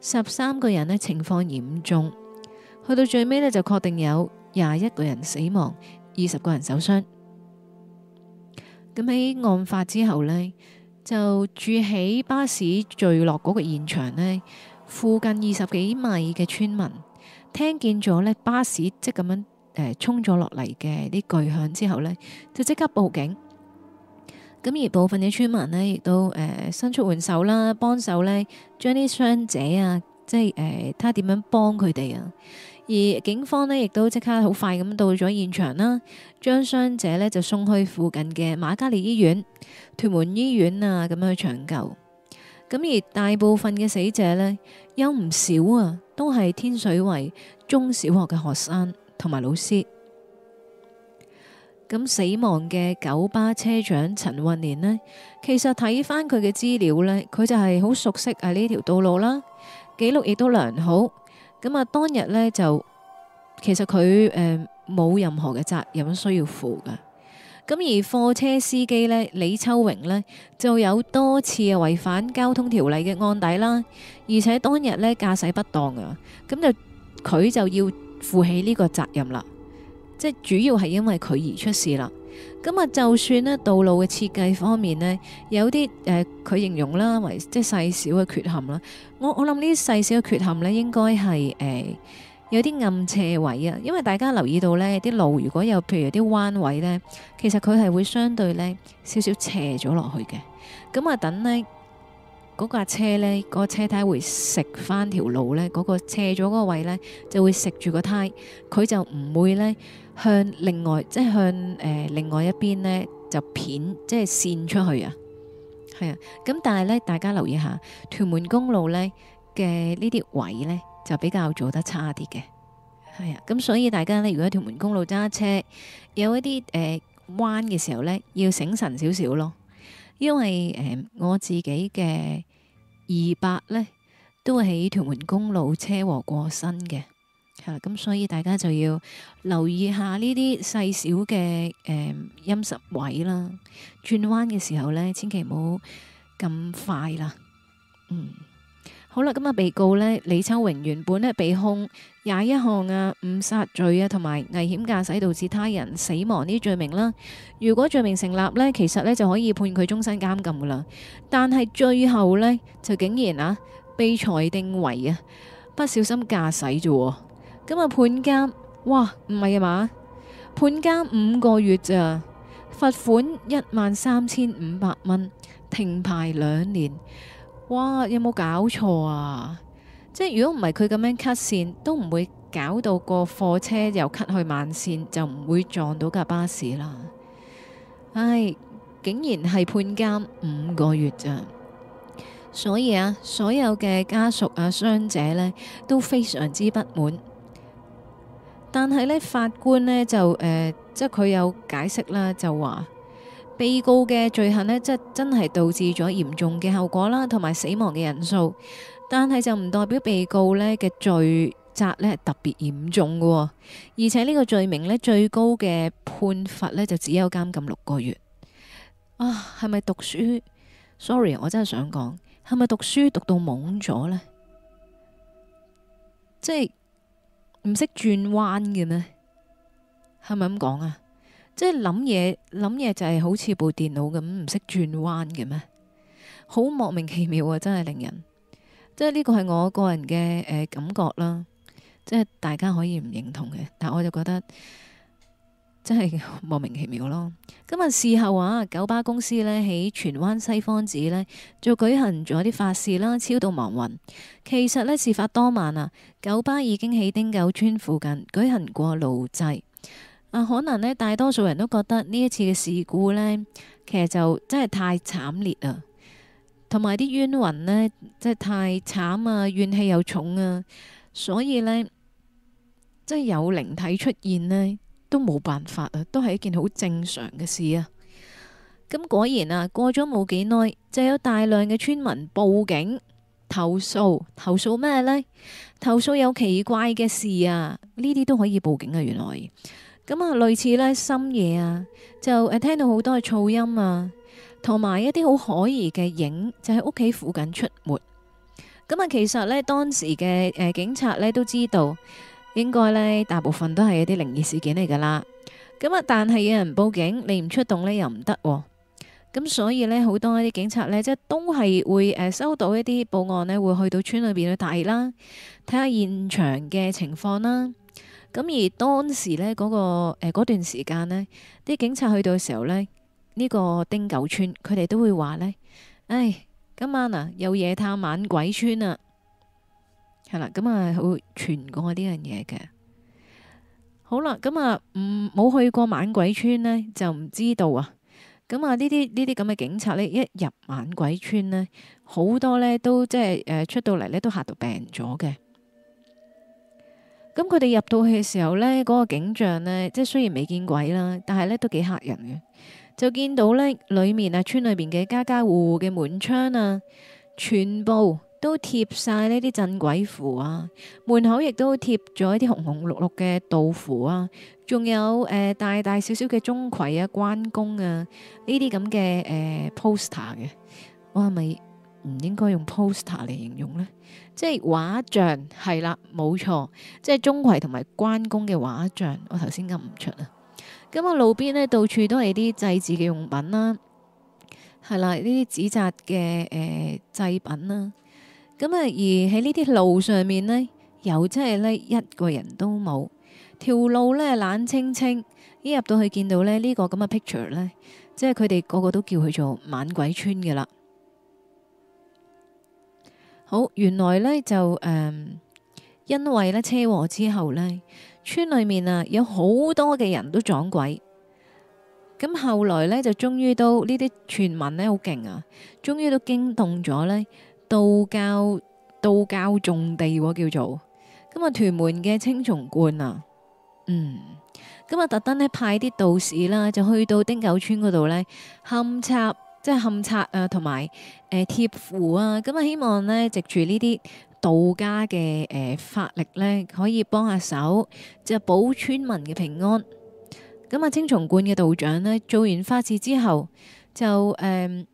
十三個人呢情況嚴重。去到最尾呢，就確定有廿一個人死亡，二十個人受傷。咁喺案發之後呢，就住喺巴士墜落嗰個現場呢，附近二十幾米嘅村民聽見咗呢巴士即咁、就是、樣誒、呃、衝咗落嚟嘅啲巨響之後呢，就即刻報警。咁而部分嘅村民呢，亦都誒、呃、伸出援手啦，幫手呢將啲傷者啊，即係誒，睇下、呃、點樣幫佢哋啊。而警方呢，亦都即刻好快咁到咗現場啦，將傷者呢，就送去附近嘅瑪嘉烈醫院、屯門醫院啊咁樣去搶救。咁而大部分嘅死者呢，有唔少啊，都係天水圍中小學嘅學生同埋老師。咁死亡嘅九巴車長陳運年呢，其實睇翻佢嘅資料呢，佢就係好熟悉啊呢條道路啦，記錄亦都良好。咁啊，當日呢，就其實佢誒冇任何嘅責任需要負㗎。咁而貨車司機呢，李秋榮呢，就有多次啊違反交通條例嘅案底啦，而且當日呢駕駛不當啊，咁就佢就要負起呢個責任啦。即係主要係因為佢而出事啦。咁啊，就算咧，道路嘅設計方面呢，有啲誒、佢、呃、形容啦，為即係細小嘅缺陷啦。我我諗呢啲細小嘅缺陷呢，應該係誒、呃、有啲暗斜位啊。因為大家留意到呢啲路，如果有譬如啲彎位呢，其實佢係會相對呢少少斜咗落去嘅。咁啊，等呢嗰架車咧，嗰個車胎、嗰個、會食翻條路呢，嗰、嗰個斜咗嗰個位呢，就會食住個胎，佢就唔會呢。向另外即係向誒、呃、另外一邊呢，就片即係線出去啊，係啊。咁但係呢，大家留意下屯門公路呢嘅呢啲位呢，就比較做得差啲嘅，係啊。咁所以大家呢，如果喺屯門公路揸車，有一啲誒、呃、彎嘅時候呢，要醒神少少咯。因為誒、呃、我自己嘅二伯呢，都喺屯門公路車禍過身嘅。咁、嗯、所以大家就要留意下呢啲細小嘅誒陰濕位啦。轉彎嘅時候呢，千祈唔好咁快啦。嗯，好啦，今、那、日、個、被告呢，李秋榮原本呢被控廿一項啊，誤殺罪啊，同埋危險駕駛導致他人死亡呢啲罪名啦。如果罪名成立呢，其實呢就可以判佢終身監禁噶啦。但係最後呢，就竟然啊，被裁定為啊，不小心駕駛啫。咁啊判監哇，唔係啊嘛？判監五個月咋，罰款一萬三千五百蚊，停牌兩年哇，有冇搞錯啊？即係如果唔係佢咁樣 cut 線，都唔會搞到個貨車又 cut 去慢線，就唔會撞到架巴士啦唉、哎、竟然係判監五個月咋。所以啊所有嘅家屬啊傷者呢，都非常之不滿。但係呢，法官呢，就誒，即係佢有解釋啦，就話被告嘅罪行呢，即係真係導致咗嚴重嘅後果啦，同埋死亡嘅人數。但係就唔代表被告呢嘅罪責呢係特別嚴重嘅喎，而且呢個罪名呢，最高嘅判罰呢，就只有監禁六個月。啊，係咪讀書？Sorry，我真係想講，係咪讀書讀到懵咗呢？即係。唔識轉彎嘅咩？係咪咁講啊？即係諗嘢諗嘢就係好似部電腦咁唔識轉彎嘅咩？好莫名其妙啊！真係令人，即係呢個係我個人嘅誒、呃、感覺啦。即係大家可以唔認同嘅，但係我就覺得。真係莫名其妙咯。今日事後啊，九巴公司呢喺荃灣西方寺呢就舉行咗啲法事啦，超度亡魂。其實呢，事發當晚啊，九巴已經喺丁九村附近舉行過路祭。啊，可能呢，大多數人都覺得呢一次嘅事故呢，其實就真係太慘烈啊，同埋啲冤魂呢，真係太慘啊，怨氣又重啊，所以呢，即係有靈體出現呢。都冇辦法啊，都係一件好正常嘅事啊。咁果然啊，過咗冇幾耐，就有大量嘅村民報警投訴，投訴咩呢？投訴有奇怪嘅事啊，呢啲都可以報警啊。原來咁啊，類似呢深夜啊，就誒聽到好多嘅噪音啊，同埋一啲好可疑嘅影，就喺屋企附近出沒。咁啊，其實呢，當時嘅誒、呃、警察呢都知道。應該咧，大部分都係一啲靈異事件嚟噶啦。咁啊，但係有人報警，你唔出動呢又唔得，哦。咁所以呢，好多一啲警察呢，即係都係會誒、呃、收到一啲報案呢會去到村裏邊去睇啦，睇下現場嘅情況啦。咁而當時呢，嗰、那個誒嗰、呃、段時間呢，啲警察去到嘅時候呢，呢、這個丁九村，佢哋都會話呢：「唉，今晚啊，有夜探猛鬼村啊！」係啦，咁啊會傳過呢樣嘢嘅。好啦，咁、嗯、啊，唔冇去過猛鬼村呢，就唔知道啊。咁、嗯、啊，呢啲呢啲咁嘅警察呢，一入猛鬼村呢，好多呢都即係誒出到嚟呢，都吓、呃、到,到病咗嘅。咁佢哋入到去嘅時候呢，嗰、那個景象呢，即係雖然未見鬼啦，但係呢都幾吓人嘅。就見到呢裏面啊，村裏面嘅家家戶戶嘅門窗啊，全部。都貼晒呢啲鎮鬼符啊，門口亦都貼咗一啲紅紅綠綠嘅道符啊，仲有誒、呃、大大小小嘅鐘馗啊、關公啊呢啲咁嘅誒 poster 嘅，我係咪唔應該用 poster 嚟形容呢？即係畫像係啦，冇錯，即係鍾馗同埋關公嘅畫像。我頭先撳唔出啊，咁啊路邊呢，到處都係啲祭祀嘅用品啦、啊，係啦，呢啲紙紮嘅誒製品啦、啊。咁啊！而喺呢啲路上面呢，又真係呢一個人都冇，條路呢，冷清清。一入到去見到呢呢個咁嘅 picture 呢，即係佢哋個個都叫佢做猛鬼村嘅啦。好，原來呢就誒、嗯，因為呢車禍之後呢，村裏面啊有好多嘅人都撞鬼。咁後來呢，就終於都呢啲傳聞呢好勁啊，終於都驚動咗呢。道教道教重地叫做，咁啊，屯門嘅青松觀啊，嗯，咁啊，特登呢派啲道士啦，就去到丁九村嗰度呢，勘察即係勘察啊，同埋誒貼符啊，咁、嗯、啊希望呢，藉住呢啲道家嘅誒、呃、法力呢，可以幫下手，就保村民嘅平安。咁、嗯、啊，青松觀嘅道長呢，做完法事之後，就誒。呃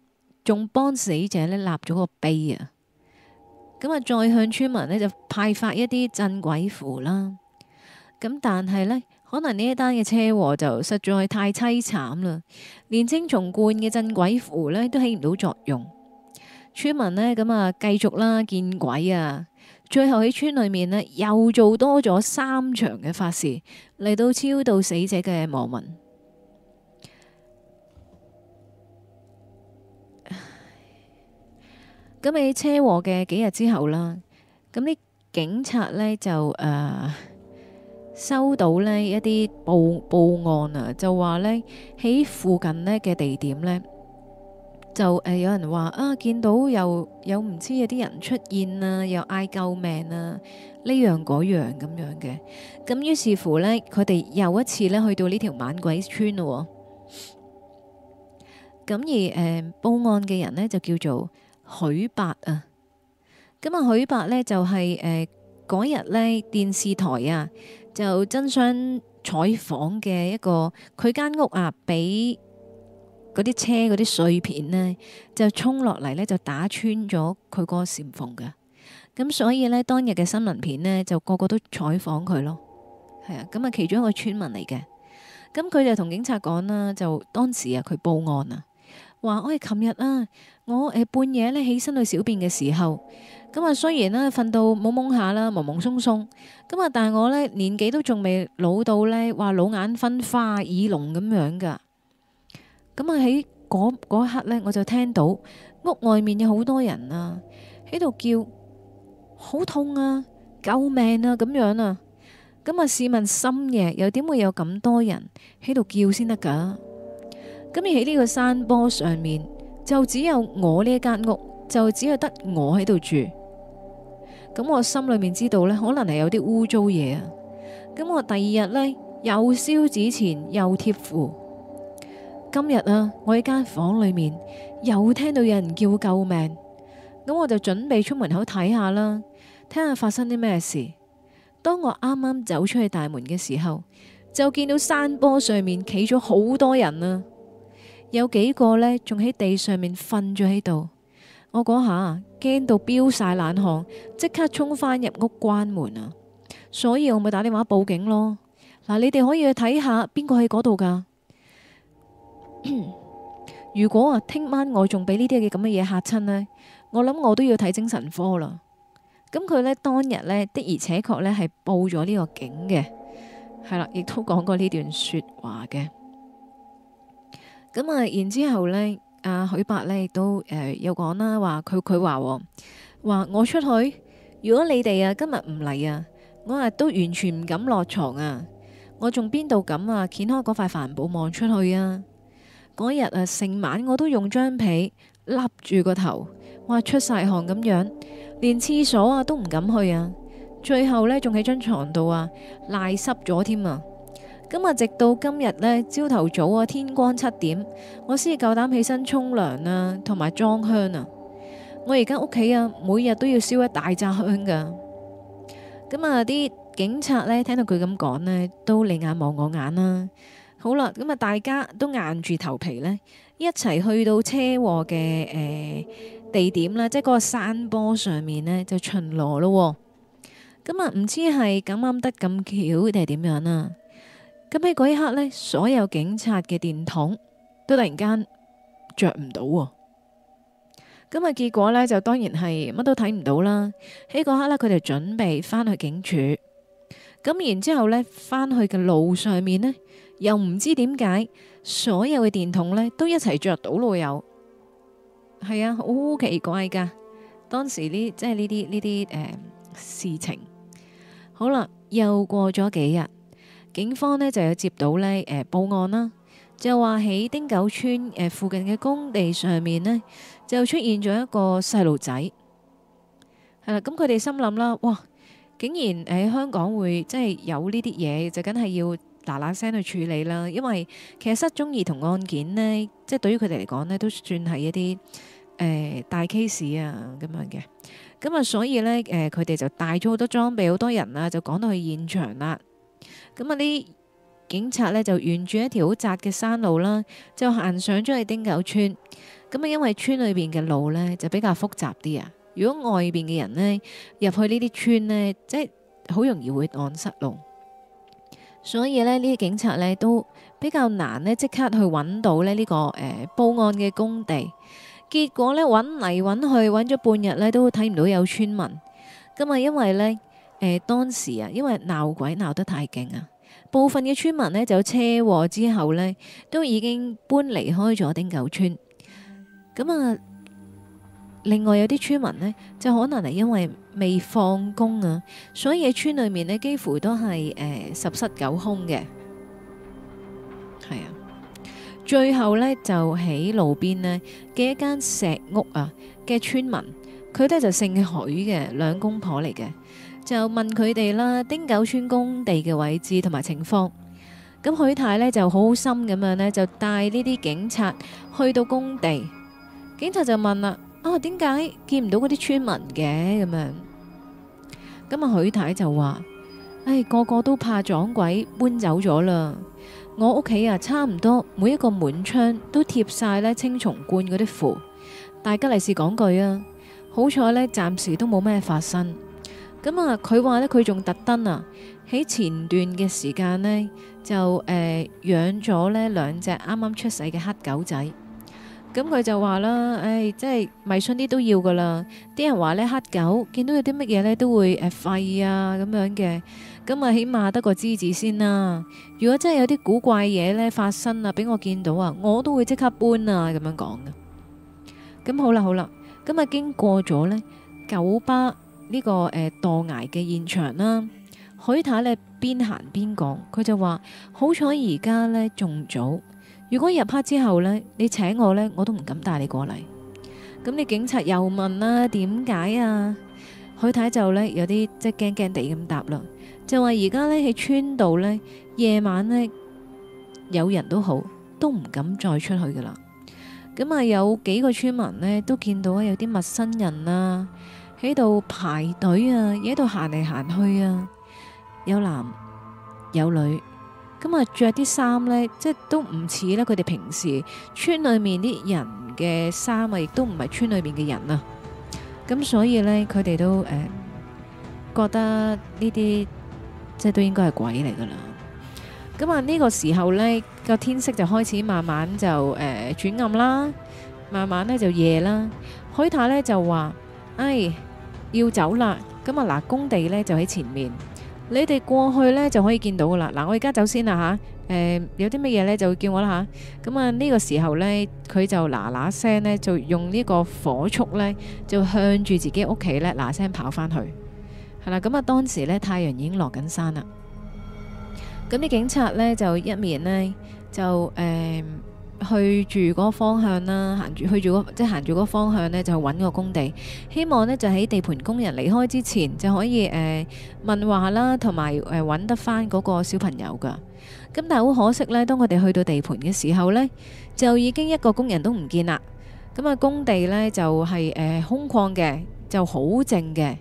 仲幫死者咧立咗個碑啊！咁啊，再向村民咧就派發一啲鎮鬼符啦。咁但係呢，可能呢一單嘅車禍就實在太淒慘啦，連青松觀嘅鎮鬼符咧都起唔到作用。村民呢，咁啊，繼續啦見鬼啊！最後喺村裏面咧又做多咗三場嘅法事，嚟到超度死者嘅亡魂。咁喺車禍嘅幾日之後啦，咁啲警察呢就誒、呃、收到呢一啲報報案啊，就話呢喺附近呢嘅地點呢，就誒、呃、有人話啊見到又，又有唔知有啲人出現啊，又嗌救命啊，呢樣嗰樣咁樣嘅，咁於是乎呢，佢哋又一次呢去到呢條猛鬼村啦、哦，咁而誒、呃、報案嘅人呢，就叫做。許伯啊，咁啊許伯呢就係誒嗰日呢電視台啊就爭相採訪嘅一個佢間屋啊俾嗰啲車嗰啲碎片呢，就衝落嚟呢，就打穿咗佢個禪縫嘅，咁所以呢，當日嘅新聞片呢，就個個都採訪佢咯。係啊，咁啊其中一個村民嚟嘅，咁佢就同警察講啦、啊，就當時啊佢報案啊。話我係琴日啊，我誒半夜咧起身去小便嘅時候，咁啊雖然咧瞓到懵懵下啦，懵懵鬆鬆，咁啊但係我咧年紀都仲未老到咧話老眼昏花、耳聾咁樣噶，咁啊喺嗰嗰一刻咧我就聽到屋外面有好多人啊喺度叫，好痛啊，救命啊咁樣啊，咁啊試問深夜又點會有咁多人喺度叫先得噶？咁而喺呢個山坡上面，就只有我呢間屋，就只有得我喺度住。咁我心裏面知道呢，可能係有啲污糟嘢啊。咁我第二日呢，又燒紙錢又貼符。今日啊，我喺間房裏面又聽到有人叫救命。咁我就準備出門口睇下啦，睇下發生啲咩事。當我啱啱走出去大門嘅時候，就見到山坡上面企咗好多人啊。有幾個呢，仲喺地上面瞓咗喺度，我嗰下啊驚到飆晒冷汗，即刻衝返入屋關門啊！所以我咪打電話報警咯。嗱，你哋可以去睇下邊個喺嗰度噶。如果啊，聽晚我仲俾呢啲嘅咁嘅嘢嚇親呢，我諗我都要睇精神科啦。咁佢呢當日呢，的而且確呢係報咗呢個警嘅，係啦，亦都講過呢段說話嘅。咁啊，然之後呢，阿許伯呢都誒有講啦，話佢佢話話我出去，如果你哋啊今日唔嚟啊，我啊都完全唔敢落床啊，我仲邊度敢啊，掀開嗰塊帆布望出去啊，嗰日啊成晚我都用張被笠住個頭，哇出晒汗咁樣，連廁所啊都唔敢去啊，最後呢，仲喺張床度啊賴濕咗添啊！咁啊，直到今日呢，朝頭早啊，天光七點，我先夠膽起身沖涼啊，同埋裝香啊。我而家屋企啊，每日都要燒一大紮香噶。咁啊，啲警察呢，聽到佢咁講呢，都另眼望我眼啦。好啦，咁啊，大家都硬住頭皮呢，一齊去到車禍嘅誒地點啦，即係嗰個山坡上面呢，就巡邏咯。咁啊，唔知係咁啱得咁巧，定係點樣啊？咁喺嗰一刻呢，所有警察嘅電筒都突然間着唔到，咁啊結果呢，就當然係乜都睇唔到啦。喺嗰刻呢，佢哋就準備翻去警署，咁然之後呢，翻去嘅路上面呢，又唔知點解，所有嘅電筒呢都一齊着到路油，係啊，好奇怪噶！當時呢，即係呢啲呢啲誒事情。好啦，又過咗幾日。警方呢就有接到呢誒、呃、報案啦，就話喺丁九村誒、呃、附近嘅工地上面呢，就出現咗一個細路仔係啦。咁佢哋心諗啦，哇！竟然喺香港會即係有呢啲嘢，就梗係要嗱嗱聲去處理啦。因為其實失蹤兒童案件呢，即係對於佢哋嚟講呢，都算係一啲誒、呃、大 case 啊咁樣嘅。咁、嗯、啊，所以呢，誒佢哋就帶咗好多裝備，好多人啊，就趕到去現場啦。咁啊！啲警察咧就沿住一條好窄嘅山路啦，就行上咗去汀九村。咁啊，因為村裏邊嘅路咧就比較複雜啲啊，如果外邊嘅人咧入去這些呢啲村咧，即係好容易會蕩失路。所以咧，呢啲警察咧都比較難咧即刻去揾到咧、這、呢個誒、呃、報案嘅工地。結果咧揾嚟揾去揾咗半日咧都睇唔到有村民。咁啊，因為咧。誒、呃，當時啊，因為鬧鬼鬧得太勁啊，部分嘅村民呢，就車禍之後呢，都已經搬離開咗丁九村。咁啊，另外有啲村民呢，就可能係因為未放工啊，所以喺村裏面呢，幾乎都係誒十室九空嘅。係啊，最後呢，就喺路邊呢嘅一間石屋啊嘅村民，佢呢就姓許嘅兩公婆嚟嘅。就問佢哋啦，丁九村工地嘅位置同埋情況。咁許太呢就好心咁樣呢，就心帶呢啲警察去到工地。警察就問啦，啊，點解見唔到嗰啲村民嘅咁樣？咁啊，許太就話，唉、哎，個個都怕撞鬼，搬走咗啦。我屋企啊，差唔多每一個門窗都貼晒呢青松觀嗰啲符。大吉利是講句啊，好彩呢，暫時都冇咩發生。咁啊，佢話呢，佢仲特登啊，喺前段嘅時間呢，就誒、呃、養咗呢兩隻啱啱出世嘅黑狗仔。咁佢就話啦，唉、哎，即係迷信啲都要噶啦。啲人話呢，黑狗見到有啲乜嘢呢，都會誒吠啊咁、啊、樣嘅。咁啊，起碼得個知字先啦。如果真係有啲古怪嘢呢發生啊，俾我見到啊，我都會即刻搬啊咁樣講嘅。咁好啦，好啦，咁啊經過咗呢九巴。呢、這個誒、呃、墮崖嘅現場啦，許太呢邊行邊講，佢就話：好彩而家呢仲早，如果入黑之後呢，你請我呢，我都唔敢帶你過嚟。咁你警察又問啦、啊：點解啊？許太就呢有啲即係驚驚地咁答啦，就話而家呢喺村度呢，夜晚呢，有人都好都唔敢再出去噶啦。咁啊，有幾個村民呢都見到有啲陌生人啊。喺度排隊啊，而喺度行嚟行去啊，有男有女，咁啊着啲衫呢，即係都唔似啦，佢哋平時村裏面啲人嘅衫啊，亦都唔係村裏面嘅人啊，咁所以呢佢哋都誒覺得呢啲即係都應該係鬼嚟噶啦，咁啊呢個時候呢個天色就開始慢慢就誒轉暗啦，慢慢呢就夜啦，海太呢就話，唉。要走啦，咁啊嗱，工地咧，就喺前面，你哋過去咧就可以見到噶啦。嗱，我而家走先啦吓，誒，有啲乜嘢咧就叫我啦吓。咁啊呢個時候咧，佢就嗱嗱聲咧就用呢個火速咧就向住自己屋企咧嗱聲跑返去，係啦。咁啊當時咧太陽已經落緊山啦，咁啲警察咧就一面咧就誒。去住嗰個方向啦，行住去住嗰即係行住嗰個方向呢，就揾個工地，希望呢，就喺地盤工人離開之前就可以誒、呃、問話啦，同埋誒揾得返嗰個小朋友㗎。咁但係好可惜呢，當我哋去到地盤嘅時候呢，就已經一個工人都唔見啦。咁啊工地呢，就係、是、誒、呃、空曠嘅，就好靜嘅。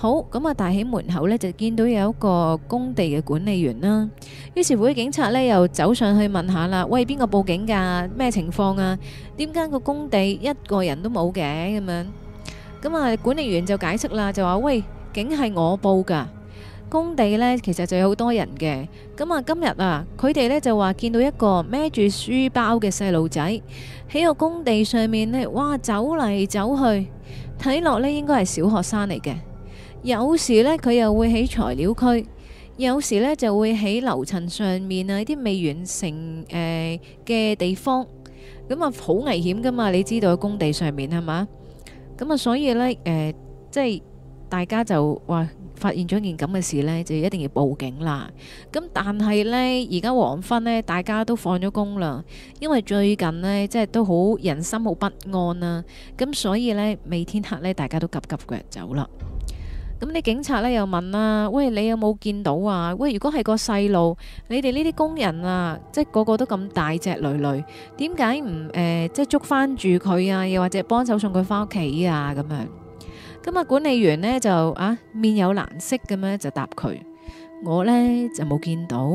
好咁啊！大喜門口呢，就見到有一個工地嘅管理員啦。於是會警察呢又走上去問下啦：喂，邊個報警㗎？咩情況啊？點解個工地一個人都冇嘅咁樣？咁啊，管理員就解釋啦，就話：喂，竟係我報㗎，工地呢，其實就有好多人嘅。咁啊，今日啊，佢哋呢就話見到一個孭住書包嘅細路仔喺個工地上面呢，哇，走嚟走去，睇落呢應該係小學生嚟嘅。有時呢，佢又會喺材料區；有時呢，就會喺樓層上面啊，啲未完成誒嘅、呃、地方咁啊，好危險㗎嘛。你知道喺工地上面係嘛？咁啊，那所以呢，誒、呃，即係大家就話發現咗件咁嘅事呢，就一定要報警啦。咁但係呢，而家黃昏呢，大家都放咗工啦，因為最近呢，即係都好人心好不安啦、啊。咁所以呢，未天黑呢，大家都急急腳走啦。咁啲警察呢又問啦、啊：「喂，你有冇見到啊？喂，如果係個細路，你哋呢啲工人啊，即係個個都咁大隻女女，點解唔即係捉翻住佢啊？又或者幫手送佢翻屋企啊？咁樣，今、嗯、日管理員呢就啊面有難色咁咧就答佢，我呢就冇見到，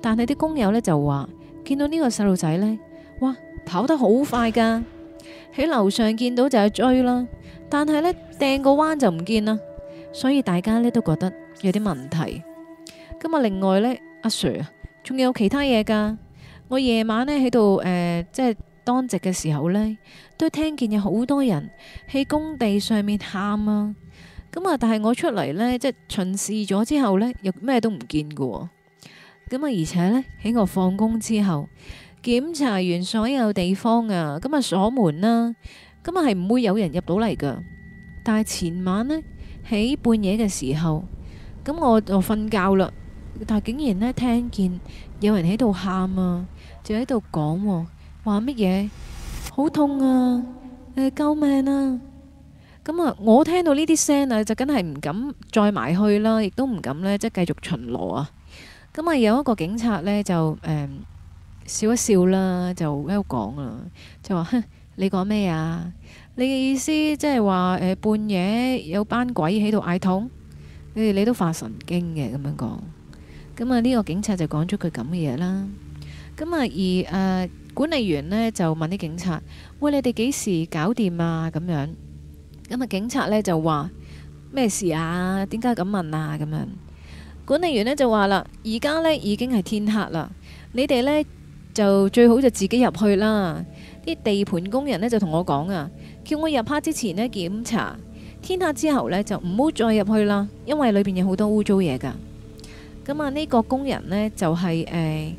但係啲工友呢就話見到呢個細路仔呢，哇，跑得好快㗎，喺樓上見到就係追啦，但係呢，掟個彎就唔見啦。所以大家呢，都覺得有啲問題。咁啊，另外呢，阿 Sir 啊，仲有其他嘢㗎。我夜晚呢，喺度誒，即係當值嘅時候呢，都聽見有好多人喺工地上面喊啊。咁啊，但係我出嚟呢，即係巡視咗之後呢，又咩都唔見嘅。咁啊，而且呢，喺我放工之後檢查完所有地方啊，咁啊鎖門啦，咁啊係唔會有人入到嚟嘅。但係前晚呢，喺半夜嘅時候，咁我就瞓覺啦。但係竟然呢，聽見有人喺度喊啊，就喺度講話乜嘢，好痛啊！誒，救命啊！咁啊，我聽到呢啲聲啊，就梗係唔敢再埋去啦，亦都唔敢呢，即係繼續巡邏啊。咁啊，有一個警察呢，就誒笑一笑啦，就喺度講啦，就話：哼，你講咩啊？你嘅意思即係話誒，半夜有班鬼喺度嗌痛，誒，你都發神經嘅咁樣講。咁啊，呢個警察就講咗佢咁嘅嘢啦。咁啊，而誒管理員呢就問啲警察：喂，你哋幾時搞掂啊？咁樣。咁啊，警察呢就話咩事啊？點解咁問啊？咁樣。管理員呢就話啦：而家呢已經係天黑啦，你哋呢就最好就自己入去啦。啲地盤工人呢就同我講啊。叫我入趴之前呢，檢查，天黑之後呢就唔好再入去啦，因為裏邊有好多污糟嘢噶咁啊呢個工人呢就係、是、誒、呃、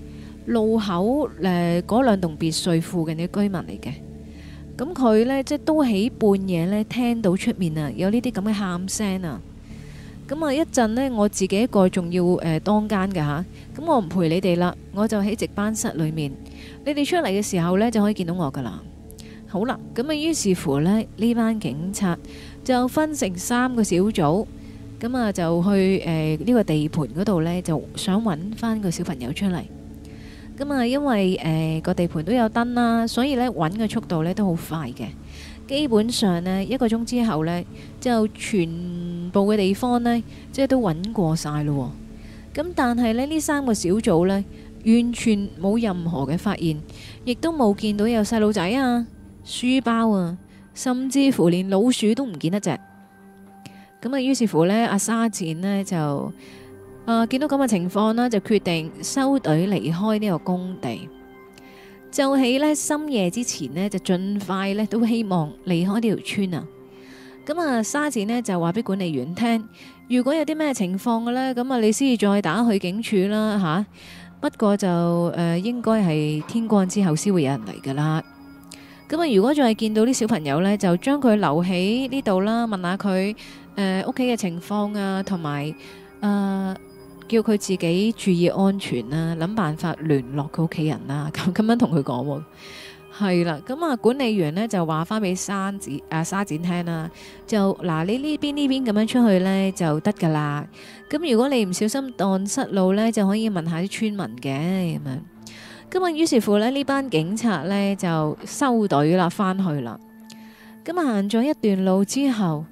路口嗰兩棟別墅附近啲居民嚟嘅。咁佢呢即都喺半夜呢聽到出面啊有呢啲咁嘅喊聲啊。咁啊一陣呢我自己一個仲要誒、呃、當間嘅吓，咁我唔陪你哋啦，我就喺值班室裏面。你哋出嚟嘅時候呢就可以見到我噶啦好啦，咁啊，於是乎咧，呢班警察就分成三個小組，咁啊就去誒呢、呃呢個地盤嗰度呢，就想揾翻個小朋友出嚟。咁啊，因為誒個、呃、地盤都有燈啦、啊，所以呢揾嘅速度呢都好快嘅。基本上呢一個鐘之後呢，就全部嘅地方呢，即係都揾過晒咯。咁但係咧，呢三個小組呢，完全冇任何嘅發現，亦都冇見到有細路仔啊。書包啊，甚至乎連老鼠都唔見得隻，咁啊，於是乎呢，阿沙展呢，就啊、呃、見到咁嘅情況啦，就決定收隊離開呢個工地，就喺呢深夜之前呢，就盡快呢，都希望離開呢條村啊，咁啊，沙展呢，就話俾管理員聽，如果有啲咩情況嘅呢，咁啊你先至再打去警署啦吓，不過就誒、呃、應該係天光之後先會有人嚟噶啦。咁啊！如果仲係見到啲小朋友呢，就將佢留喺呢度啦，問下佢誒屋企嘅情況啊，同埋誒叫佢自己注意安全啦，諗辦法聯絡佢屋企人啦，咁咁樣同佢講喎，係啦。咁、嗯、啊，管理員呢，就話翻俾沙展啊沙展聽啦，就嗱，你呢邊呢邊咁樣出去呢，就得噶啦。咁如果你唔小心蕩失路呢，就可以問下啲村民嘅咁樣。咁啊！於是乎呢，呢班警察呢就收隊啦，翻去啦。咁啊，行咗一段路之後，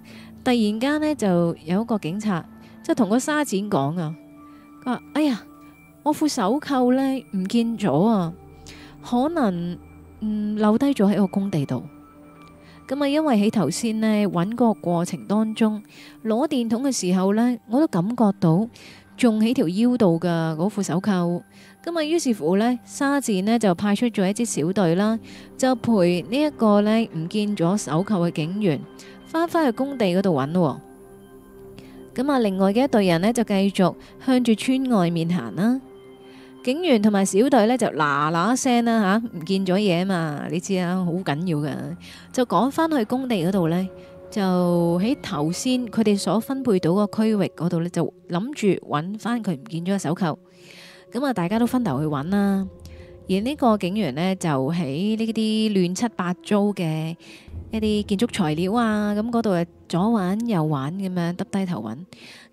突然間呢就有一個警察，就同個沙展講啊，佢話：哎呀，我副手扣呢唔見咗啊，可能嗯留低咗喺個工地度。咁啊，因為喺頭先呢揾嗰個過程當中，攞電筒嘅時候呢，我都感覺到仲喺條腰度噶嗰副手扣。咁啊，於是乎呢，沙展呢就派出咗一支小隊啦，就陪呢一個呢唔見咗手扣嘅警員，翻返去工地嗰度揾。咁啊，另外嘅一隊人呢就繼續向住村外面行啦。警員同埋小隊呢就嗱嗱聲啦吓，唔見咗嘢嘛，你知啦，好緊要㗎，就趕返去工地嗰度呢，就喺頭先佢哋所分配到個區域嗰度呢，就諗住揾翻佢唔見咗嘅手扣。咁啊！大家都分頭去揾啦。而呢個警員呢，就喺呢啲亂七八糟嘅一啲建築材料啊，咁嗰度啊，左揾右揾咁樣耷低頭揾。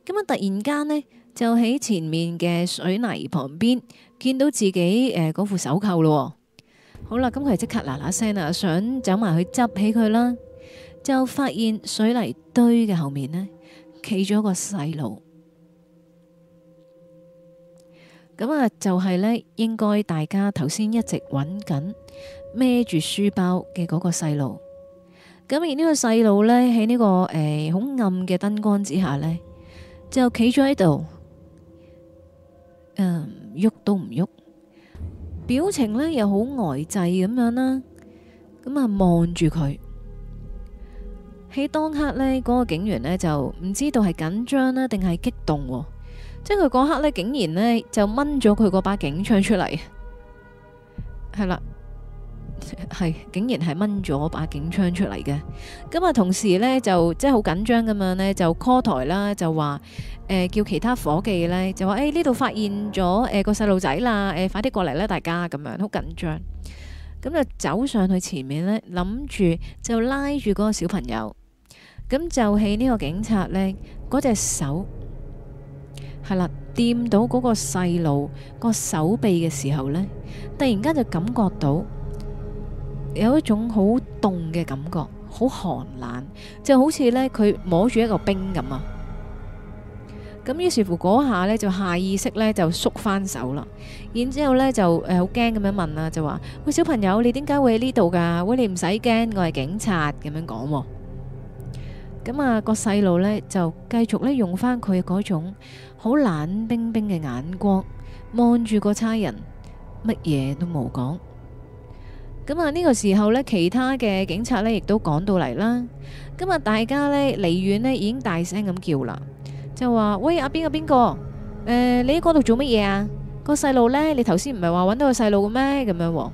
咁啊，突然間呢，就喺前面嘅水泥旁邊，見到自己誒嗰副手扣咯。好啦，咁佢即刻嗱嗱聲啊，想走埋去執起佢啦。就發現水泥堆嘅後面呢，企咗個細路。咁啊，就係呢，應該大家頭先一直揾緊，孭住書包嘅嗰個細路。咁而呢個細路呢，喺呢、這個誒好、呃、暗嘅燈光之下呢，就企咗喺度，喐、嗯、都唔喐，表情呢又好呆滯咁樣啦。咁啊，望住佢。喺當刻呢，嗰、那個警員呢，就唔知道係緊張啦，定係激動、啊。即係佢嗰刻咧，竟然咧就掹咗佢嗰把警槍出嚟，係啦，係竟然係掹咗把警槍出嚟嘅。咁啊，同時呢，就即係好緊張咁樣呢，就 call 台啦，就話誒、呃、叫其他伙計呢，就話誒呢度發現咗誒、呃、個細路仔啦，誒、呃、快啲過嚟啦，大家咁樣好緊張。咁、嗯、就走上去前面呢，諗住就拉住嗰個小朋友，咁、嗯、就係呢個警察呢，嗰隻手。係啦，掂到嗰個細路個手臂嘅時候咧，突然間就感覺到有一種好凍嘅感覺，好寒冷，就好似咧佢摸住一個冰咁啊！咁於是乎嗰下咧就下意識咧就縮翻手啦，然之後咧就誒好驚咁樣問啊，就話喂，小朋友，你點解會喺呢度噶？喂，你唔使驚，我係警察咁樣講。咁啊個細路咧就繼續咧用翻佢嘅嗰種。好冷冰冰嘅眼光望住個差人，乜嘢都冇講。咁啊呢個時候呢，其他嘅警察呢亦都趕到嚟啦。咁啊，大家呢，離遠呢，已經大聲咁叫啦，就話喂，阿邊個邊個，誒、呃、你喺嗰度做乜嘢啊？個細路呢？你頭先唔係話搵到個細路嘅咩？咁樣，哦，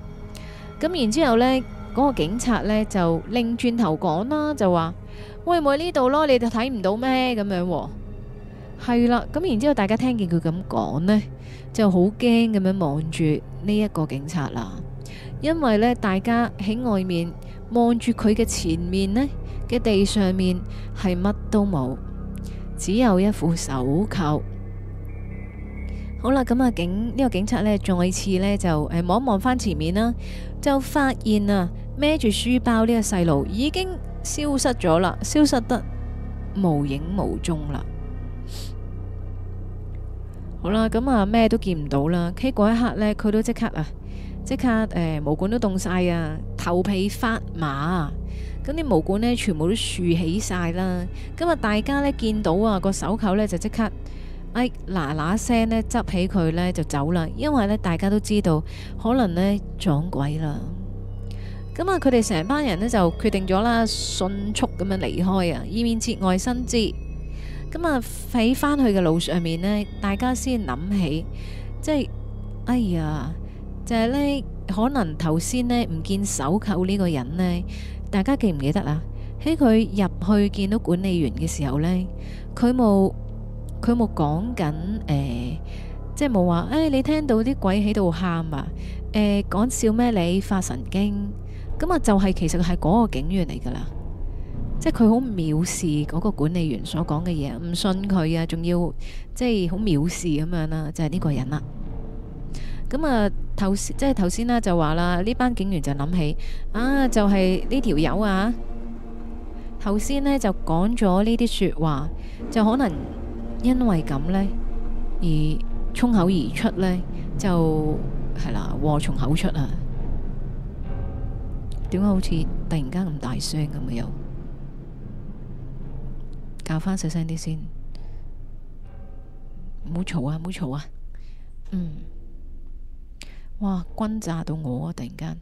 咁然之後咧，嗰個警察呢，就擰轉頭講啦，就話喂，咪喺呢度咯，你就睇唔到咩？咁樣，哦。係啦，咁然之後大家聽見佢咁講呢，就好驚咁樣望住呢一個警察啦，因為呢，大家喺外面望住佢嘅前面呢，嘅地上面係乜都冇，只有一副手銬。好啦，咁啊警呢、呢個警察呢，再次呢，就誒望、呃、一望翻前面啦，就發現啊孭住書包呢個細路已經消失咗啦，消失得無影無蹤啦。好啦，咁啊咩都見唔到啦。喺嗰一刻呢，佢都即刻啊，即刻誒、欸、毛管都凍晒啊，頭皮發麻。啊。咁啲毛管呢，全部都豎起晒啦。咁啊，大家呢，見到啊個手扣呢，就即刻哎嗱嗱聲呢，執起佢呢，就走啦。因為呢，大家都知道可能呢，撞鬼啦。咁啊，佢哋成班人呢，就決定咗啦，迅速咁樣離開啊，以免節外生枝。咁啊，喺返去嘅路上面呢，大家先諗起，即係，哎呀，就係、是、呢，可能頭先呢唔見手扣呢個人呢，大家記唔記得啊？喺佢入去見到管理員嘅時候呢，佢冇佢冇講緊誒，即係冇話，誒、哎、你聽到啲鬼喺度喊啊，誒、呃、講笑咩你發神經，咁啊就係、是、其實係嗰個警員嚟噶啦。即係佢好藐視嗰個管理員所講嘅嘢，唔信佢啊，仲要即係好藐視咁樣啦，就係呢個人啦。咁啊，頭即係頭先啦，就話啦，呢班警員就諗起啊，就係呢條友啊。頭先呢，就講咗呢啲說話，就可能因為咁呢，而衝口而出呢，就係啦禍從口出啊。點解好似突然間咁大聲咁嘅樣？教翻細聲啲先，唔好嘈啊，唔好嘈啊。嗯，哇，轟炸到我啊！突然間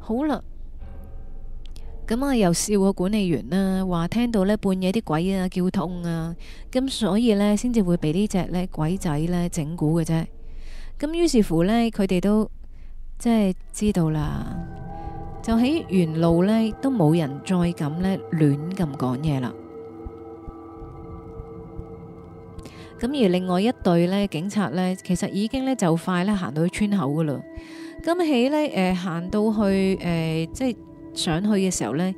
好啦，咁啊又笑個管理員啦，話聽到呢半夜啲鬼啊叫痛啊，咁所以呢，先至會俾呢隻呢鬼仔呢整蠱嘅啫。咁於是乎呢，佢哋都即係知道啦，就喺原路呢，都冇人再敢呢亂咁講嘢啦。咁而另外一隊咧，警察咧，其實已經咧就快咧行到，呃、到去村口㗎喇。今起咧，誒行到去誒，即係上去嘅時候咧，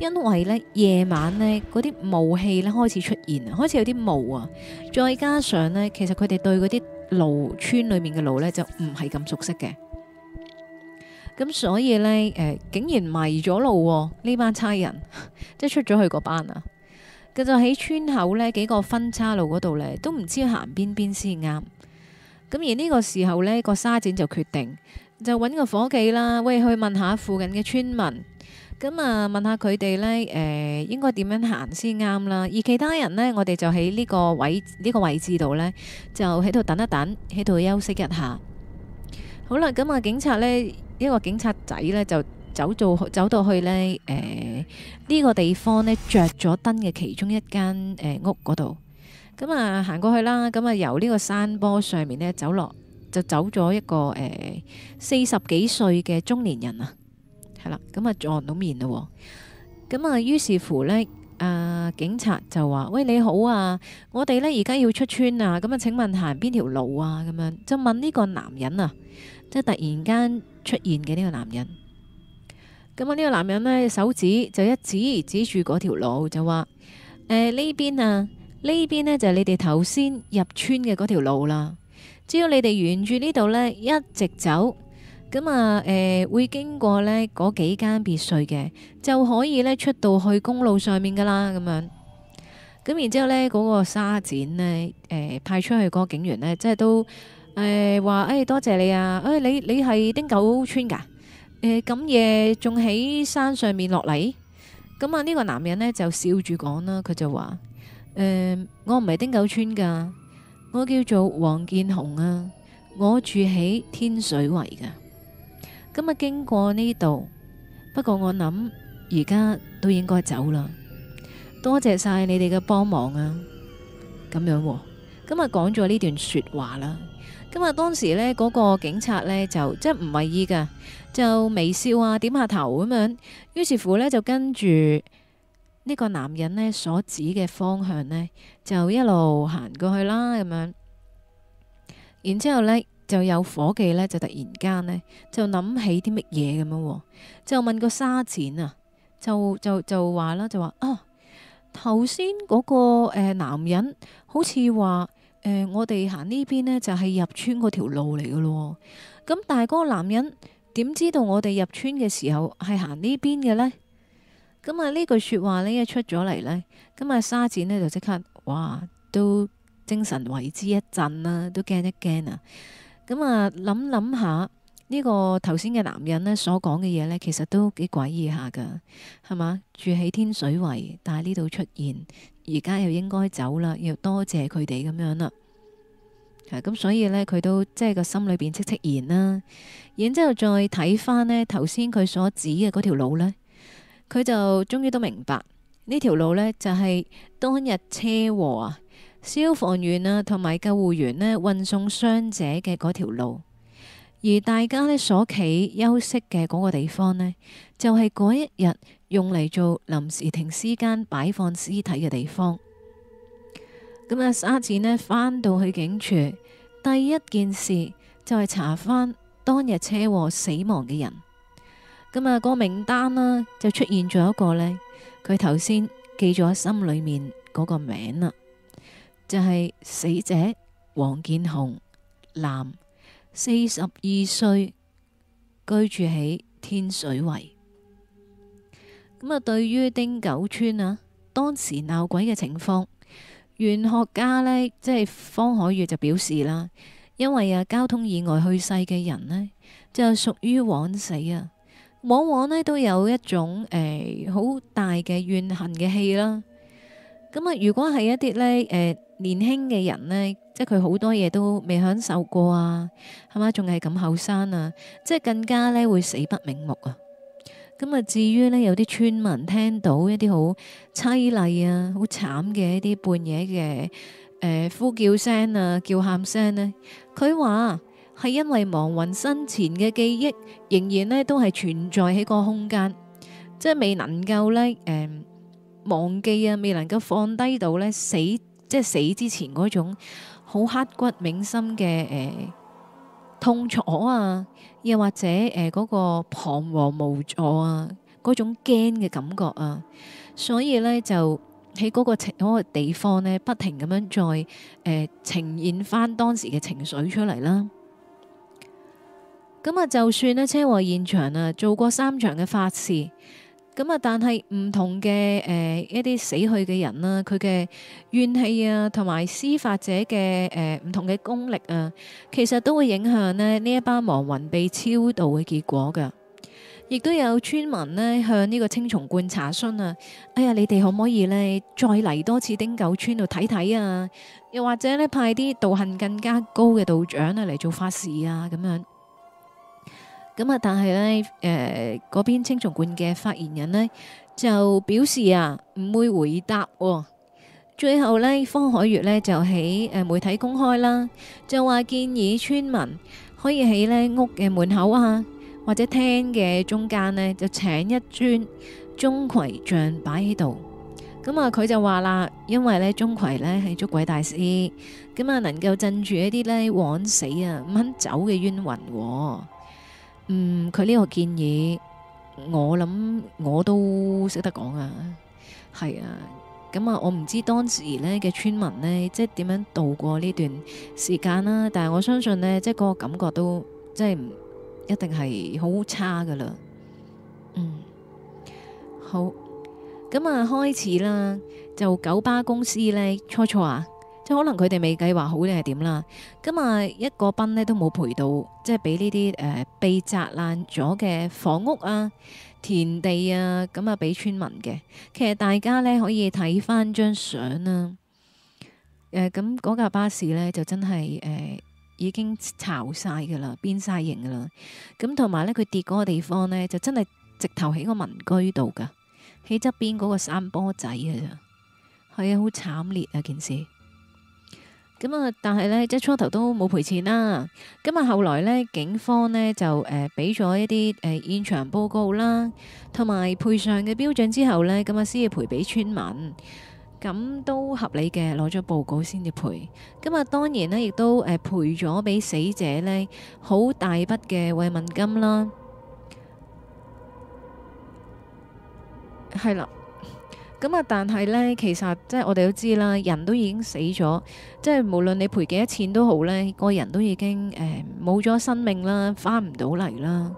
因為咧夜晚咧嗰啲霧氣咧開始出現，開始有啲霧啊。再加上咧，其實佢哋對嗰啲路村裏面嘅路咧就唔係咁熟悉嘅。咁所以咧，誒、呃、竟然迷咗路喎啊！呢班差人即係出咗去嗰班啊！佢就喺村口呢幾個分叉路嗰度呢，都唔知行邊邊先啱。咁而呢個時候呢，個沙展就決定就揾個伙計啦，喂，去問下附近嘅村民，咁、嗯、啊問下佢哋呢，誒、呃、應該點樣行先啱啦。而其他人呢，我哋就喺呢個位呢、呢個位置度呢，就喺度等一等，喺度休息一下。好啦，咁、嗯、啊，警察呢，一個警察仔呢，就。走到走到去呢，誒、呃、呢、這個地方呢着咗燈嘅其中一間誒、呃、屋嗰度，咁啊行過去啦。咁、嗯、啊由呢個山坡上面呢走落，就走咗一個誒四十幾歲嘅中年人啊，係、嗯、啦，咁啊撞到面啦喎、哦。咁、嗯、啊，於是乎呢，啊、呃、警察就話：喂你好啊，我哋呢而家要出村啊，咁、嗯、啊請問行邊條路啊？咁、嗯、樣就問呢個男人啊，即係突然間出現嘅呢個男人。咁啊！呢、嗯這個男人呢，手指就一指指住嗰條路就話：呢、呃、邊啊，呢邊呢，就係、你哋頭先入村嘅嗰條路啦。只要你哋沿住呢度呢，一直走，咁、嗯、啊、呃、會經過呢嗰幾間別墅嘅，就可以呢出到去公路上面噶啦。咁樣咁、嗯、然之後呢，嗰、嗰個沙展呢，呃、派出去嗰個警員呢，即係都誒話、呃哎、多謝你啊！哎、你你係丁九村噶？誒，咁夜仲喺山上面落嚟？咁啊呢個男人呢，就笑住講啦，佢就話：誒、呃，我唔係丁九村噶，我叫做黃建雄啊，我住喺天水圍噶。咁啊經過呢度，不過我諗而家都應該走啦。多謝晒你哋嘅幫忙啊！咁樣，今日講咗呢段說話啦。咁啊！當時呢嗰個警察呢，就即係唔為意㗎，就微笑啊，點下頭咁樣。於是乎呢，就跟住呢個男人呢所指嘅方向呢，就一路行過去啦咁樣。然之後呢，就有伙計呢，就突然間呢，就諗起啲乜嘢咁樣喎，就問個沙展啊，就就就話啦，就話啊，頭先嗰個、呃、男人好似話。誒、呃，我哋行呢邊呢，就係、是、入村嗰條路嚟嘅咯，咁但係嗰個男人點知道我哋入村嘅時候係行呢邊嘅呢？咁、嗯、啊呢句說話呢一出咗嚟、嗯、呢，咁啊沙展呢就即刻，哇都精神為之一振啦、啊，都驚一驚啊！咁、嗯、啊諗諗下。諗諗下呢個頭先嘅男人呢，所講嘅嘢呢，其實都幾詭異下噶，係嘛？住喺天水圍，但係呢度出現，而家又應該走啦，要多謝佢哋咁樣啦。係咁，所以呢，佢都即係、就是、個心裏邊戚戚然啦。然之後再睇翻呢頭先佢所指嘅嗰條路呢，佢就終於都明白呢條路呢就係、是、當日車禍啊、消防員啊同埋救護員呢運送傷者嘅嗰條路。而大家咧所企休息嘅嗰個地方呢，就係嗰一日用嚟做臨時停屍間，擺放屍體嘅地方。咁啊，沙展呢翻到去警署，第一件事就係查翻當日車禍死亡嘅人。咁啊，個名單啦就出現咗一個呢，佢頭先記咗心裏面嗰個名啦，就係死者黃建雄男。四十二歲，居住喺天水圍。咁啊，對於丁九村啊，當時鬧鬼嘅情況，玄學家呢，即係方海月就表示啦，因為啊交通意外去世嘅人呢，就屬於枉死啊，往往呢，都有一種誒好大嘅怨恨嘅氣啦。咁啊，如果係一啲呢誒年輕嘅人呢。即係佢好多嘢都未享受過啊，係嘛？仲係咁後生啊，即係更加咧會死不瞑目啊。咁啊，至於呢，有啲村民聽到一啲好淒厲啊、好慘嘅一啲半夜嘅誒、呃、呼叫聲啊、叫喊聲呢，佢話係因為亡魂生前嘅記憶仍然呢都係存在喺個空間，即係未能夠呢，誒、呃、忘記啊，未能夠放低到呢死，即、就、係、是、死之前嗰種。好刻骨銘心嘅誒痛楚啊，又或者誒嗰個彷徨無助啊，嗰種驚嘅感覺啊，所以呢，就喺嗰個嗰個地方呢，不停咁樣再誒呈現返當時嘅情緒出嚟啦。咁啊，就算呢車禍現場啊，做過三場嘅法事。但係唔同嘅誒，呃、一啲死去嘅人啦，佢嘅怨氣啊，同埋施法者嘅誒唔同嘅功力啊，其實都會影響咧呢這一班亡魂被超度嘅結果㗎。亦都有村民呢向呢個青松觀查詢啊，哎呀，你哋可唔可以咧再嚟多次丁九村度睇睇啊？又或者咧派啲道行更加高嘅道長啊嚟做法事啊咁樣。咁啊，但係咧，誒、呃、嗰邊青松觀嘅發言人呢，就表示啊，唔會回答哦。最後呢，方海月呢，就喺誒媒體公開啦，就話建議村民可以喺咧屋嘅門口啊，或者廳嘅中間呢，就請一尊鐘馗像擺喺度。咁、嗯、啊，佢就話啦，因為咧鐘馗呢係捉鬼大師，咁啊能夠鎮住一啲呢枉死啊唔肯走嘅冤魂哦。嗯，佢呢個建議，我諗我都識得講啊，係啊，咁啊，我唔知當時呢嘅村民呢，即係點樣度過呢段時間啦，但係我相信呢，即係嗰個感覺都即係一定係好差噶啦。嗯，好，咁啊，開始啦，就九巴公司呢，初初啊。可能佢哋未計劃好咧，係點啦？咁啊，一個班呢都冇賠到，即係俾呢啲誒被砸、呃、爛咗嘅房屋啊、田地啊，咁啊俾村民嘅。其實大家呢可以睇翻張相啦。誒、呃，咁嗰架巴士呢，就真係誒、呃、已經巢晒噶啦，變晒形噶啦。咁同埋呢，佢跌嗰個地方呢，就真係直頭喺個民居度噶，喺側邊嗰個山坡仔啊，咋？係啊，好慘烈啊件事。咁啊、嗯，但係咧，即係初頭都冇賠錢啦。咁、嗯、啊，後來咧，警方呢就誒俾咗一啲誒、呃、現場報告啦，同埋賠償嘅標準之後呢，咁啊先至賠俾村民，咁、嗯、都合理嘅，攞咗報告先至賠。咁、嗯、啊、嗯，當然呢，亦都誒賠咗俾死者呢，好大筆嘅慰問金啦，係啦。咁啊！但係呢，其實即係我哋都知啦，人都已經死咗，即係無論你賠幾多錢都好，呢個人都已經誒冇咗生命啦，翻唔到嚟啦，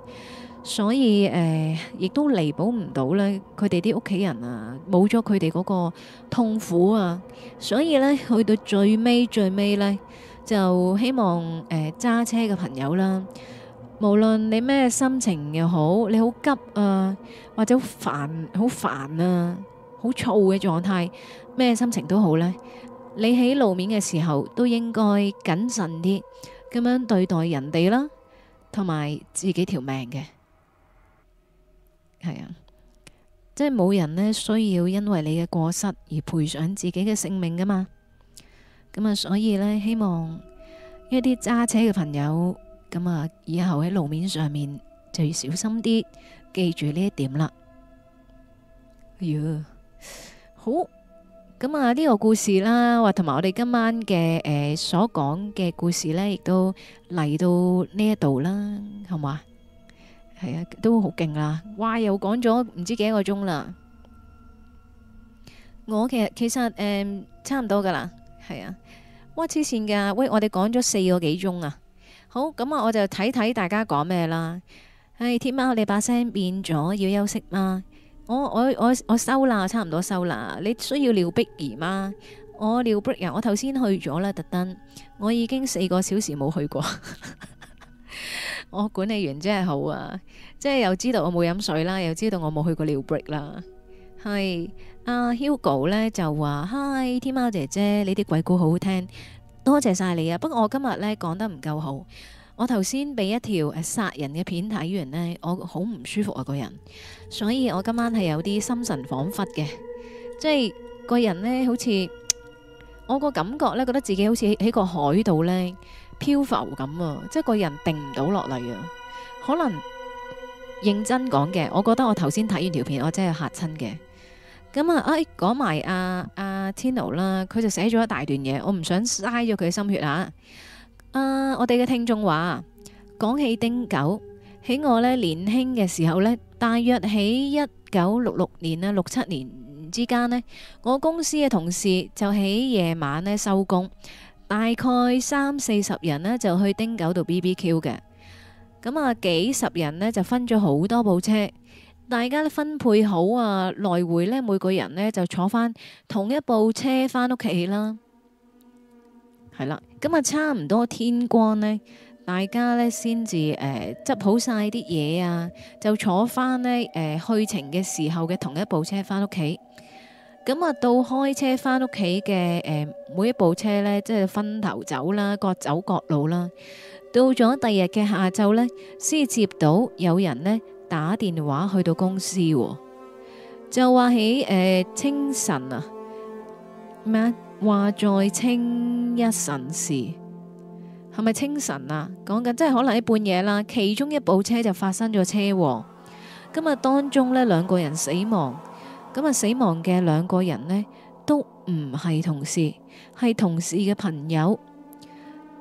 所以誒、呃、亦都彌補唔到呢佢哋啲屋企人啊，冇咗佢哋嗰個痛苦啊，所以呢，去到最尾最尾呢，就希望誒揸、呃、車嘅朋友啦，無論你咩心情又好，你好急啊，或者好煩，好煩啊！好躁嘅狀態，咩心情都好呢。你喺路面嘅時候都應該謹慎啲，咁樣對待人哋啦，同埋自己條命嘅。係啊，即係冇人呢需要因為你嘅過失而賠上自己嘅性命噶嘛。咁啊，所以呢，希望一啲揸車嘅朋友，咁啊，以後喺路面上面就要小心啲，記住呢一點啦。哎呀！好，咁啊呢個故事啦，或同埋我哋今晚嘅，誒所講嘅故事咧，亦都嚟到呢一度啦，好唔好啊？係啊，都好勁啦！哇，又講咗唔知幾多個鐘啦！我其實其實誒，差唔多噶啦，係啊，哇，黐線噶！喂，我哋講咗四個幾鐘啊！好，咁啊，我就睇睇大家講咩啦。唉，天貓，你把聲變咗，要休息啦？我我我我收啦，差唔多收啦。你需要尿 break 嗎？我尿 break 啊，我頭先去咗啦，特登。我已經四個小時冇去過。 我管理員真係好啊，即係又知道我冇飲水啦，又知道我冇去過尿 break 啦。係阿、啊、Hugo 咧就話，嗨，天貓姐姐，你啲鬼故好好聽，多謝晒你啊。不過我今日咧講得唔夠好。我頭先俾一條誒殺人嘅片睇完呢，我好唔舒服啊個人，所以我今晚係有啲心神恍惚嘅，即係個人呢，好似我個感覺呢，覺得自己好似喺個海度呢漂浮咁啊，即係個人定唔到落嚟啊，可能認真講嘅，我覺得我頭先睇完條片，我真係嚇親嘅。咁、哎、啊，誒、啊、講埋阿阿 Tino 啦，佢就寫咗一大段嘢，我唔想嘥咗佢嘅心血吓。啊！Uh, 我哋嘅聽眾話，講起丁九，喺我呢年輕嘅時候呢，大約喺一九六六年啊六七年之間呢，我公司嘅同事就喺夜晚呢收工，大概三四十人呢就去丁九度 BBQ 嘅，咁啊幾十人呢就分咗好多部車，大家都分配好啊，來回呢，每個人呢就坐翻同一部車翻屋企啦，係啦。咁啊，差唔多天光呢，大家呢先至誒執好晒啲嘢啊，就坐翻呢誒去程嘅時候嘅同一部車翻屋企。咁啊，到開車翻屋企嘅誒每一部車呢，即係分頭走啦，各走各路啦。到咗第二日嘅下晝呢，先接到有人呢打電話去到公司喎，就話喺誒清晨啊咩啊？話在清一神時，係咪清晨啊？講緊即係可能一半夜啦。其中一部車就發生咗車禍，今日當中呢兩個人死亡，咁啊死亡嘅兩個人呢，都唔係同事，係同事嘅朋友。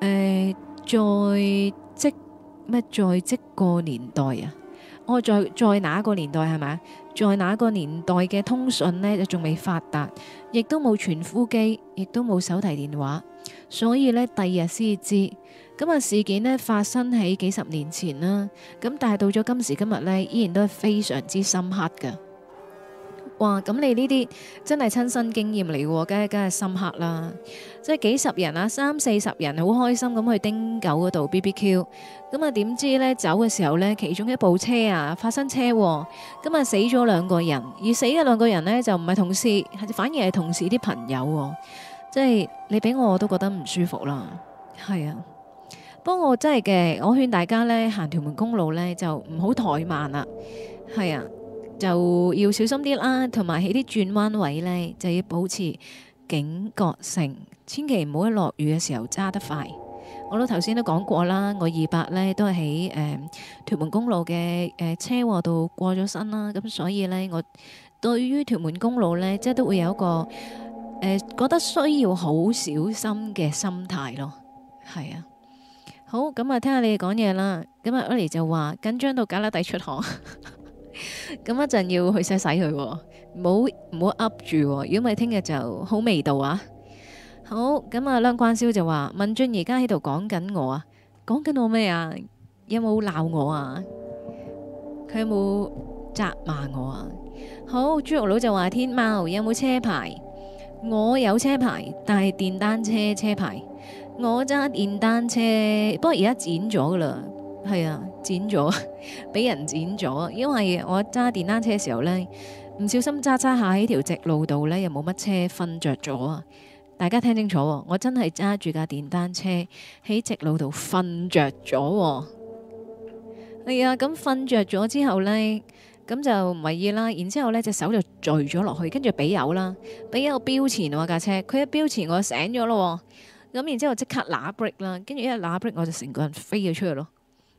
誒、呃，在即咩？在即個年代啊？我在在哪個年代係咪？在那個年代嘅通訊呢，就仲未發達，亦都冇傳呼機，亦都冇手提電話，所以呢，第二日先至知咁啊。事件呢，發生喺幾十年前啦，咁但係到咗今時今日呢，依然都係非常之深刻嘅。哇！咁你呢啲真係親身經驗嚟喎，梗係梗係深刻啦。即係幾十人啊，三四十人，好開心咁去汀九嗰度 BBQ。咁啊點知呢？走嘅時候呢，其中一部車啊發生車禍啊，咁啊死咗兩個人。而死嘅兩個人呢，就唔係同事，反而係同事啲朋友啊。即係你俾我，我都覺得唔舒服啦。係啊，不過真係嘅，我勸大家呢，行屯門公路呢，就唔好怠慢啦。係啊。就要小心啲啦，同埋喺啲轉彎位呢，就要保持警覺性，千祈唔好喺落雨嘅時候揸得快。我都頭先都講過啦，我二伯呢都係喺誒屯門公路嘅誒、呃、車禍度過咗身啦，咁所以呢，我對於屯門公路呢，即係都會有一個誒、呃、覺得需要好小心嘅心態咯。係啊，好咁啊，就聽下你哋講嘢啦。咁啊 a 就話緊張到假拉底出汗。 咁 一陣要去洗洗佢，唔好唔好噏住。如果唔係，聽日就好味道啊！好，咁啊，梁關燒就話：文俊而家喺度講緊我啊，講緊我咩啊？有冇鬧我啊？佢有冇責罵我啊？好，豬肉佬就話：天貓有冇車牌？我有車牌，但係電單車車牌。我揸電單車，不過而家剪咗噶啦。係啊，剪咗俾人剪咗，因為我揸電單車嘅時候呢，唔小心揸揸下喺條直路度呢，又冇乜車，瞓着咗啊！大家聽清楚，我真係揸住架電單車喺直路度瞓着咗。係、哎、啊，咁瞓着咗之後呢，咁就唔為意啦。然之後咧，隻手就墜咗落去，跟住俾油啦，俾油標前啊架車。佢一標前我就我一，我醒咗咯。咁然之後即刻拉 break 啦，跟住一拉 break，我就成個人飛咗出去咯。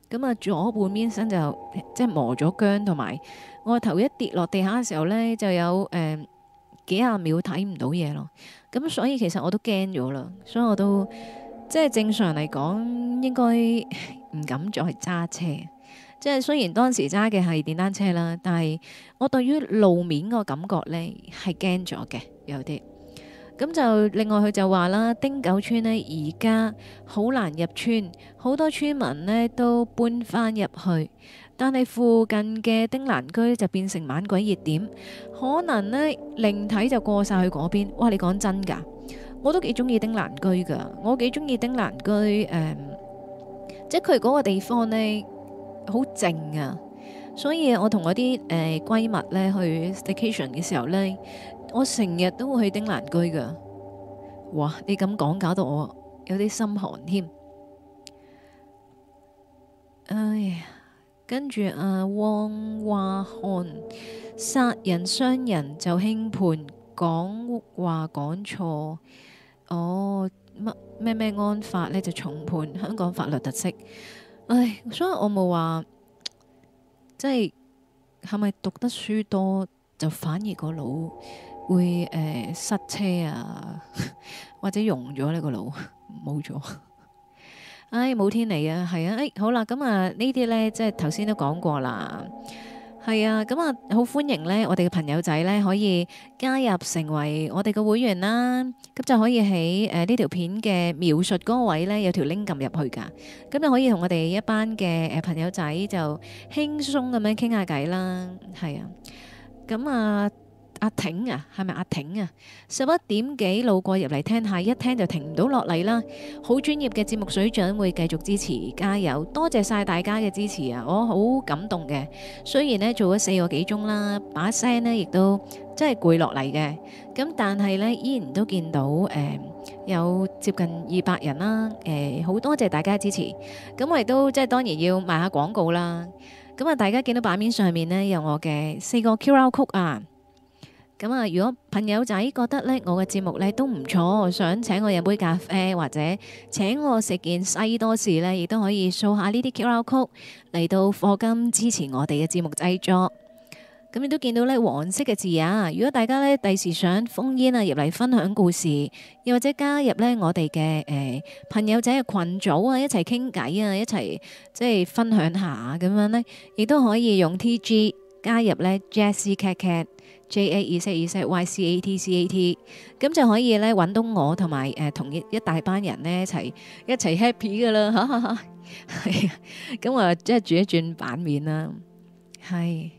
咁啊，左半邊身就即係磨咗薑，同埋我頭一跌落地下嘅時候呢，就有誒、呃、幾十秒睇唔到嘢咯。咁所以其實我都驚咗啦，所以我都即係正常嚟講應該唔敢再係揸車。即係雖然當時揸嘅係電單車啦，但係我對於路面個感覺呢，係驚咗嘅，有啲。咁就另外佢就話啦，丁九村呢而家好難入村，好多村民呢都搬翻入去，但係附近嘅丁蘭居就變成猛鬼熱點，可能呢，靈體就過晒去嗰邊。哇！你講真㗎，我都幾中意丁蘭居㗎，我幾中意丁蘭居誒、嗯，即係佢嗰個地方呢，好靜啊，所以我同我啲誒閨蜜呢去 staycation 嘅時候呢。我成日都會去丁蘭居噶，哇！你咁講搞到我有啲心寒添。唉，跟住阿、啊、汪話漢殺人傷人就輕判，講話講錯哦乜咩咩安法呢就重判，香港法律特色。唉，所以我冇話即係係咪讀得書多就反而個腦？會誒、呃、塞車啊，或者溶咗呢個腦冇咗，唉，冇、哎、天理啊！係啊，哎好啦，咁啊呢啲咧即係頭先都講過啦，係啊，咁啊好、啊、歡迎咧，我哋嘅朋友仔咧可以加入成為我哋嘅會員啦，咁就可以喺誒呢條片嘅描述嗰位咧有條 link 撳入去噶，咁就可以同我哋一班嘅誒朋友仔就輕鬆咁樣傾下偈啦，係啊，咁啊。阿挺啊，係咪阿挺啊？十一點幾路過入嚟聽下，一聽就停唔到落嚟啦。好專業嘅節目水準，會繼續支持，加油！多謝晒大家嘅支持啊，我好感動嘅。雖然呢做咗四個幾鐘啦，把聲呢亦都真係攰落嚟嘅。咁但係呢，依然都見到誒、呃、有接近二百人啦。誒、呃，好多謝大家支持。咁我亦都即係當然要賣下廣告啦。咁啊，大家見到版面上面呢，有我嘅四個 QR Code 啊。咁啊！如果朋友仔覺得咧，我嘅節目咧都唔錯，想請我飲杯咖啡或者請我食件西多士咧，亦都可以掃下呢啲 QR code 嚟到課金支持我哋嘅節目製作。咁亦都見到咧黃色嘅字啊！如果大家咧第時想封煙啊，入嚟分享故事，又或者加入咧我哋嘅誒朋友仔嘅群組啊，一齊傾偈啊，一齊即係分享下咁樣呢亦都可以用 TG 加入呢 Jazzy Cat Cat。J A Z Z Y C A T C A T，咁就可以咧揾到我同埋誒同一一大班人咧一齊一齊 happy 噶啦嚇嚇嚇，係啊，咁啊即係轉一轉版面啦，係，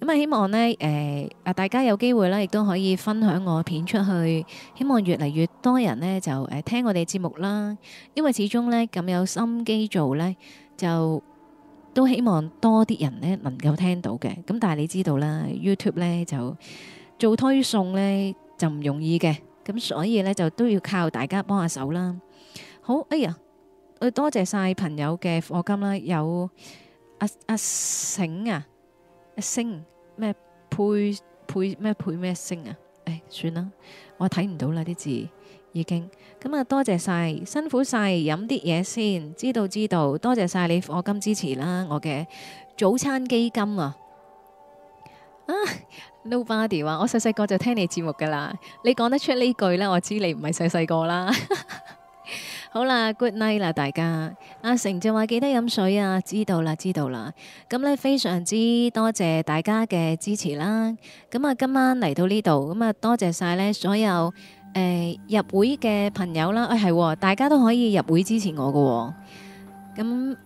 咁啊希望咧誒啊大家有機會咧亦都可以分享我片出去，希望越嚟越多人咧就誒聽我哋節目啦，因為始終咧咁有心機做咧就。都希望多啲人呢能夠聽到嘅，咁但係你知道啦，YouTube 呢就做推送呢就唔容易嘅，咁所以呢就都要靠大家幫下手啦。好，哎呀，我多謝晒朋友嘅課金啦，有阿阿醒啊，阿星咩配配咩配咩星啊？誒，算啦，我睇唔到啦啲字已經。咁啊，多謝晒辛苦晒飲啲嘢先。知道知道，多謝晒你課金支持啦，我嘅早餐基金啊。啊，Nobody 話我細細個就聽你節目噶啦，你講得出呢句呢，我知你唔係細細個啦。 好啦，Good night 啦，大家。阿成就話記得飲水啊，知道啦，知道啦。咁呢，非常之多謝大家嘅支持啦。咁啊，今晚嚟到呢度，咁啊，多謝晒呢所有，誒入會嘅朋友啦，誒係喎，大家都可以入會支持我㗎喎。咁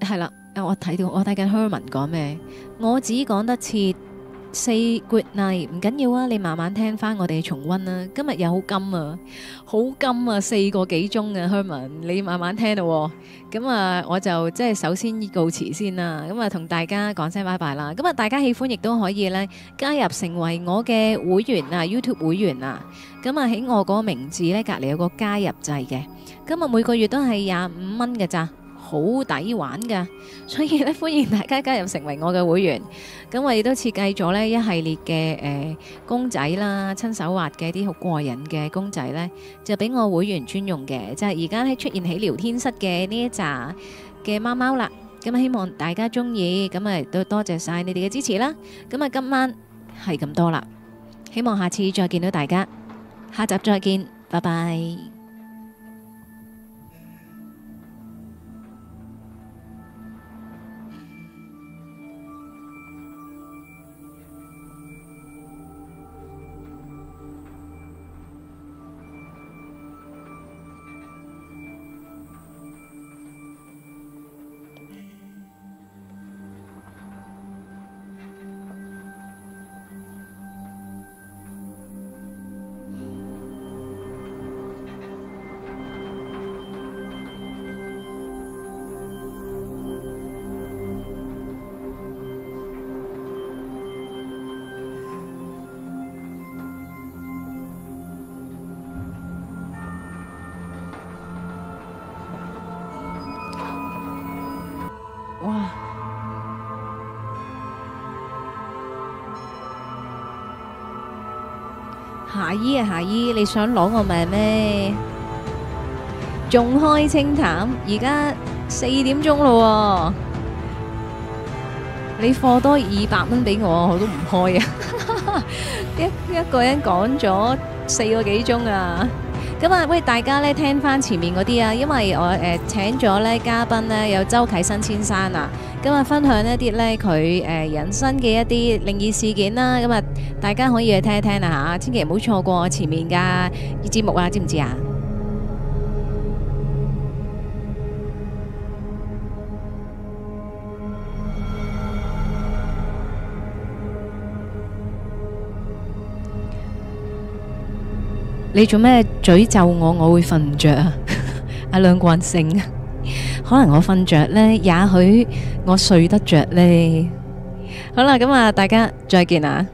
係啦，我睇到我睇緊 Herman 講咩，我只講得切。四 good night，唔緊要啊，你慢慢聽翻我哋重温啦。今日又好金啊，好金啊，四個幾鐘啊，Herman，你慢慢聽啦。咁啊，我就即係首先告辭先啦。咁啊，同大家講聲拜拜啦。咁啊，大家喜歡亦都可以咧加入成為我嘅會員啊，YouTube 會員啊。咁啊，喺我個名字咧隔籬有個加入掣，嘅。咁啊，每個月都係廿五蚊嘅咋。好抵玩噶所以咧歡迎大家加入成為我嘅會員。咁我亦都設計咗咧一系列嘅誒公仔啦，親手畫嘅啲好過癮嘅公仔咧，就俾我會員專用嘅。就係而家喺出現喺聊天室嘅呢一紮嘅貓貓啦。咁啊希望大家中意，咁啊亦都多謝晒你哋嘅支持啦。咁啊今晚係咁多啦，希望下次再見到大家，下集再見，拜拜。你想攞我命咩？仲開清談，而家四點鐘咯，你貨多二百蚊俾我，我都唔開啊！ 一一個人講咗四個幾鐘啊，咁啊喂，大家咧聽翻前面嗰啲啊，因為我誒、呃、請咗咧嘉賓咧有周啟生先生啊。今日分享一啲咧佢誒人生嘅一啲靈異事件啦，今日大家可以去聽一聽啦吓，千祈唔好錯過前面嘅節目啊，知唔知啊？你做咩咀咒我？我會瞓唔着啊！阿兩慣性。可能我瞓着呢，也許我睡得着呢。好啦，咁啊，大家再見啦！